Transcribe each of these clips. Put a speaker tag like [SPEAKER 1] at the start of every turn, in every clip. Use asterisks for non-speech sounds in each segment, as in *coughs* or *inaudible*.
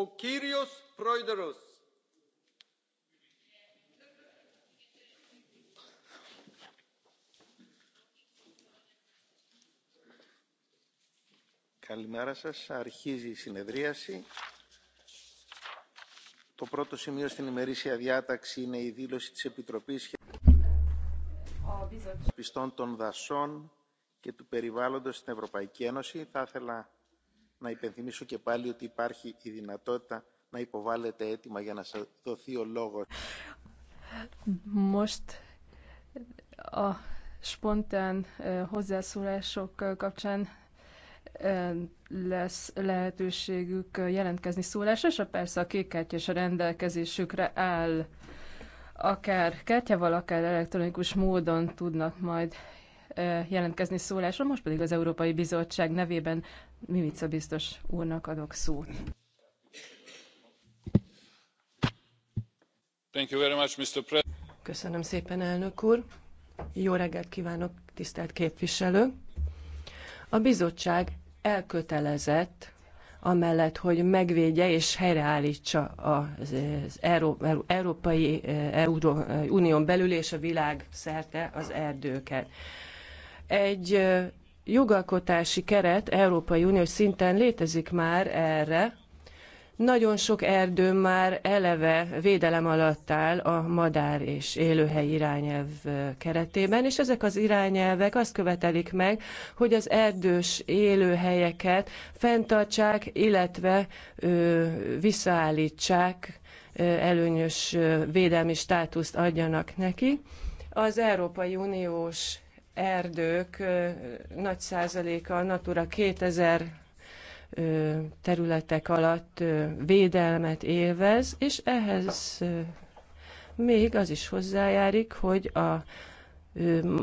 [SPEAKER 1] ο κύριος πρόεδρος. Καλημέρα σας. Αρχίζει η συνεδρίαση. Το πρώτο σημείο στην ημερήσια διάταξη είναι η δήλωση της Επιτροπής πιστών των δασών και του περιβάλλοντος στην Ευρωπαϊκή Ένωση. Θα ήθελα να υπενθυμίσω και πάλι ότι υπάρχει η δυνατότητα να υποβάλλετε αίτημα για να σας δοθεί ο λόγος.
[SPEAKER 2] Most a spontán uh, hozzászólások uh, kapcsán lesz lehetőségük jelentkezni szólásra, és persze a kék kártyás rendelkezésükre áll. Akár kártyával, akár elektronikus módon tudnak majd jelentkezni szólásra, most pedig az Európai Bizottság nevében Mimica biztos úrnak adok szót.
[SPEAKER 3] Thank
[SPEAKER 4] you very much, Mr. President. Köszönöm szépen, elnök úr. Jó reggelt kívánok, tisztelt képviselő. A bizottság elkötelezett amellett, hogy megvédje és helyreállítsa az, Euró, Európai Euró, Unión belül és a világ szerte az erdőket. Egy jogalkotási keret Európai Uniós szinten létezik már erre. Nagyon sok erdő már eleve védelem alatt áll a madár és élőhely irányelv keretében, és ezek az irányelvek azt követelik meg, hogy az erdős élőhelyeket fenntartsák, illetve ö, visszaállítsák, ö, előnyös védelmi státuszt adjanak neki. Az Európai Uniós erdők nagy százaléka a Natura 2000 területek alatt védelmet élvez, és ehhez még az is hozzájárik, hogy a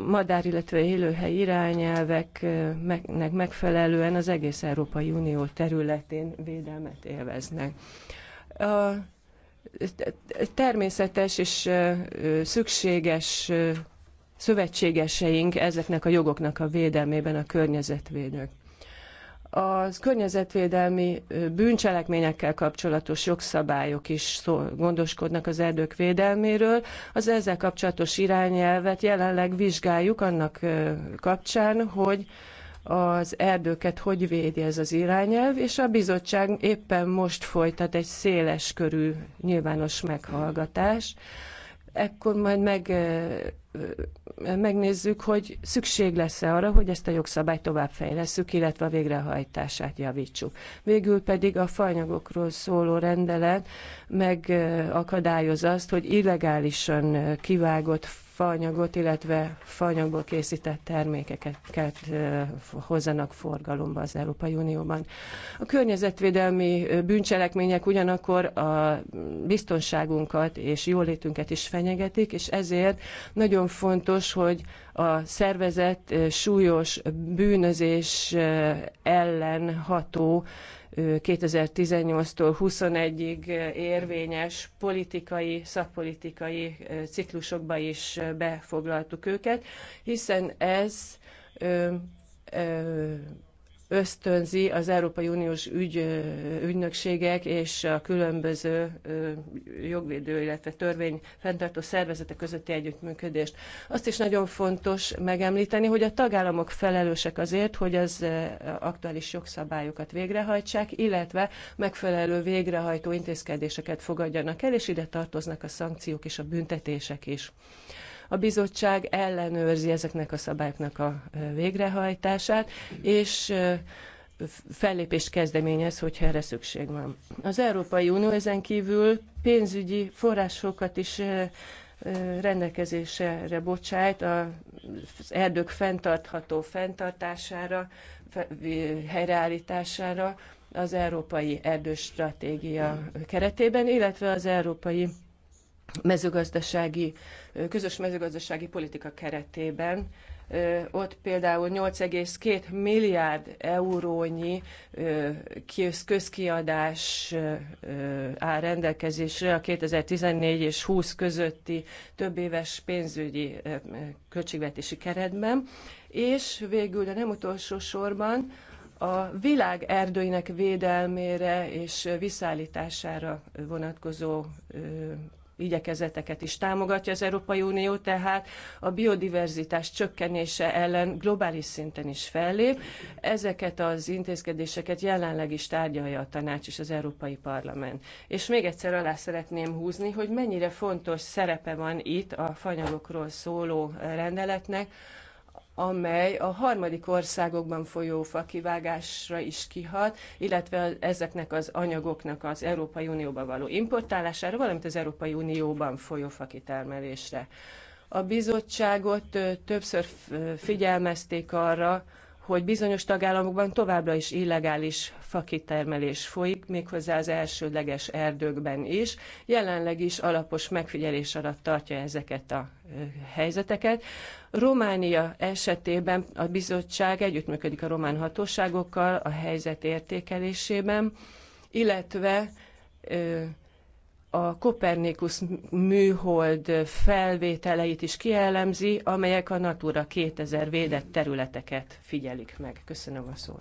[SPEAKER 4] madár, illetve élőhely irányelveknek megfelelően az egész Európai Unió területén védelmet élveznek. A természetes és szükséges szövetségeseink ezeknek a jogoknak a védelmében a környezetvédők. A környezetvédelmi bűncselekményekkel kapcsolatos jogszabályok is szól, gondoskodnak az erdők védelméről. Az ezzel kapcsolatos irányelvet jelenleg vizsgáljuk annak kapcsán, hogy az erdőket hogy védi ez az irányelv, és a bizottság éppen most folytat egy széles körű nyilvános meghallgatást, ekkor majd meg, megnézzük, hogy szükség lesz-e arra, hogy ezt a jogszabályt továbbfejlesszük, illetve a végrehajtását javítsuk. Végül pedig a fajnyagokról szóló rendelet megakadályoz azt, hogy illegálisan kivágott faanyagot, illetve faanyagból készített termékeket hozzanak forgalomba az Európai Unióban. A környezetvédelmi bűncselekmények ugyanakkor a biztonságunkat és jólétünket is fenyegetik, és ezért nagyon fontos, hogy a szervezet súlyos bűnözés ellen ható 2018-tól 21-ig érvényes politikai, szakpolitikai ciklusokba is befoglaltuk őket, hiszen ez ösztönzi az Európai Uniós ügy, ügynökségek és a különböző jogvédő, illetve törvény fenntartó szervezetek közötti együttműködést. Azt is nagyon fontos megemlíteni, hogy a tagállamok felelősek azért, hogy az aktuális jogszabályokat végrehajtsák, illetve megfelelő végrehajtó intézkedéseket fogadjanak el, és ide tartoznak a szankciók és a büntetések is. A bizottság ellenőrzi ezeknek a szabályoknak a végrehajtását, és fellépést kezdeményez, hogyha erre szükség van. Az Európai Unió ezen kívül pénzügyi forrásokat is rendelkezésre bocsájt az erdők fenntartható fenntartására, helyreállítására az Európai Erdős Stratégia keretében, illetve az Európai mezőgazdasági, közös mezőgazdasági politika keretében. Ott például 8,2 milliárd eurónyi közkiadás áll rendelkezésre a 2014 és 20 közötti több éves pénzügyi költségvetési keretben, és végül, de nem utolsó sorban, a világ erdőinek védelmére és visszaállítására vonatkozó igyekezeteket is támogatja az Európai Unió, tehát a biodiverzitás csökkenése ellen globális szinten is fellép. Ezeket az intézkedéseket jelenleg is tárgyalja a tanács és az Európai Parlament. És még egyszer alá szeretném húzni, hogy mennyire fontos szerepe van itt a fanyagokról szóló rendeletnek, amely a harmadik országokban folyó fakivágásra is kihat, illetve ezeknek az anyagoknak az Európai Unióba való importálására, valamint az Európai Unióban folyó fakitermelésre. A bizottságot többször figyelmezték arra, hogy bizonyos tagállamokban továbbra is illegális fakitermelés folyik, méghozzá az elsődleges erdőkben is. Jelenleg is alapos megfigyelés alatt tartja ezeket a helyzeteket. Románia esetében a bizottság együttműködik a román hatóságokkal a helyzet értékelésében, illetve a Kopernikus műhold felvételeit is kielemzi, amelyek a Natura 2000 védett
[SPEAKER 2] területeket figyelik meg. Köszönöm a szót.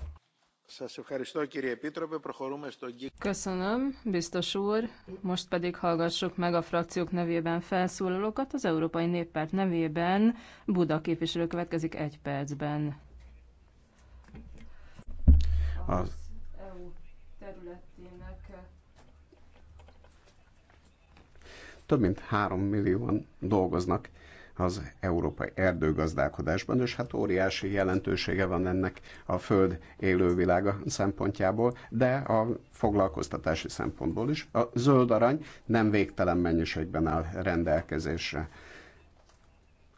[SPEAKER 2] Köszönöm, biztos úr. Most pedig hallgassuk meg a frakciók nevében felszólalókat. Az Európai Néppárt nevében Buda képviselő következik egy percben. Az, EU terület
[SPEAKER 1] Több mint három millióan dolgoznak az európai erdőgazdálkodásban, és hát óriási jelentősége van ennek a föld élővilága szempontjából, de a foglalkoztatási szempontból is. A zöld arany nem végtelen mennyiségben áll rendelkezésre.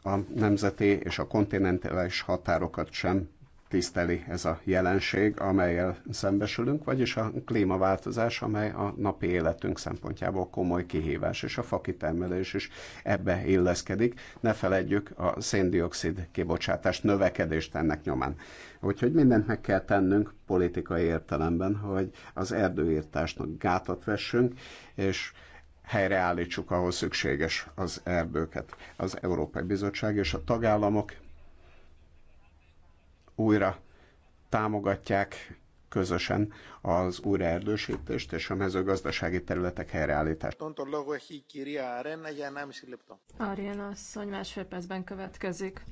[SPEAKER 1] A nemzeti és a kontinentális határokat sem tiszteli ez a jelenség, amelyel szembesülünk, vagyis a klímaváltozás, amely a napi életünk szempontjából komoly kihívás, és a fakitermelés is ebbe illeszkedik. Ne feledjük a széndiokszid kibocsátás növekedést ennek nyomán. Úgyhogy mindent meg kell tennünk politikai értelemben, hogy az erdőírtásnak gátat vessünk, és helyreállítsuk, ahol szükséges az erdőket. Az Európai Bizottság és a tagállamok újra támogatják közösen az újraerdősítést és a mezőgazdasági területek helyreállítását.
[SPEAKER 2] Arjen asszony másfél percben következik.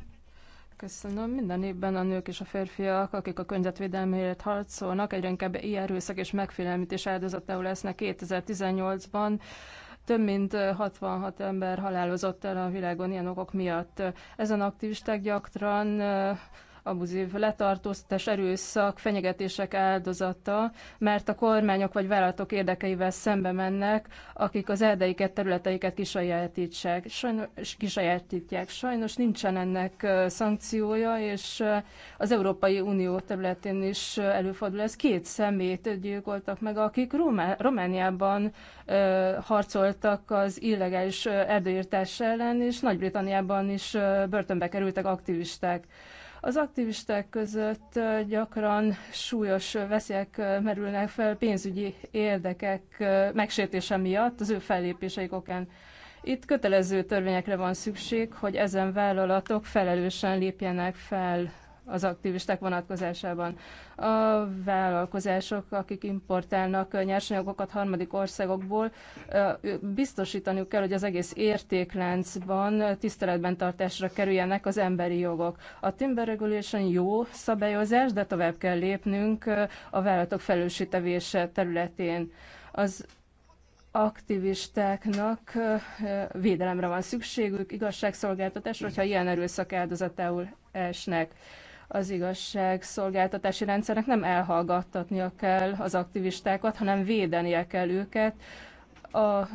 [SPEAKER 2] Köszönöm. Minden évben a nők és a férfiak, akik a környezetvédelmért harcolnak, egyre inkább ilyen erőszak és megfélemlítés áldozatául lesznek 2018-ban több mint 66 ember halálozott el a világon ilyen okok miatt. Ezen aktivisták gyakran abuzív letartóztatás, erőszak, fenyegetések áldozata, mert a kormányok vagy vállalatok érdekeivel szembe mennek, akik az erdeiket, területeiket kisajátítsák. Sajnos, kisajátítják. Sajnos nincsen ennek szankciója, és az Európai Unió területén is előfordul ez. Két szemét gyilkoltak meg, akik Romá- Romániában ö, harcoltak az illegális erdőírtás ellen, és Nagy-Britanniában is börtönbe kerültek aktivisták. Az aktivisták között gyakran súlyos veszélyek merülnek fel pénzügyi érdekek megsértése miatt, az ő fellépéseik okán. Itt kötelező törvényekre van szükség, hogy ezen vállalatok felelősen lépjenek fel az aktivisták vonatkozásában. A vállalkozások, akik importálnak nyersanyagokat harmadik országokból, biztosítaniuk kell, hogy az egész értékláncban tiszteletben tartásra kerüljenek az emberi jogok. A timber regulation jó szabályozás, de tovább kell lépnünk a vállalatok felősítevése területén. Az aktivistáknak védelemre van szükségük, igazságszolgáltatásra, hogyha ilyen erőszak áldozatául esnek az igazságszolgáltatási rendszernek nem elhallgattatnia kell az aktivistákat, hanem védenie kell őket. A,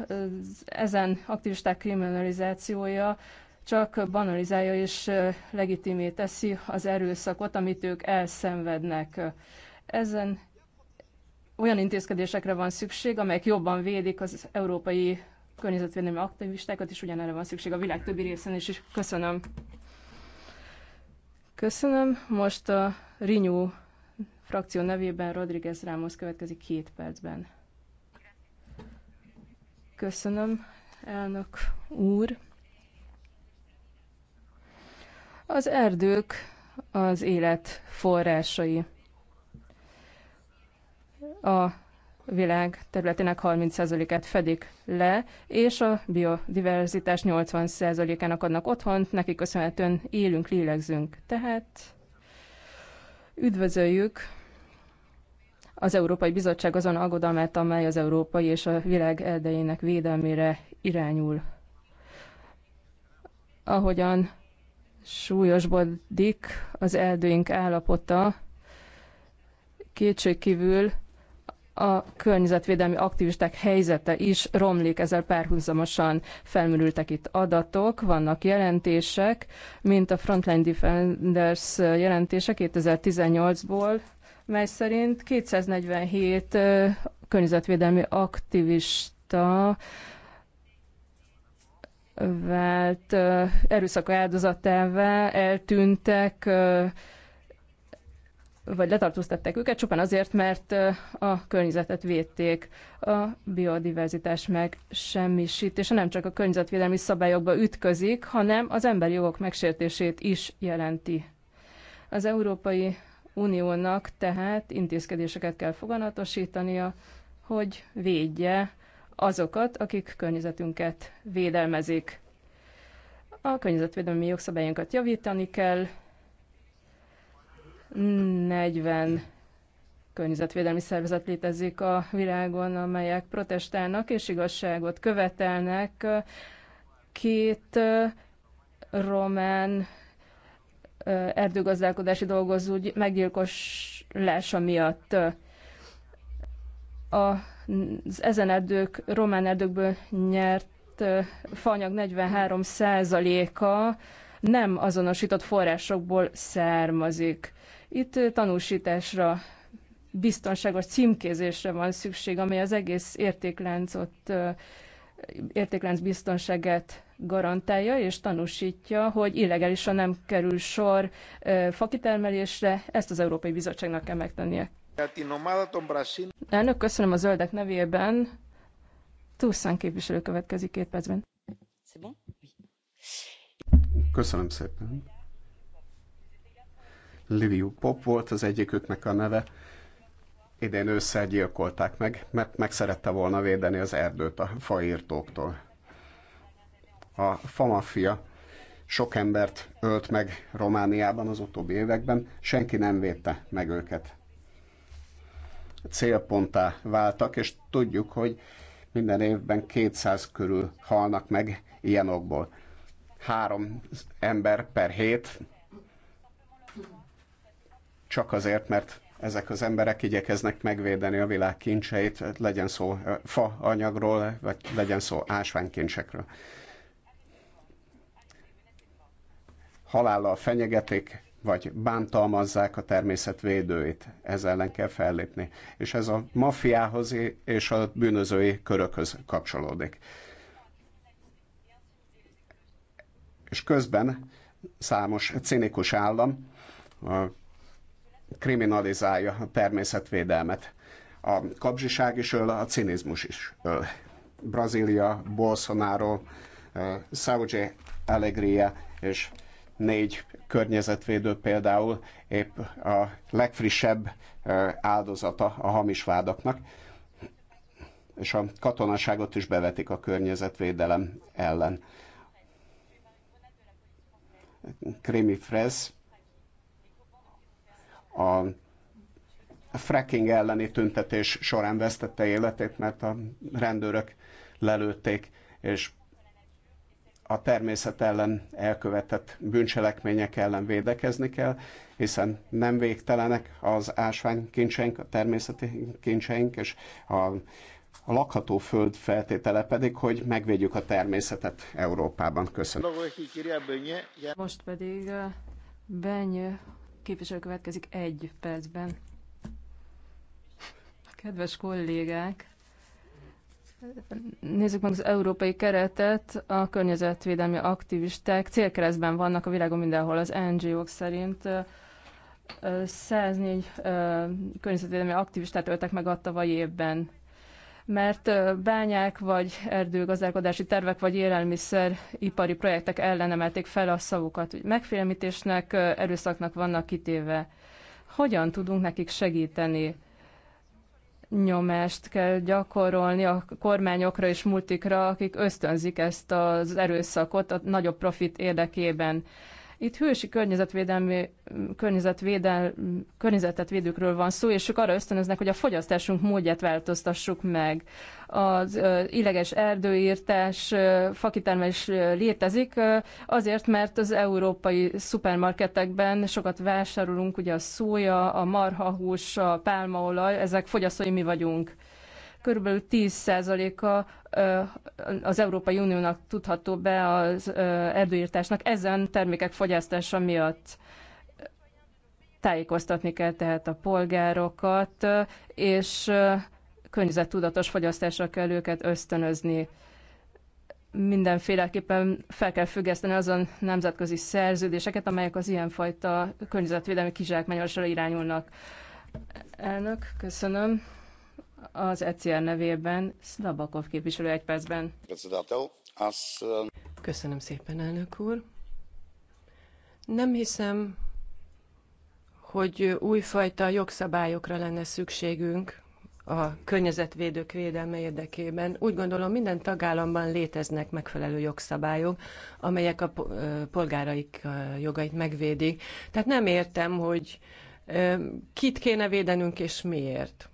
[SPEAKER 2] ezen aktivisták kriminalizációja csak banalizálja és legitimé teszi az erőszakot, amit ők elszenvednek. Ezen olyan intézkedésekre van szükség, amelyek jobban védik az európai környezetvédelmi aktivistákat, és ugyanerre van szükség a világ többi részén is. Köszönöm. Köszönöm. Most a Rinyó frakció nevében Rodriguez Ramos következik két percben. Köszönöm, elnök úr. Az erdők az élet forrásai. A világ területének 30%-át fedik le, és a biodiverzitás 80%-ának adnak otthont, neki köszönhetően élünk, lélegzünk. Tehát üdvözöljük az Európai Bizottság azon aggodalmát, amely az európai és a világ erdejének védelmére irányul. Ahogyan súlyosbodik az erdőink állapota, kétségkívül a környezetvédelmi aktivisták helyzete is romlik, ezzel párhuzamosan felmerültek itt adatok, vannak jelentések, mint a Frontline Defenders jelentése 2018-ból, mely szerint 247 környezetvédelmi aktivista vált erőszak áldozatává, eltűntek, vagy letartóztatták őket, csupán azért, mert a környezetet védték. A biodiverzitás meg semmisítése nem csak a környezetvédelmi szabályokba ütközik, hanem az emberi jogok megsértését is jelenti. Az Európai Uniónak tehát intézkedéseket kell foganatosítania, hogy védje azokat, akik környezetünket védelmezik. A környezetvédelmi jogszabályunkat javítani kell, 40 környezetvédelmi szervezet létezik a világon, amelyek protestálnak és igazságot követelnek. Két román erdőgazdálkodási dolgozó meggyilkolása miatt az ezen erdők, román erdőkből nyert fanyag 43 százaléka nem azonosított forrásokból származik. Itt tanúsításra, biztonságos címkézésre van szükség, ami az egész értékláncot, értéklánc biztonságát garantálja és tanúsítja, hogy illegálisan nem kerül sor fakitermelésre. Ezt az Európai Bizottságnak kell megtennie. Elnök, köszönöm a zöldek nevében. Tusszán képviselő következik két percben.
[SPEAKER 1] Köszönöm szépen. Liviu Pop volt az egyiküknek a neve. Idén ősszel gyilkolták meg, mert meg szerette volna védeni az erdőt a faírtóktól. A famafia sok embert ölt meg Romániában az utóbbi években, senki nem védte meg őket. Célpontá váltak, és tudjuk, hogy minden évben 200 körül halnak meg ilyen okból. Három ember per hét csak azért, mert ezek az emberek igyekeznek megvédeni a világ kincseit, legyen szó fa anyagról, vagy legyen szó ásványkincsekről. Halállal fenyegetik, vagy bántalmazzák a természet védőit. Ez ellen kell fellépni. És ez a mafiához és a bűnözői körökhöz kapcsolódik. És közben számos cinikus állam kriminalizálja a természetvédelmet. A kapzsiság is öl, a cinizmus is öl. Brazília, Bolsonaro, eh, Saudi Alegria és négy környezetvédő például épp a legfrissebb eh, áldozata a hamis vádaknak, és a katonaságot is bevetik a környezetvédelem ellen. Krimi Fresz a fracking elleni tüntetés során vesztette életét, mert a rendőrök lelőtték, és a természet ellen elkövetett bűncselekmények ellen védekezni kell, hiszen nem végtelenek az ásványkincseink, a természeti kincseink, és a, a lakható föld feltétele pedig, hogy megvédjük a természetet Európában. Köszönöm.
[SPEAKER 2] Most pedig uh, Benny képviselő következik egy percben. Kedves kollégák, Nézzük meg az európai keretet, a környezetvédelmi aktivisták célkeresztben vannak a világon mindenhol, az NGO-k szerint 104 környezetvédelmi aktivistát öltek meg a tavalyi évben mert bányák vagy erdőgazdálkodási tervek vagy élelmiszeripari projektek ellen emelték fel a szavukat, hogy megfélemlítésnek, erőszaknak vannak kitéve. Hogyan tudunk nekik segíteni? nyomást kell gyakorolni a kormányokra és multikra, akik ösztönzik ezt az erőszakot a nagyobb profit érdekében. Itt hősi környezetvédelmi, környezetvédel, környezetet védőkről van szó, és ők arra ösztönöznek, hogy a fogyasztásunk módját változtassuk meg. Az illeges erdőírtás, fakitermelés létezik, azért, mert az európai szupermarketekben sokat vásárolunk, ugye a szója, a marhahús, a pálmaolaj, ezek fogyasztói mi vagyunk körülbelül 10%-a az Európai Uniónak tudható be az erdőírtásnak ezen termékek fogyasztása miatt tájékoztatni kell tehát a polgárokat, és környezettudatos fogyasztásra kell őket ösztönözni. Mindenféleképpen fel kell függeszteni azon nemzetközi szerződéseket, amelyek az ilyenfajta környezetvédelmi kizsákmányosra irányulnak. Elnök, köszönöm az ECR nevében Szlabakov képviselő egy percben. Köszönöm
[SPEAKER 4] szépen, elnök úr. Nem hiszem, hogy újfajta jogszabályokra lenne szükségünk a környezetvédők védelme érdekében. Úgy gondolom, minden tagállamban léteznek megfelelő jogszabályok, amelyek a polgáraik jogait megvédik. Tehát nem értem, hogy kit kéne védenünk és miért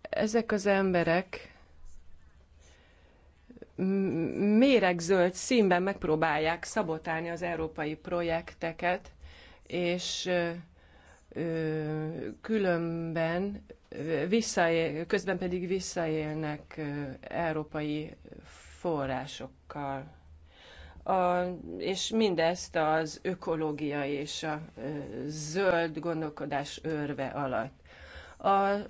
[SPEAKER 4] ezek az emberek méregzöld színben megpróbálják szabotálni az európai projekteket, és különben visszaél, közben pedig visszaélnek európai forrásokkal. A, és mindezt az ökológia és a zöld gondolkodás őrve alatt. Az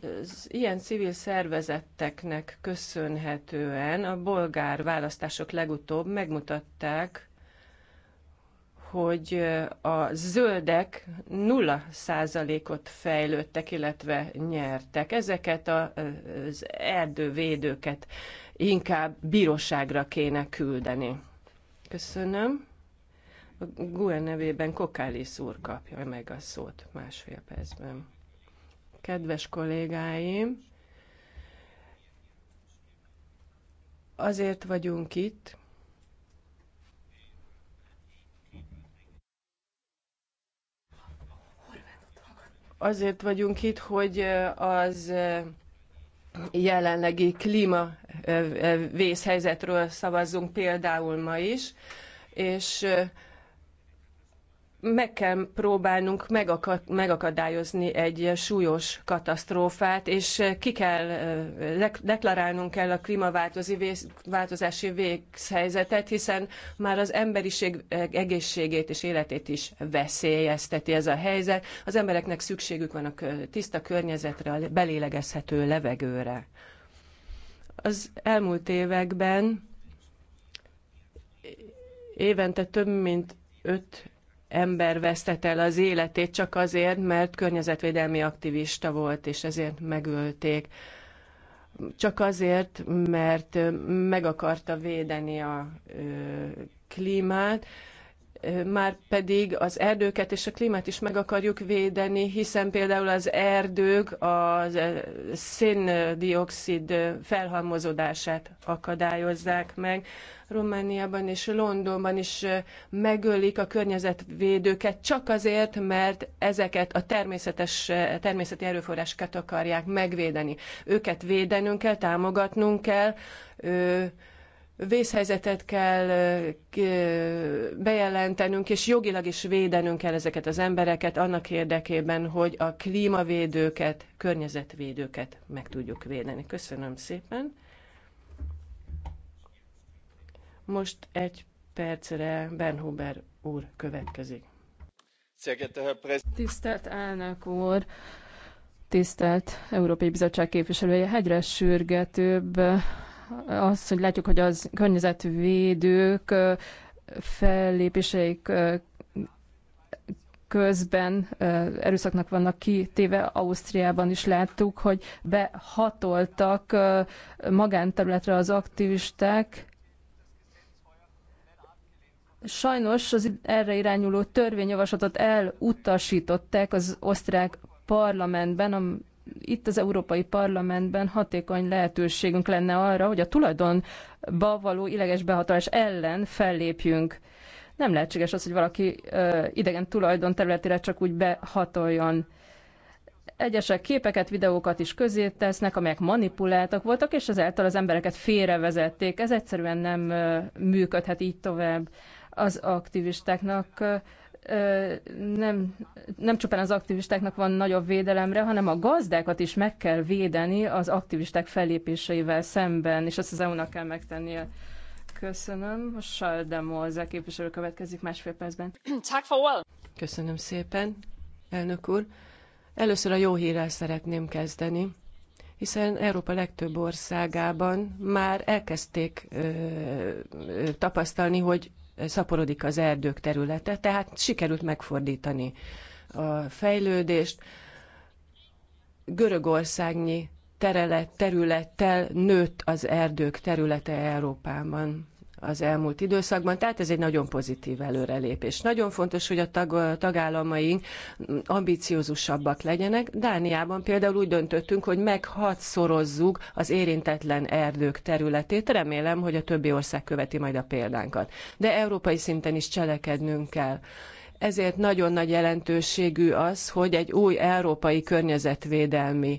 [SPEAKER 4] ilyen civil szervezeteknek köszönhetően a bolgár választások legutóbb megmutatták, hogy a zöldek 0%-ot fejlődtek, illetve nyertek. Ezeket az erdővédőket inkább bíróságra kéne küldeni. Köszönöm. A GUE nevében kokáli úr kapja meg a szót másfél percben. Kedves kollégáim, azért vagyunk itt, azért vagyunk itt, hogy az jelenlegi klíma vészhelyzetről szavazzunk például ma is, és meg kell próbálnunk megakadályozni egy súlyos katasztrófát, és ki kell, deklarálnunk kell a klímaváltozási végszhelyzetet, hiszen már az emberiség egészségét és életét is veszélyezteti ez a helyzet. Az embereknek szükségük van a tiszta környezetre, a belélegezhető levegőre. Az elmúlt években évente több mint 5 ember vesztett el az életét csak azért, mert környezetvédelmi aktivista volt, és ezért megölték. Csak azért, mert meg akarta védeni a ö, klímát, már pedig az erdőket és a klímát is meg akarjuk védeni, hiszen például az erdők a széndiokszid felhalmozódását akadályozzák meg. Romániában és Londonban is megölik a környezetvédőket csak azért, mert ezeket a természetes, természeti erőforrásokat akarják megvédeni. Őket védenünk kell, támogatnunk kell, vészhelyzetet kell bejelentenünk, és jogilag is védenünk kell ezeket az embereket annak érdekében, hogy a klímavédőket, környezetvédőket meg tudjuk védeni. Köszönöm szépen. Most egy percre Bernhuber úr következik.
[SPEAKER 2] Tisztelt elnök úr! Tisztelt Európai Bizottság képviselője, hegyre sürgetőbb az, hogy látjuk, hogy az környezetvédők fellépéseik közben erőszaknak vannak kitéve, Ausztriában is láttuk, hogy behatoltak magánterületre az aktivisták. Sajnos az erre irányuló törvényjavaslatot elutasították az osztrák parlamentben, itt az Európai Parlamentben hatékony lehetőségünk lenne arra, hogy a tulajdonba való illeges behatolás ellen fellépjünk. Nem lehetséges az, hogy valaki ö, idegen tulajdon területére csak úgy behatoljon. Egyesek képeket, videókat is közé tesznek, amelyek manipuláltak voltak, és ezáltal az embereket félrevezették. Ez egyszerűen nem ö, működhet így tovább. Az aktivistáknak ö, nem, nem csupán az aktivistáknak van nagyobb védelemre, hanem a gazdákat is meg kell védeni az aktivisták fellépéseivel szemben, és ezt az EU-nak kell megtennie. Köszönöm. A Saldemo, a képviselő következik másfél percben.
[SPEAKER 4] Köszönöm szépen, elnök úr. Először a jó hírrel szeretném kezdeni hiszen Európa legtöbb országában már elkezdték ö, ö, tapasztalni, hogy szaporodik az erdők területe, tehát sikerült megfordítani a fejlődést. Görögországnyi terület, területtel nőtt az erdők területe Európában az elmúlt időszakban, tehát ez egy nagyon pozitív előrelépés. Nagyon fontos, hogy a tag, tagállamaink ambiciózusabbak legyenek. Dániában például úgy döntöttünk, hogy szorozzuk az érintetlen erdők területét. Remélem, hogy a többi ország követi majd a példánkat. De európai szinten is cselekednünk kell ezért nagyon nagy jelentőségű az, hogy egy új európai környezetvédelmi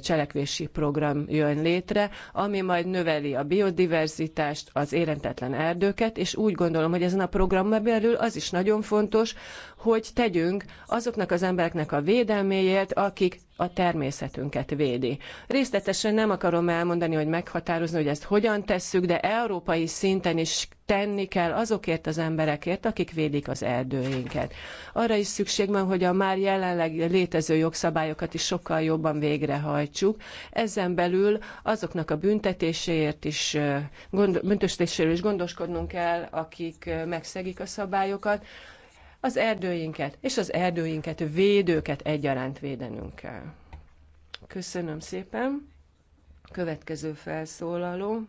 [SPEAKER 4] cselekvési program jön létre, ami majd növeli a biodiverzitást, az érintetlen erdőket, és úgy gondolom, hogy ezen a programban belül az is nagyon fontos, hogy tegyünk azoknak az embereknek a védelméért, akik a természetünket védi. Részletesen nem akarom elmondani, hogy meghatározni, hogy ezt hogyan tesszük, de európai szinten is tenni kell azokért az emberekért, akik védik az erdőinket. Arra is szükség van, hogy a már jelenleg létező jogszabályokat is sokkal jobban végrehajtsuk. Ezen belül azoknak a büntetéséért is, gond, büntetéséről is gondoskodnunk kell, akik megszegik a szabályokat az erdőinket és az erdőinket védőket egyaránt védenünk kell. Köszönöm szépen. Következő felszólaló.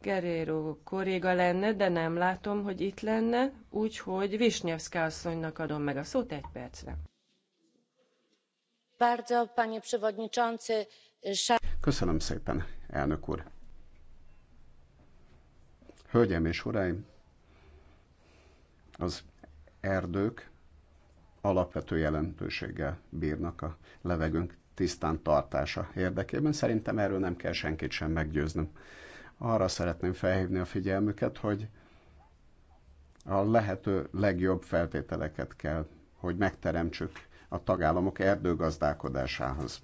[SPEAKER 4] Geréro koréga lenne, de nem látom, hogy itt lenne, úgyhogy Visnyevszka asszonynak adom meg a szót egy percre.
[SPEAKER 1] Köszönöm szépen, elnök úr. Hölgyeim és uraim, az erdők alapvető jelentőséggel bírnak a levegőnk tisztán tartása érdekében. Szerintem erről nem kell senkit sem meggyőznöm. Arra szeretném felhívni a figyelmüket, hogy a lehető legjobb feltételeket kell, hogy megteremtsük a tagállamok erdőgazdálkodásához.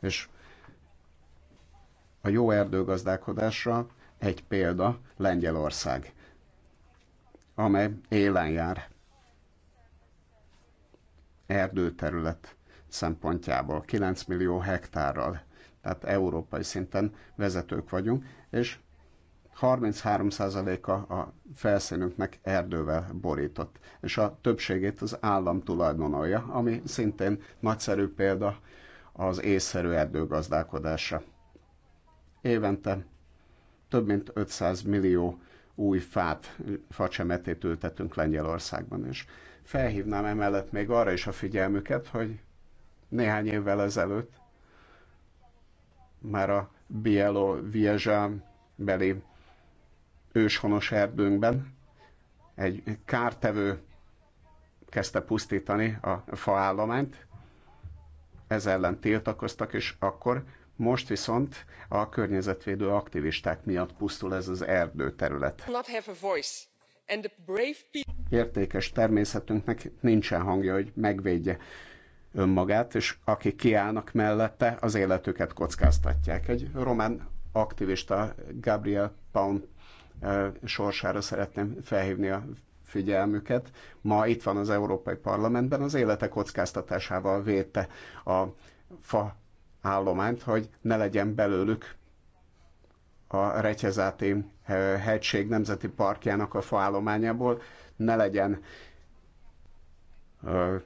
[SPEAKER 1] És a jó erdőgazdálkodásra egy példa Lengyelország amely élen jár erdőterület szempontjából, 9 millió hektárral, tehát európai szinten vezetők vagyunk, és 33%-a a felszínünknek erdővel borított, és a többségét az állam tulajdonolja, ami szintén nagyszerű példa az észszerű erdőgazdálkodásra. Évente több mint 500 millió új fát, facsemetét ültetünk Lengyelországban, is. felhívnám emellett még arra is a figyelmüket, hogy néhány évvel ezelőtt már a Bielo Vieja beli őshonos erdőnkben egy kártevő kezdte pusztítani a faállományt, ez ellen tiltakoztak, és akkor most viszont a környezetvédő aktivisták miatt pusztul ez az erdő terület. Értékes természetünknek nincsen hangja, hogy megvédje önmagát, és akik kiállnak mellette, az életüket kockáztatják. Egy román aktivista, Gabriel Paun eh, sorsára szeretném felhívni a figyelmüket. Ma itt van az Európai Parlamentben, az élete kockáztatásával védte a fa állományt, hogy ne legyen belőlük a Recsezáti eh, hegység nemzeti parkjának a faállományából, ne legyen eh,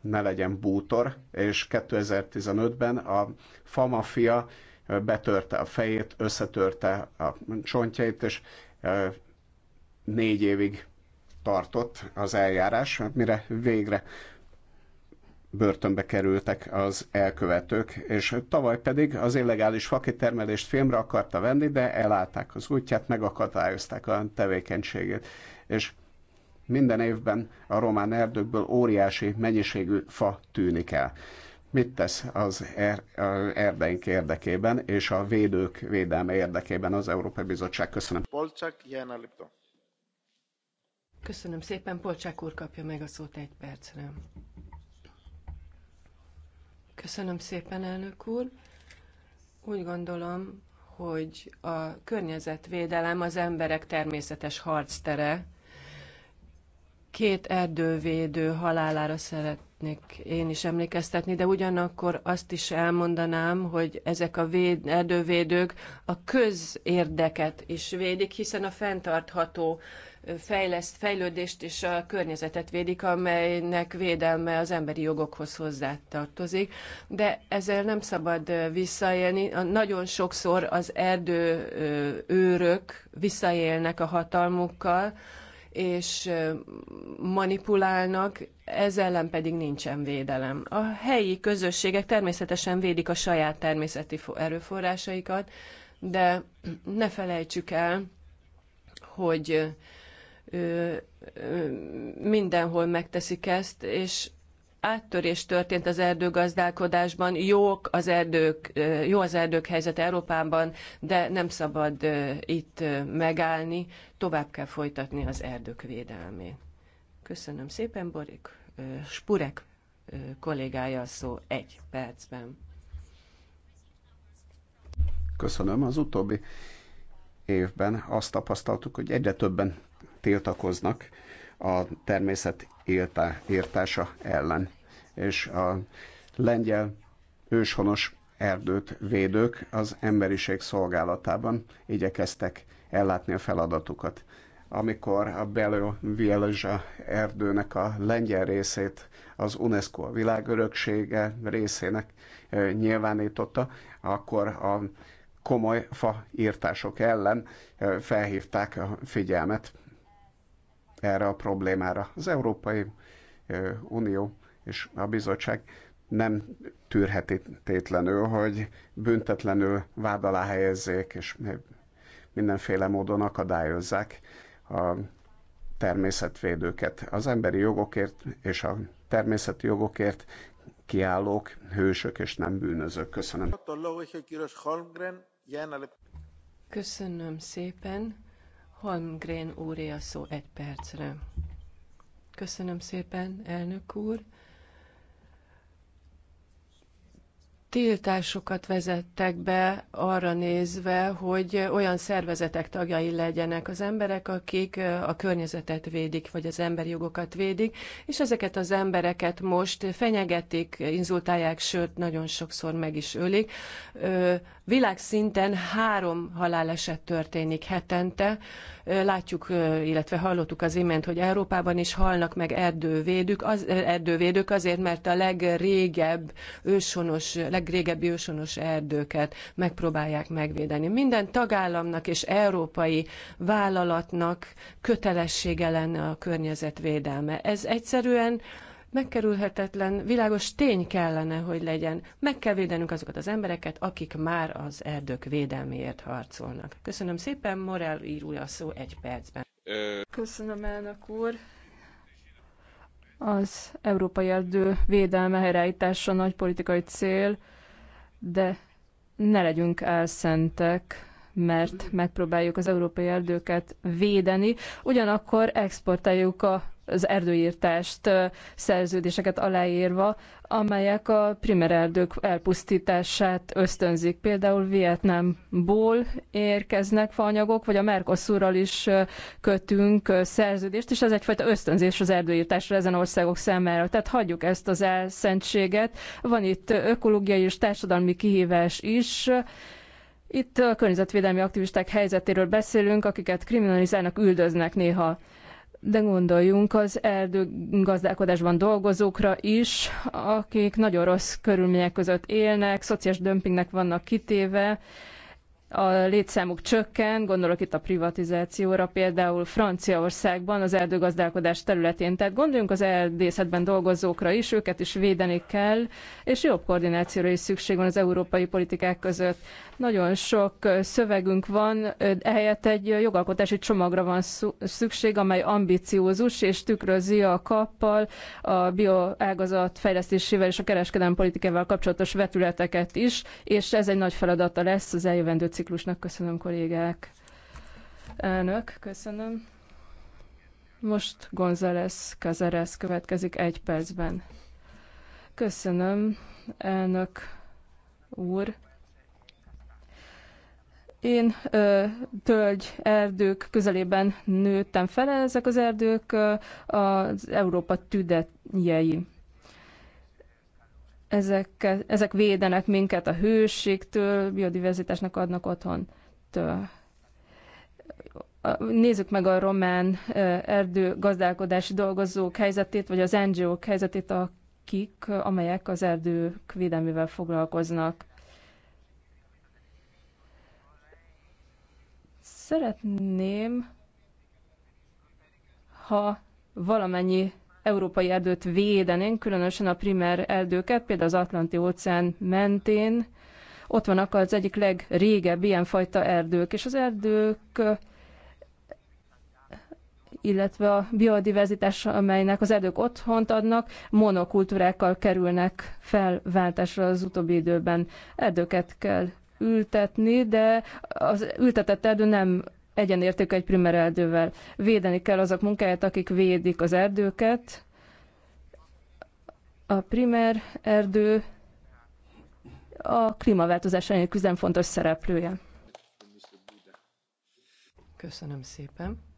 [SPEAKER 1] ne legyen bútor, és 2015-ben a famafia eh, betörte a fejét, összetörte a csontjait, és négy évig tartott az eljárás, mire végre börtönbe kerültek az elkövetők, és tavaly pedig az illegális fakitermelést filmre akarta venni, de elállták az útját, megakadályozták a tevékenységét. És minden évben a román erdőkből óriási mennyiségű fa tűnik el. Mit tesz az er, erdeink érdekében és a védők védelme érdekében az Európai Bizottság? Köszönöm. Polcsak,
[SPEAKER 4] Köszönöm szépen, Polcsák úr kapja meg a szót egy percre. Köszönöm szépen, elnök úr. Úgy gondolom, hogy a környezetvédelem az emberek természetes harctere. Két erdővédő halálára szeretnék én is emlékeztetni, de ugyanakkor azt is elmondanám, hogy ezek a véd, erdővédők a közérdeket is védik, hiszen a fenntartható fejleszt, fejlődést és a környezetet védik, amelynek védelme az emberi jogokhoz hozzátartozik. De ezzel nem szabad visszaélni. Nagyon sokszor az erdő őrök visszaélnek a hatalmukkal, és manipulálnak, ez ellen pedig nincsen védelem. A helyi közösségek természetesen védik a saját természeti erőforrásaikat, de ne felejtsük el, hogy mindenhol megteszik ezt, és áttörés történt az erdőgazdálkodásban, jók az erdők, jó az erdők helyzet Európában, de nem szabad itt megállni, tovább kell folytatni az erdők védelmét. Köszönöm szépen, Borik. Spurek kollégája a szó egy percben.
[SPEAKER 1] Köszönöm. Az utóbbi évben azt tapasztaltuk, hogy egyre többen tiltakoznak a természet értása ellen. És a lengyel őshonos erdőt védők az emberiség szolgálatában igyekeztek ellátni a feladatukat. Amikor a Belő Vielzsa erdőnek a lengyel részét az UNESCO a világöröksége részének nyilvánította, akkor a komoly faírtások ellen felhívták a figyelmet erre a problémára. Az Európai Unió és a bizottság nem tűrheti tétlenül, hogy büntetlenül vád alá helyezzék, és mindenféle módon akadályozzák a természetvédőket. Az emberi jogokért és a természeti jogokért kiállók, hősök és nem bűnözők. Köszönöm.
[SPEAKER 4] Köszönöm szépen. Holmgren úré a szó egy percre. Köszönöm szépen, elnök úr. tiltásokat vezettek be arra nézve, hogy olyan szervezetek tagjai legyenek az emberek, akik a környezetet védik, vagy az emberi jogokat védik, és ezeket az embereket most fenyegetik, inzultálják, sőt, nagyon sokszor meg is ölik. Világszinten három haláleset történik hetente. Látjuk, illetve hallottuk az imént, hogy Európában is halnak meg erdővédők, az, erdővédők azért, mert a legrégebb őshonos, leg legrégebbi ősonos erdőket megpróbálják megvédeni. Minden tagállamnak és európai vállalatnak kötelessége lenne a környezetvédelme. Ez egyszerűen megkerülhetetlen, világos tény kellene, hogy legyen. Meg kell védenünk azokat az embereket, akik már az erdők védelméért harcolnak. Köszönöm szépen,
[SPEAKER 2] Morel ír a szó egy percben. Köszönöm, elnök úr. Az európai erdő védelme helyreállítása nagy politikai cél, de ne legyünk elszentek, mert megpróbáljuk az európai erdőket védeni, ugyanakkor exportáljuk a az erdőírtást, szerződéseket aláírva, amelyek a primer erdők elpusztítását ösztönzik. Például Vietnámból érkeznek faanyagok, vagy a Mercosurral is kötünk szerződést, és ez egyfajta ösztönzés az erdőírtásra ezen országok számára. Tehát hagyjuk ezt az elszentséget. Van itt ökológiai és társadalmi kihívás is, itt a környezetvédelmi aktivisták helyzetéről beszélünk, akiket kriminalizálnak, üldöznek néha de gondoljunk az erdőgazdálkodásban dolgozókra is, akik nagyon rossz körülmények között élnek, szociális dömpingnek vannak kitéve, a létszámuk csökken, gondolok itt a privatizációra, például Franciaországban az erdőgazdálkodás területén. Tehát gondoljunk az erdészetben dolgozókra is, őket is védeni kell, és jobb koordinációra is szükség van az európai politikák között. Nagyon sok szövegünk van, ehelyett egy jogalkotási csomagra van szükség, amely ambiciózus és tükrözi a kappal, a bioágazat fejlesztésével és a kereskedelmi politikával kapcsolatos vetületeket is, és ez egy nagy feladata lesz az eljövendő ciklusban ciklusnak. Köszönöm, kollégák. Elnök, köszönöm. Most González Cazares következik egy percben. Köszönöm, elnök úr. Én ö, tölgy erdők közelében nőttem fel, ezek az erdők ö, az Európa tüdetjei ezek, ezek védenek minket a hőségtől, biodiverzitásnak adnak otthon. Nézzük meg a román erdőgazdálkodási dolgozók helyzetét, vagy az NGO-k helyzetét, akik, amelyek az erdők védelmével foglalkoznak. Szeretném, ha valamennyi európai erdőt védenénk, különösen a primer erdőket, például az Atlanti-óceán mentén. Ott vannak az egyik legrégebb ilyenfajta erdők, és az erdők illetve a biodiverzitás, amelynek az erdők otthont adnak, monokultúrákkal kerülnek felváltásra az utóbbi időben. Erdőket kell ültetni, de az ültetett erdő nem egyenértékű egy primer erdővel. Védeni kell azok munkáját, akik védik az erdőket. A primer erdő a klímaváltozás elleni küzdelem fontos szereplője. Köszönöm szépen.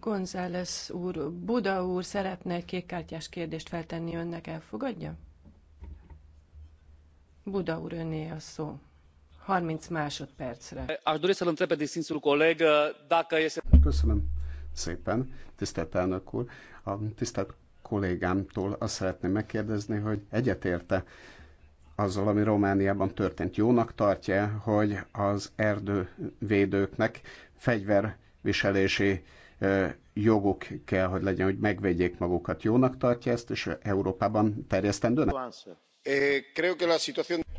[SPEAKER 4] González úr, Buda úr szeretne egy kártyás kérdést feltenni önnek, elfogadja? Buda úr, a szó. 30 másodpercre.
[SPEAKER 1] Uh, Köszönöm szépen, tisztelt elnök úr. A tisztelt kollégámtól azt szeretném megkérdezni, hogy egyetérte azzal, ami Romániában történt. Jónak tartja, hogy az erdővédőknek fegyverviselési joguk kell, hogy legyen, hogy megvédjék magukat. Jónak tartja ezt, és Európában terjesztendőnek? Eh,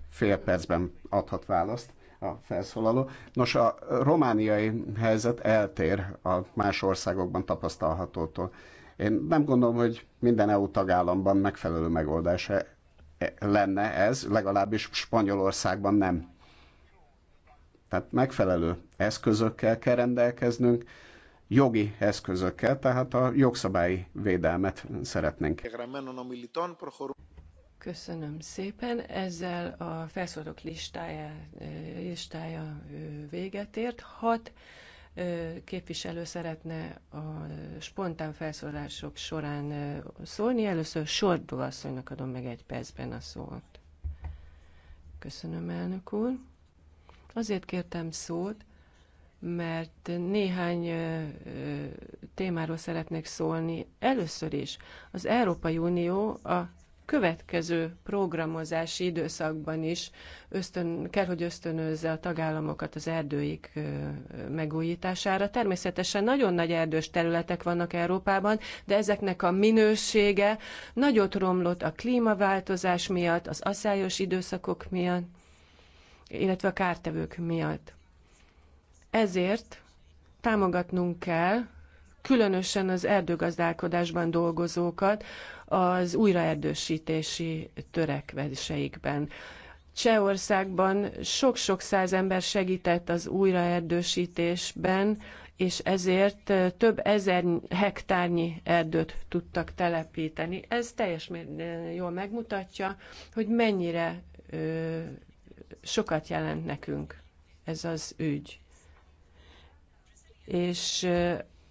[SPEAKER 1] Fél percben adhat választ a felszólaló. Nos, a romániai helyzet eltér a más országokban tapasztalhatótól. Én nem gondolom, hogy minden EU tagállamban megfelelő megoldás e- lenne ez, legalábbis Spanyolországban nem. Tehát megfelelő eszközökkel kell rendelkeznünk, jogi eszközökkel, tehát a jogszabályi védelmet szeretnénk.
[SPEAKER 4] Köszönöm szépen. Ezzel a felszólalók listája, listája véget ért. Hat képviselő szeretne a spontán felszólások során szólni. Először Sordó asszonynak adom meg egy percben a szót. Köszönöm, elnök úr. Azért kértem szót, mert néhány témáról szeretnék szólni. Először is az Európai Unió a következő programozási időszakban is ösztön, kell, hogy ösztönözze a tagállamokat az erdőik megújítására. Természetesen nagyon nagy erdős területek vannak Európában, de ezeknek a minősége nagyot romlott a klímaváltozás miatt, az aszályos időszakok miatt, illetve a kártevők miatt. Ezért támogatnunk kell különösen az erdőgazdálkodásban dolgozókat, az újraerdősítési törekvéseikben. Csehországban sok-sok száz ember segített az újraerdősítésben, és ezért több ezer hektárnyi erdőt tudtak telepíteni. Ez teljes jól megmutatja, hogy mennyire ö, sokat jelent nekünk ez az ügy. És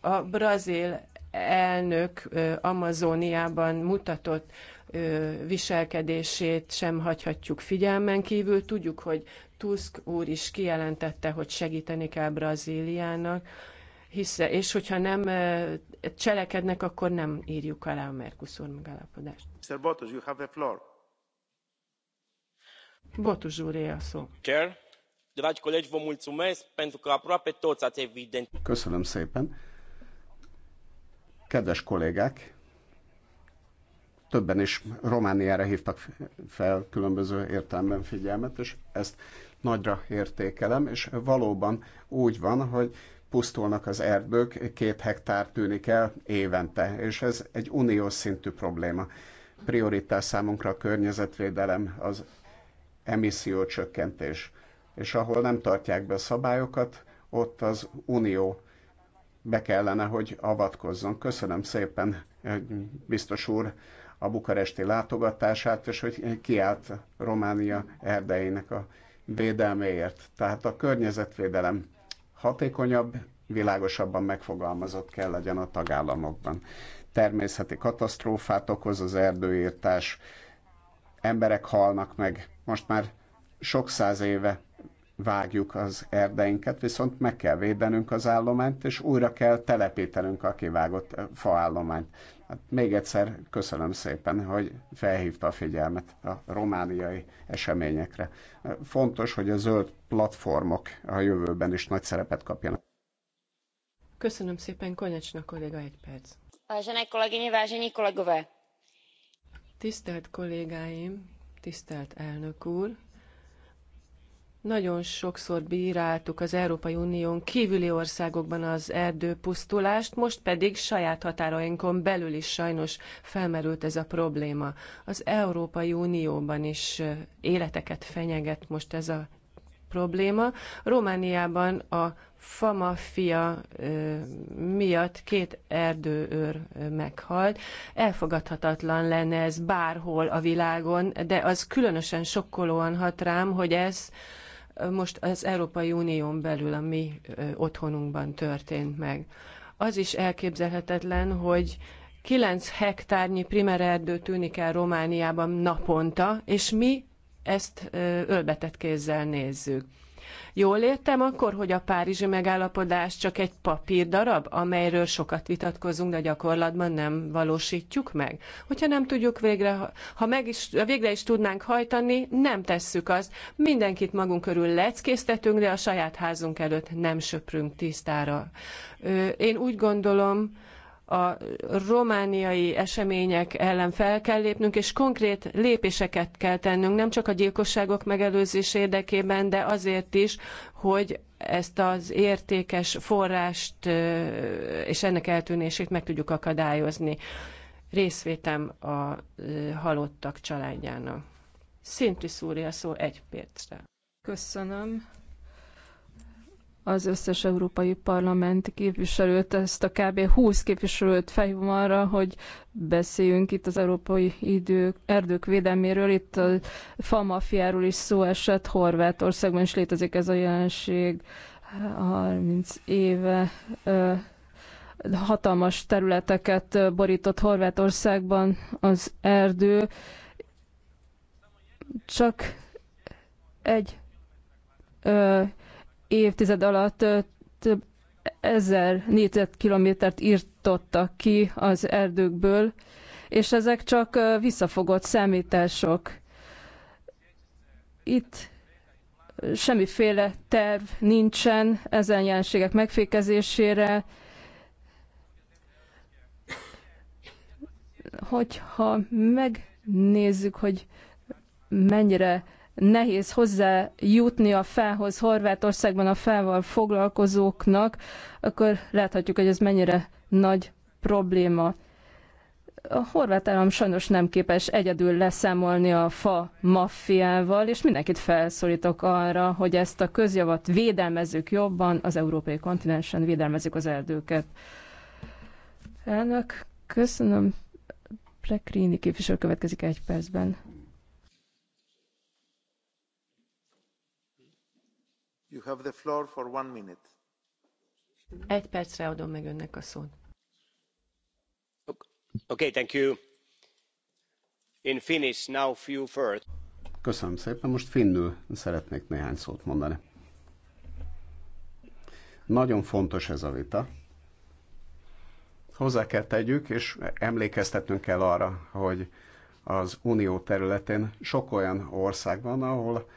[SPEAKER 4] a brazil elnök Amazoniában mutatott viselkedését sem hagyhatjuk figyelmen kívül. Tudjuk, hogy Tusk úr is kijelentette, hogy segíteni kell Brazíliának, hisze, és hogyha nem cselekednek, akkor nem írjuk alá a Mercosur megállapodást.
[SPEAKER 1] Mr. Botos, you have the floor. Botos úr, a szó. Chair, dragi colegi, vă mulțumesc pentru că aproape toți ați evident. Köszönöm szépen Kedves kollégák, többen is Romániára hívtak fel különböző értelemben figyelmet, és ezt nagyra értékelem, és valóban úgy van, hogy pusztulnak az erdők, két hektár tűnik el évente, és ez egy uniós szintű probléma. Prioritás számunkra a környezetvédelem, az emissziócsökkentés, és ahol nem tartják be a szabályokat, ott az unió be kellene, hogy avatkozzon. Köszönöm szépen, eh, biztos úr, a bukaresti látogatását, és hogy kiállt Románia erdeinek a védelméért. Tehát a környezetvédelem hatékonyabb, világosabban megfogalmazott kell legyen a tagállamokban. Természeti katasztrófát okoz az erdőírtás, emberek halnak meg. Most már sok száz éve vágjuk az erdeinket, viszont meg kell védenünk az állományt, és újra kell telepítenünk a kivágott eh, faállományt. Hát még egyszer köszönöm szépen, hogy felhívta a figyelmet a romániai eseményekre. Fontos, hogy a zöld platformok a jövőben is nagy szerepet kapjanak.
[SPEAKER 4] Köszönöm szépen, Konyacsnak kolléga, egy perc.
[SPEAKER 5] Vážené kolegyni, vážení kolegové.
[SPEAKER 4] Tisztelt kollégáim, tisztelt elnök úr, nagyon sokszor bíráltuk az Európai Unión kívüli országokban az erdőpusztulást, most pedig saját határainkon belül is sajnos felmerült ez a probléma. Az Európai Unióban is életeket fenyeget most ez a probléma. Romániában a famafia miatt két erdőőr meghalt. Elfogadhatatlan lenne ez bárhol a világon, de az különösen sokkolóan hat rám, hogy ez most az Európai Unión belül a mi otthonunkban történt meg. Az is elképzelhetetlen, hogy 9 hektárnyi primererdő tűnik el Romániában naponta, és mi ezt ölbetett kézzel nézzük. Jól értem akkor, hogy a Párizsi megállapodás csak egy papírdarab, amelyről sokat vitatkozunk, de gyakorlatban nem valósítjuk meg. Hogyha nem tudjuk végre, ha meg is, végre is tudnánk hajtani, nem tesszük azt. Mindenkit magunk körül leckésztetünk, de a saját házunk előtt nem söprünk tisztára. Én úgy gondolom, a romániai események ellen fel kell lépnünk, és konkrét lépéseket kell tennünk, nem csak a gyilkosságok megelőzés érdekében, de azért is, hogy ezt az értékes forrást és ennek eltűnését meg tudjuk akadályozni. Részvétem a halottak családjának. Szintű szúrja szó egy
[SPEAKER 2] percre. Köszönöm az összes európai parlamenti képviselőt, ezt a kb. 20 képviselőt felhívom arra, hogy beszéljünk itt az európai idő erdők védelméről. Itt a famafiáról is szó esett, Horvátországban is létezik ez a jelenség. 30 éve hatalmas területeket borított Horvátországban az erdő. Csak egy évtized alatt több ezer négyzetkilométert írtottak ki az erdőkből, és ezek csak visszafogott számítások. Itt semmiféle terv nincsen ezen jelenségek megfékezésére. Hogyha megnézzük, hogy mennyire nehéz hozzájutni a fához Horvátországban a fával foglalkozóknak, akkor láthatjuk, hogy ez mennyire nagy probléma. A horvát állam sajnos nem képes egyedül leszámolni a fa maffiával, és mindenkit felszólítok arra, hogy ezt a közjavat védelmezzük jobban, az európai kontinensen védelmezzük az erdőket. Elnök, köszönöm. Prekrini képviselő következik egy percben.
[SPEAKER 1] You have the floor for one minute.
[SPEAKER 4] Egy percre adom meg önnek a szót.
[SPEAKER 1] Okay, thank you. In Finnish, now few first. Köszönöm szépen, most finnül szeretnék néhány szót mondani. Nagyon fontos ez a vita. Hozzá kell tegyük, és emlékeztetnünk kell arra, hogy az unió területén sok olyan ország van, ahol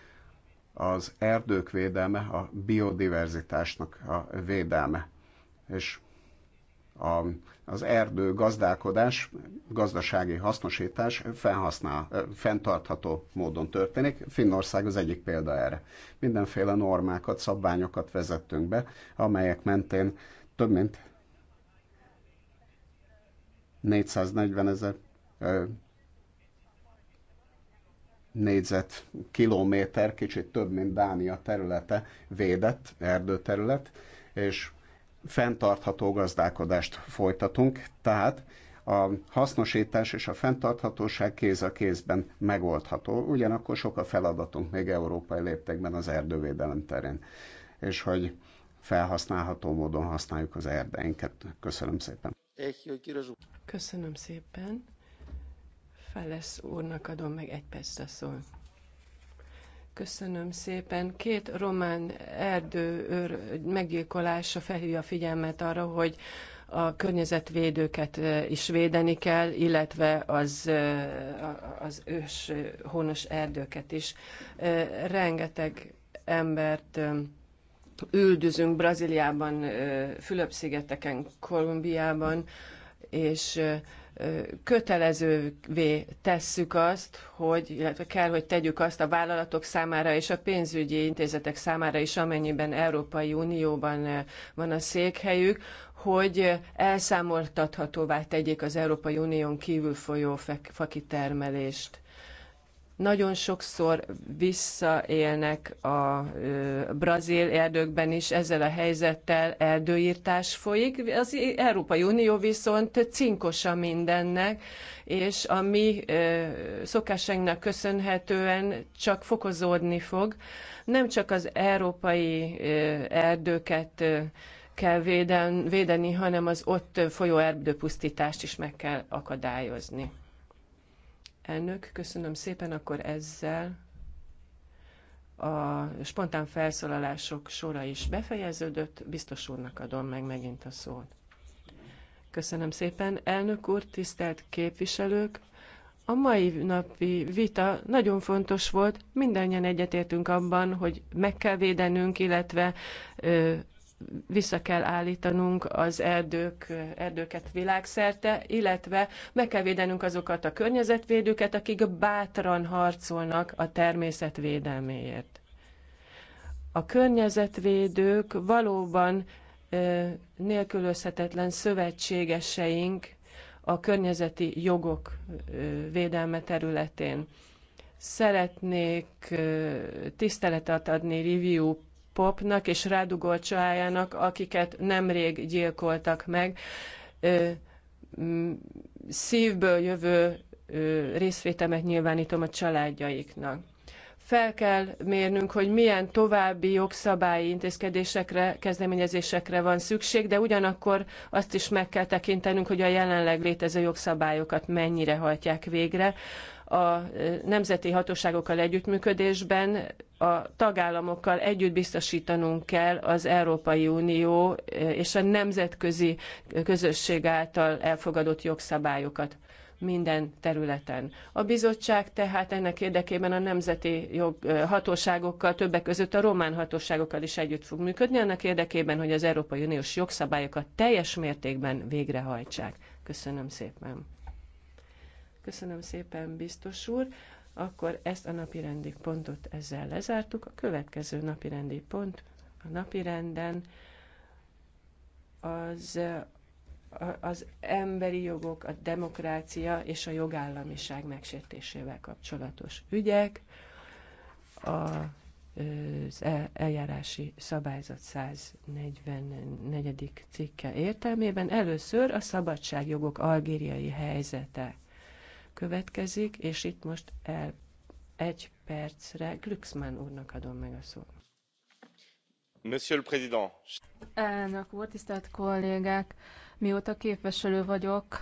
[SPEAKER 1] az erdők védelme, a biodiverzitásnak a védelme. És a, az erdő gazdálkodás, gazdasági hasznosítás felhasznál, fenntartható módon történik. Finnország az egyik példa erre. Mindenféle normákat, szabványokat vezettünk be, amelyek mentén több mint 440 ezer négyzet kilométer, kicsit több, mint Dánia területe védett erdőterület, és fenntartható gazdálkodást folytatunk, tehát a hasznosítás és a fenntarthatóság kéz a kézben megoldható, ugyanakkor sok a feladatunk még európai léptekben az erdővédelem terén, és hogy felhasználható módon használjuk az erdeinket. Köszönöm szépen.
[SPEAKER 4] Köszönöm szépen. Fellesz úrnak adom meg egy a szól. Köszönöm szépen. Két román erdő meggyilkolása felhívja a figyelmet arra, hogy a környezetvédőket eh, is védeni kell, illetve az, eh, az ős honos eh, erdőket is. Rengeteg embert üldözünk Brazíliában, Fülöp-szigeteken, Kolumbiában, és kötelezővé tesszük azt, hogy, illetve kell, hogy tegyük azt a vállalatok számára és a pénzügyi intézetek számára is, amennyiben Európai Unióban van a székhelyük, hogy elszámoltathatóvá tegyék az Európai Unión kívül folyó fakitermelést nagyon sokszor visszaélnek a brazil erdőkben is ezzel a helyzettel, erdőírtás folyik. Az Európai Unió viszont cinkosa mindennek, és a mi szokásainknak köszönhetően csak fokozódni fog. Nem csak az európai erdőket kell véden, védeni, hanem az ott folyó erdőpusztítást is meg kell akadályozni. Elnök, köszönöm szépen, akkor ezzel a spontán felszólalások sora is befejeződött. Biztos úrnak adom meg megint a szót. Köszönöm szépen. Elnök úr, tisztelt képviselők! A mai napi vita nagyon fontos volt, mindannyian egyetértünk abban, hogy meg kell védenünk, illetve vissza kell állítanunk az erdők, erdőket világszerte, illetve meg kell védenünk azokat a környezetvédőket, akik bátran harcolnak a természet védelméért. A környezetvédők valóban nélkülözhetetlen szövetségeseink a környezeti jogok védelme területén. Szeretnék tiszteletet adni Review Popnak és Rádugolcsájának, akiket nemrég gyilkoltak meg. Szívből jövő részvétemet nyilvánítom a családjaiknak fel kell mérnünk, hogy milyen további jogszabályi intézkedésekre, kezdeményezésekre van szükség, de ugyanakkor azt is meg kell tekintenünk, hogy a jelenleg létező jogszabályokat mennyire hajtják végre a nemzeti hatóságokkal együttműködésben a tagállamokkal együtt biztosítanunk kell az Európai Unió és a nemzetközi közösség által elfogadott jogszabályokat minden területen. A bizottság tehát ennek érdekében a nemzeti jog, hatóságokkal, többek között a román hatóságokkal is együtt fog működni, annak érdekében, hogy az Európai Uniós jogszabályokat teljes mértékben végrehajtsák. Köszönöm szépen. Köszönöm szépen, biztos úr. Akkor ezt a napirendi pontot ezzel lezártuk. A következő napirendi pont a napirenden az az emberi jogok, a demokrácia és a jogállamiság megsértésével kapcsolatos ügyek, az e, eljárási szabályzat 144. cikke értelmében először a szabadságjogok algériai helyzete következik, és itt most el egy percre Glücksmann úrnak adom meg a szót. Monsieur le Président.
[SPEAKER 2] Elnök úr, tisztelt kollégák! Mióta képviselő vagyok,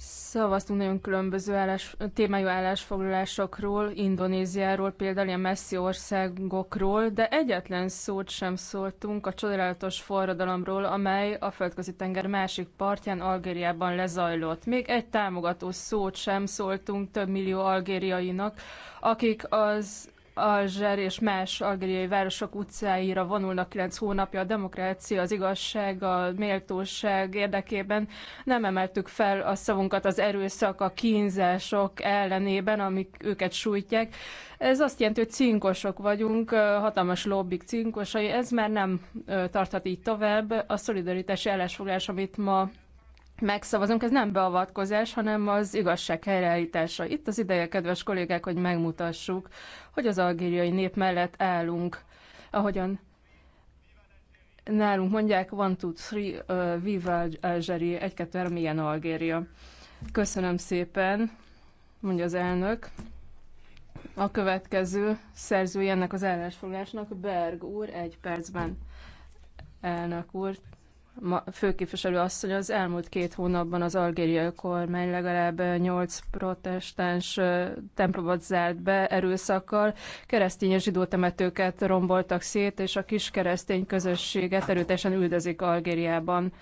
[SPEAKER 2] Szavaztunk nagyon különböző állás, témájú állásfoglalásokról, Indonéziáról, például ilyen messzi országokról, de egyetlen szót sem szóltunk a csodálatos forradalomról, amely a földközi tenger másik partján, Algériában lezajlott. Még egy támogató szót sem szóltunk több millió algériainak, akik az Alzser és más algériai városok utcáira vonulnak 9 hónapja a demokrácia, az igazság, a méltóság érdekében. Nem emeltük fel a szavunkat az erőszak, a kínzások ellenében, amik őket sújtják. Ez azt jelenti, hogy cinkosok vagyunk, hatalmas lobbik cinkosai. Ez már nem tarthat így tovább. A szolidaritási állásfoglalás, amit ma megszavazunk, ez nem beavatkozás, hanem az igazság helyreállítása. Itt az ideje, kedves kollégák, hogy megmutassuk, hogy az algériai nép mellett állunk, ahogyan nálunk mondják, one, two, three, uh, viva Algeri, egy, kettő, három, ilyen Algéria. Köszönöm szépen, mondja az elnök. A következő szerzője ennek az állásfoglásnak, Berg úr, egy percben. Elnök úr, főképviselő asszony, az elmúlt két hónapban az algériai kormány legalább nyolc protestáns templomot zárt be erőszakkal, keresztény és zsidó temetőket romboltak szét, és a kis keresztény közösséget erőteljesen üldözik Algériában.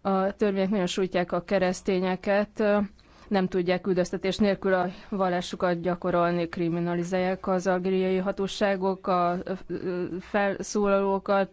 [SPEAKER 2] A törvények nagyon sújtják a keresztényeket, nem tudják üldöztetés nélkül a vallásukat gyakorolni, kriminalizálják az algériai hatóságok, a felszólalókat,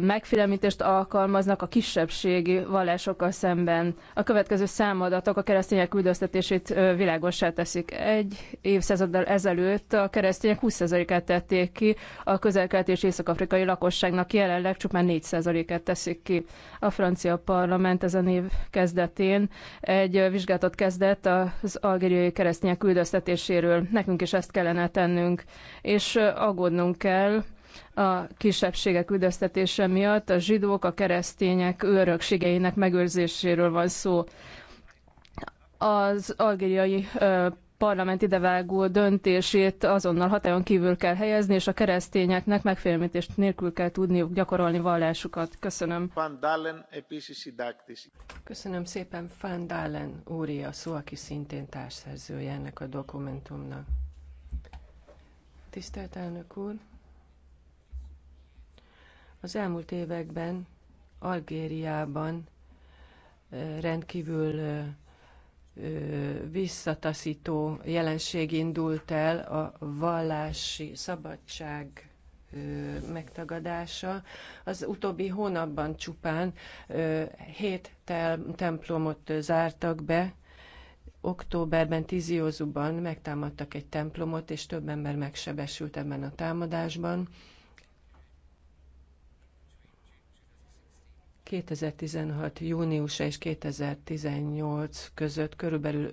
[SPEAKER 2] megfélemlítést alkalmaznak a kisebbségi vallásokkal szemben. A következő számadatok a keresztények üldöztetését világossá teszik. Egy évszázaddal ezelőtt a keresztények 20%-át tették ki, a közelkelet és észak-afrikai lakosságnak jelenleg csupán 4%-át teszik ki. A francia parlament ezen év kezdetén egy vizsgálatot kezdett az algériai keresztények üldöztetéséről. Nekünk is ezt kellene tennünk, és aggódnunk kell, a kisebbségek üdöztetése miatt. A zsidók, a keresztények örökségeinek megőrzéséről van szó. Az algériai parlament idevágó döntését azonnal hatályon kívül kell helyezni, és a keresztényeknek megfélemítést nélkül kell tudniuk gyakorolni vallásukat. Köszönöm. Köszönöm szépen. Van Dalen
[SPEAKER 1] úri
[SPEAKER 4] a szó, aki szintén társszerzője ennek a dokumentumnak. Tisztelt elnök úr! Az elmúlt években Algériában rendkívül visszataszító jelenség indult el a vallási szabadság megtagadása. Az utóbbi hónapban csupán hét templomot zártak be, októberben Tiziózuban megtámadtak egy templomot, és több ember megsebesült ebben a támadásban. 2016. júniusa és 2018 között körülbelül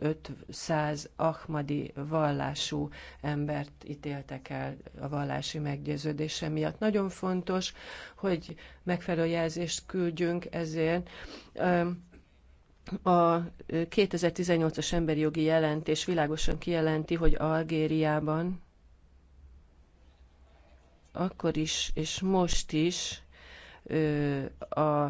[SPEAKER 4] 500 ahmadi vallású embert ítéltek el a vallási meggyőződése miatt. Nagyon fontos, hogy megfelelő jelzést küldjünk ezért. A 2018-as emberi jogi jelentés világosan kijelenti, hogy Algériában akkor is és most is a,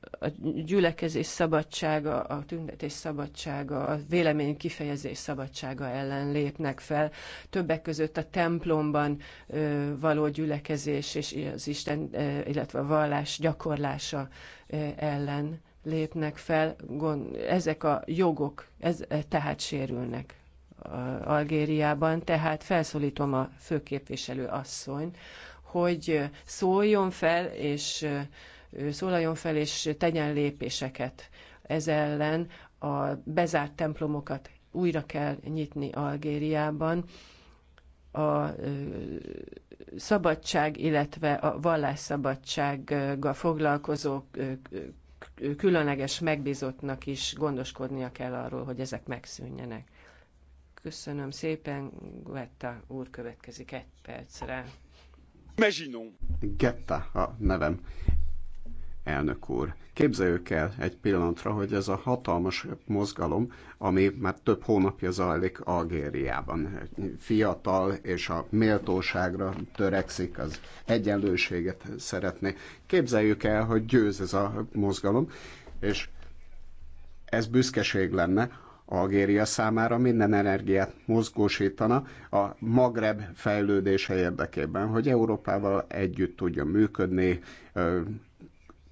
[SPEAKER 4] a gyülekezés szabadsága, a tüntetés szabadsága, a vélemény kifejezés szabadsága ellen lépnek fel. Többek között a templomban való gyülekezés és az Isten, illetve a vallás gyakorlása ellen lépnek fel. Ezek a jogok ez, e, tehát sérülnek Algériában, tehát felszólítom a főképviselő asszonyt, hogy szóljon fel, és szólaljon fel, és tegyen lépéseket ez ellen. A bezárt templomokat újra kell nyitni Algériában. A szabadság, illetve a vallásszabadsággal foglalkozó különleges megbízottnak is gondoskodnia kell arról, hogy ezek megszűnjenek. Köszönöm szépen, Guetta úr következik egy percre.
[SPEAKER 1] Meginon. Getta a nevem. Elnök úr, képzeljük el egy pillanatra, hogy ez a hatalmas mozgalom, ami már több hónapja zajlik Algériában. Fiatal és a méltóságra törekszik, az egyenlőséget szeretné. Képzeljük el, hogy győz ez a mozgalom, és ez büszkeség lenne Algéria számára minden energiát mozgósítana a Magreb fejlődése érdekében, hogy Európával együtt tudjon működni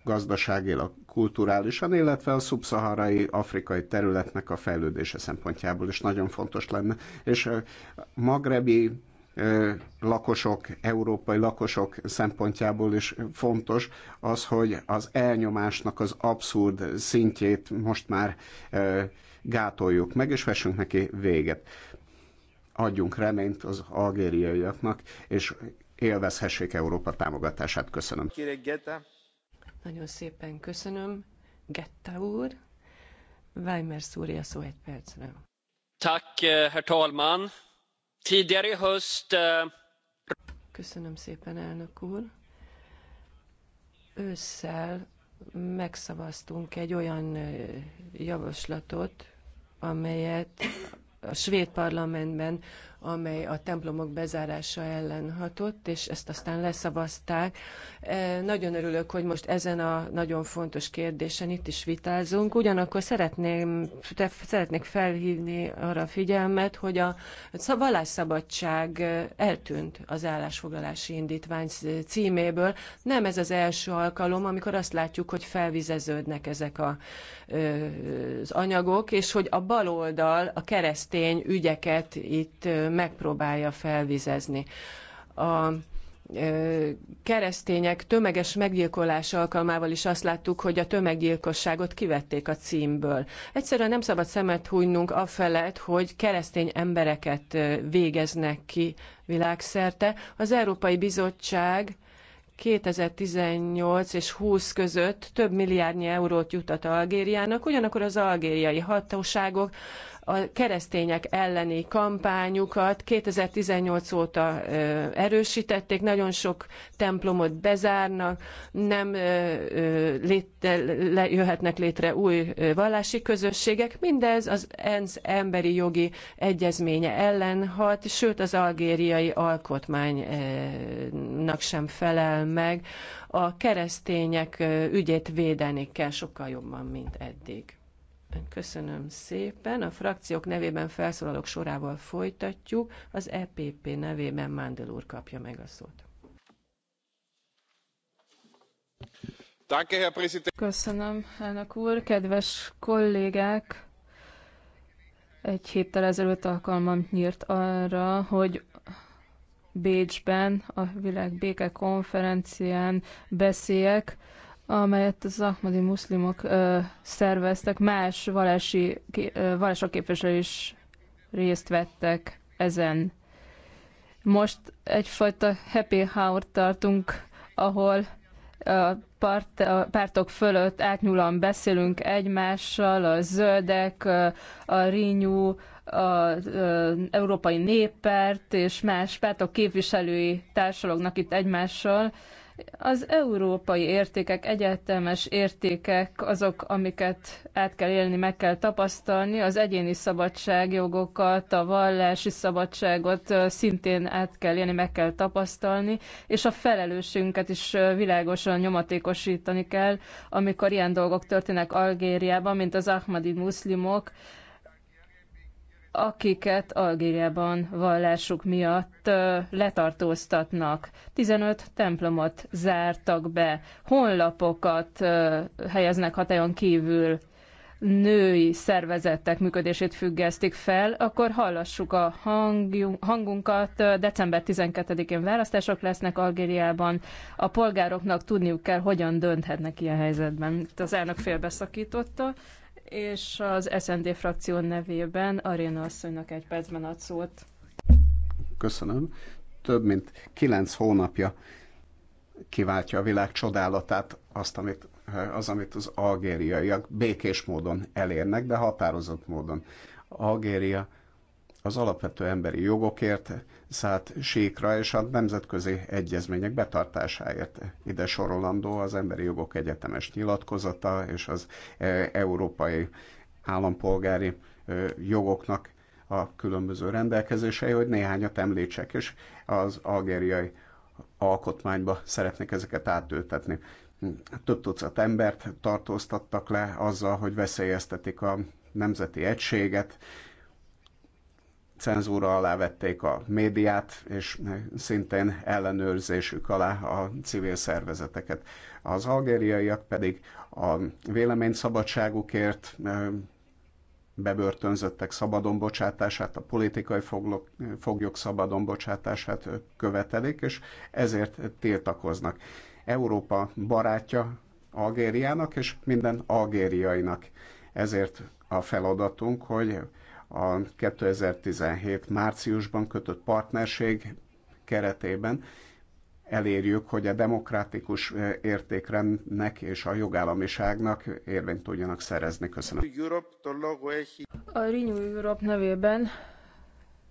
[SPEAKER 1] gazdaságilag, kulturálisan, illetve a szubszaharai afrikai területnek a fejlődése szempontjából is nagyon fontos lenne. És magrebi lakosok, európai lakosok szempontjából is fontos az, hogy az elnyomásnak az abszurd szintjét most már gátoljuk meg, és vessünk neki véget. Adjunk reményt az algériaiaknak, és élvezhessék Európa támogatását. Köszönöm.
[SPEAKER 4] Nagyon szépen köszönöm, Getta úr. Weimer szúrja szó egy percre.
[SPEAKER 1] Tak, eh, herr talman. Tidigare höst... Eh,
[SPEAKER 4] köszönöm szépen, elnök úr. Ősszel megszavaztunk egy olyan eh, javaslatot, amelyet a svéd parlamentben amely a templomok bezárása ellen hatott, és ezt aztán leszavazták. E, nagyon örülök, hogy most ezen a nagyon fontos kérdésen itt is vitázunk. Ugyanakkor szeretném, szeretnék felhívni arra a figyelmet, hogy a vallásszabadság eltűnt az állásfoglalási indítvány címéből. Nem ez az első alkalom, amikor azt látjuk, hogy felvizeződnek ezek a, az anyagok, és hogy a baloldal a keresztény ügyeket itt megpróbálja felvizezni. A keresztények tömeges meggyilkolása alkalmával is azt láttuk, hogy a tömeggyilkosságot kivették a címből. Egyszerűen nem szabad szemet hunynunk afelett, hogy keresztény embereket végeznek ki világszerte. Az Európai Bizottság 2018 és 20 között több milliárdnyi eurót juttat Algériának, ugyanakkor az algériai hatóságok a keresztények elleni kampányukat 2018 óta erősítették, nagyon sok templomot bezárnak, nem léte, le, jöhetnek létre új vallási közösségek. Mindez az ENSZ emberi jogi egyezménye ellen hat, sőt az algériai alkotmánynak sem felel meg. A keresztények ügyét védeni kell sokkal jobban, mint eddig. Köszönöm szépen. A frakciók nevében felszólalók sorával folytatjuk. Az EPP
[SPEAKER 2] nevében Mándel úr kapja meg a szót. Köszönöm, elnök úr, kedves kollégák! Egy héttel ezelőtt alkalmam nyílt arra, hogy Bécsben a világ béke konferencián beszéljek amelyet az ahmadi muszlimok ö, szerveztek, más vallási, ö, valások képviselő is részt vettek ezen. Most egyfajta happy hour tartunk, ahol a, part, a pártok fölött átnyúlóan beszélünk egymással, a zöldek, a rinyú, az Európai Néppárt és más pártok képviselői társalognak itt egymással, az európai értékek, egyetemes értékek azok, amiket át kell élni, meg kell tapasztalni, az egyéni szabadságjogokat, a vallási szabadságot szintén át kell élni, meg kell tapasztalni, és a felelősségünket is világosan nyomatékosítani kell, amikor ilyen dolgok történnek Algériában, mint az ahmadi muszlimok, akiket Algériában vallásuk miatt letartóztatnak. 15 templomot zártak be, honlapokat helyeznek hatályon kívül, női szervezetek működését függesztik fel, akkor hallassuk a hangunkat. December 12-én választások lesznek Algériában. A polgároknak tudniuk kell, hogyan dönthetnek ilyen helyzetben. Itt az elnök félbeszakította és az SND frakció nevében Aréna asszonynak egy percben ad szót.
[SPEAKER 1] Köszönöm. Több mint kilenc hónapja kiváltja a világ csodálatát azt, amit, az, amit az algériaiak békés módon elérnek, de határozott módon. Algéria az alapvető emberi jogokért szállt síkra és a nemzetközi egyezmények betartásáért. Ide sorolandó az Emberi Jogok Egyetemes nyilatkozata és az e, európai állampolgári e, jogoknak a különböző rendelkezései, hogy néhányat említsek, és az algériai alkotmányba szeretnék ezeket átültetni. Több tucat embert tartóztattak le azzal, hogy veszélyeztetik a nemzeti egységet, cenzúra alá vették a médiát, és szintén ellenőrzésük alá a civil szervezeteket. Az algériaiak pedig a véleményszabadságukért bebörtönzöttek szabadonbocsátását, a politikai foglok, foglyok szabadonbocsátását követelik, és ezért tiltakoznak. Európa barátja Algériának és minden algériainak. Ezért a feladatunk, hogy a 2017 márciusban kötött partnerség keretében elérjük, hogy a demokratikus eh, értékrendnek és a jogállamiságnak érvényt tudjanak szerezni. Köszönöm.
[SPEAKER 2] A Renew Europe nevében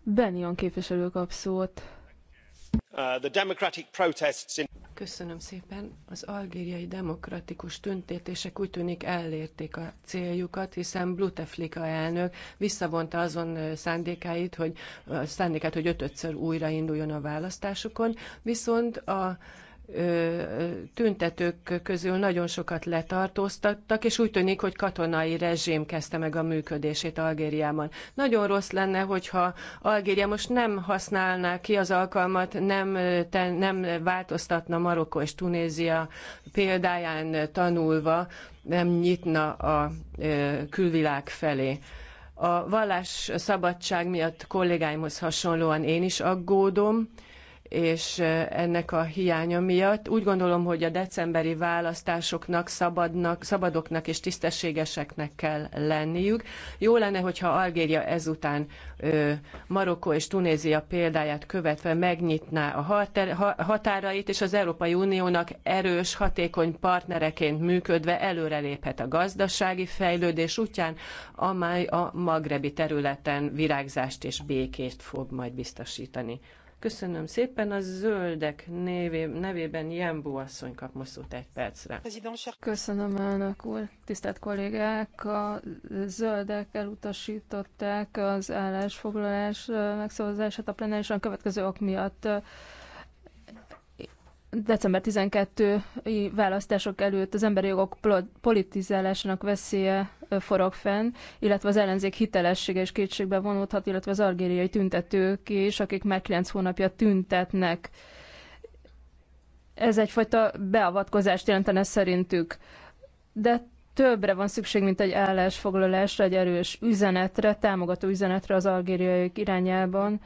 [SPEAKER 2] Bennion képviselő kap szót.
[SPEAKER 3] Uh, the democratic protests in...
[SPEAKER 2] Köszönöm szépen. Az algériai
[SPEAKER 4] demokratikus tüntetések úgy tűnik elérték a céljukat, hiszen Bluteflika elnök visszavonta azon szándékáit, hogy szándékát, hogy ötödször újrainduljon a választásokon, viszont a tüntetők közül nagyon sokat letartóztattak, és úgy tűnik, hogy katonai rezsim kezdte meg a működését Algériában. Nagyon rossz lenne, hogyha Algéria most nem használná ki az alkalmat, nem, ten, nem változtatna Marokko és Tunézia példáján tanulva, nem nyitna a külvilág felé. A vallás szabadság miatt kollégáimhoz hasonlóan én is aggódom, és ennek a hiánya miatt. Úgy gondolom, hogy a decemberi választásoknak szabadnak, szabadoknak és tisztességeseknek kell lenniük. Jó lenne, hogyha Algéria ezután Marokkó és Tunézia példáját követve megnyitná a határait, és az Európai Uniónak erős, hatékony partnereként működve előreléphet a gazdasági fejlődés útján, amely a magrebi területen virágzást és békést fog majd biztosítani. Köszönöm szépen. A zöldek névé, nevében Jembu asszony kap most szót egy percre.
[SPEAKER 2] Köszönöm elnök úr. Tisztelt kollégák, a zöldek elutasították az állásfoglalás megszavazását a plenárisan következő ok miatt december 12-i választások előtt az emberi jogok politizálásának veszélye forog fenn, illetve az ellenzék hitelessége és kétségbe vonódhat, illetve az algériai tüntetők is, akik már 9 hónapja tüntetnek. Ez egyfajta beavatkozást jelentene szerintük. De többre van szükség, mint egy állásfoglalásra, egy erős üzenetre, támogató üzenetre az algériaiak irányában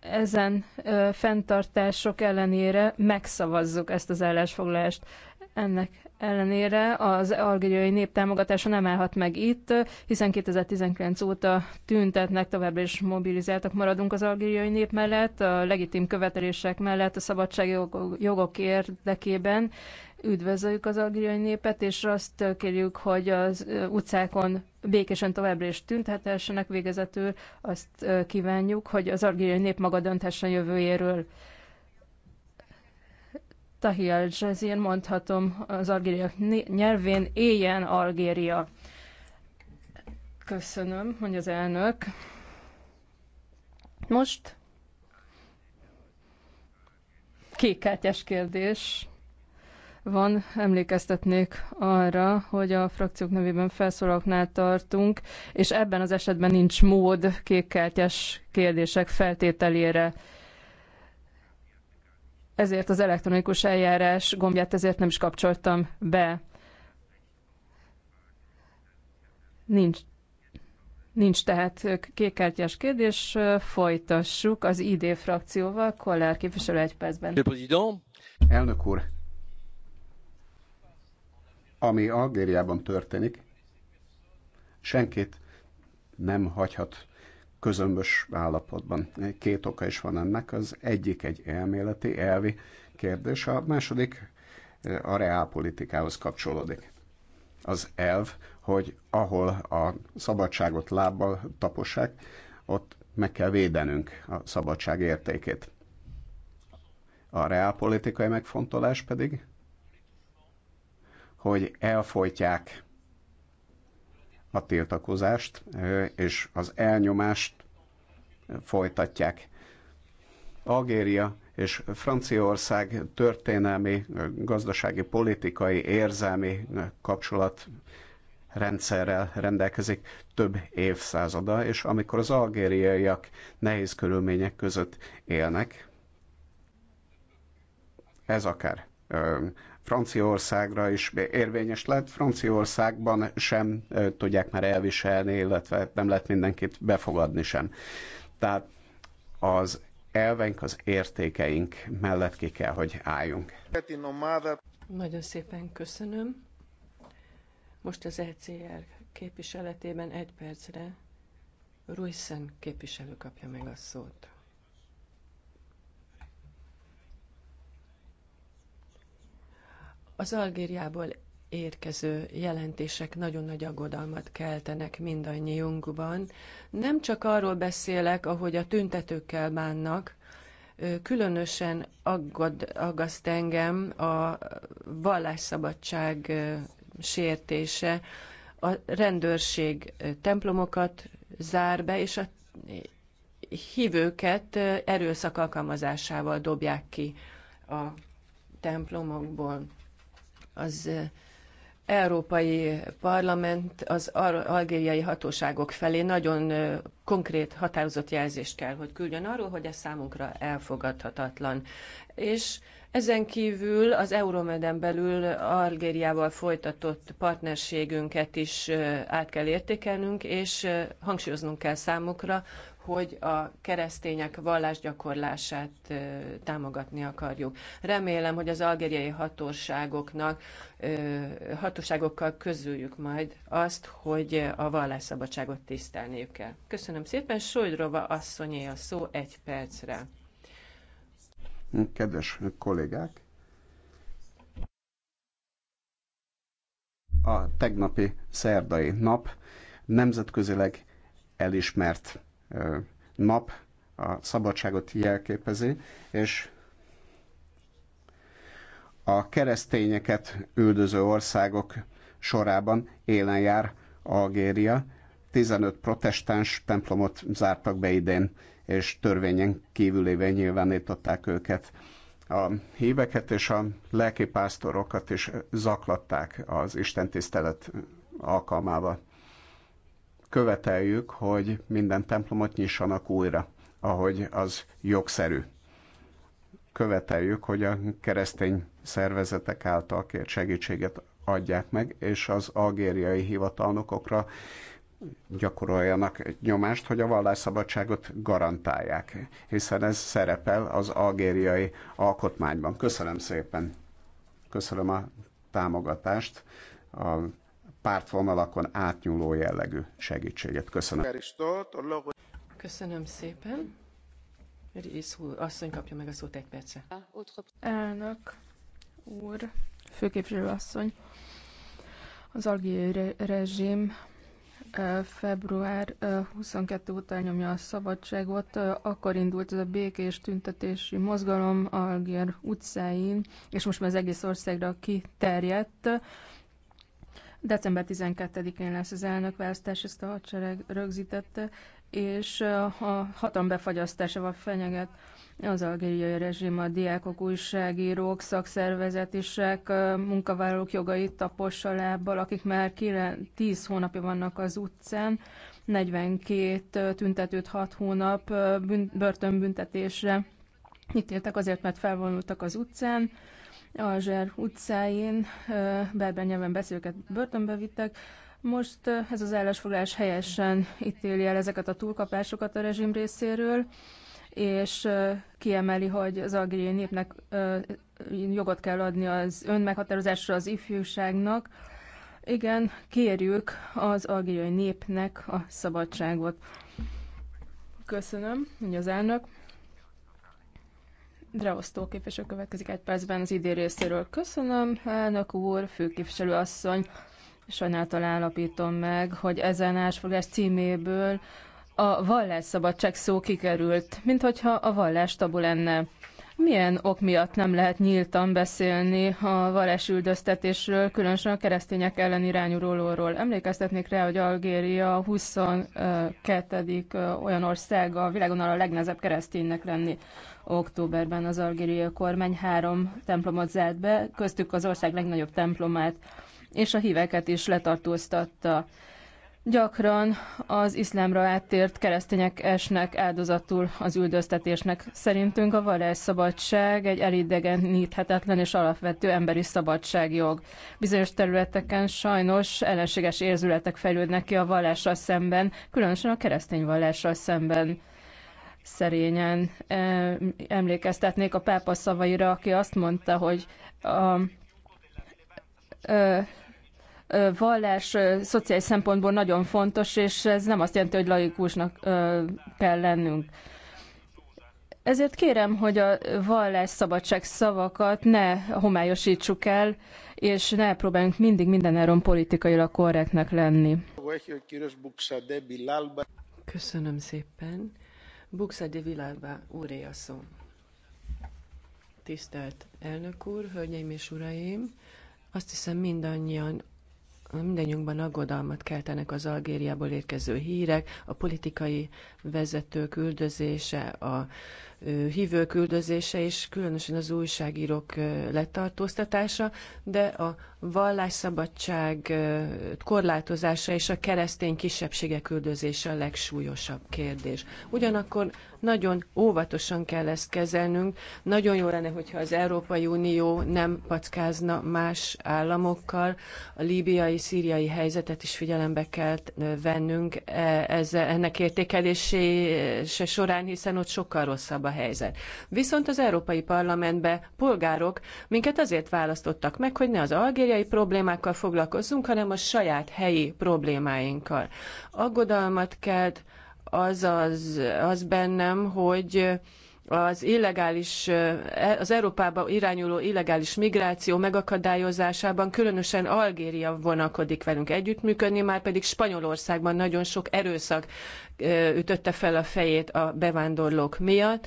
[SPEAKER 2] ezen ö, fenntartások ellenére megszavazzuk ezt az állásfoglalást. Ennek ellenére az algériai néptámogatása nem állhat meg itt, hiszen 2019 óta tüntetnek, továbbra is mobilizáltak maradunk az algériai nép mellett, a legitim követelések mellett, a szabadságjogok érdekében, Üdvözöljük az algériai népet, és azt kérjük, hogy az utcákon békésen továbbra is tüntethessenek végezetül. Azt kívánjuk, hogy az algériai nép maga dönthessen jövőjéről. Tahir al mondhatom az algériak nyelvén, éljen Algéria. Köszönöm, mondja az elnök. Most kékkártyás kérdés van. Emlékeztetnék arra, hogy a frakciók nevében felszólalóknál tartunk, és ebben az esetben nincs mód kékkártyás kérdések feltételére. Ezért az elektronikus eljárás gombját ezért nem is kapcsoltam be. Nincs, nincs tehát kékkártyás kérdés. Folytassuk az ID frakcióval. Kollár képviselő egy percben.
[SPEAKER 1] Elnök úr, ami Algériában történik, senkit nem hagyhat közömbös állapotban. Két oka is van ennek, az egyik egy elméleti, elvi kérdés, a második eh, a reálpolitikához kapcsolódik. Az elv, hogy ahol a szabadságot lábbal tapossák, ott meg kell védenünk a szabadság értékét. A reálpolitikai megfontolás pedig hogy elfolytják a tiltakozást és az elnyomást folytatják. Algéria és Franciaország történelmi, gazdasági, politikai, érzelmi kapcsolat rendszerrel rendelkezik több évszázada, és amikor az algériaiak nehéz körülmények között élnek, ez akár Franciaországra is érvényes lett. Franciaországban sem tudják már elviselni, illetve nem lehet mindenkit befogadni sem. Tehát az elveink, az értékeink mellett ki kell, hogy álljunk.
[SPEAKER 4] Nagyon szépen köszönöm. Most az ECR képviseletében egy percre Ruisen képviselő kapja meg a szót. Az Algériából érkező jelentések nagyon nagy aggodalmat keltenek mindannyiunkban. Nem csak arról beszélek, ahogy a tüntetőkkel bánnak, különösen aggod, aggaszt engem a vallásszabadság sértése. A rendőrség templomokat zár be, és a hívőket erőszak alkalmazásával dobják ki a templomokból. Az Európai Parlament az algériai hatóságok felé nagyon konkrét, határozott jelzést kell, hogy küldjön arról, hogy ez számunkra elfogadhatatlan. És ezen kívül az Euromeden belül Algériával folytatott partnerségünket is át kell értékelnünk, és hangsúlyoznunk kell számukra, hogy a keresztények vallásgyakorlását támogatni akarjuk. Remélem, hogy az algériai hatóságoknak, hatóságokkal közüljük majd azt, hogy a vallásszabadságot tisztelniük kell. Köszönöm szépen, Sojdrova asszonyé a szó egy percre.
[SPEAKER 1] Kedves kollégák, a tegnapi szerdai nap nemzetközileg elismert nap, a szabadságot jelképezi, és a keresztényeket üldöző országok sorában élen jár Algéria. 15 protestáns templomot zártak be idén és törvényen kívülévé nyilvánították őket. A híveket és a pásztorokat is zaklatták az istentisztelet alkalmával. Követeljük, hogy minden templomot nyissanak újra, ahogy az jogszerű követeljük, hogy a keresztény szervezetek által kért segítséget adják meg, és az algériai hivatalnokokra gyakoroljanak nyomást, hogy a vallásszabadságot garantálják, hiszen ez szerepel az algériai alkotmányban. Köszönöm szépen. Köszönöm a támogatást, a pártvonalakon átnyúló jellegű segítséget. Köszönöm.
[SPEAKER 4] Köszönöm szépen. Rész asszony kapja meg a szót egy perce.
[SPEAKER 1] Elnök
[SPEAKER 2] úr, főképviselő asszony, az algériai rezsim február 22 után nyomja a szabadságot, akkor indult ez a békés tüntetési mozgalom Algér utcáin, és most már az egész országra kiterjedt. December 12-én lesz az elnökválasztás, ezt a hadsereg rögzítette, és a hatalom befagyasztásával fenyeget. Az algériai rezsim a diákok, újságírók, szakszervezetisek, munkavállalók jogait tapossa lábbal, akik már 10 hónapja vannak az utcán, 42 tüntetőt 6 hónap börtönbüntetésre ítéltek azért, mert felvonultak az utcán, Zser utcáin, berber nyelven beszélőket börtönbe vittek, most ez az állásfoglalás helyesen ítéli el ezeket a túlkapásokat a rezsim részéről, és kiemeli, hogy az algériai népnek jogot kell adni az önmeghatározásra az ifjúságnak. Igen, kérjük az algériai népnek a szabadságot. Köszönöm, hogy az elnök. Dreosztó képviselő következik egy percben az idén részéről. Köszönöm, elnök úr, főképviselő asszony. Sajnáltal állapítom meg, hogy ezen ásfogás címéből a vallásszabadság szó kikerült, mint hogyha a vallás tabu lenne. Milyen ok miatt nem lehet nyíltan beszélni a vallásüldöztetésről, különösen a keresztények ellen irányulóról? Emlékeztetnék rá, hogy Algéria 22. olyan ország a világon a legnehezebb kereszténynek lenni. Októberben az algériai kormány három templomot zárt be, köztük az ország legnagyobb templomát, és a híveket is letartóztatta. Gyakran az iszlámra áttért keresztények esnek áldozatul az üldöztetésnek. Szerintünk a vallásszabadság egy elidegeníthetetlen és alapvető emberi szabadságjog. Bizonyos területeken sajnos ellenséges érzületek fejlődnek ki a vallással szemben, különösen a keresztény vallással szemben szerényen emlékeztetnék a pápa szavaira, aki azt mondta, hogy a vallás szociális szempontból nagyon fontos, és ez nem azt jelenti, hogy laikusnak kell lennünk. Ezért kérem, hogy a szabadság szavakat ne homályosítsuk el, és ne próbáljunk mindig mindenáron politikailag korrektnek lenni.
[SPEAKER 4] Köszönöm szépen. Buxa de Villalba úré a szó. Tisztelt elnök úr, hölgyeim és uraim! Azt hiszem mindannyian mindannyiunkban aggodalmat keltenek az Algériából érkező hírek, a politikai vezetők üldözése, a hívők küldözése és különösen az újságírók letartóztatása, de a vallásszabadság korlátozása és a keresztény kisebbségek üldözése a legsúlyosabb kérdés. Ugyanakkor nagyon óvatosan kell ezt kezelnünk. Nagyon jó lenne, hogyha az Európai Unió nem packázna más államokkal. A líbiai, szíriai helyzetet is figyelembe kell vennünk e, ez, ennek értékelése során, hiszen ott sokkal rosszabb a helyzet. Viszont az Európai Parlamentbe polgárok minket azért választottak meg, hogy ne az algériai problémákkal foglalkozzunk, hanem a saját helyi problémáinkkal. Aggodalmat kelt az, az, az bennem, hogy az illegális, e, az Európába irányuló illegális migráció megakadályozásában különösen Algéria vonakodik velünk együttműködni, már pedig Spanyolországban nagyon sok erőszak ütötte fel a fejét a bevándorlók miatt.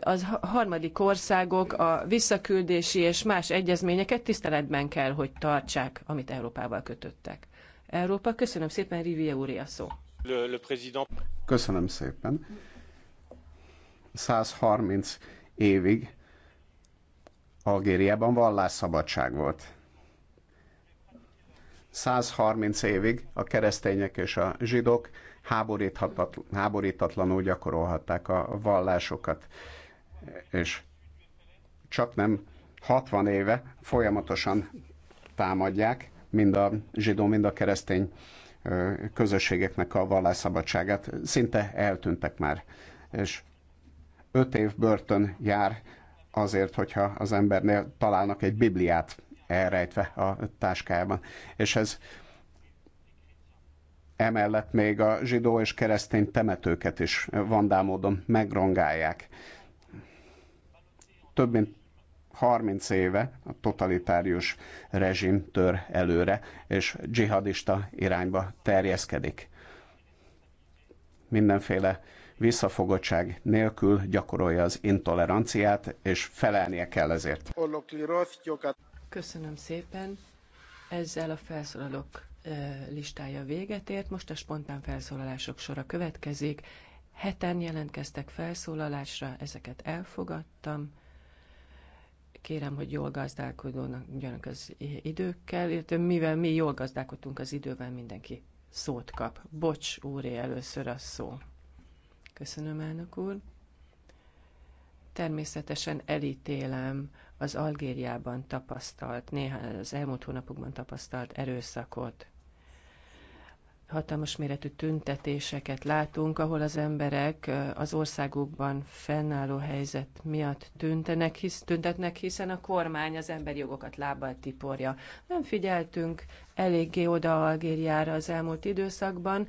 [SPEAKER 4] Az harmadik országok a visszaküldési és más egyezményeket tiszteletben kell, hogy tartsák, amit Európával kötöttek. Európa, köszönöm szépen, Riviera úr, szó.
[SPEAKER 1] Köszönöm szépen. 130 évig Algériában vallásszabadság volt. 130 évig a keresztények és a zsidók háborítatlanul gyakorolhatták a vallásokat, és csak nem 60 éve folyamatosan támadják mind a zsidó, mind a keresztény közösségeknek a vallásszabadságát. Szinte eltűntek már, és öt év börtön jár azért, hogyha az embernél találnak egy Bibliát elrejtve a táskájában. És ez emellett még a zsidó és keresztény temetőket is vandámódon megrongálják. Több mint 30 éve a totalitárius rezsim tör előre, és dzsihadista irányba terjeszkedik. Mindenféle visszafogottság nélkül gyakorolja az intoleranciát, és felelnie kell ezért.
[SPEAKER 4] Köszönöm szépen. Ezzel a felszólalók listája véget ért. Most a spontán felszólalások sora következik. Heten jelentkeztek felszólalásra, ezeket elfogadtam. Kérem, hogy jól gazdálkodjanak az időkkel, illetve mivel mi jól gazdálkodtunk az idővel, mindenki szót kap. Bocs, úré, először a szó. Köszönöm, elnök úr. Természetesen elítélem az Algériában tapasztalt, néhány az elmúlt hónapokban tapasztalt erőszakot. Hatalmas méretű tüntetéseket látunk, ahol az emberek az országukban fennálló helyzet miatt tüntenek, hisz, tüntetnek, hiszen a kormány az emberi jogokat lábbal tiporja. Nem figyeltünk eléggé oda Algériára az elmúlt időszakban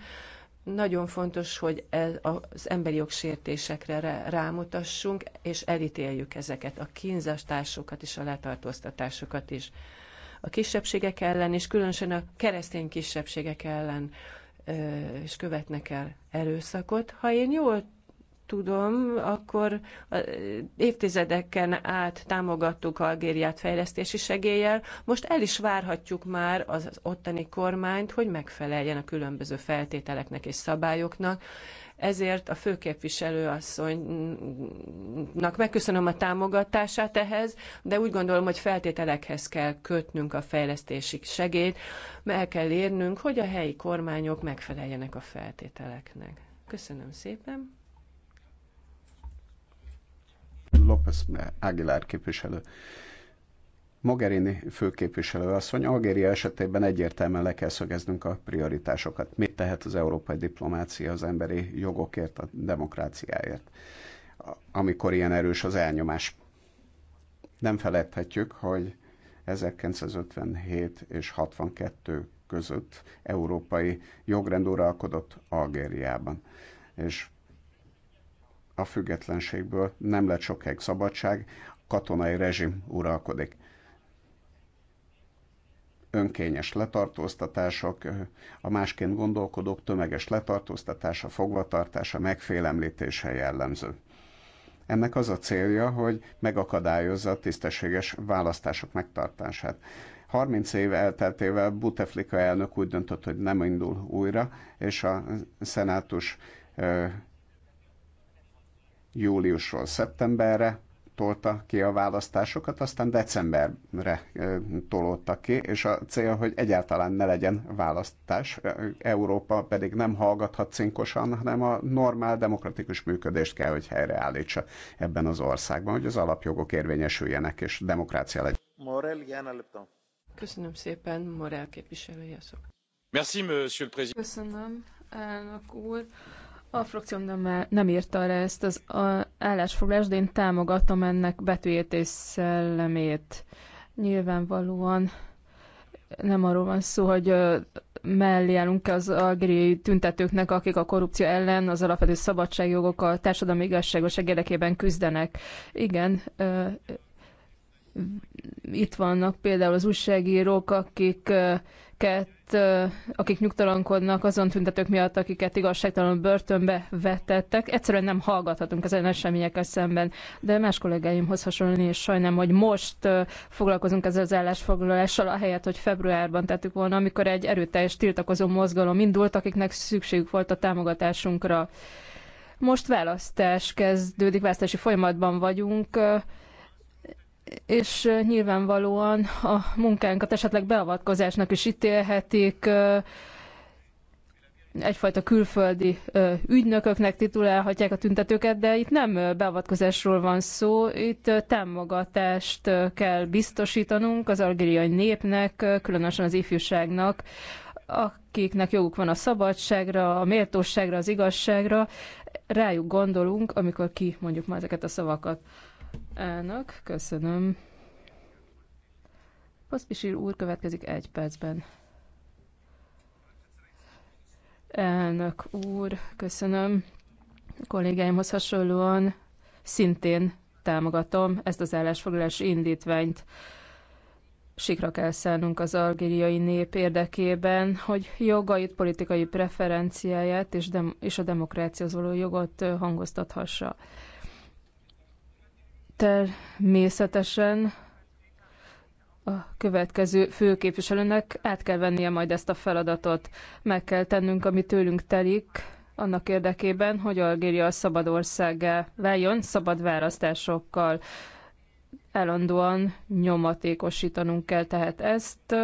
[SPEAKER 4] nagyon fontos, hogy e- az emberi jogsértésekre rámutassunk, és elítéljük ezeket, a kínzástársokat és a letartóztatásokat is. A kisebbségek ellen, és különösen a keresztény kisebbségek ellen és követnek el erőszakot. Ha én jól tudom, akkor évtizedeken át támogattuk Algériát fejlesztési segéllyel, most el is várhatjuk már az ottani kormányt, hogy megfeleljen a különböző feltételeknek és szabályoknak. Ezért a főképviselő asszonynak megköszönöm a támogatását ehhez, de úgy gondolom, hogy feltételekhez kell kötnünk a fejlesztési segélyt, mert el kell érnünk, hogy a helyi kormányok megfeleljenek a feltételeknek. Köszönöm szépen!
[SPEAKER 1] López Aguilar képviselő. Mogherini főképviselő asszony, Algéria esetében egyértelműen le kell szögeznünk a prioritásokat. Mit tehet az európai diplomácia az emberi jogokért, a demokráciáért, amikor ilyen erős az elnyomás? Nem feledhetjük, hogy 1957 és 62 között európai jogrend uralkodott Algériában. És a függetlenségből nem lett sokáig szabadság, katonai rezsim uralkodik. Önkényes letartóztatások, a másként gondolkodók tömeges letartóztatása, fogvatartása, megfélemlítése jellemző. Ennek az a célja, hogy megakadályozza a tisztességes választások megtartását. 30 év elteltével Buteflika elnök úgy döntött, hogy nem indul újra, és a szenátus júliusról szeptemberre tolta ki a választásokat, aztán decemberre tolódtak ki, és a cél, hogy egyáltalán ne legyen választás. Európa pedig nem hallgathat cinkosan, hanem a normál demokratikus működést kell, hogy helyreállítsa ebben az országban, hogy az alapjogok érvényesüljenek, és demokrácia legyen.
[SPEAKER 3] Morel,
[SPEAKER 2] Köszönöm
[SPEAKER 4] szépen, Morel képviselője szok.
[SPEAKER 5] Merci, monsieur le
[SPEAKER 2] président. Köszönöm, elnök úr. A frakcióm nem, nem írta le ezt az állásfoglalást, de én támogatom ennek betűjét és szellemét. Nyilvánvalóan nem arról van szó, hogy mellé állunk az algériai tüntetőknek, akik a korrupció ellen, az alapvető szabadságjogok, a társadalmi igazságoság érdekében küzdenek. Igen, itt vannak például az újságírók, akik akiket, akik nyugtalankodnak azon tüntetők miatt, akiket igazságtalanul börtönbe vetettek. Egyszerűen nem hallgathatunk ezen eseményekkel szemben, de más kollégáimhoz hasonlóan is sajnálom, hogy most foglalkozunk ezzel az állásfoglalással, ahelyett, hogy februárban tettük volna, amikor egy erőteljes tiltakozó mozgalom indult, akiknek szükségük volt a támogatásunkra. Most választás kezdődik, választási folyamatban vagyunk és nyilvánvalóan a munkánkat esetleg beavatkozásnak is ítélhetik, egyfajta külföldi ügynököknek titulálhatják a tüntetőket, de itt nem beavatkozásról van szó, itt támogatást kell biztosítanunk az algériai népnek, különösen az ifjúságnak, akiknek joguk van a szabadságra, a méltóságra, az igazságra, rájuk gondolunk, amikor ki mondjuk ma ezeket a szavakat. Elnök, köszönöm. Paszpisír úr következik egy percben. Elnök úr, köszönöm. A kollégáimhoz hasonlóan szintén támogatom ezt az állásfoglalási indítványt. Sikra kell szállnunk az algériai nép érdekében, hogy jogait, politikai preferenciáját és, dem- és a demokráciához való jogot hangoztathassa. Természetesen a következő főképviselőnek át kell vennie majd ezt a feladatot. Meg kell tennünk, ami tőlünk telik, annak érdekében, hogy Algéria szabad országá váljon, szabad választásokkal Elandóan nyomatékosítanunk kell. Tehát ezt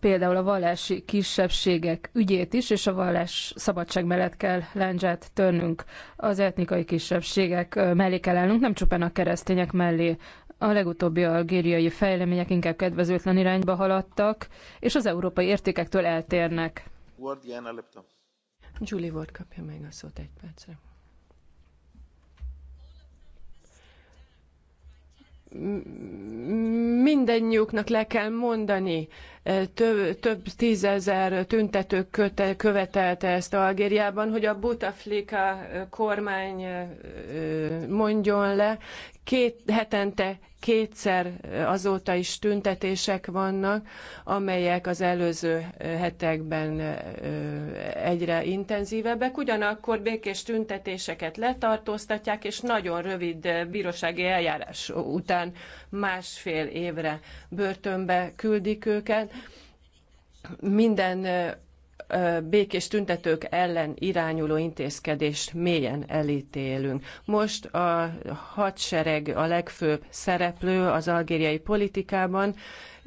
[SPEAKER 2] például a vallási kisebbségek ügyét is, és a vallás szabadság mellett kell láncsát törnünk. Az etnikai kisebbségek mellé kell állnunk, nem csupán a keresztények mellé. A legutóbbi algériai fejlemények inkább kedvezőtlen irányba haladtak, és az európai értékektől eltérnek. Julie Ward kapja
[SPEAKER 4] meg a szót egy percre. mindennyiuknak le kell mondani, több, több tízezer tüntető köte, követelte ezt Algériában, hogy a Butaflika kormány mondjon le. Két, hetente kétszer azóta is tüntetések vannak, amelyek az előző hetekben egyre intenzívebbek. Ugyanakkor békés tüntetéseket letartóztatják, és nagyon rövid bírósági eljárás után másfél évre börtönbe küldik őket. Minden békés tüntetők ellen irányuló intézkedést mélyen elítélünk. Most a hadsereg a legfőbb szereplő az algériai politikában,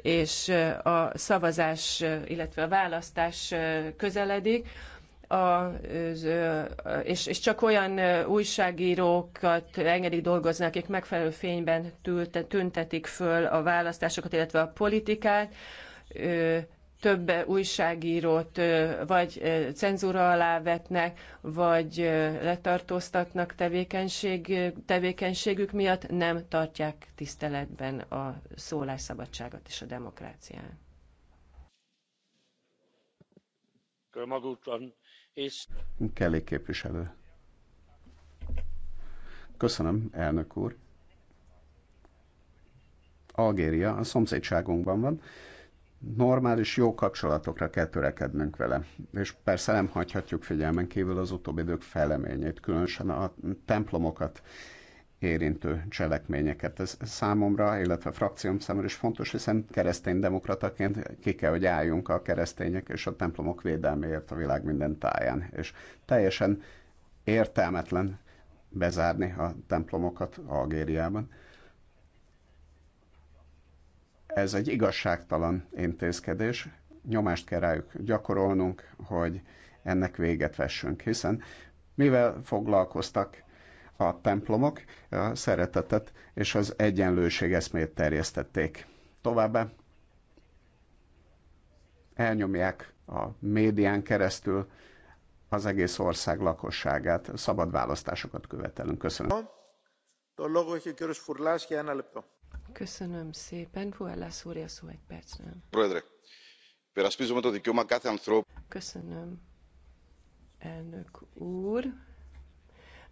[SPEAKER 4] és a szavazás, illetve a választás közeledik. A, és, és csak olyan újságírókat engedik dolgozni, akik megfelelő fényben tüntetik föl a választásokat, illetve a politikát több újságírót vagy cenzúra alá vetnek, vagy letartóztatnak tevékenység, tevékenységük miatt, nem tartják tiszteletben a szólásszabadságot és a demokráciát.
[SPEAKER 1] Kelly képviselő. Köszönöm, elnök úr. Algéria a szomszédságunkban van normális, jó kapcsolatokra kell törekednünk vele. És persze nem hagyhatjuk figyelmen kívül az utóbbi idők feleményét, különösen a templomokat érintő cselekményeket. Ez számomra, illetve frakcióm számára is fontos, hiszen keresztény demokrataként ki kell, hogy álljunk a keresztények és a templomok védelméért a világ minden táján. És teljesen értelmetlen bezárni a templomokat Algériában ez egy igazságtalan intézkedés, nyomást kell rájuk gyakorolnunk, hogy ennek véget vessünk, hiszen mivel foglalkoztak a templomok, a szeretetet és az egyenlőség eszmét terjesztették. Továbbá elnyomják a médián keresztül az egész ország lakosságát. Szabad választásokat követelünk. Köszönöm.
[SPEAKER 4] Köszönöm szépen. Fuella Szúria szó egy percben.
[SPEAKER 1] Πρόεδρε, περασπίζουμε το δικαίωμα κάθε ανθρώπου.
[SPEAKER 4] Köszönöm,
[SPEAKER 1] elnök
[SPEAKER 4] úr.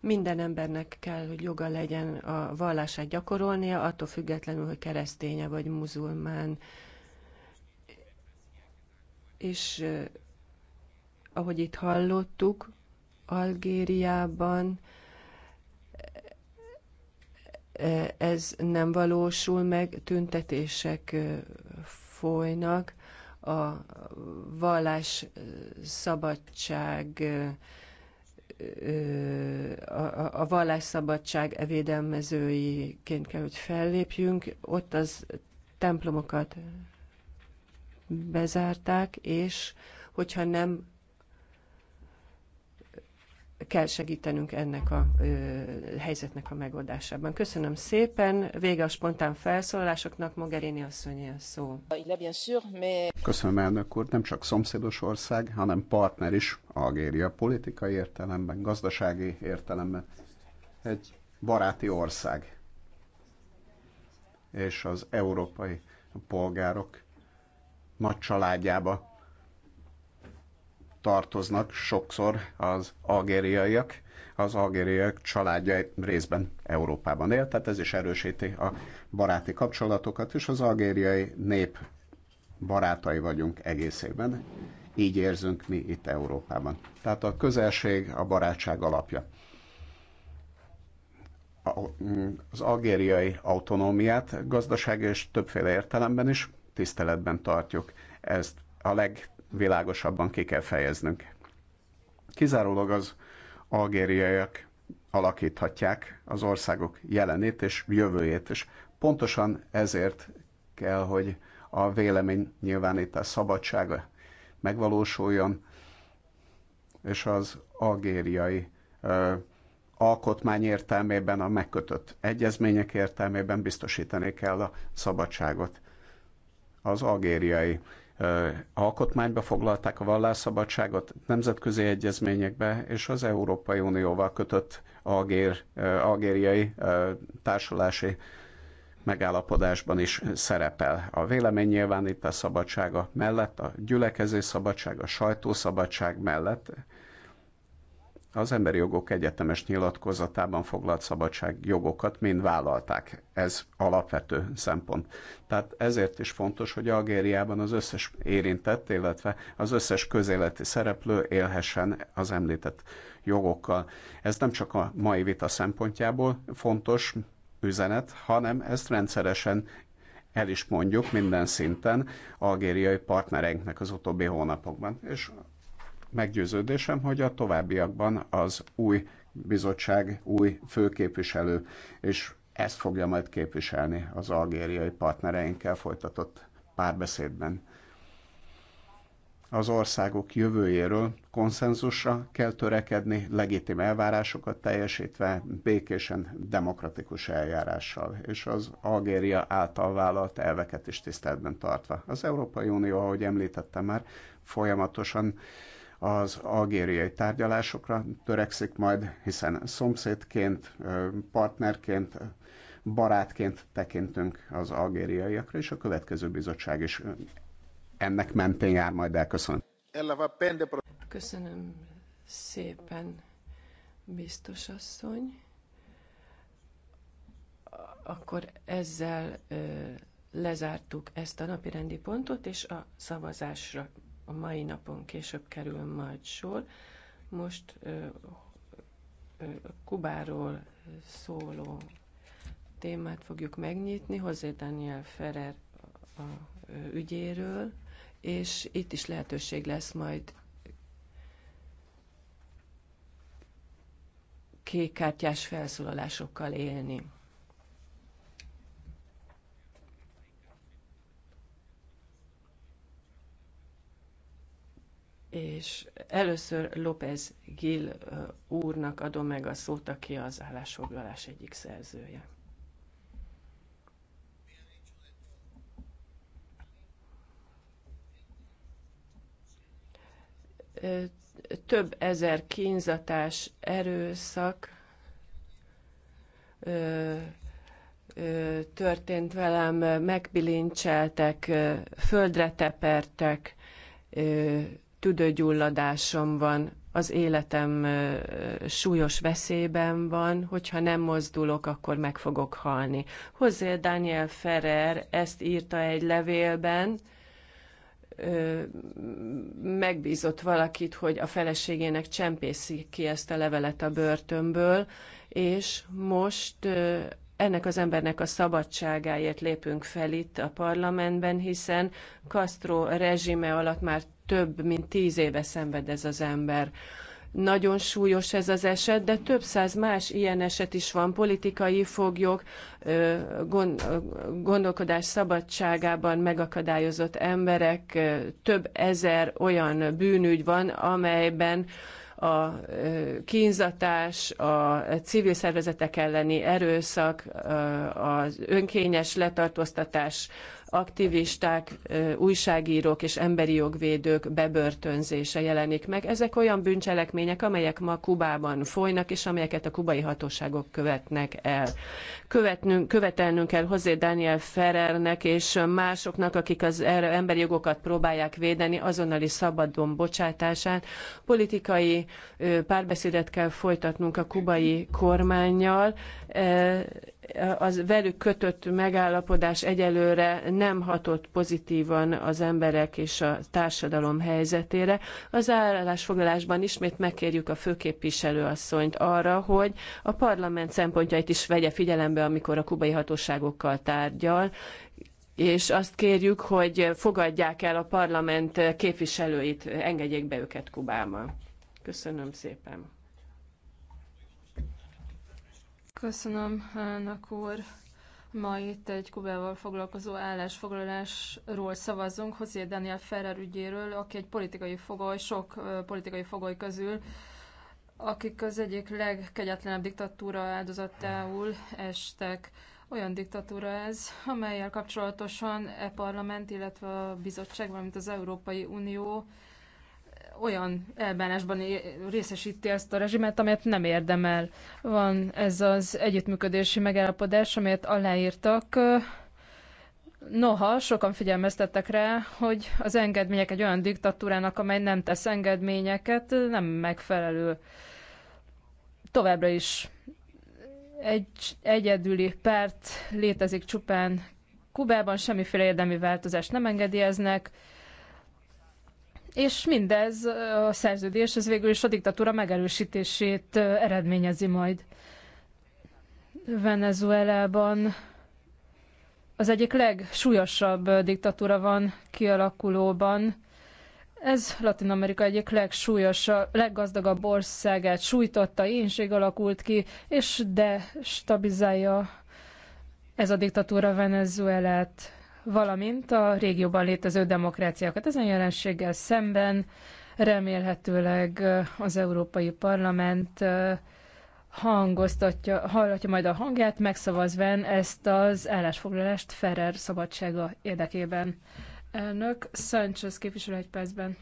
[SPEAKER 4] Minden embernek kell, hogy joga legyen a vallását gyakorolnia, attól függetlenül, hogy kereszténye vagy muzulmán. És eh, ahogy itt hallottuk, Algériában ez nem valósul meg, tüntetések folynak, a vallás szabadság a, a vallásszabadság evédelmezőiként kell, hogy fellépjünk. Ott az templomokat bezárták, és hogyha nem kell segítenünk ennek a ö, helyzetnek a megoldásában. Köszönöm szépen, vége a spontán felszólalásoknak, Mogherini asszonyi a szó.
[SPEAKER 1] Köszönöm elnök úr, nem csak szomszédos ország, hanem partner is, Algéria politikai értelemben, gazdasági értelemben. Egy baráti ország. És az európai polgárok nagy családjába tartoznak sokszor az algériaiak, az algériaiak családja részben Európában él, tehát ez is erősíti a baráti kapcsolatokat, és az algériai nép barátai vagyunk egészében. Így érzünk mi itt Európában. Tehát a közelség a barátság alapja. Az algériai autonómiát gazdasági és többféle értelemben is tiszteletben tartjuk. Ezt a leg világosabban ki kell fejeznünk. Kizárólag az algériaiak alakíthatják az országok jelenét és jövőjét, és pontosan ezért kell, hogy a vélemény nyilvánítás szabadsága megvalósuljon, és az algériai ö, alkotmány értelmében, a megkötött egyezmények értelmében biztosítani kell a szabadságot. Az algériai alkotmányba foglalták a vallásszabadságot, nemzetközi egyezményekbe és az Európai Unióval kötött algér, algériai társulási megállapodásban is szerepel. A a szabadsága mellett, a gyülekezés szabadsága, a sajtószabadság mellett az emberi jogok egyetemes nyilatkozatában foglalt jogokat mind vállalták. Ez alapvető szempont. Tehát ezért is fontos, hogy Algériában az összes érintett, illetve az összes közéleti szereplő élhessen az említett jogokkal. Ez nem csak a mai vita szempontjából fontos üzenet, hanem ezt rendszeresen el is mondjuk minden szinten algériai partnereinknek az utóbbi hónapokban. És meggyőződésem, hogy a továbbiakban az új bizottság, új főképviselő, és ezt fogja majd képviselni az algériai partnereinkkel folytatott párbeszédben. Az országok jövőjéről konszenzusra kell törekedni, legitim elvárásokat teljesítve, békésen, demokratikus eljárással, és az Algéria által vállalt elveket is tiszteletben tartva. Az Európai Unió, ahogy említettem már, folyamatosan az algériai tárgyalásokra törekszik majd, hiszen szomszédként, partnerként, barátként tekintünk az algériaiakra, és a következő bizottság is ennek mentén jár majd el. Köszönöm.
[SPEAKER 4] Köszönöm szépen, biztos asszony. Akkor ezzel lezártuk ezt a napi rendi pontot, és a szavazásra a mai napon később kerül majd sor. Most Kubáról szóló témát fogjuk megnyitni, hozzá Daniel Ferrer a ügyéről, és itt is lehetőség lesz majd kártyás felszólalásokkal élni. és először López Gil úrnak adom meg a szót, aki az állásfoglalás egyik szerzője. Több ezer kínzatás, erőszak történt velem, megbilincseltek, földre tepertek, tüdőgyulladásom van, az életem súlyos veszélyben van, hogyha nem mozdulok, akkor meg fogok halni. Hozzá Daniel Ferrer ezt írta egy levélben, megbízott valakit, hogy a feleségének csempészi ki ezt a levelet a börtönből, és most ennek az embernek a szabadságáért lépünk fel itt a parlamentben, hiszen Castro rezsime alatt már több mint tíz éve szenved ez az ember. Nagyon súlyos ez az eset, de több száz más ilyen eset is van. Politikai foglyok, gondolkodás szabadságában megakadályozott emberek, több ezer olyan bűnügy van, amelyben a kínzatás, a civil szervezetek elleni erőszak, az önkényes letartóztatás aktivisták, újságírók és emberi jogvédők bebörtönzése jelenik meg. Ezek olyan bűncselekmények, amelyek ma Kubában folynak, és amelyeket a kubai hatóságok követnek el. Követnünk, követelnünk kell hozzá Daniel Ferrernek és másoknak, akik az emberi jogokat próbálják védeni, azonnali szabadon bocsátását. Politikai párbeszédet kell folytatnunk a kubai kormányjal az velük kötött megállapodás egyelőre nem hatott pozitívan az emberek és a társadalom helyzetére. Az állásfoglalásban ismét megkérjük a főképviselő asszonyt arra, hogy a parlament szempontjait is vegye figyelembe, amikor a kubai hatóságokkal tárgyal, és azt kérjük, hogy fogadják el a parlament képviselőit, engedjék be őket Kubába. Köszönöm szépen.
[SPEAKER 2] Köszönöm, elnök úr. Ma itt egy Kubával foglalkozó állásfoglalásról szavazunk, José Daniel Ferrer ügyéről, aki egy politikai fogoly, sok politikai fogoly közül, akik az egyik legkegyetlenebb diktatúra áldozatául estek. Olyan diktatúra ez, amelyel kapcsolatosan e parlament, illetve a bizottság, valamint az Európai Unió olyan elbánásban részesíti ezt a rezsimet, amelyet nem érdemel. Van ez az együttműködési megállapodás, amelyet aláírtak. Noha sokan figyelmeztettek rá, hogy az engedmények egy olyan diktatúrának, amely nem tesz engedményeket, nem megfelelő. Továbbra is egy egyedüli párt létezik csupán Kubában, semmiféle érdemi változást nem engedélyeznek, és mindez a szerződés, ez végül is a diktatúra megerősítését eredményezi majd. Venezuelában az egyik legsúlyosabb diktatúra van kialakulóban. Ez Latin Amerika egyik legsúlyosabb, leggazdagabb országát sújtotta, énség alakult ki, és destabilizálja ez a diktatúra Venezuelát valamint a régióban létező demokráciákat. Ezen jelenséggel szemben remélhetőleg az Európai Parlament eh, hangoztatja, hallatja majd a hangját, megszavazván ezt az állásfoglalást Ferrer szabadsága érdekében. Elnök Sánchez képviselő egy percben.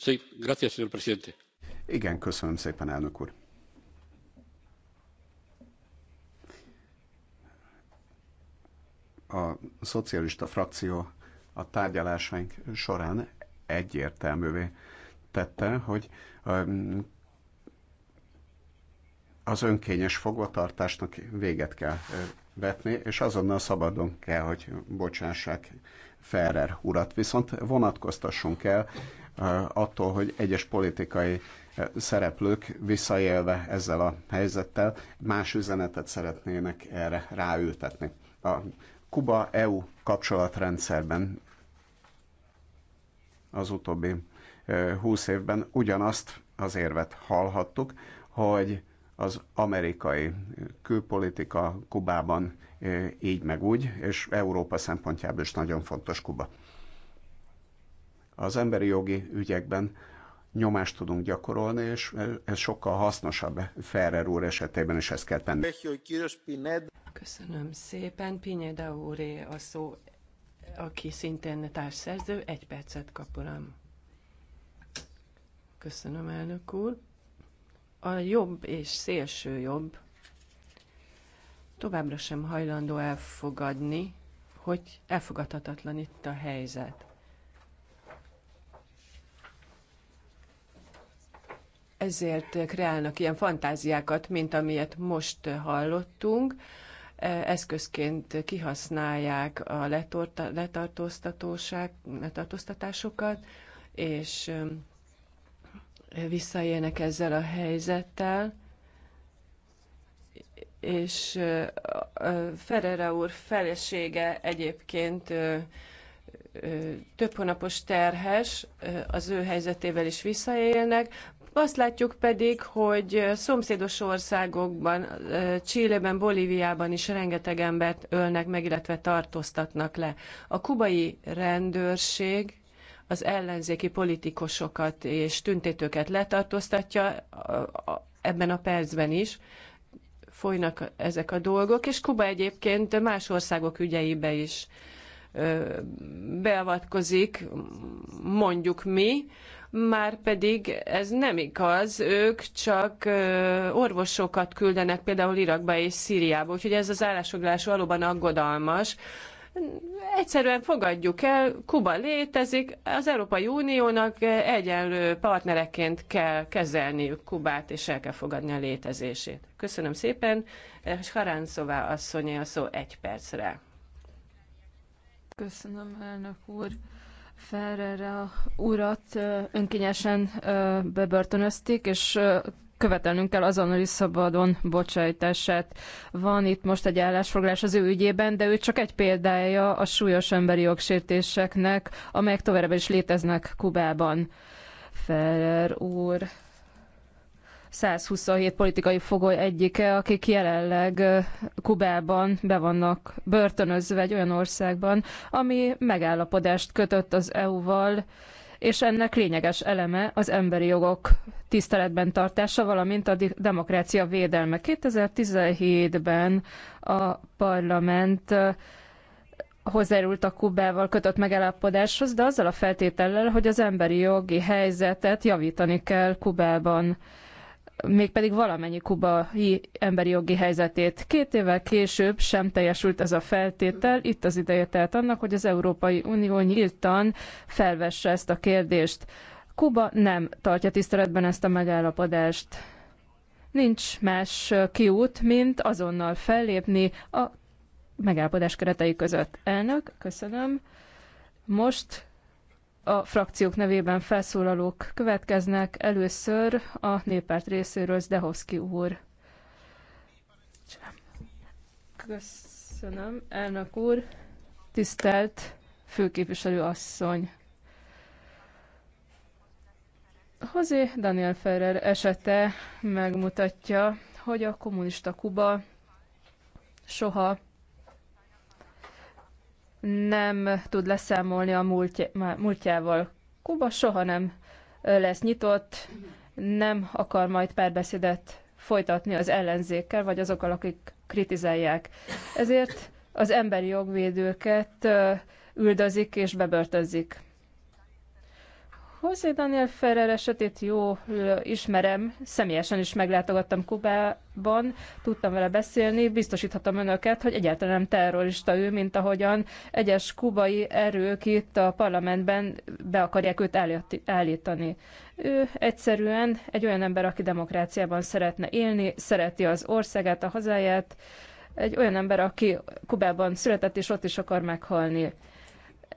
[SPEAKER 1] Sí, gracias, señor presidente. Igen, köszönöm szépen, elnök úr. a szocialista frakció a tárgyalásaink során egyértelművé tette, hogy um, az önkényes fogvatartásnak véget kell vetni, és azonnal szabadon kell, hogy bocsássák Ferrer urat. Viszont vonatkoztassunk el attól, hogy egyes politikai szereplők visszaélve ezzel a helyzettel más üzenetet szeretnének erre ráültetni. A Kuba-EU kapcsolatrendszerben az utóbbi húsz évben ugyanazt az érvet hallhattuk, hogy az amerikai külpolitika Kubában így meg úgy, és Európa szempontjából is nagyon fontos Kuba. Az emberi jogi ügyekben nyomást tudunk gyakorolni, és ez sokkal hasznosabb Ferrer úr esetében is ezt kell tenni. Köszönöm
[SPEAKER 4] szépen. Pineda úré a szó, aki szintén társszerző, egy percet kap uram. Köszönöm, elnök úr. A jobb és szélső jobb továbbra sem hajlandó elfogadni, hogy elfogadhatatlan itt a helyzet ezért kreálnak ilyen fantáziákat, mint amilyet most hallottunk. E, eszközként kihasználják a letartóztatásokat, és visszaélnek ezzel a helyzettel. És e, Ferrera úr felesége egyébként több hónapos terhes, az ő helyzetével is visszaélnek. Azt látjuk pedig, hogy szomszédos országokban, Csillében, Bolíviában is rengeteg embert ölnek meg, illetve tartóztatnak le. A kubai rendőrség az ellenzéki politikusokat és tüntetőket letartóztatja ebben a percben is folynak ezek a dolgok, és Kuba egyébként más országok ügyeibe is beavatkozik, mondjuk mi, már pedig ez nem igaz, ők csak orvosokat küldenek például Irakba és Szíriába, úgyhogy ez az állásoglás valóban aggodalmas. Egyszerűen fogadjuk el, Kuba létezik, az Európai Uniónak egyenlő partnereként kell kezelniük Kubát, és el kell fogadni a létezését. Köszönöm szépen, és Haránszová asszonyé a szó
[SPEAKER 2] egy percre. Köszönöm, elnök úr a urat önkényesen bebörtönözték, és követelnünk kell azonnali szabadon bocsájtását. Van itt most egy állásfoglalás az ő ügyében, de ő csak egy példája a súlyos emberi jogsértéseknek, amelyek továbbra is léteznek Kubában. Ferrer úr 127 politikai fogoly egyike, akik jelenleg Kubában be vannak börtönözve egy olyan országban, ami megállapodást kötött az EU-val, és ennek lényeges eleme az emberi jogok tiszteletben tartása, valamint a demokrácia védelme. 2017-ben a parlament hozzájárult a Kubával kötött megállapodáshoz, de azzal a feltétellel, hogy az emberi jogi helyzetet javítani kell Kubában mégpedig valamennyi kubai emberi jogi helyzetét. Két évvel később sem teljesült ez a feltétel, itt az ideje tehát annak, hogy az Európai Unió nyíltan felvesse ezt a kérdést. Kuba nem tartja tiszteletben ezt a megállapodást. Nincs más kiút, mint azonnal fellépni a megállapodás keretei között. Elnök, köszönöm. Most a frakciók nevében felszólalók következnek. Először a néppárt részéről Zdehovszki úr. Köszönöm, elnök úr, tisztelt főképviselő asszony. Hozé Daniel Ferrer esete megmutatja, hogy a kommunista Kuba soha nem tud leszámolni a múltjával. Kuba soha nem lesz nyitott, nem akar majd párbeszédet folytatni az ellenzékkel, vagy azokkal, akik kritizálják. Ezért az emberi jogvédőket üldözik és bebörtözik. José Daniel Ferrer esetét jó ismerem, személyesen is meglátogattam Kubában, tudtam vele beszélni, biztosíthatom önöket, hogy egyáltalán nem terrorista ő, mint ahogyan egyes kubai erők itt a parlamentben be akarják őt állítani. Ő egyszerűen egy olyan ember, aki demokráciában szeretne élni, szereti az országát, a hazáját, egy olyan ember, aki Kubában született és ott is akar meghalni.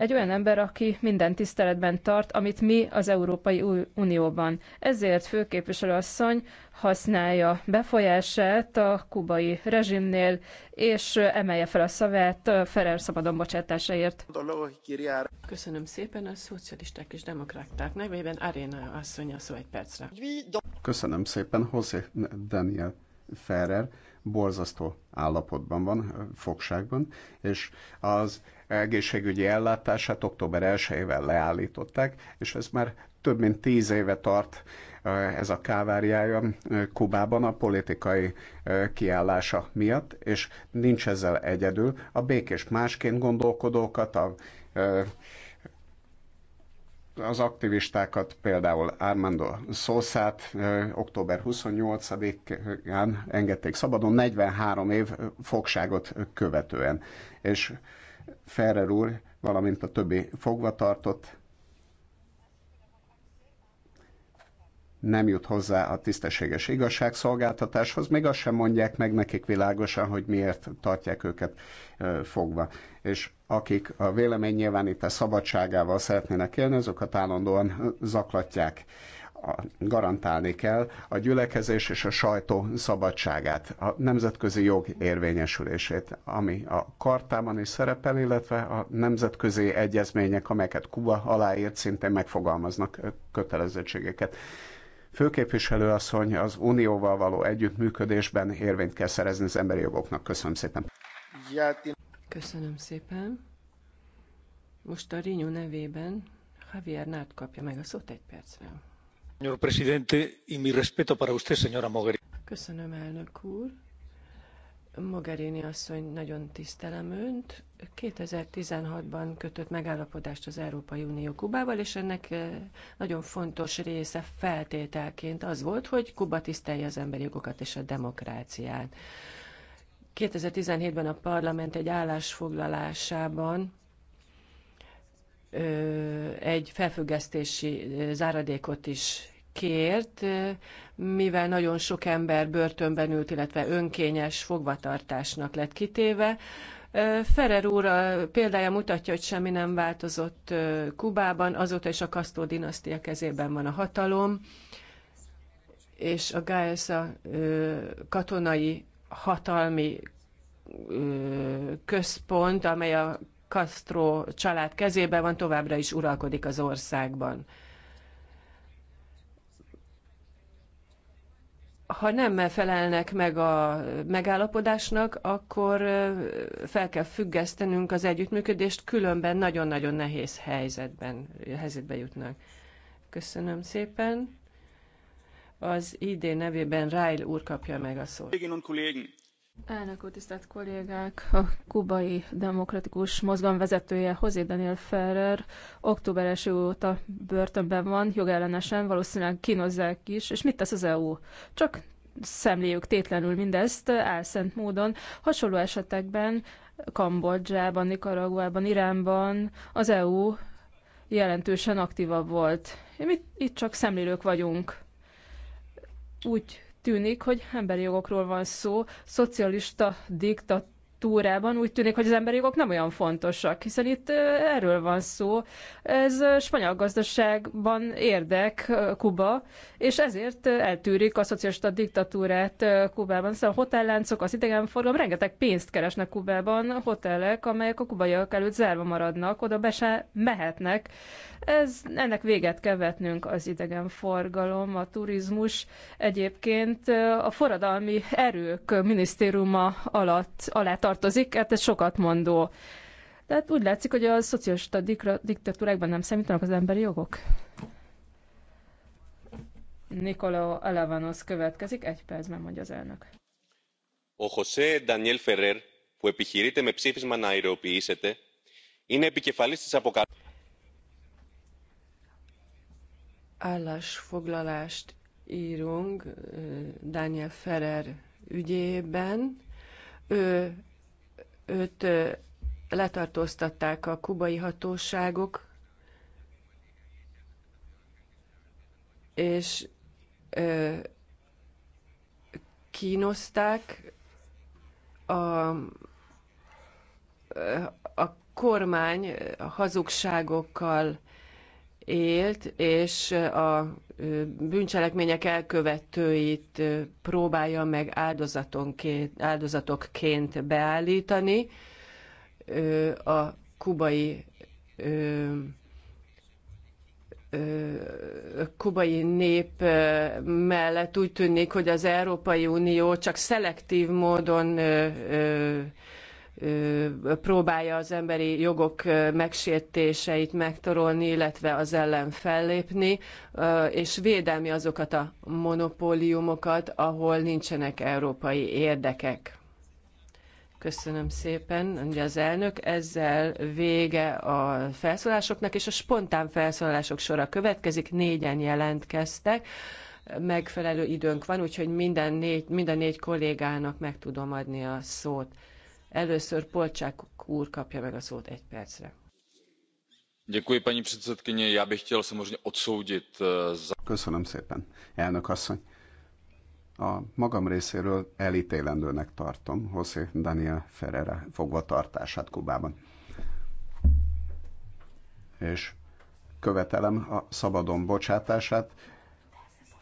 [SPEAKER 2] Egy olyan ember, aki minden tiszteletben tart, amit mi az Európai Unióban. Ezért főképviselő asszony használja befolyását a kubai rezsimnél, és emelje fel a szavát Ferrer szabadon bocsátásáért.
[SPEAKER 4] Köszönöm szépen a szocialisták és demokraták nevében. Aréna asszony a szó egy percre.
[SPEAKER 1] Köszönöm szépen, José Daniel Ferrer borzasztó állapotban van, fogságban, és az egészségügyi ellátását október 1-ével leállították, és ez már több mint tíz éve tart ez a káváriája Kubában a politikai kiállása miatt, és nincs ezzel egyedül. A békés másként gondolkodókat, a, az aktivistákat, például Armando Szószát október 28-án engedték szabadon, 43 év fogságot követően. És Ferrer úr, valamint a többi fogvatartott nem jut hozzá a tisztességes igazságszolgáltatáshoz, még azt sem mondják meg nekik világosan, hogy miért tartják őket fogva. És akik a a szabadságával szeretnének élni, azokat állandóan zaklatják garantálni kell a gyülekezés és a sajtó szabadságát, a nemzetközi jog érvényesülését, ami a kartában is szerepel, illetve a nemzetközi egyezmények, amelyeket Kuba aláírt, szintén megfogalmaznak kötelezettségeket. Főképviselő asszony az Unióval való együttműködésben érvényt kell szerezni az emberi jogoknak. Köszönöm szépen.
[SPEAKER 4] Köszönöm szépen. Most a Rinyu nevében Javier Nárt kapja meg a szót egy percre
[SPEAKER 5] señor presidente y mi respeto para usted señora mogherini.
[SPEAKER 4] köszönöm elnök úr. Mogherini asszony, nagyon tisztelem Önt. 2016-ban kötött megállapodást az Európai Unió Kubával, és ennek eh, nagyon fontos része feltételként az volt, hogy Kuba tisztelje az emberi jogokat és a demokráciát. 2017-ben a parlament egy állásfoglalásában egy felfüggesztési záradékot is kért, mivel nagyon sok ember börtönben ült, illetve önkényes fogvatartásnak lett kitéve. Ferrer úr példája mutatja, hogy semmi nem változott Kubában, azóta is a Castro dinasztia kezében van a hatalom, és a a katonai hatalmi központ, amely a Castro család kezében van, továbbra is uralkodik az országban. ha nem felelnek meg a megállapodásnak, akkor fel kell függesztenünk az együttműködést, különben nagyon-nagyon nehéz helyzetben, helyzetbe jutnak. Köszönöm szépen. Az ID
[SPEAKER 2] nevében Ráil úr kapja meg a szót. Elnök úr, tisztelt kollégák! A kubai demokratikus mozgalom vezetője José Daniel Ferrer október 1 óta börtönben van, jogellenesen, valószínűleg kínozzák is. És mit tesz az EU? Csak szemléljük tétlenül mindezt álszent módon. Hasonló esetekben Kambodzsában, Nikaraguában, Iránban az EU jelentősen aktívabb volt. Mi itt csak szemlélők vagyunk. Úgy tűnik, hogy emberi jogokról van szó, szocialista diktat túrában úgy tűnik, hogy az emberi jogok nem olyan fontosak, hiszen itt erről van szó. Ez spanyol gazdaságban érdek Kuba, és ezért eltűrik a szocialista diktatúrát Kubában. Szóval a hotelláncok, az idegenforgalom rengeteg pénzt keresnek Kubában, hotelek, amelyek a kubaiak előtt zárva maradnak, oda be se mehetnek. Ez, ennek véget kell vetnünk az idegenforgalom, a turizmus. Egyébként a forradalmi erők minisztériuma alatt, alá tartozik, hát ez sokat mondó. Tehát úgy látszik, hogy a szocialista diktatúrákban nem számítanak az emberi jogok. Nikolao Alavanos következik, egy percben mondja az elnök.
[SPEAKER 1] Ο José Daniel Ferrer, που επιχειρείται με ψήφισμα να αεροποιήσετε, είναι επικεφαλής της αποκαλύψης.
[SPEAKER 4] Állásfoglalást írunk Daniel Ferrer ügyében. Ő Őt letartóztatták a kubai hatóságok, és ö, kínozták a, a kormány hazugságokkal élt, és a bűncselekmények elkövetőit próbálja meg áldozatonként, áldozatokként beállítani. A kubai kubai nép mellett úgy tűnik, hogy az Európai Unió csak szelektív módon próbálja az emberi jogok megsértéseit megtorolni, illetve az ellen fellépni, és védelmi azokat a monopóliumokat, ahol nincsenek európai érdekek. Köszönöm szépen, ugye az elnök. Ezzel vége a felszólásoknak, és a spontán felszólások sora következik. Négyen jelentkeztek, megfelelő időnk van, úgyhogy minden négy, minden négy kollégának meg tudom adni a szót. Először Polcsák úr kapja meg a szót egy percre.
[SPEAKER 1] paní předsedkyně. Já bych chtěl samozřejmě odsoudit eh, za... Köszönöm szépen, elnök asszony. A magam részéről elítélendőnek tartom José Daniel Ferreira fogvatartását Kubában. És követelem a szabadon bocsátását,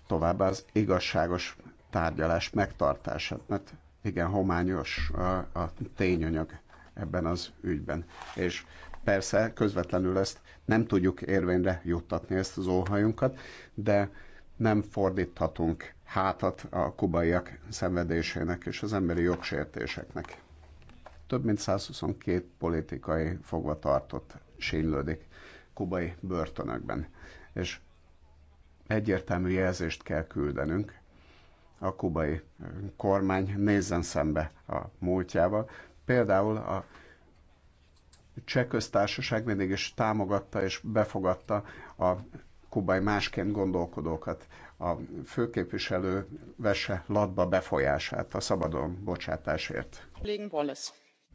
[SPEAKER 1] továbbá az igazságos tárgyalás megtartását, mert igen homályos a tényanyag ebben az ügyben. És persze közvetlenül ezt nem tudjuk érvényre juttatni ezt az óhajunkat, de nem fordíthatunk hátat a kubaiak szenvedésének és az emberi jogsértéseknek. Több mint 122 politikai fogvatartott sínylődik kubai börtönökben, és egyértelmű jelzést kell küldenünk a kubai kormány nézzen szembe a múltjával. Például a cseh köztársaság mindig is támogatta és befogadta a kubai másként gondolkodókat. A főképviselő vesse latba befolyását a szabadon bocsátásért.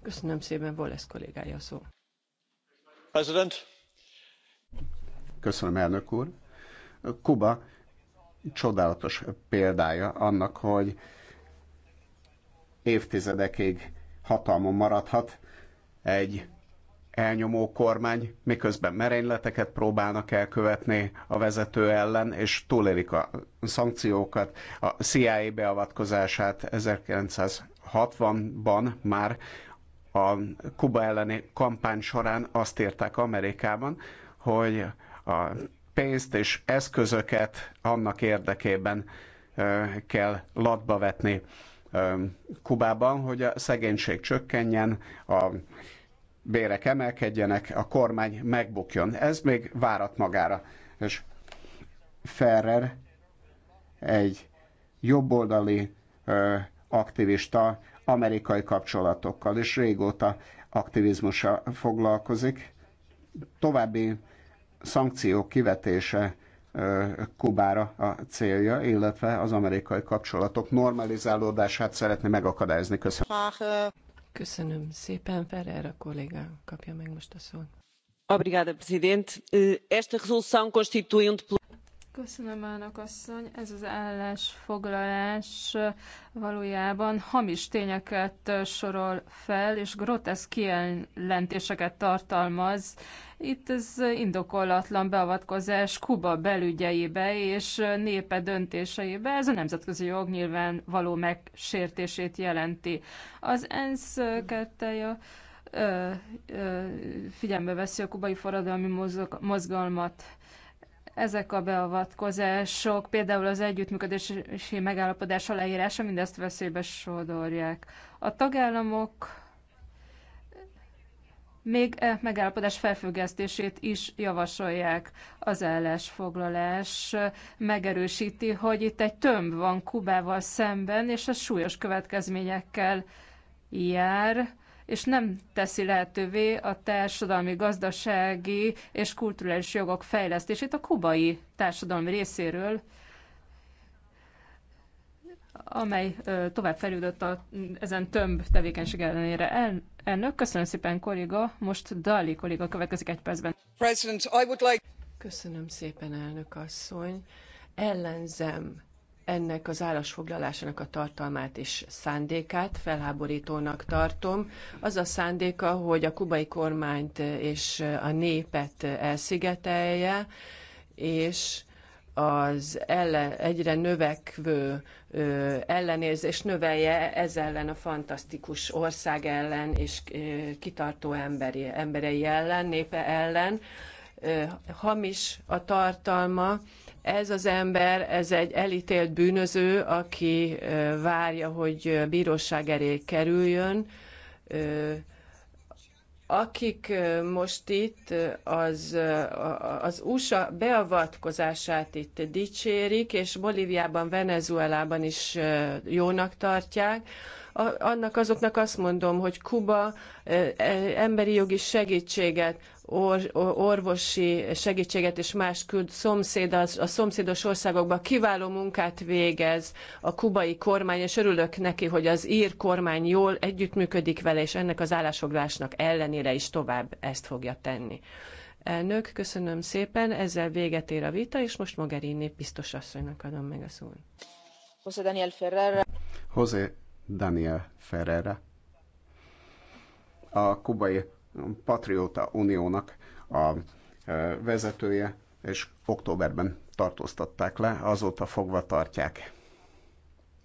[SPEAKER 4] Köszönöm szépen, Wallace kollégája szó.
[SPEAKER 1] President. Köszönöm, elnök úr. Kuba csodálatos példája annak, hogy évtizedekig hatalmon maradhat egy elnyomó kormány, miközben merényleteket próbálnak elkövetni a vezető ellen, és túlélik a szankciókat, a CIA beavatkozását 1960-ban már a Kuba elleni kampány során azt írták Amerikában, hogy a pénzt és eszközöket annak érdekében kell latba vetni Kubában, hogy a szegénység csökkenjen, a bérek emelkedjenek, a kormány megbukjon. Ez még várat magára. És Ferrer egy jobboldali aktivista amerikai kapcsolatokkal és régóta aktivizmussal foglalkozik. További szankciók kivetése Kubára a célja, illetve az amerikai kapcsolatok normalizálódását szeretné megakadályozni. Köszönöm.
[SPEAKER 4] Köszönöm szépen, Ferrer a kolléga kapja meg most a szót. Obrigada, Presidente. Esta resolução
[SPEAKER 2] constitui um Köszönöm, Elnök asszony. Ez az állásfoglalás valójában hamis tényeket sorol fel, és groteszk kijelentéseket tartalmaz. Itt ez indokolatlan beavatkozás Kuba belügyeibe és népe döntéseibe. Ez a nemzetközi jog nyilván való megsértését jelenti. Az ENSZ kettelje figyelme veszi a kubai forradalmi mozgalmat ezek a beavatkozások, például az együttműködési megállapodás aláírása mindezt veszélybe sodorják. A tagállamok még e megállapodás felfüggesztését is javasolják. Az állásfoglalás megerősíti, hogy itt egy tömb van Kubával szemben, és ez súlyos következményekkel jár és nem teszi lehetővé a társadalmi, gazdasági és kulturális jogok fejlesztését a kubai társadalmi részéről, amely tovább felüldött a, ezen tömb tevékenység ellenére. El, elnök, köszönöm szépen, kolléga. Most Dali kolléga következik egy percben.
[SPEAKER 3] President, I would like...
[SPEAKER 4] Köszönöm szépen, elnök asszony. Ellenzem ennek az állásfoglalásának a tartalmát és szándékát felháborítónak tartom. Az a szándéka, hogy a kubai kormányt és a népet elszigetelje, és az ellen, egyre növekvő ö, ellenérzés növelje ez ellen a fantasztikus ország ellen és ö, kitartó emberi, emberei ellen, népe ellen. Ö, hamis a tartalma, ez az ember, ez egy elítélt bűnöző, aki várja, hogy bíróság elé kerüljön. Akik most itt az, az USA beavatkozását itt dicsérik, és Bolíviában, Venezuelában is jónak tartják, annak azoknak azt mondom, hogy Kuba e, emberi jogi segítséget, or, orvosi segítséget és más küld szomszéd, a szomszédos országokban kiváló munkát végez a kubai kormány, és örülök neki, hogy az ír kormány jól együttműködik vele, és ennek az állásfoglásnak ellenére is tovább ezt fogja tenni. Elnök, köszönöm szépen, ezzel véget ér a vita, és most Mogherini biztos asszonynak adom meg a szót.
[SPEAKER 3] José Daniel Ferrera.
[SPEAKER 1] José Daniel Ferrera A kubai Patrióta Uniónak a e, vezetője, és októberben tartóztatták le, azóta fogva tartják.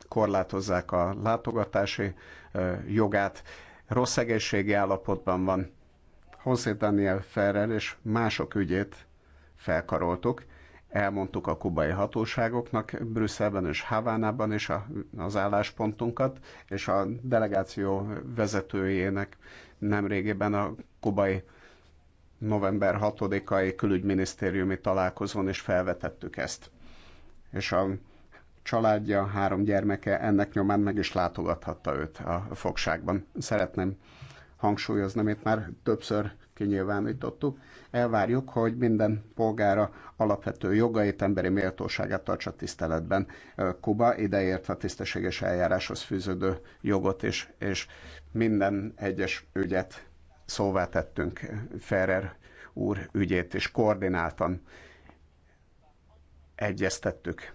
[SPEAKER 1] Korlátozzák a látogatási e, jogát, rossz egészségi állapotban van. José Daniel Ferrer és mások ügyét felkaroltuk, elmondtuk a kubai hatóságoknak Brüsszelben és Havánában is a, az álláspontunkat, és a delegáció vezetőjének nemrégében a kubai november 6-ai külügyminisztériumi találkozón is felvetettük ezt. És a családja, három gyermeke ennek nyomán meg is látogathatta őt a fogságban. Szeretném hangsúlyozni, amit már többször kinyilvánítottuk. Elvárjuk, hogy minden polgára alapvető jogait, emberi méltóságát tartsa tiszteletben Kuba, ideértve a tisztességes eljáráshoz fűződő jogot is, és minden egyes ügyet szóvá tettünk Ferrer úr ügyét, és koordináltan egyeztettük.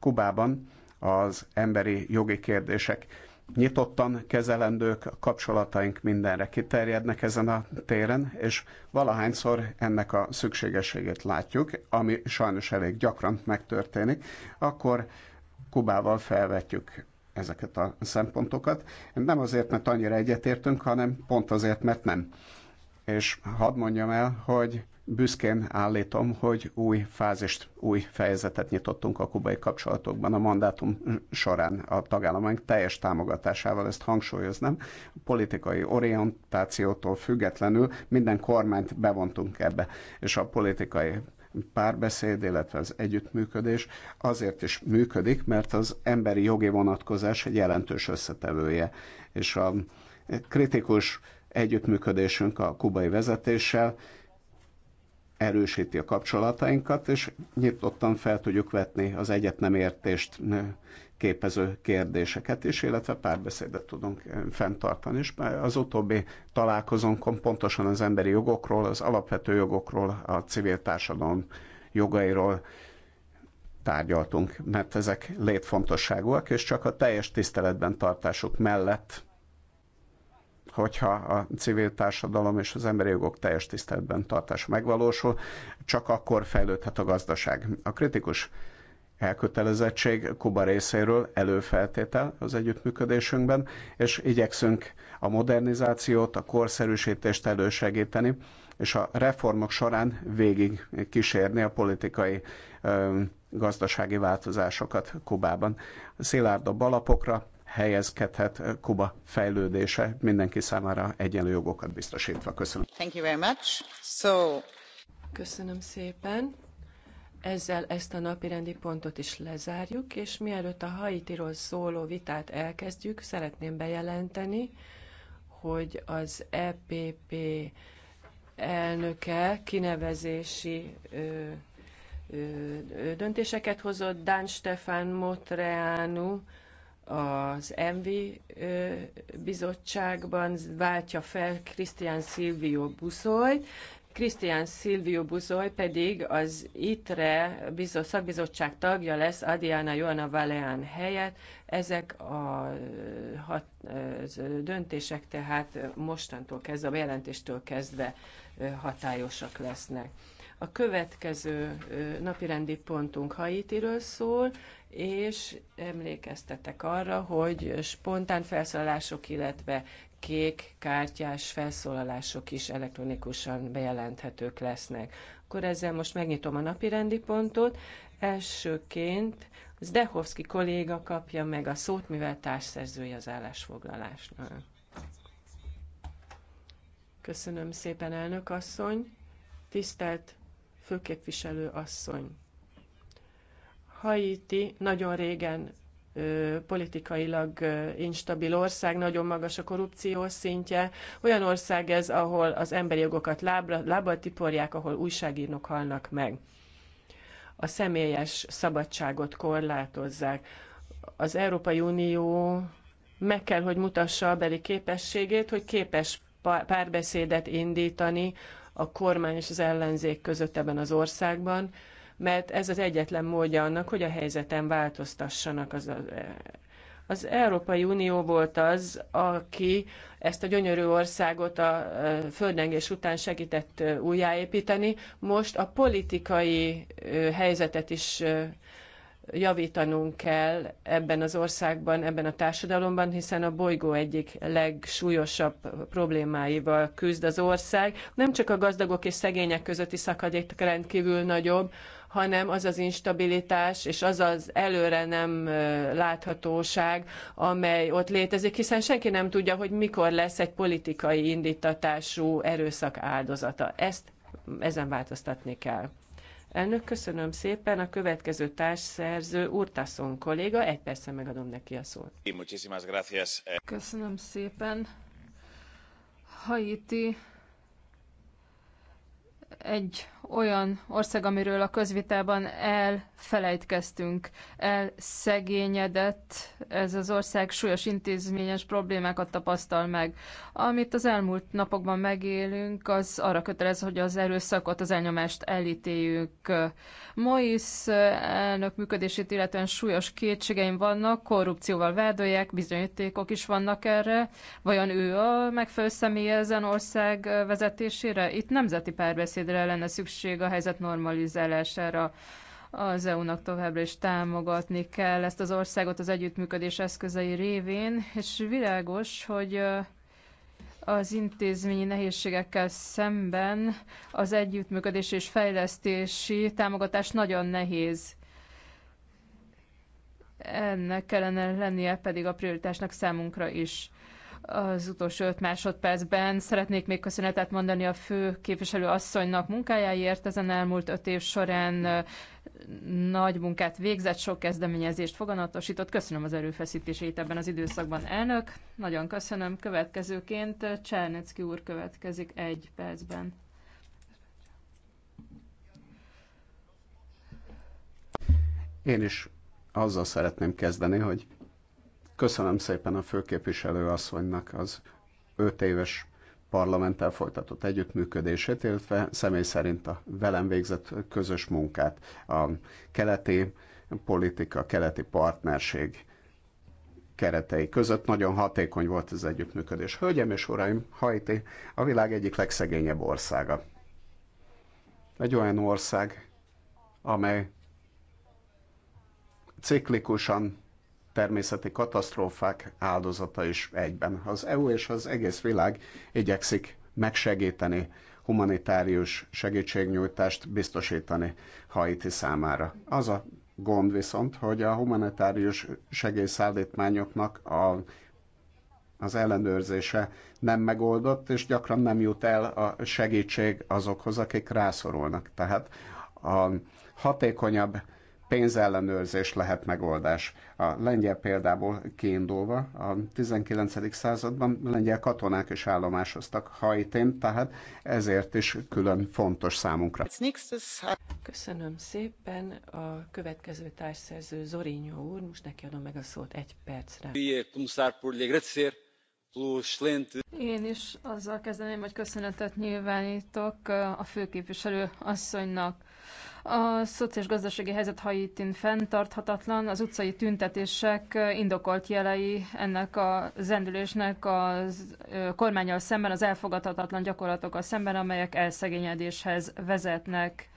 [SPEAKER 1] Kubában az emberi jogi kérdések nyitottan kezelendők, a kapcsolataink mindenre kiterjednek ezen a téren, és valahányszor ennek a szükségességét látjuk, ami sajnos elég gyakran megtörténik, akkor Kubával felvetjük ezeket a szempontokat. Nem azért, mert annyira egyetértünk, hanem pont azért, mert nem. És hadd mondjam el, hogy büszkén állítom, hogy új fázist, új fejezetet nyitottunk a kubai kapcsolatokban a mandátum során a tagállamok teljes támogatásával, ezt hangsúlyoznám. Politikai orientációtól függetlenül minden kormányt bevontunk ebbe, és a politikai párbeszéd, illetve az együttműködés azért is működik, mert az emberi jogi vonatkozás egy jelentős összetevője, és a kritikus együttműködésünk a kubai vezetéssel erősíti a kapcsolatainkat, és nyitottan fel tudjuk vetni az egyet nem értést képező kérdéseket is, illetve párbeszédet tudunk fenntartani. És az utóbbi találkozónkon pontosan az emberi jogokról, az alapvető jogokról, a civil társadalom jogairól tárgyaltunk, mert ezek létfontosságúak, és csak a teljes tiszteletben tartásuk mellett hogyha a civil társadalom és az emberi jogok teljes tiszteletben tartása megvalósul, csak akkor fejlődhet a gazdaság. A kritikus elkötelezettség Kuba részéről előfeltétel az együttműködésünkben, és igyekszünk a modernizációt, a korszerűsítést elősegíteni, és a reformok során végig kísérni a politikai gazdasági változásokat Kubában. a Balapokra helyezkedhet Kuba fejlődése, mindenki számára egyenlő jogokat biztosítva. Köszönöm.
[SPEAKER 4] Thank you very much. So... Köszönöm szépen. Ezzel ezt a napirendi pontot is lezárjuk, és mielőtt a Haitiról szóló vitát elkezdjük, szeretném bejelenteni, hogy az EPP elnöke kinevezési ö, ö, döntéseket hozott. Dan Stefan Motreanu az Envi bizottságban váltja fel Krisztián Silvio Buszolyt, Krisztián Silvio Buzoy pedig az ITRE bizot, szakbizottság tagja lesz Adiana Joana Valean helyett. Ezek a hat, döntések tehát mostantól kezdve, a bejelentéstől kezdve hatályosak lesznek. A következő napirendi pontunk Haitiről szól, és emlékeztetek arra, hogy spontán felszólalások, illetve kék kártyás felszólalások is elektronikusan bejelenthetők lesznek. Akkor ezzel most megnyitom a napirendi pontot. Elsőként Zdehovszki kolléga kapja meg a szót, mivel társszerzője az állásfoglalásnál. Köszönöm szépen, elnök asszony! Tisztelt főképviselő asszony. Haiti nagyon régen politikailag instabil ország, nagyon magas a korrupció szintje. Olyan ország ez, ahol az emberi jogokat lábbal tiporják, ahol újságírók halnak meg. A személyes szabadságot korlátozzák. Az Európai Unió meg kell, hogy mutassa a beli képességét, hogy képes párbeszédet indítani a kormány és az ellenzék között ebben az országban, mert ez az egyetlen módja annak, hogy a helyzeten változtassanak az, az az Európai Unió volt az, aki ezt a gyönyörű országot a e, földrengés után segített e, újjáépíteni. Most a politikai e, helyzetet is javítanunk kell ebben az országban, ebben a társadalomban, hiszen a bolygó egyik legsúlyosabb problémáival küzd az ország. Nem csak a gazdagok és szegények közötti szakadék rendkívül nagyobb, hanem az az instabilitás és az az előre nem láthatóság, amely ott létezik, hiszen senki nem tudja, hogy mikor lesz egy politikai indítatású erőszak áldozata. Ezt ezen változtatni kell. Elnök, köszönöm szépen. A következő társszerző Urtaszon kolléga, egy persze megadom neki a
[SPEAKER 3] szót.
[SPEAKER 2] Köszönöm szépen. Haiti egy olyan ország, amiről a közvitában elfelejtkeztünk. Elszegényedett ez az ország, súlyos intézményes problémákat tapasztal meg. Amit az elmúlt napokban megélünk, az arra kötelez, hogy az erőszakot, az elnyomást elítéljük. Mois eh, elnök működését illetően súlyos kétségeim vannak, korrupcióval vádolják, bizonyítékok is vannak erre. Vajon ő a megfelelő személy ezen ország eh, vezetésére? Itt nemzeti párbeszédre lenne szükség szükség a helyzet normalizálására. Az EU-nak továbbra is támogatni kell ezt az országot az együttműködés eszközei révén, és világos, hogy az intézményi nehézségekkel szemben az együttműködés és fejlesztési támogatás nagyon nehéz. Ennek kellene lennie pedig a prioritásnak számunkra is. Az utolsó öt másodpercben szeretnék még köszönetet mondani a fő képviselő asszonynak munkájáért. Ezen elmúlt öt év során nagy munkát végzett, sok kezdeményezést foganatosított. Köszönöm az erőfeszítését ebben az időszakban, elnök. Nagyon köszönöm. Következőként Csernecki úr következik egy percben.
[SPEAKER 1] Én is azzal szeretném kezdeni, hogy Köszönöm szépen a főképviselő asszonynak az 5 éves parlamenttel folytatott együttműködését, illetve személy szerint a velem végzett közös munkát. A keleti politika, keleti partnerség keretei között nagyon hatékony volt az együttműködés. Hölgyem és uraim, Haiti a világ egyik legszegényebb országa. Egy olyan ország, amely ciklikusan természeti katasztrófák áldozata is egyben. Az EU és az egész világ igyekszik megsegíteni, humanitárius segítségnyújtást biztosítani Haiti számára. Az a gond viszont, hogy a humanitárius segélyszállítmányoknak a, az ellenőrzése nem megoldott, és gyakran nem jut el a segítség azokhoz, akik rászorulnak. Tehát a hatékonyabb pénzellenőrzés lehet megoldás. A lengyel példából kiindulva a 19. században lengyel katonák is állomásoztak hajtén, tehát ezért is külön fontos számunkra.
[SPEAKER 4] Köszönöm szépen. A következő társszerző Zorinyó úr, most neki adom meg a szót egy percre.
[SPEAKER 2] Én is azzal kezdeném, hogy köszönetet nyilvánítok a főképviselő asszonynak. A szociális gazdasági helyzet Haitin fenntarthatatlan, az utcai tüntetések indokolt jelei ennek a zendülésnek a kormányal szemben, az elfogadhatatlan gyakorlatokkal szemben, amelyek elszegényedéshez vezetnek.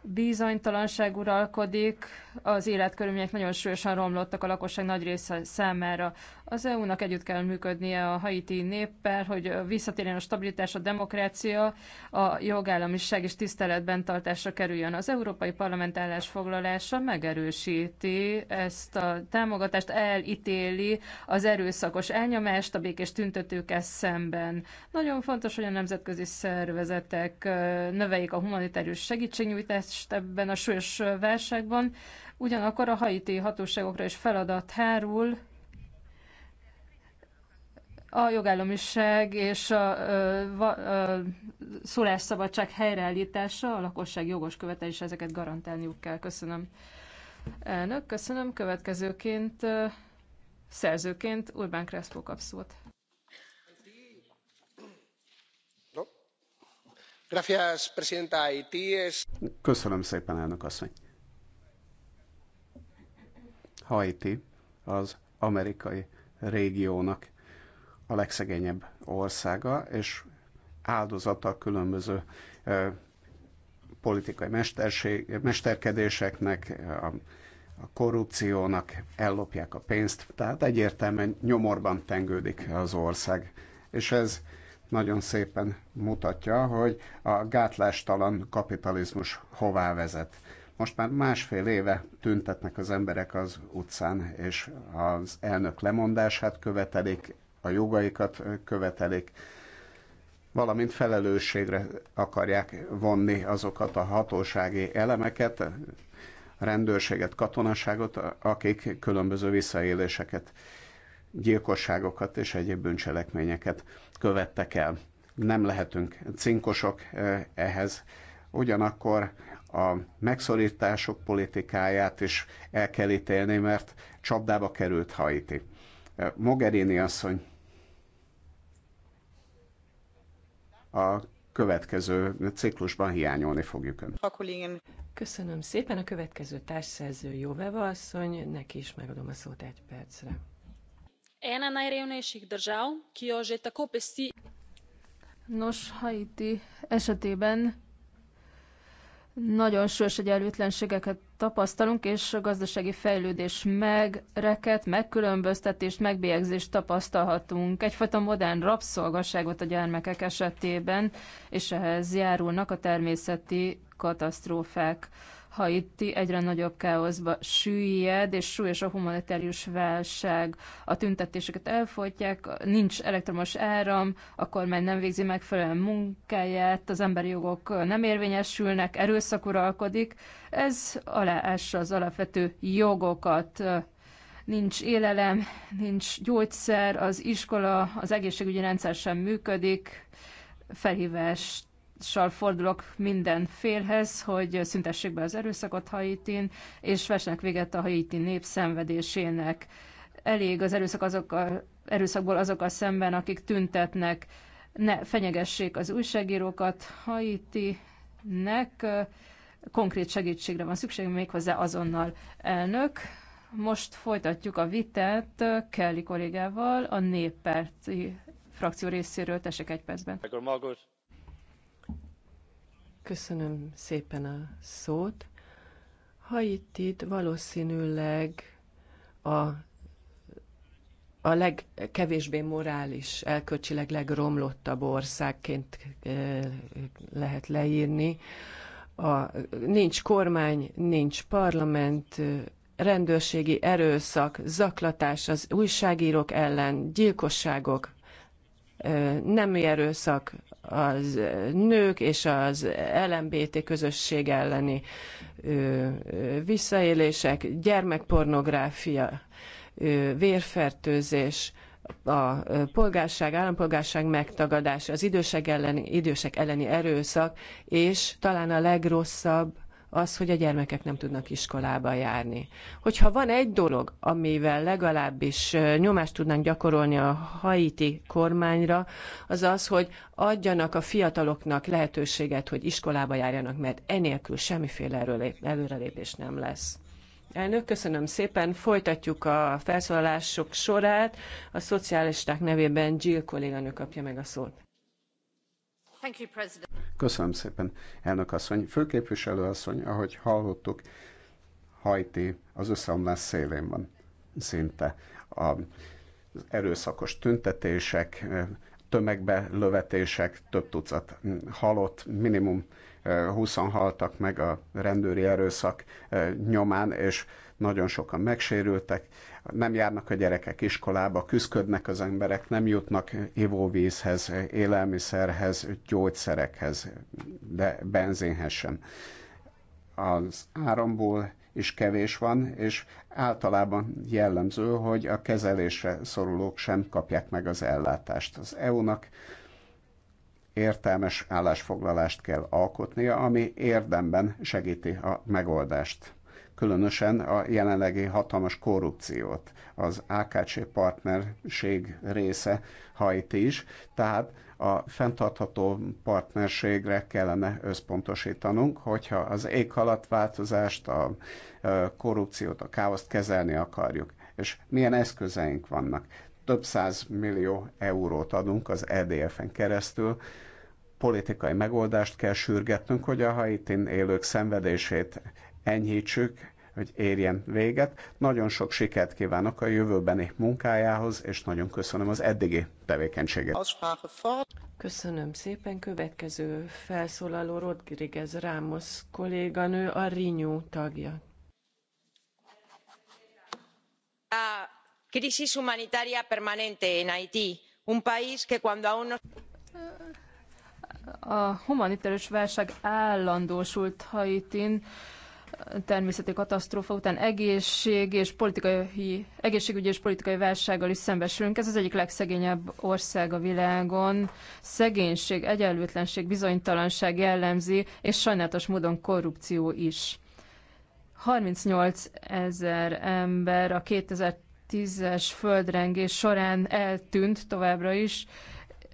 [SPEAKER 2] Bizonytalanság uralkodik, az életkörülmények nagyon súlyosan romlottak a lakosság nagy része számára. Az EU-nak együtt kell működnie a haiti néppel, hogy visszatérjen a stabilitás, a demokrácia, a jogállamiság és tiszteletben tartásra kerüljön. Az Európai Parlament állásfoglalása megerősíti ezt a támogatást, elítéli az erőszakos elnyomást a békés tüntetőkkel szemben. Nagyon fontos, hogy a nemzetközi szervezetek növeljék a humanitárius segítségnyújtást ebben a súlyos válságban, ugyanakkor a haiti hatóságokra is feladat hárul, a jogállamiság és a, a, a szólásszabadság helyreállítása, a lakosság jogos követelés, ezeket garantálniuk kell. Köszönöm. Elnök, köszönöm. Következőként szerzőként Urbán Kresszpó kap szót.
[SPEAKER 1] Köszönöm szépen, elnök asszony. Haiti az amerikai régiónak a legszegényebb országa, és áldozata különböző politikai mesterség, mesterkedéseknek, a, a korrupciónak, ellopják a pénzt, tehát egyértelműen nyomorban tengődik az ország. És ez nagyon szépen mutatja, hogy a gátlástalan kapitalizmus hová vezet. Most már másfél éve tüntetnek az emberek az utcán, és az elnök lemondását követelik, a jogaikat követelik, valamint felelősségre akarják vonni azokat a hatósági elemeket, rendőrséget, katonaságot, akik különböző visszaéléseket, gyilkosságokat és egyéb bűncselekményeket követtek el. Nem lehetünk cinkosok eh, ehhez, ugyanakkor a megszorítások politikáját is el kell ítélni, mert csapdába került Haiti. Eh, Mogherini asszony a következő ciklusban hiányolni fogjuk
[SPEAKER 3] ön.
[SPEAKER 4] Köszönöm szépen. A következő társszerző Jóveva asszony, neki is megadom a szót egy
[SPEAKER 2] percre. Ena najrevnejših držav, ki jo že tako pesti. Nos, Haiti esetében nagyon sős egyenlőtlenségeket tapasztalunk, és a gazdasági fejlődés megreket, megkülönböztetést, megbélyegzést tapasztalhatunk. Egyfajta modern rabszolgaságot a gyermekek esetében, és ehhez járulnak a természeti katasztrófák. Haiti egyre nagyobb káoszba süllyed, és súlyos a humanitárius válság. A tüntetéseket elfolytják, nincs elektromos áram, a kormány nem végzi megfelelően munkáját, az emberi jogok nem érvényesülnek, erőszak uralkodik. Ez aláássa az alapvető jogokat nincs élelem, nincs gyógyszer, az iskola, az egészségügyi rendszer sem működik. Felhívást sal fordulok minden félhez, hogy szüntessék be az erőszakot Haitin, és vesnek véget a Haiti nép szenvedésének. Elég az erőszak azokkal, erőszakból azokkal szemben, akik tüntetnek, ne fenyegessék az újságírókat. Haiti-nek. konkrét segítségre van szükség, méghozzá azonnal elnök. Most folytatjuk a vitát Kelly kollégával, a néppárti frakció részéről. Tessék egy percben.
[SPEAKER 4] Köszönöm szépen a szót. itt valószínűleg a, a legkevésbé morális, elköcsileg legromlottabb országként eh, lehet leírni. A, nincs kormány, nincs parlament, rendőrségi erőszak, zaklatás az újságírók ellen, gyilkosságok, nemi erőszak, az nők és az LMBT közösség elleni visszaélések, gyermekpornográfia, vérfertőzés, a polgárság, állampolgárság megtagadása, az idősek elleni, idősek elleni erőszak, és talán a legrosszabb az, hogy a gyermekek nem tudnak iskolába járni. Hogyha van egy dolog, amivel legalábbis nyomást tudnánk gyakorolni a haiti kormányra, az az, hogy adjanak a fiataloknak lehetőséget, hogy iskolába járjanak, mert enélkül semmiféle előrelépés nem lesz. Elnök, köszönöm szépen. Folytatjuk a felszólalások sorát. A szocialisták nevében Jill kolléganő kapja meg a szót.
[SPEAKER 1] Köszönöm szépen, elnök asszony. Főképviselő asszony, ahogy hallottuk, Haiti az összeomlás szélén van szinte. A, az erőszakos tüntetések, tömegbe lövetések, több tucat halott, minimum 20 eh, haltak meg a rendőri erőszak eh, nyomán, és nagyon sokan megsérültek, nem járnak a gyerekek iskolába, küzdködnek az emberek, nem jutnak ivóvízhez, élelmiszerhez, gyógyszerekhez, de benzinhez sem. Az áramból is kevés van, és általában jellemző, hogy a kezelésre szorulók sem kapják meg az ellátást. Az EU-nak értelmes állásfoglalást kell alkotnia, ami érdemben segíti a megoldást különösen a jelenlegi hatalmas korrupciót az AKC partnerség része hajt is, tehát a fenntartható partnerségre kellene összpontosítanunk, hogyha az éghalatváltozást, a korrupciót, a káoszt kezelni akarjuk. És milyen eszközeink vannak? Több száz millió eurót adunk az EDF-en keresztül, politikai megoldást kell sürgetnünk, hogy a haitin élők szenvedését enyhítsük, hogy érjen véget. Nagyon sok sikert kívánok a jövőbeni munkájához, és nagyon köszönöm az eddigi tevékenységet.
[SPEAKER 4] Köszönöm szépen. Következő felszólaló Rodriguez Rámos kolléganő, a Rinyó tagja.
[SPEAKER 3] A krisis humanitária permanente en Haití, un país que cuando aún no
[SPEAKER 2] a humanitárius válság állandósult Haitin, természeti katasztrófa után egészség és politikai, egészségügyi és politikai válsággal is szembesülünk. Ez az egyik legszegényebb ország a világon. Szegénység, egyenlőtlenség, bizonytalanság jellemzi, és sajnálatos módon korrupció is. 38 ezer ember a 2010-es földrengés során eltűnt továbbra is,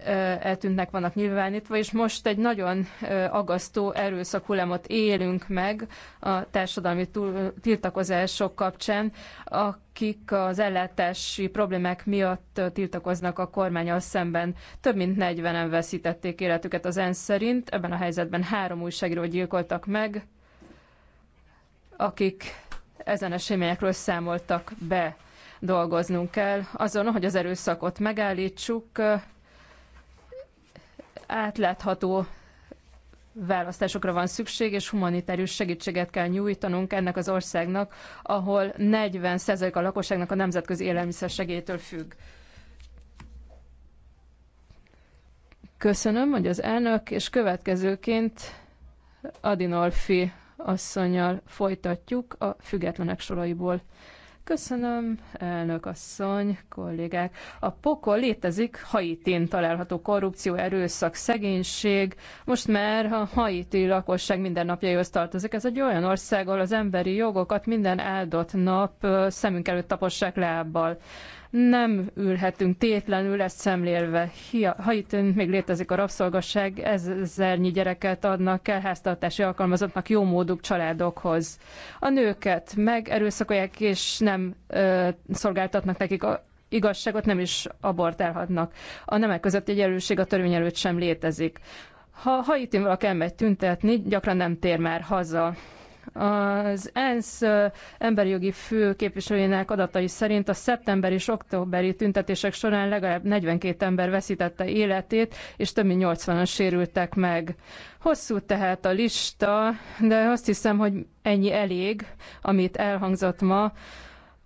[SPEAKER 2] eltűntnek vannak nyilvánítva, és most egy nagyon agasztó erőszakullamot élünk meg a társadalmi tiltakozások kapcsán, akik az ellátási problémák miatt tiltakoznak a kormányal szemben. Több mint 40-en veszítették életüket az ENSZ szerint, ebben a helyzetben három újságíró gyilkoltak meg, akik ezen eseményekről számoltak be. Dolgoznunk kell azon, hogy az erőszakot megállítsuk, átlátható választásokra van szükség, és humanitárius segítséget kell nyújtanunk ennek az országnak, ahol 40% a lakosságnak a nemzetközi élelmiszer segélytől függ. Köszönöm, hogy az elnök, és következőként Adinolfi asszonyjal folytatjuk a függetlenek soraiból. Köszönöm, elnök asszony, kollégák. A pokol létezik, Haitin található korrupció, erőszak, szegénység. Most már a haiti lakosság mindennapjaihoz tartozik. Ez egy olyan ország, ahol az emberi jogokat minden áldott nap szemünk előtt tapossák lábbal. Nem ülhetünk tétlenül ezt szemlélve. itt még létezik a rabszolgasság, ezernyi gyereket adnak el háztartási alkalmazottnak jó móduk családokhoz. A nőket meg erőszakolják, és nem ö, szolgáltatnak nekik a igazságot, nem is abortálhatnak. A nemek között egy erőség a törvény előtt sem létezik. Ha Haitin valaki elmegy tüntetni, gyakran nem tér már haza. Az ENSZ emberi jogi fő képviselőjének adatai szerint a szeptember és októberi tüntetések során legalább 42 ember veszítette életét, és több mint 80-an sérültek meg. Hosszú tehát a lista, de azt hiszem, hogy ennyi elég, amit elhangzott ma.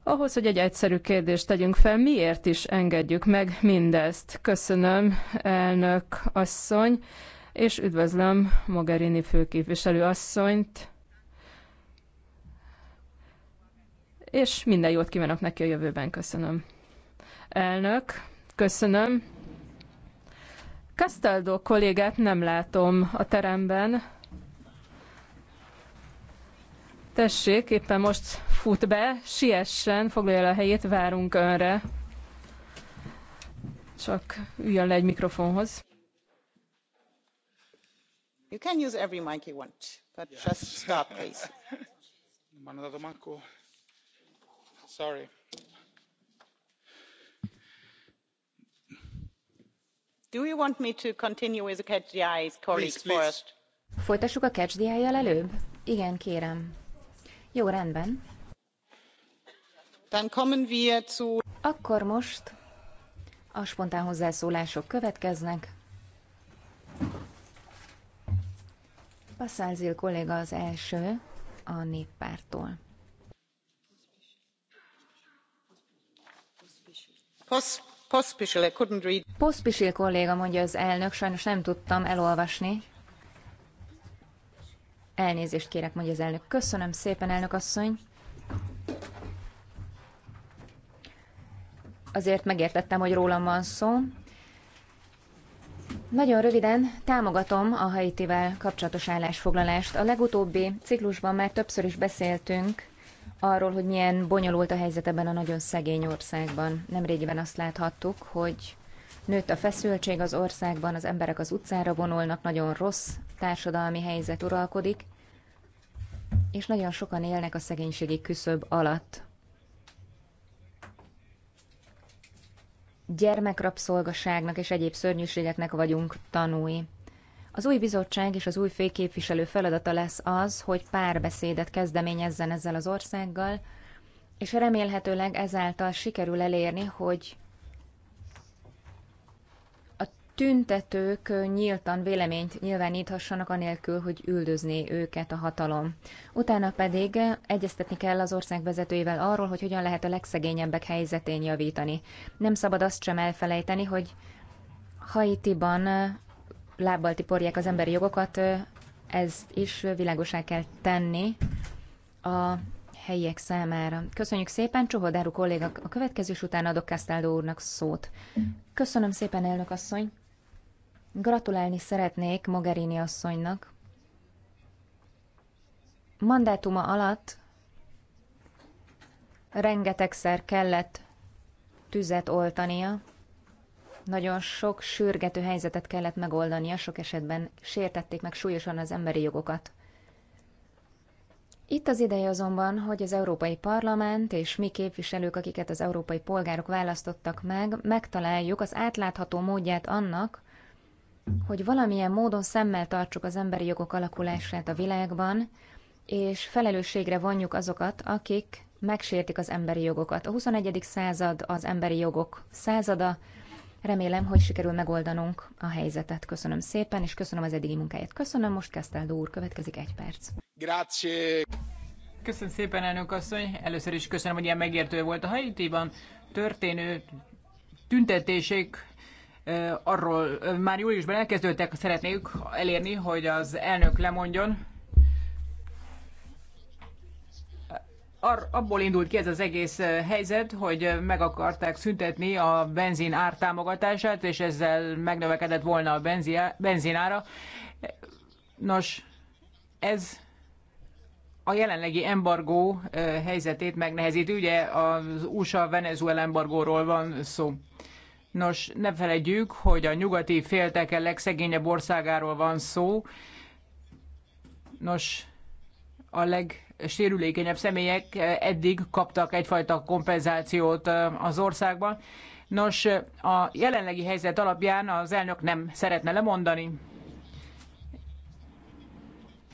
[SPEAKER 2] Ahhoz, hogy egy egyszerű kérdést tegyünk fel, miért is engedjük meg mindezt? Köszönöm, elnök asszony, és üdvözlöm Mogherini főképviselő asszonyt. és minden jót kívánok neki a jövőben. Köszönöm. Elnök, köszönöm. Castaldo kollégát nem látom a teremben. Tessék, éppen most fut be, siessen, foglalja el a helyét, várunk önre. Csak üljön le egy mikrofonhoz.
[SPEAKER 3] You can use every mic you want, but just stop, please.
[SPEAKER 1] *laughs*
[SPEAKER 5] folytassuk a catch the eye jel előbb? igen kérem. jó rendben. akkor most a spontán hozzászólások következnek. Passzázil kolléga az első a néppártól. pospil kolléga mondja az elnök, sajnos nem tudtam elolvasni. Elnézést kérek, mondja az elnök. Köszönöm szépen, elnök asszony. Azért megértettem, hogy rólam van szó. Nagyon röviden támogatom a haitival kapcsolatos állásfoglalást. A legutóbbi ciklusban már többször is beszéltünk arról, hogy milyen bonyolult a helyzet ebben a nagyon szegény országban. Nemrégiben azt láthattuk, hogy nőtt a feszültség az országban, az emberek az utcára vonulnak, nagyon rossz társadalmi helyzet uralkodik, és nagyon sokan élnek a szegénységi küszöb alatt. Gyermekrapszolgaságnak és egyéb szörnyűségeknek vagyunk tanúi. Az új bizottság és az új főképviselő feladata lesz az, hogy párbeszédet kezdeményezzen ezzel az országgal, és remélhetőleg ezáltal sikerül elérni, hogy a tüntetők nyíltan véleményt nyilváníthassanak anélkül, hogy üldözné őket a hatalom. Utána pedig egyeztetni kell az ország vezetőivel arról, hogy hogyan lehet a legszegényebbek helyzetén javítani. Nem szabad azt sem elfelejteni, hogy Haitiban lábbal tiporják az emberi jogokat, ezt is világosá kell tenni a helyiek számára. Köszönjük szépen, Csuhodáru kollégak. a következő, után adok Kastáldó úrnak szót. Köszönöm szépen, elnök asszony. Gratulálni szeretnék Mogherini asszonynak. Mandátuma alatt rengetegszer kellett tüzet oltania, nagyon sok sürgető helyzetet kellett megoldania, sok esetben sértették meg súlyosan az emberi jogokat. Itt az ideje azonban, hogy az Európai Parlament és mi képviselők, akiket az európai polgárok választottak meg, megtaláljuk az átlátható módját annak, hogy valamilyen módon szemmel tartsuk az emberi jogok alakulását a világban, és felelősségre vonjuk azokat, akik megsértik az emberi jogokat. A 21. század az emberi jogok százada, Remélem, hogy sikerül megoldanunk a helyzetet. Köszönöm szépen, és köszönöm az eddigi munkáját. Köszönöm, most Castaldo úr, következik egy perc. Grazie.
[SPEAKER 6] Köszönöm szépen, elnök asszony. Először is köszönöm, hogy ilyen megértő volt a Haiti-ban történő tüntetések arról már júliusban elkezdődtek, szeretnék elérni, hogy az elnök lemondjon, ar- abból indult ki ez az egész helyzet, hogy meg akarták szüntetni a benzin ártámogatását, és ezzel megnövekedett volna a benzinára. Nos, ez a jelenlegi embargó helyzetét megnehezít. Ugye az USA-Venezuela embargóról van szó. Nos, ne felejtjük, hogy a nyugati félteke legszegényebb országáról van szó. Nos, a leg sérülékenyebb személyek eh, eddig kaptak egyfajta kompenzációt eh, az országban. Nos, a jelenlegi helyzet alapján az elnök nem szeretne lemondani.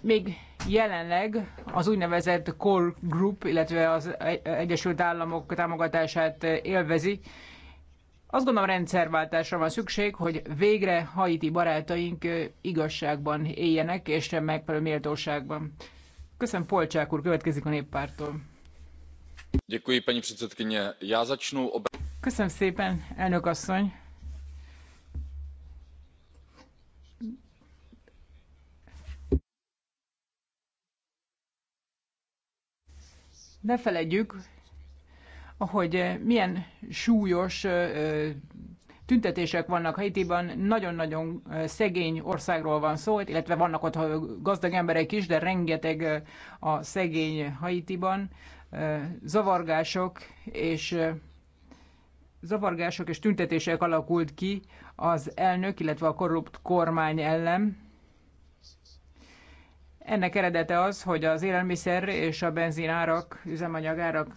[SPEAKER 6] Még jelenleg az úgynevezett Core Group, illetve az Egyesült Államok támogatását élvezi. Azt gondolom rendszerváltásra van szükség, hogy végre haiti barátaink eh, igazságban éljenek és megfelelő méltóságban. Köszönöm, Polcsák úr, következik a néppártól.
[SPEAKER 1] Děkuji, paní předsedkyně. Já začnu ob...
[SPEAKER 6] Köszönöm szépen, elnök asszony. Ne feledjük, hogy milyen súlyos tüntetések vannak Haitiban, nagyon-nagyon szegény országról van szó, illetve vannak ott gazdag emberek is, de rengeteg a szegény Haitiban. Zavargások és zavargások és tüntetések alakult ki az elnök, illetve a korrupt kormány ellen. Ennek eredete az, hogy az élelmiszer és a benzinárak, üzemanyagárak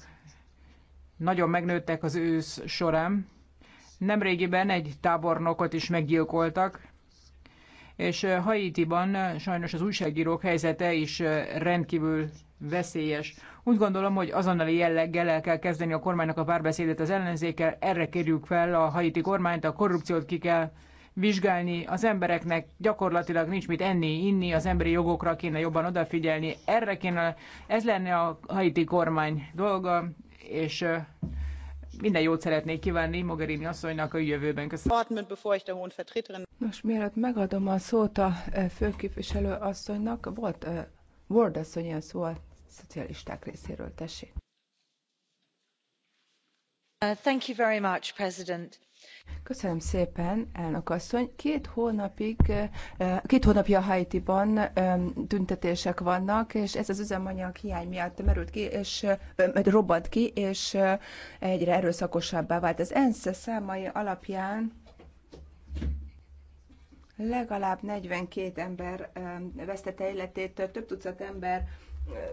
[SPEAKER 6] nagyon megnőttek az ősz során. Nemrégiben egy tábornokot is meggyilkoltak, és Haitiban sajnos az újságírók helyzete is rendkívül veszélyes. Úgy gondolom, hogy azonnali jelleggel el kell kezdeni a kormánynak a párbeszédet az ellenzékkel, erre kérjük fel a haiti kormányt, a korrupciót ki kell vizsgálni, az embereknek gyakorlatilag nincs mit enni, inni, az emberi jogokra kéne jobban odafigyelni, erre kéne, ez lenne a haiti kormány dolga, és minden jót szeretnék kívánni Mogherini asszonynak a jövőben. Köszönöm.
[SPEAKER 7] Nos, mielőtt megadom a szót a e, főképviselő asszonynak, volt uh, Ward asszony a szó a szocialisták részéről, tessék.
[SPEAKER 8] Uh, thank you very
[SPEAKER 7] much, President. Köszönöm szépen, elnök asszony. Két hónapig, két hónapja Haiti-ban tüntetések vannak, és ez az üzemanyag hiány miatt merült ki, és robbant ki, és egyre erőszakosabbá vált. Az ENSZ számai alapján legalább 42 ember vesztette életét, több tucat ember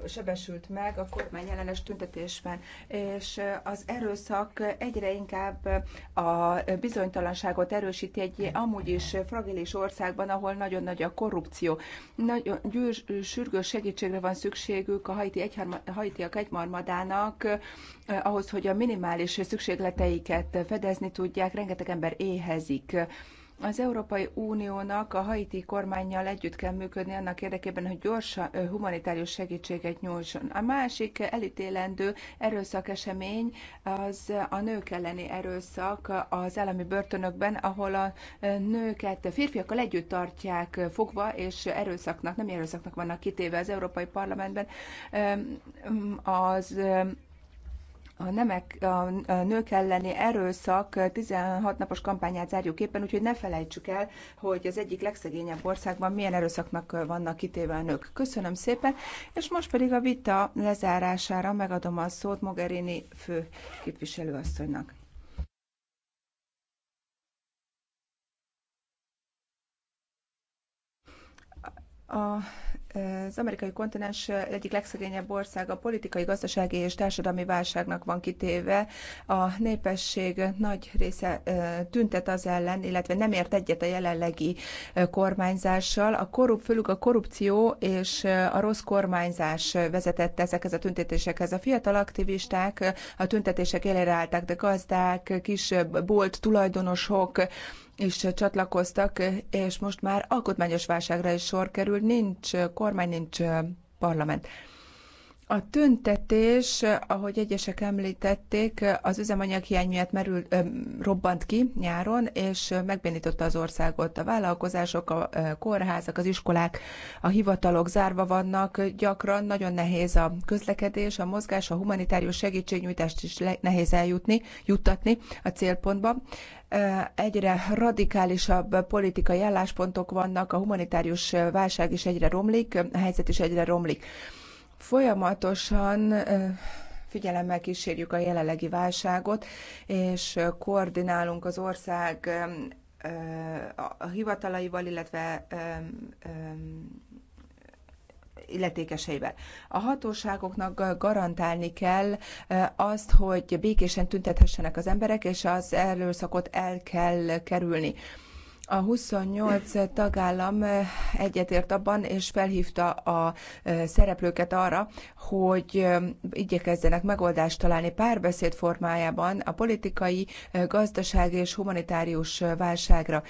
[SPEAKER 7] sebesült meg a kormány ellenes tüntetésben, és az erőszak egyre inkább a bizonytalanságot erősíti egy amúgy is fragilis országban, ahol nagyon nagy a korrupció. Nagyon gyűr, sürgős segítségre van szükségük a haiti egyharma, haitiak egymarmadának, eh, ahhoz, hogy a minimális szükségleteiket fedezni tudják, rengeteg ember éhezik az Európai Uniónak a haiti kormányjal együtt kell működni annak érdekében, hogy gyorsan humanitárius segítséget nyújtson. A másik elítélendő erőszakesemény az a nők elleni erőszak az állami börtönökben, ahol a nőket férfiakkal együtt tartják fogva, és erőszaknak, nem erőszaknak vannak kitéve az Európai Parlamentben. Az a, nemek, a nők elleni erőszak 16 napos kampányát zárjuk éppen, úgyhogy ne felejtsük el, hogy az egyik legszegényebb országban milyen erőszaknak vannak kitéve a nők. Köszönöm szépen, és most pedig a vita lezárására megadom a szót Mogherini fő képviselőasszonynak. A az amerikai kontinens egyik legszegényebb ország a politikai, gazdasági és társadalmi válságnak van kitéve. A népesség nagy része tüntet az ellen, illetve nem ért egyet a jelenlegi kormányzással. A korrup, főleg a korrupció és a rossz kormányzás vezetett ezekhez a tüntetésekhez. A fiatal aktivisták a tüntetések élére állták, de gazdák, kis bolt tulajdonosok, is csatlakoztak, és most már alkotmányos válságra is sor kerül, nincs kormány, nincs parlament. A tüntetés, ahogy egyesek említették, az üzemanyaghiány miatt merül, ö, robbant ki nyáron, és megbénította az országot. A vállalkozások, a kórházak, az iskolák, a hivatalok zárva vannak, gyakran nagyon nehéz a közlekedés, a mozgás, a humanitárius segítségnyújtást is nehéz eljutni, juttatni a célpontba egyre radikálisabb politikai álláspontok vannak, a humanitárius válság is egyre romlik, a helyzet is egyre romlik. Folyamatosan figyelemmel kísérjük a jelenlegi válságot, és koordinálunk az ország a hivatalaival, illetve illetékeseivel. A hatóságoknak garantálni kell azt, hogy békésen tüntethessenek az emberek, és az erőszakot el kell kerülni a 28 tagállam egyetért abban, és felhívta a szereplőket arra, hogy igyekezzenek megoldást találni párbeszéd formájában a politikai, gazdasági és humanitárius válságra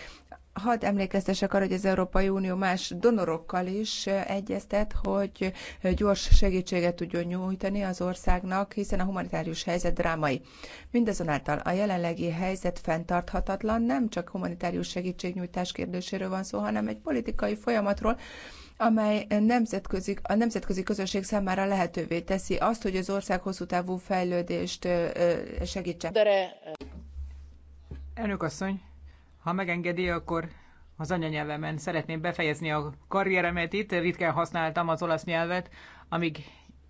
[SPEAKER 7] hadd emlékeztessek arra, hogy az Európai Unió más donorokkal is egyeztet, hogy gyors segítséget tudjon nyújtani az országnak, hiszen a humanitárius helyzet drámai. Mindazonáltal a jelenlegi helyzet fenntarthatatlan, nem csak humanitárius segítségnyújtás kérdéséről van szó, hanem egy politikai folyamatról, amely nemzetközi, a nemzetközi közösség számára lehetővé teszi azt, hogy az ország hosszú távú fejlődést segítse. Elnök asszony,
[SPEAKER 6] ha megengedi, akkor az anyanyelvemen szeretném befejezni a karrieremet itt. Ritkán használtam az olasz nyelvet, amíg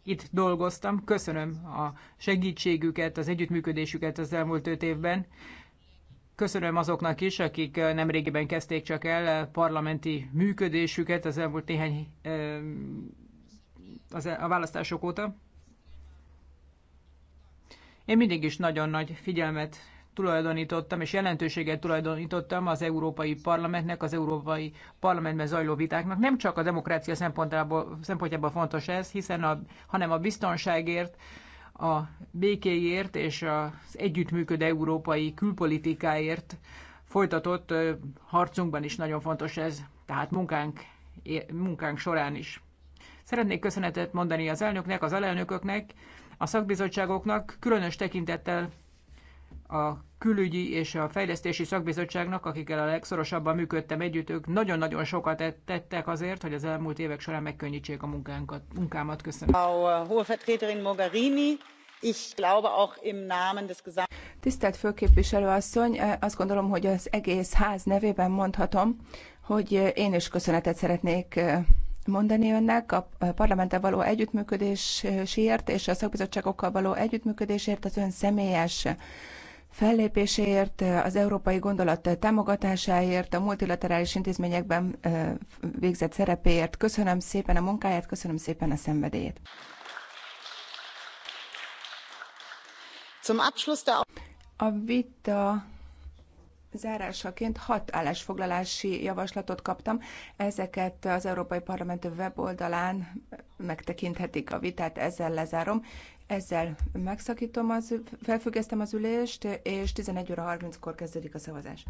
[SPEAKER 6] itt dolgoztam. Köszönöm a segítségüket, az együttműködésüket az elmúlt öt évben. Köszönöm azoknak is, akik nem régiben kezdték csak el parlamenti működésüket az elmúlt néhány az a választások óta. Én mindig is nagyon nagy figyelmet tulajdonítottam, és jelentőséget tulajdonítottam az Európai Parlamentnek, az Európai Parlamentben zajló vitáknak. Nem csak a demokrácia szempontjából, szempontjából fontos ez, hiszen a, hanem a biztonságért, a békéért és az együttműködő európai külpolitikáért folytatott harcunkban is nagyon fontos ez, tehát munkánk, munkánk során is. Szeretnék köszönetet mondani az elnöknek, az alelnököknek, a szakbizottságoknak, különös tekintettel a külügyi és a fejlesztési szakbizottságnak, akikkel a legszorosabban működtem együtt, ők nagyon-nagyon sokat tettek azért, hogy az elmúlt évek során megkönnyítsék a munkánkat, munkámat. Köszönöm. Frau äh, Mogherini, ich glaube auch im Namen des gesamten
[SPEAKER 7] Tisztelt főképviselő asszony, azt gondolom, hogy az egész ház nevében mondhatom, hogy én is köszönetet szeretnék mondani önnek a parlamenttel való együttműködésért és a szakbizottságokkal való együttműködésért az ön személyes fellépéséért, az európai gondolat támogatásáért, a multilaterális intézményekben végzett szerepéért. Köszönöm szépen a munkáját, köszönöm szépen a szenvedélyét. A vita zárásaként hat állásfoglalási javaslatot kaptam. Ezeket az Európai Parlament weboldalán megtekinthetik a vitát, ezzel lezárom. Ezzel megszakítom, az, felfüggesztem az ülést, és 11 óra 30-kor kezdődik a szavazás.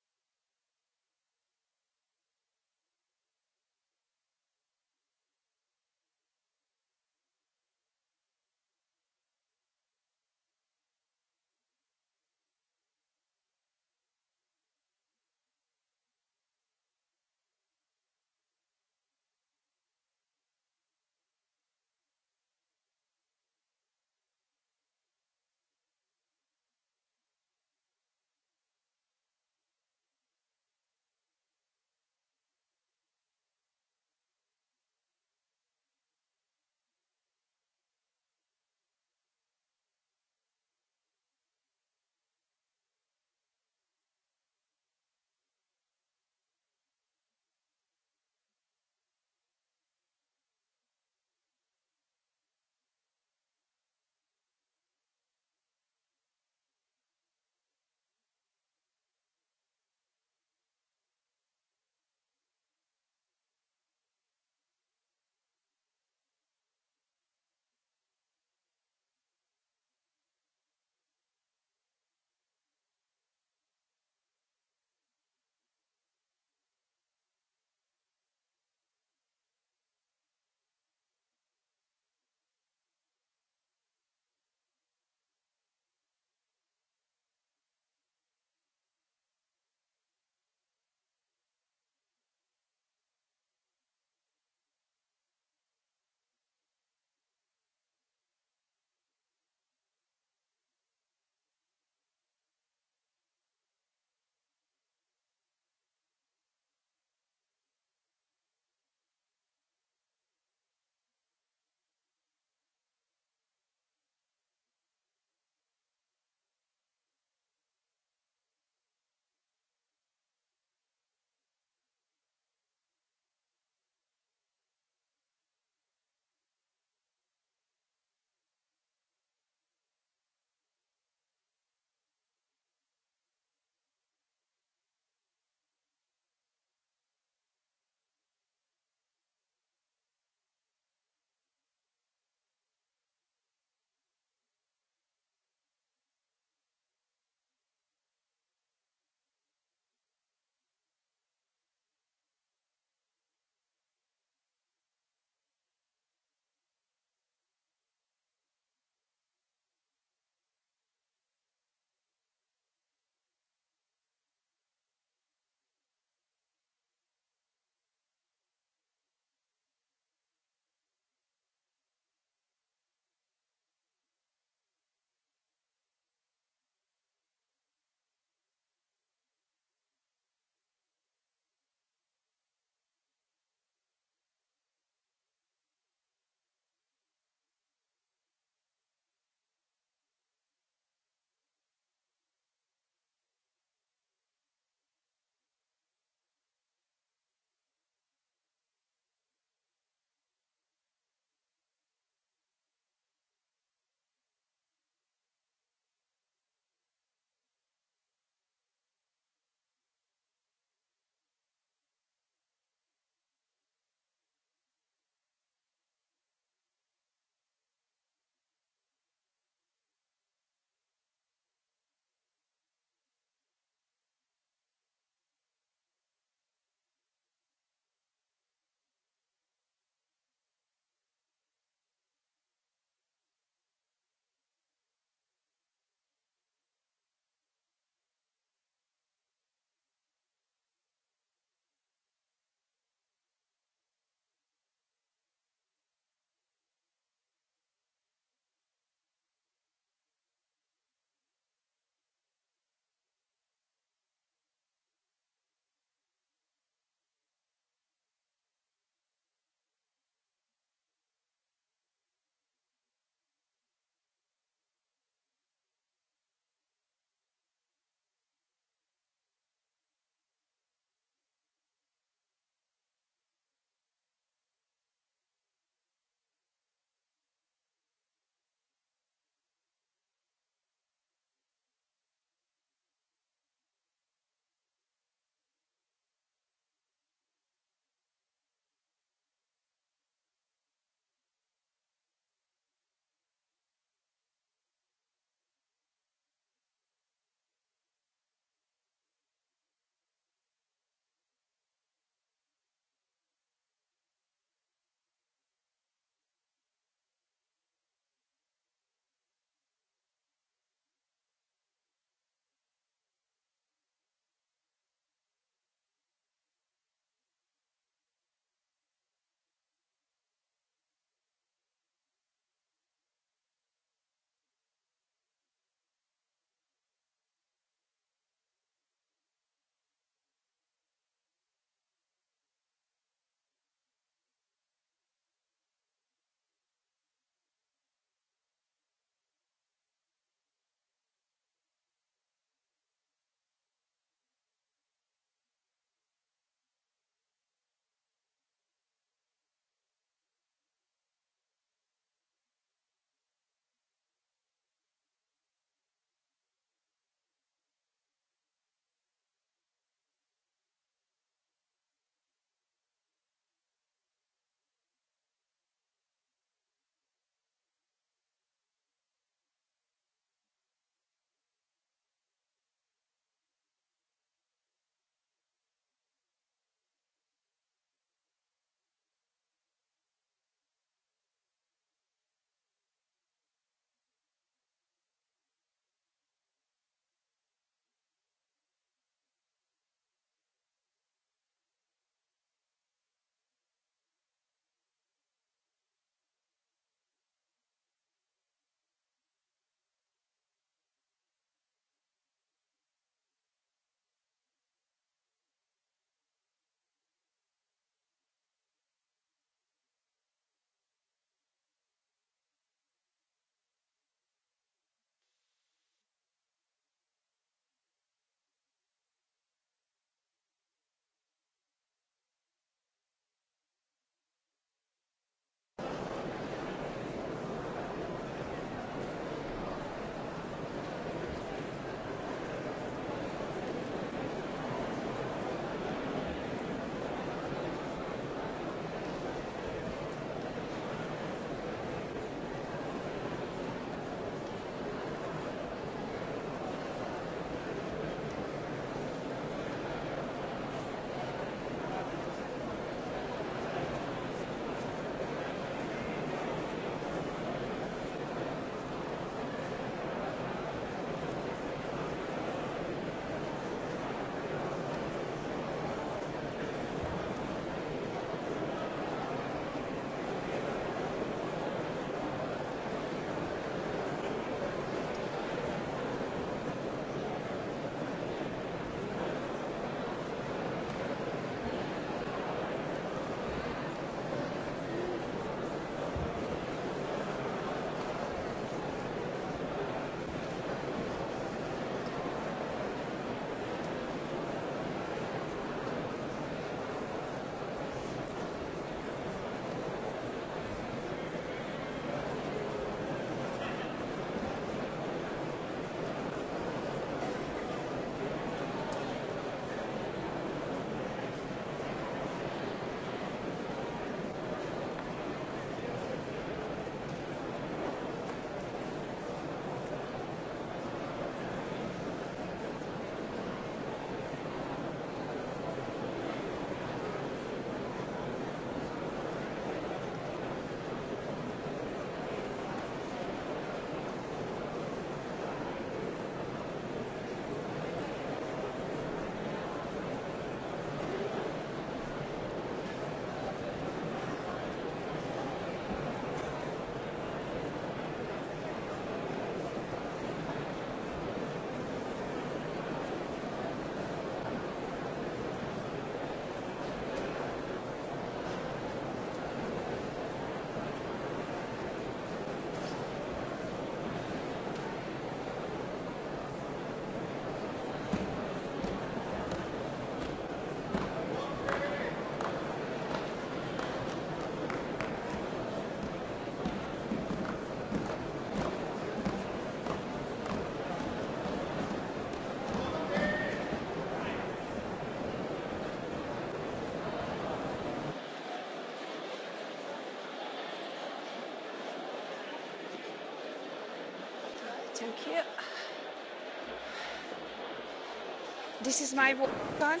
[SPEAKER 3] This is my on.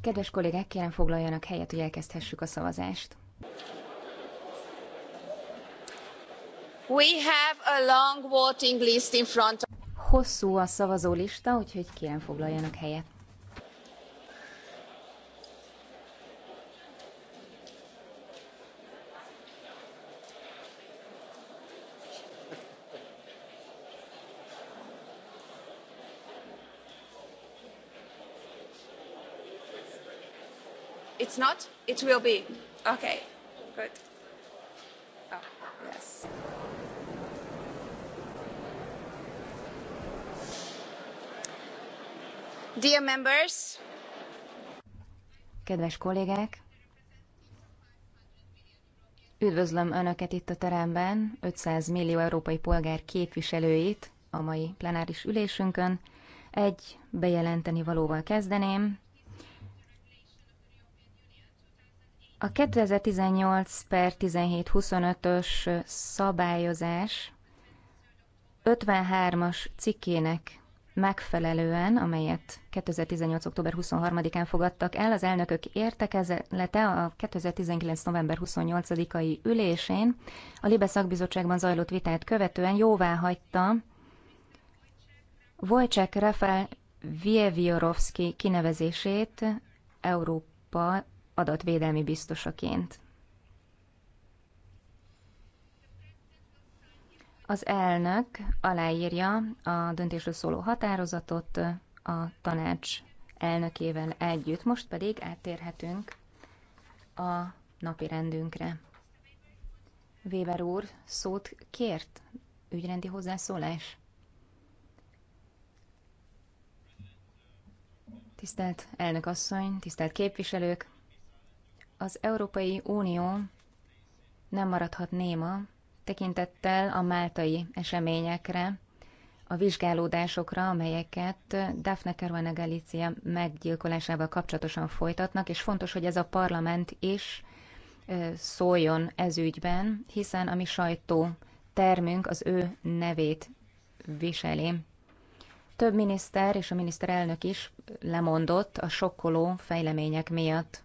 [SPEAKER 5] Kedves kollégák, kérem foglaljanak helyet, hogy elkezdhessük a szavazást. We have a long voting list in front of... Hosszú a szavazólista, úgyhogy kérem foglaljanak helyet.
[SPEAKER 3] it's not it will be okay
[SPEAKER 7] good oh, yes
[SPEAKER 3] dear members
[SPEAKER 5] kedves kollégák Üdvözlöm Önöket itt a teremben, 500 millió európai polgár képviselőit a mai plenáris ülésünkön. Egy bejelenteni valóval kezdeném. A 2018 per 1725-ös szabályozás 53-as cikkének megfelelően, amelyet 2018. október 23-án fogadtak el, az elnökök értekezlete a 2019. november 28-ai ülésén a Libe szakbizottságban zajlott vitát követően jóvá hagyta Wojciech Rafael Wiewierowski kinevezését Európa adatvédelmi biztosaként. Az elnök aláírja a döntésről szóló határozatot a tanács elnökével együtt. Most pedig áttérhetünk a napi rendünkre. Weber úr szót kért? Ügyrendi hozzászólás? Tisztelt elnök asszony, tisztelt képviselők! Az Európai Unió nem maradhat néma tekintettel a máltai eseményekre, a vizsgálódásokra, amelyeket Daphne Caruana Galizia meggyilkolásával kapcsolatosan folytatnak, és fontos, hogy ez a parlament is szóljon ez ügyben, hiszen a mi sajtó termünk az ő nevét viseli. Több miniszter és a miniszterelnök is lemondott a sokkoló fejlemények miatt.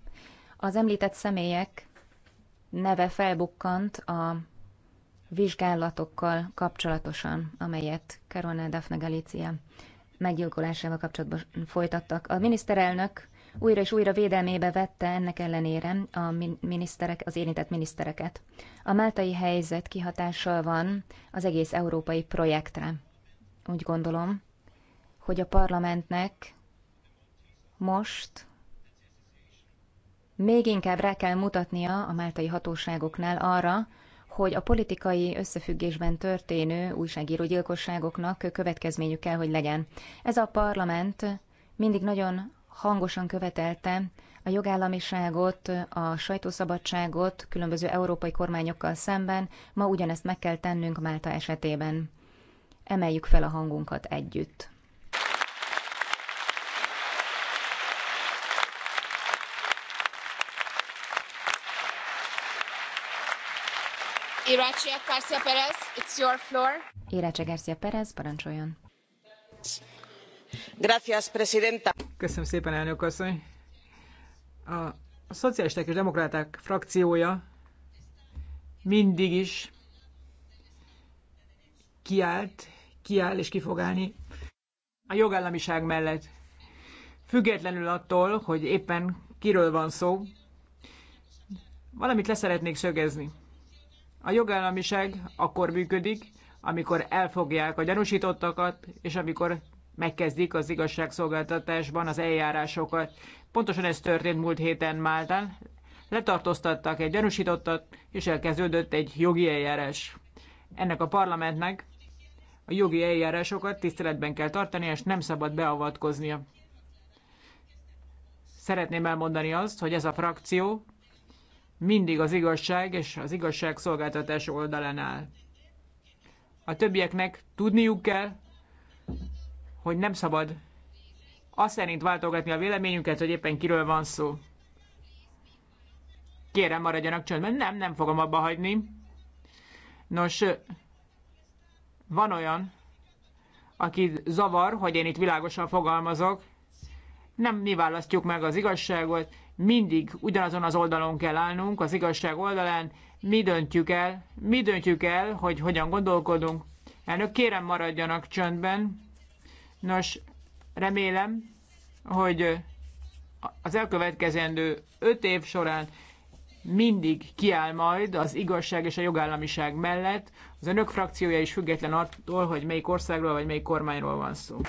[SPEAKER 5] Az említett személyek neve felbukkant a vizsgálatokkal kapcsolatosan, amelyet Karona Daphne Galizia meggyilkolásával kapcsolatban folytattak. A miniszterelnök újra és újra védelmébe vette ennek ellenére a miniszterek, az érintett minisztereket. A máltai helyzet kihatással van az egész európai projektre. Úgy gondolom, hogy a parlamentnek most még inkább rá kell mutatnia a máltai hatóságoknál arra, hogy a politikai összefüggésben történő újságíró gyilkosságoknak következményük kell, hogy legyen. Ez a parlament mindig nagyon hangosan követelte a jogállamiságot, a sajtószabadságot különböző európai kormányokkal szemben, ma ugyanezt meg kell tennünk Málta esetében. Emeljük fel a hangunkat együtt.
[SPEAKER 3] Irácsia Garcia Perez, it's your floor.
[SPEAKER 5] Irácsia Garcia Perez, parancsoljon. Gracias,
[SPEAKER 3] presidenta.
[SPEAKER 6] Köszönöm szépen, elnök asszony. A, a szocialisták és demokraták frakciója mindig is kiállt, kiáll és ki a jogállamiság mellett. Függetlenül attól, hogy éppen kiről van szó, valamit leszeretnék szögezni. A jogállamiság akkor működik, amikor elfogják a gyanúsítottakat, és amikor megkezdik az igazságszolgáltatásban az eljárásokat. Pontosan ez történt múlt héten Máltán. Letartóztattak egy gyanúsítottat, és elkezdődött egy jogi eljárás. Ennek a parlamentnek a jogi eljárásokat tiszteletben kell tartani, és nem szabad beavatkoznia. Szeretném elmondani azt, hogy ez a frakció mindig az igazság és az igazság szolgáltatás oldalán áll. A többieknek tudniuk kell, hogy nem szabad azt szerint váltogatni a véleményünket, hogy éppen kiről van szó. Kérem, maradjanak csöndben. Nem, nem fogom abba hagyni. Nos, van olyan, aki zavar, hogy én itt világosan fogalmazok. Nem mi választjuk meg az igazságot, mindig ugyanazon az oldalon kell állnunk, az igazság oldalán, mi döntjük el, mi döntjük el, hogy hogyan gondolkodunk. Elnök, kérem maradjanak csöndben. Nos, remélem, hogy az elkövetkezendő öt év során mindig kiáll majd az igazság és a jogállamiság mellett. Az önök frakciója is független attól, hogy melyik országról vagy melyik kormányról van szó.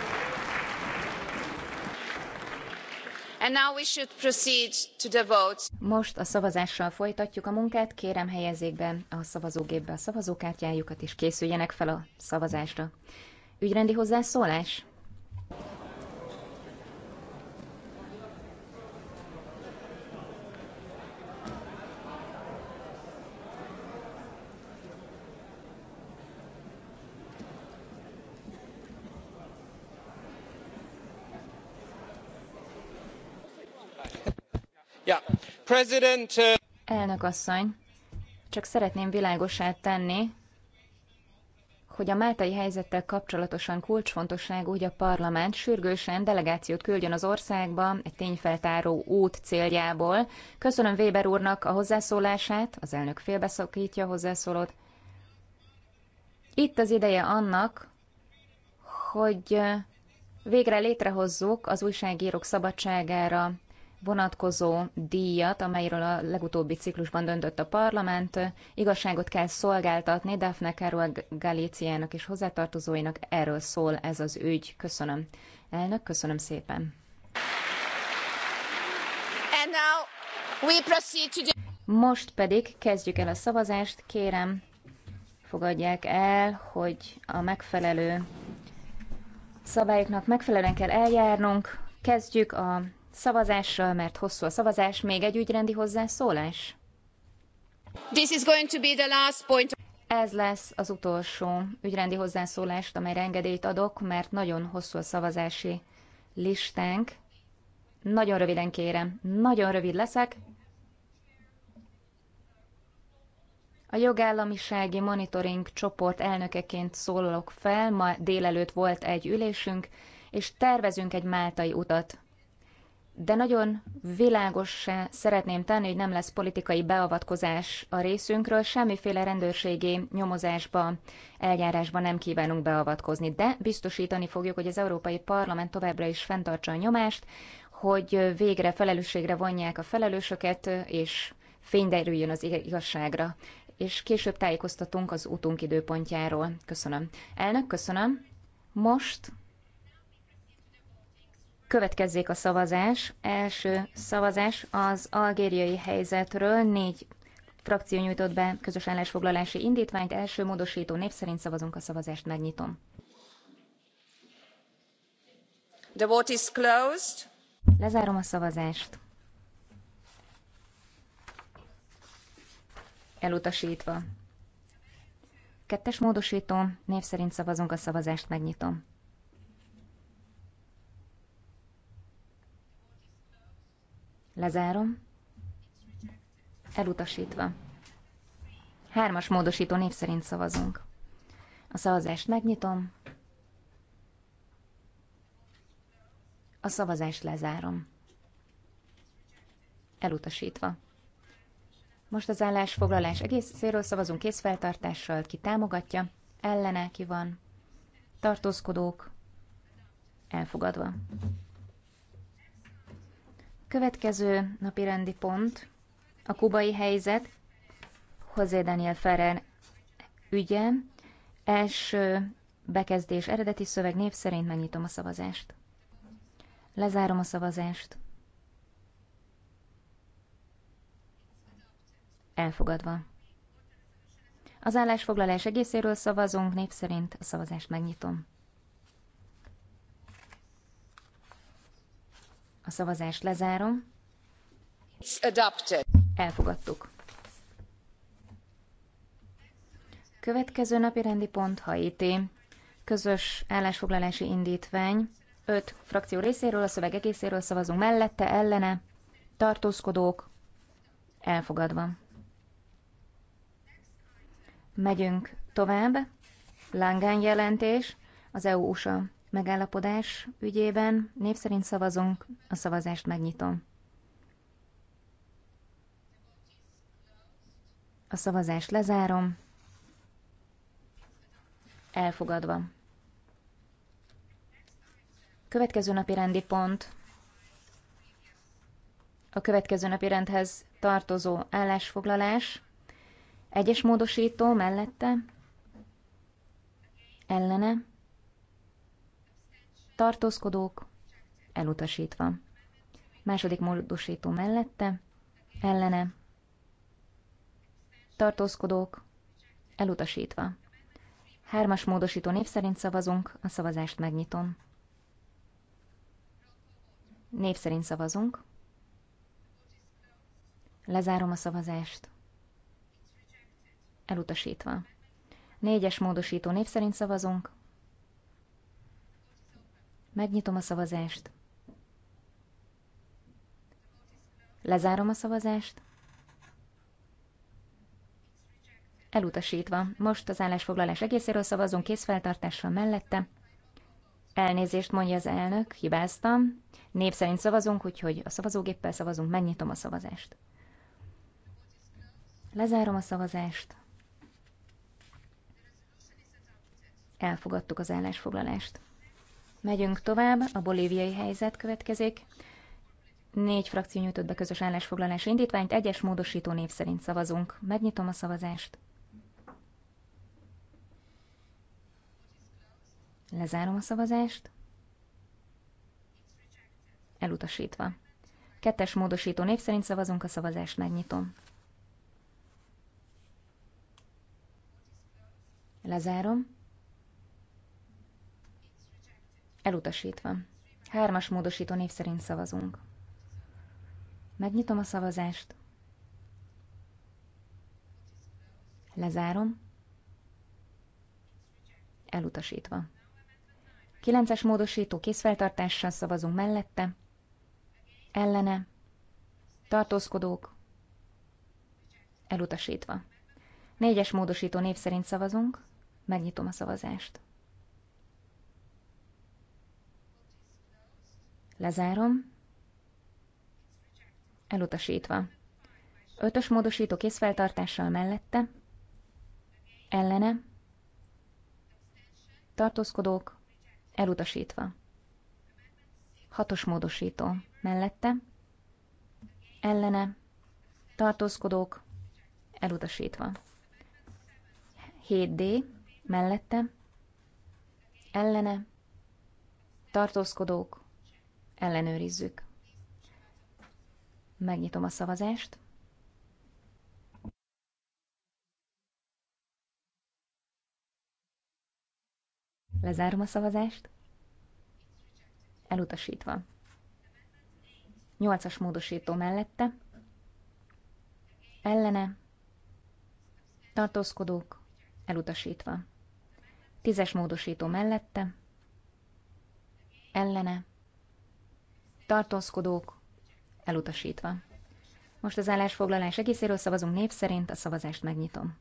[SPEAKER 5] Most a szavazással folytatjuk a munkát, kérem helyezzék be a szavazógépbe a szavazókártyájukat, és készüljenek fel a szavazásra. Ügyrendi hozzászólás? Uh, elnök asszony, csak szeretném világosá tenni, hogy a máltai helyzettel kapcsolatosan kulcsfontosságú, hogy a parlament sürgősen delegációt küldjön az országba egy tényfeltáró út céljából. Köszönöm Weber úrnak a hozzászólását, az elnök félbeszakítja a hozzászólót. Itt az ideje annak, hogy végre létrehozzuk az újságírók szabadságára vonatkozó díjat, amelyről a legutóbbi ciklusban döntött a parlament. Igazságot kell szolgáltatni Daphne Caruana Galíciának és hozzátartozóinak. Erről szól ez az ügy. Köszönöm. Elnök, köszönöm szépen. Most pedig kezdjük el a szavazást. Kérem, fogadják el, hogy a megfelelő szabályoknak megfelelően kell eljárnunk. Kezdjük a szavazással, mert hosszú a szavazás, még egy ügyrendi hozzászólás? This is going to be the last point. Ez lesz az utolsó ügyrendi hozzászólást, amelyre engedélyt adok, mert nagyon hosszú a szavazási listánk. Nagyon röviden kérem, nagyon rövid leszek. A jogállamisági monitoring csoport elnökeként szólalok fel, ma délelőtt volt egy ülésünk, és tervezünk egy máltai utat de nagyon világossá szeretném tenni, hogy nem lesz politikai beavatkozás a részünkről, semmiféle rendőrségi nyomozásba, eljárásba nem kívánunk beavatkozni, de biztosítani fogjuk, hogy az Európai Parlament továbbra is fenntartsa a nyomást, hogy végre felelősségre vonják a felelősöket, és fényderüljön az igazságra. És később tájékoztatunk az útunk időpontjáról. Köszönöm. Elnök, köszönöm. Most Következzék a szavazás. Első szavazás az algériai helyzetről. Négy frakció nyújtott be közös állásfoglalási indítványt. Első módosító név szerint szavazunk a szavazást. Megnyitom.
[SPEAKER 3] The vote is closed.
[SPEAKER 5] Lezárom a szavazást. Elutasítva. Kettes módosító, név szerint szavazunk a szavazást, megnyitom. Lezárom. Elutasítva. Hármas módosító név szerint szavazunk. A szavazást megnyitom. A szavazást lezárom. Elutasítva. Most az állásfoglalás egészéről szavazunk készfeltartással, ki támogatja, ellene ki van, tartózkodók, elfogadva. Következő napi rendi pont a kubai helyzet, José Daniel Ferrer ügye, első bekezdés eredeti szöveg név szerint megnyitom a szavazást. Lezárom a szavazást. Elfogadva. Az állásfoglalás egészéről szavazunk, név szerint a szavazást megnyitom. A szavazást lezárom. It's adopted. Elfogadtuk. Következő napi rendi pont Haiti. Közös állásfoglalási indítvány. Öt frakció részéről, a szöveg egészéről szavazunk mellette, ellene. Tartózkodók. Elfogadva. Megyünk tovább. Lángán jelentés. Az EU-USA megállapodás ügyében. Név szerint szavazunk, a szavazást megnyitom. A szavazást lezárom. Elfogadva. Következő napi rendi pont. A következő napi rendhez tartozó állásfoglalás. Egyes módosító mellette. Ellene tartózkodók, elutasítva. Második módosító mellette, ellene, tartózkodók, elutasítva. Hármas módosító név szerint szavazunk, a szavazást megnyitom. Név szerint szavazunk. Lezárom a szavazást. Elutasítva. Négyes módosító név szerint szavazunk, Megnyitom a szavazást. Lezárom a szavazást. Elutasítva. Most az állásfoglalás egészéről szavazunk készfeltartással mellette. Elnézést mondja az elnök, hibáztam. Név szerint szavazunk, úgyhogy a szavazógéppel szavazunk, megnyitom a szavazást. Lezárom a szavazást. Elfogadtuk az állásfoglalást. Megyünk tovább, a bolíviai helyzet következik. Négy frakció nyújtott be közös állásfoglalás indítványt, egyes módosító név szerint szavazunk. Megnyitom a szavazást. Lezárom a szavazást. Elutasítva. Kettes módosító név szerint szavazunk, a szavazást megnyitom. Lezárom. Elutasítva. Hármas módosító név szerint szavazunk. Megnyitom a szavazást. Lezárom. Elutasítva. Kilences módosító készfeltartással szavazunk mellette. Ellene. Tartózkodók. Elutasítva. Négyes módosító név szerint szavazunk. Megnyitom a szavazást. Lezárom. Elutasítva. Ötös módosító készfeltartással mellette. Ellene. Tartózkodók. Elutasítva. Hatos módosító. Mellette. Ellene. Tartózkodók. Elutasítva. 7D. Mellette. Ellene. Tartózkodók. Ellenőrizzük. Megnyitom a szavazást. Lezárom a szavazást. Elutasítva. Nyolcas módosító mellette. Ellene. Tartózkodók. Elutasítva. Tízes módosító mellette. Ellene tartózkodók, elutasítva. Most az állásfoglalás egészéről szavazunk név szerint, a szavazást megnyitom.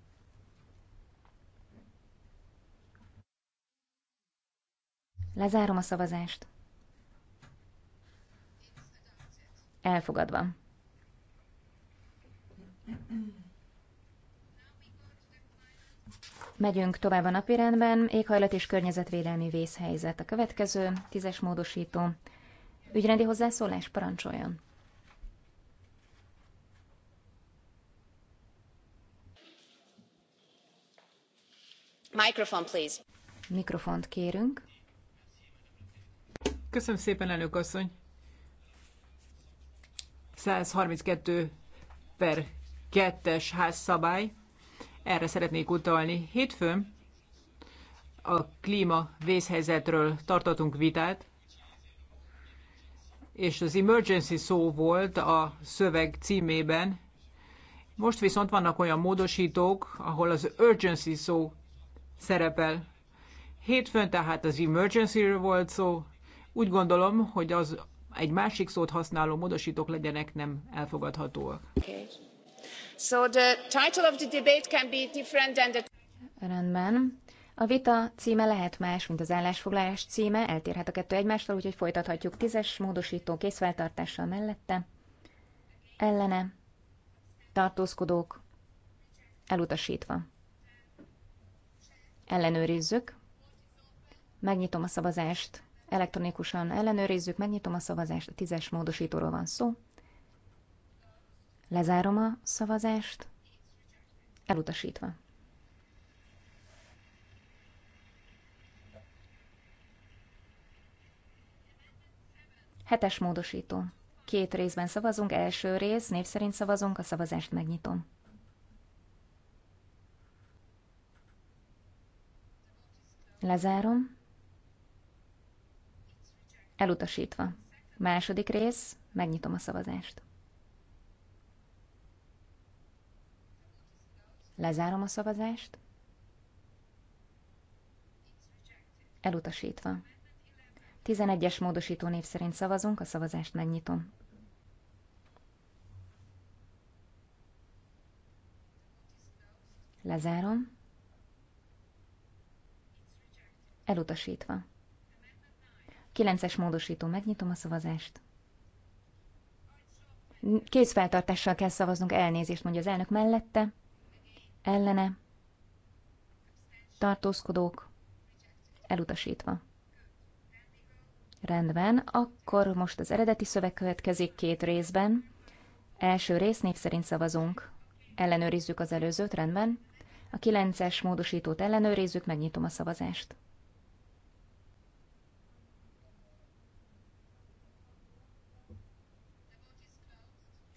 [SPEAKER 5] Lezárom a szavazást. Elfogadva. Megyünk tovább a napirendben. Éghajlat és környezetvédelmi vészhelyzet. A következő, tízes módosító, Ügyrendi hozzászólás parancsoljon.
[SPEAKER 3] Mikrofon, please.
[SPEAKER 6] Mikrofont kérünk. Köszönöm szépen, elnök asszony. 132 per 2-es házszabály. Erre szeretnék utalni. Hétfőn a klíma vészhelyzetről tartatunk vitát, és az emergency szó volt a szöveg címében. Most viszont vannak olyan módosítók, ahol az urgency szó szerepel. Hétfőn tehát az emergency volt szó. Úgy gondolom, hogy az egy másik szót használó módosítók legyenek nem elfogadhatóak.
[SPEAKER 3] Okay. So the title of the debate can be different than the...
[SPEAKER 5] Rendben. A vita címe lehet más, mint az állásfoglalás címe, eltérhet a kettő egymástól, úgyhogy folytathatjuk tízes módosító készfeltartással mellette. Ellene. Tartózkodók. Elutasítva. Ellenőrizzük. Megnyitom a szavazást. Elektronikusan ellenőrizzük, megnyitom a szavazást, a tízes módosítóról van szó. Lezárom a szavazást. Elutasítva. Hetes módosító. Két részben szavazunk, első rész, név szerint szavazunk, a szavazást megnyitom. Lezárom. Elutasítva. Második rész, megnyitom a szavazást. Lezárom a szavazást. Elutasítva. 11-es módosító név szerint szavazunk, a szavazást megnyitom. Lezárom. Elutasítva. 9-es módosító, megnyitom a szavazást. Kézfeltartással kell szavaznunk, elnézést mondja az elnök mellette. Ellene. Tartózkodók. Elutasítva. Rendben, akkor most az eredeti szöveg következik két részben. Első rész név szerint szavazunk. Ellenőrizzük az előzőt, rendben. A kilences módosítót ellenőrizzük, megnyitom a szavazást.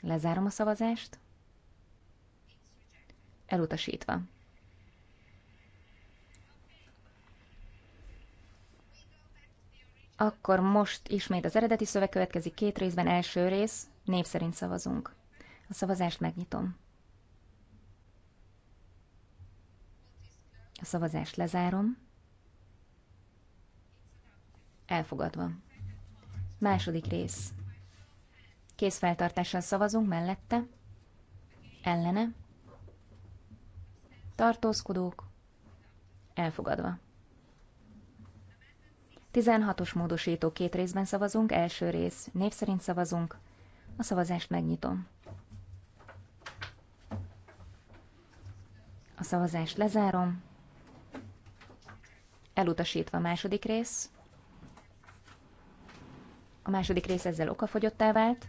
[SPEAKER 5] Lezárom a szavazást. Elutasítva. Akkor most ismét az eredeti szöveg következik két részben. Első rész, név szerint szavazunk. A szavazást megnyitom. A szavazást lezárom. Elfogadva. Második rész. Készfeltartással szavazunk mellette. Ellene. Tartózkodók. Elfogadva. 16-os módosító két részben szavazunk, első rész név szerint szavazunk, a szavazást megnyitom. A szavazást lezárom. Elutasítva a második rész. A második rész ezzel okafogyottá vált.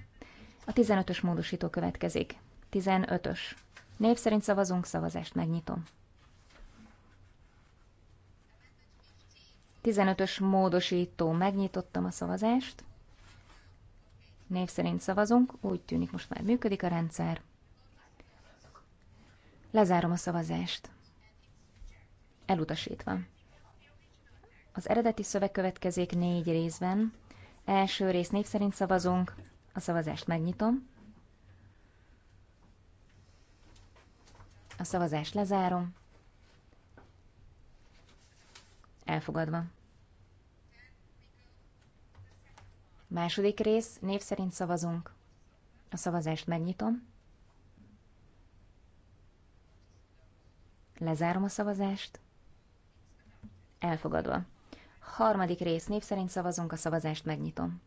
[SPEAKER 5] A 15-ös módosító következik. 15-ös. Név szerint szavazunk, szavazást megnyitom. 15-ös módosító, megnyitottam a szavazást. Név szerint szavazunk, úgy tűnik most már működik a rendszer. Lezárom a szavazást. Elutasítva. Az eredeti szöveg következik négy részben. Első rész név szerint szavazunk, a szavazást megnyitom. A szavazást lezárom. Elfogadva. Második rész, név szerint szavazunk. A szavazást megnyitom. Lezárom a szavazást. Elfogadva. Harmadik rész, név szerint szavazunk, a szavazást megnyitom.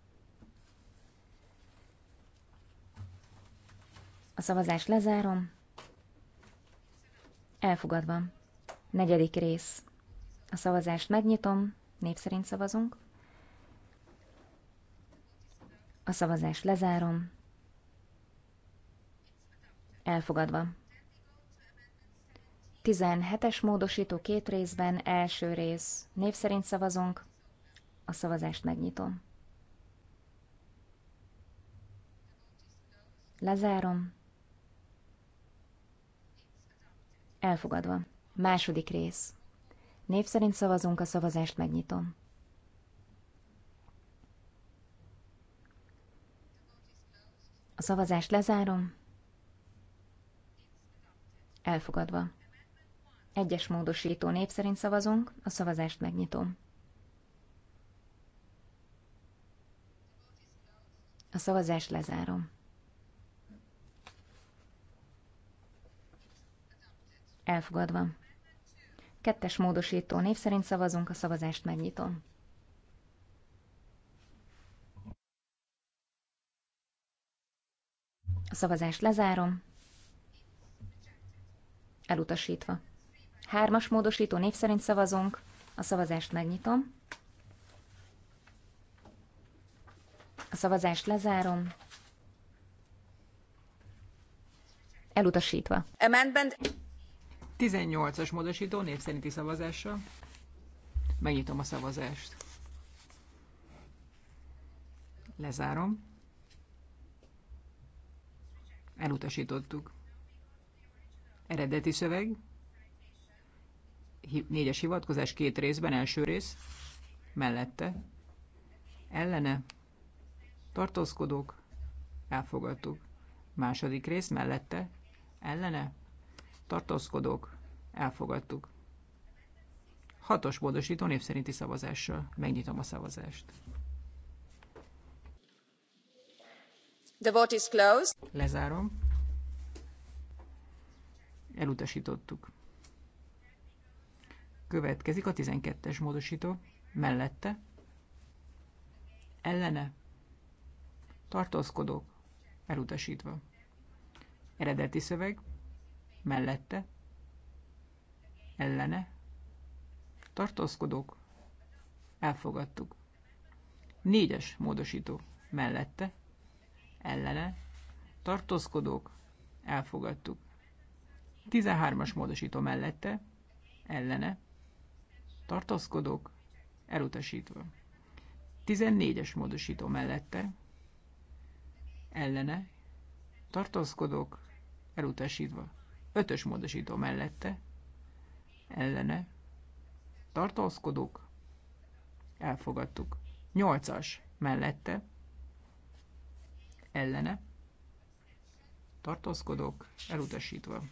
[SPEAKER 5] A szavazást lezárom. Elfogadva. Negyedik rész. A szavazást megnyitom, név szerint szavazunk. A szavazást lezárom. Elfogadva. 17-es módosító két részben, első rész. Név szerint szavazunk. A szavazást megnyitom. Lezárom. Elfogadva. Második rész. Név szerint szavazunk, a szavazást megnyitom. A szavazást lezárom. Elfogadva. Egyes módosító név szerint szavazunk, a szavazást megnyitom. A szavazást lezárom. Elfogadva. Kettes módosító név szerint szavazunk, a szavazást megnyitom. A szavazást lezárom. Elutasítva. Hármas módosító név szerint szavazunk, a szavazást megnyitom. A szavazást lezárom. Elutasítva.
[SPEAKER 6] Amendment 18-as módosító név szerinti szavazással. Megnyitom a szavazást. Lezárom. Elutasítottuk. Eredeti szöveg. Négyes hivatkozás két részben, első rész. Mellette. Ellene. Tartózkodók. Elfogadtuk. Második rész mellette. Ellene tartózkodók, elfogadtuk. Hatos módosító név szerinti szavazással. Megnyitom a szavazást.
[SPEAKER 3] The vote is closed.
[SPEAKER 6] Lezárom. Elutasítottuk. Következik a 12-es módosító. Mellette. Ellene. Tartózkodók. Elutasítva. Eredeti szöveg mellette, ellene, tartózkodók, elfogadtuk. Négyes módosító mellette, ellene, tartózkodók, elfogadtuk. 13-as módosító mellette, ellene, tartózkodók, elutasítva. 14-es módosító mellette, ellene, tartózkodók, elutasítva. Ötös módosító mellette, ellene, tartózkodók, elfogadtuk. Nyolcas mellette, ellene, tartózkodók, elutasítva.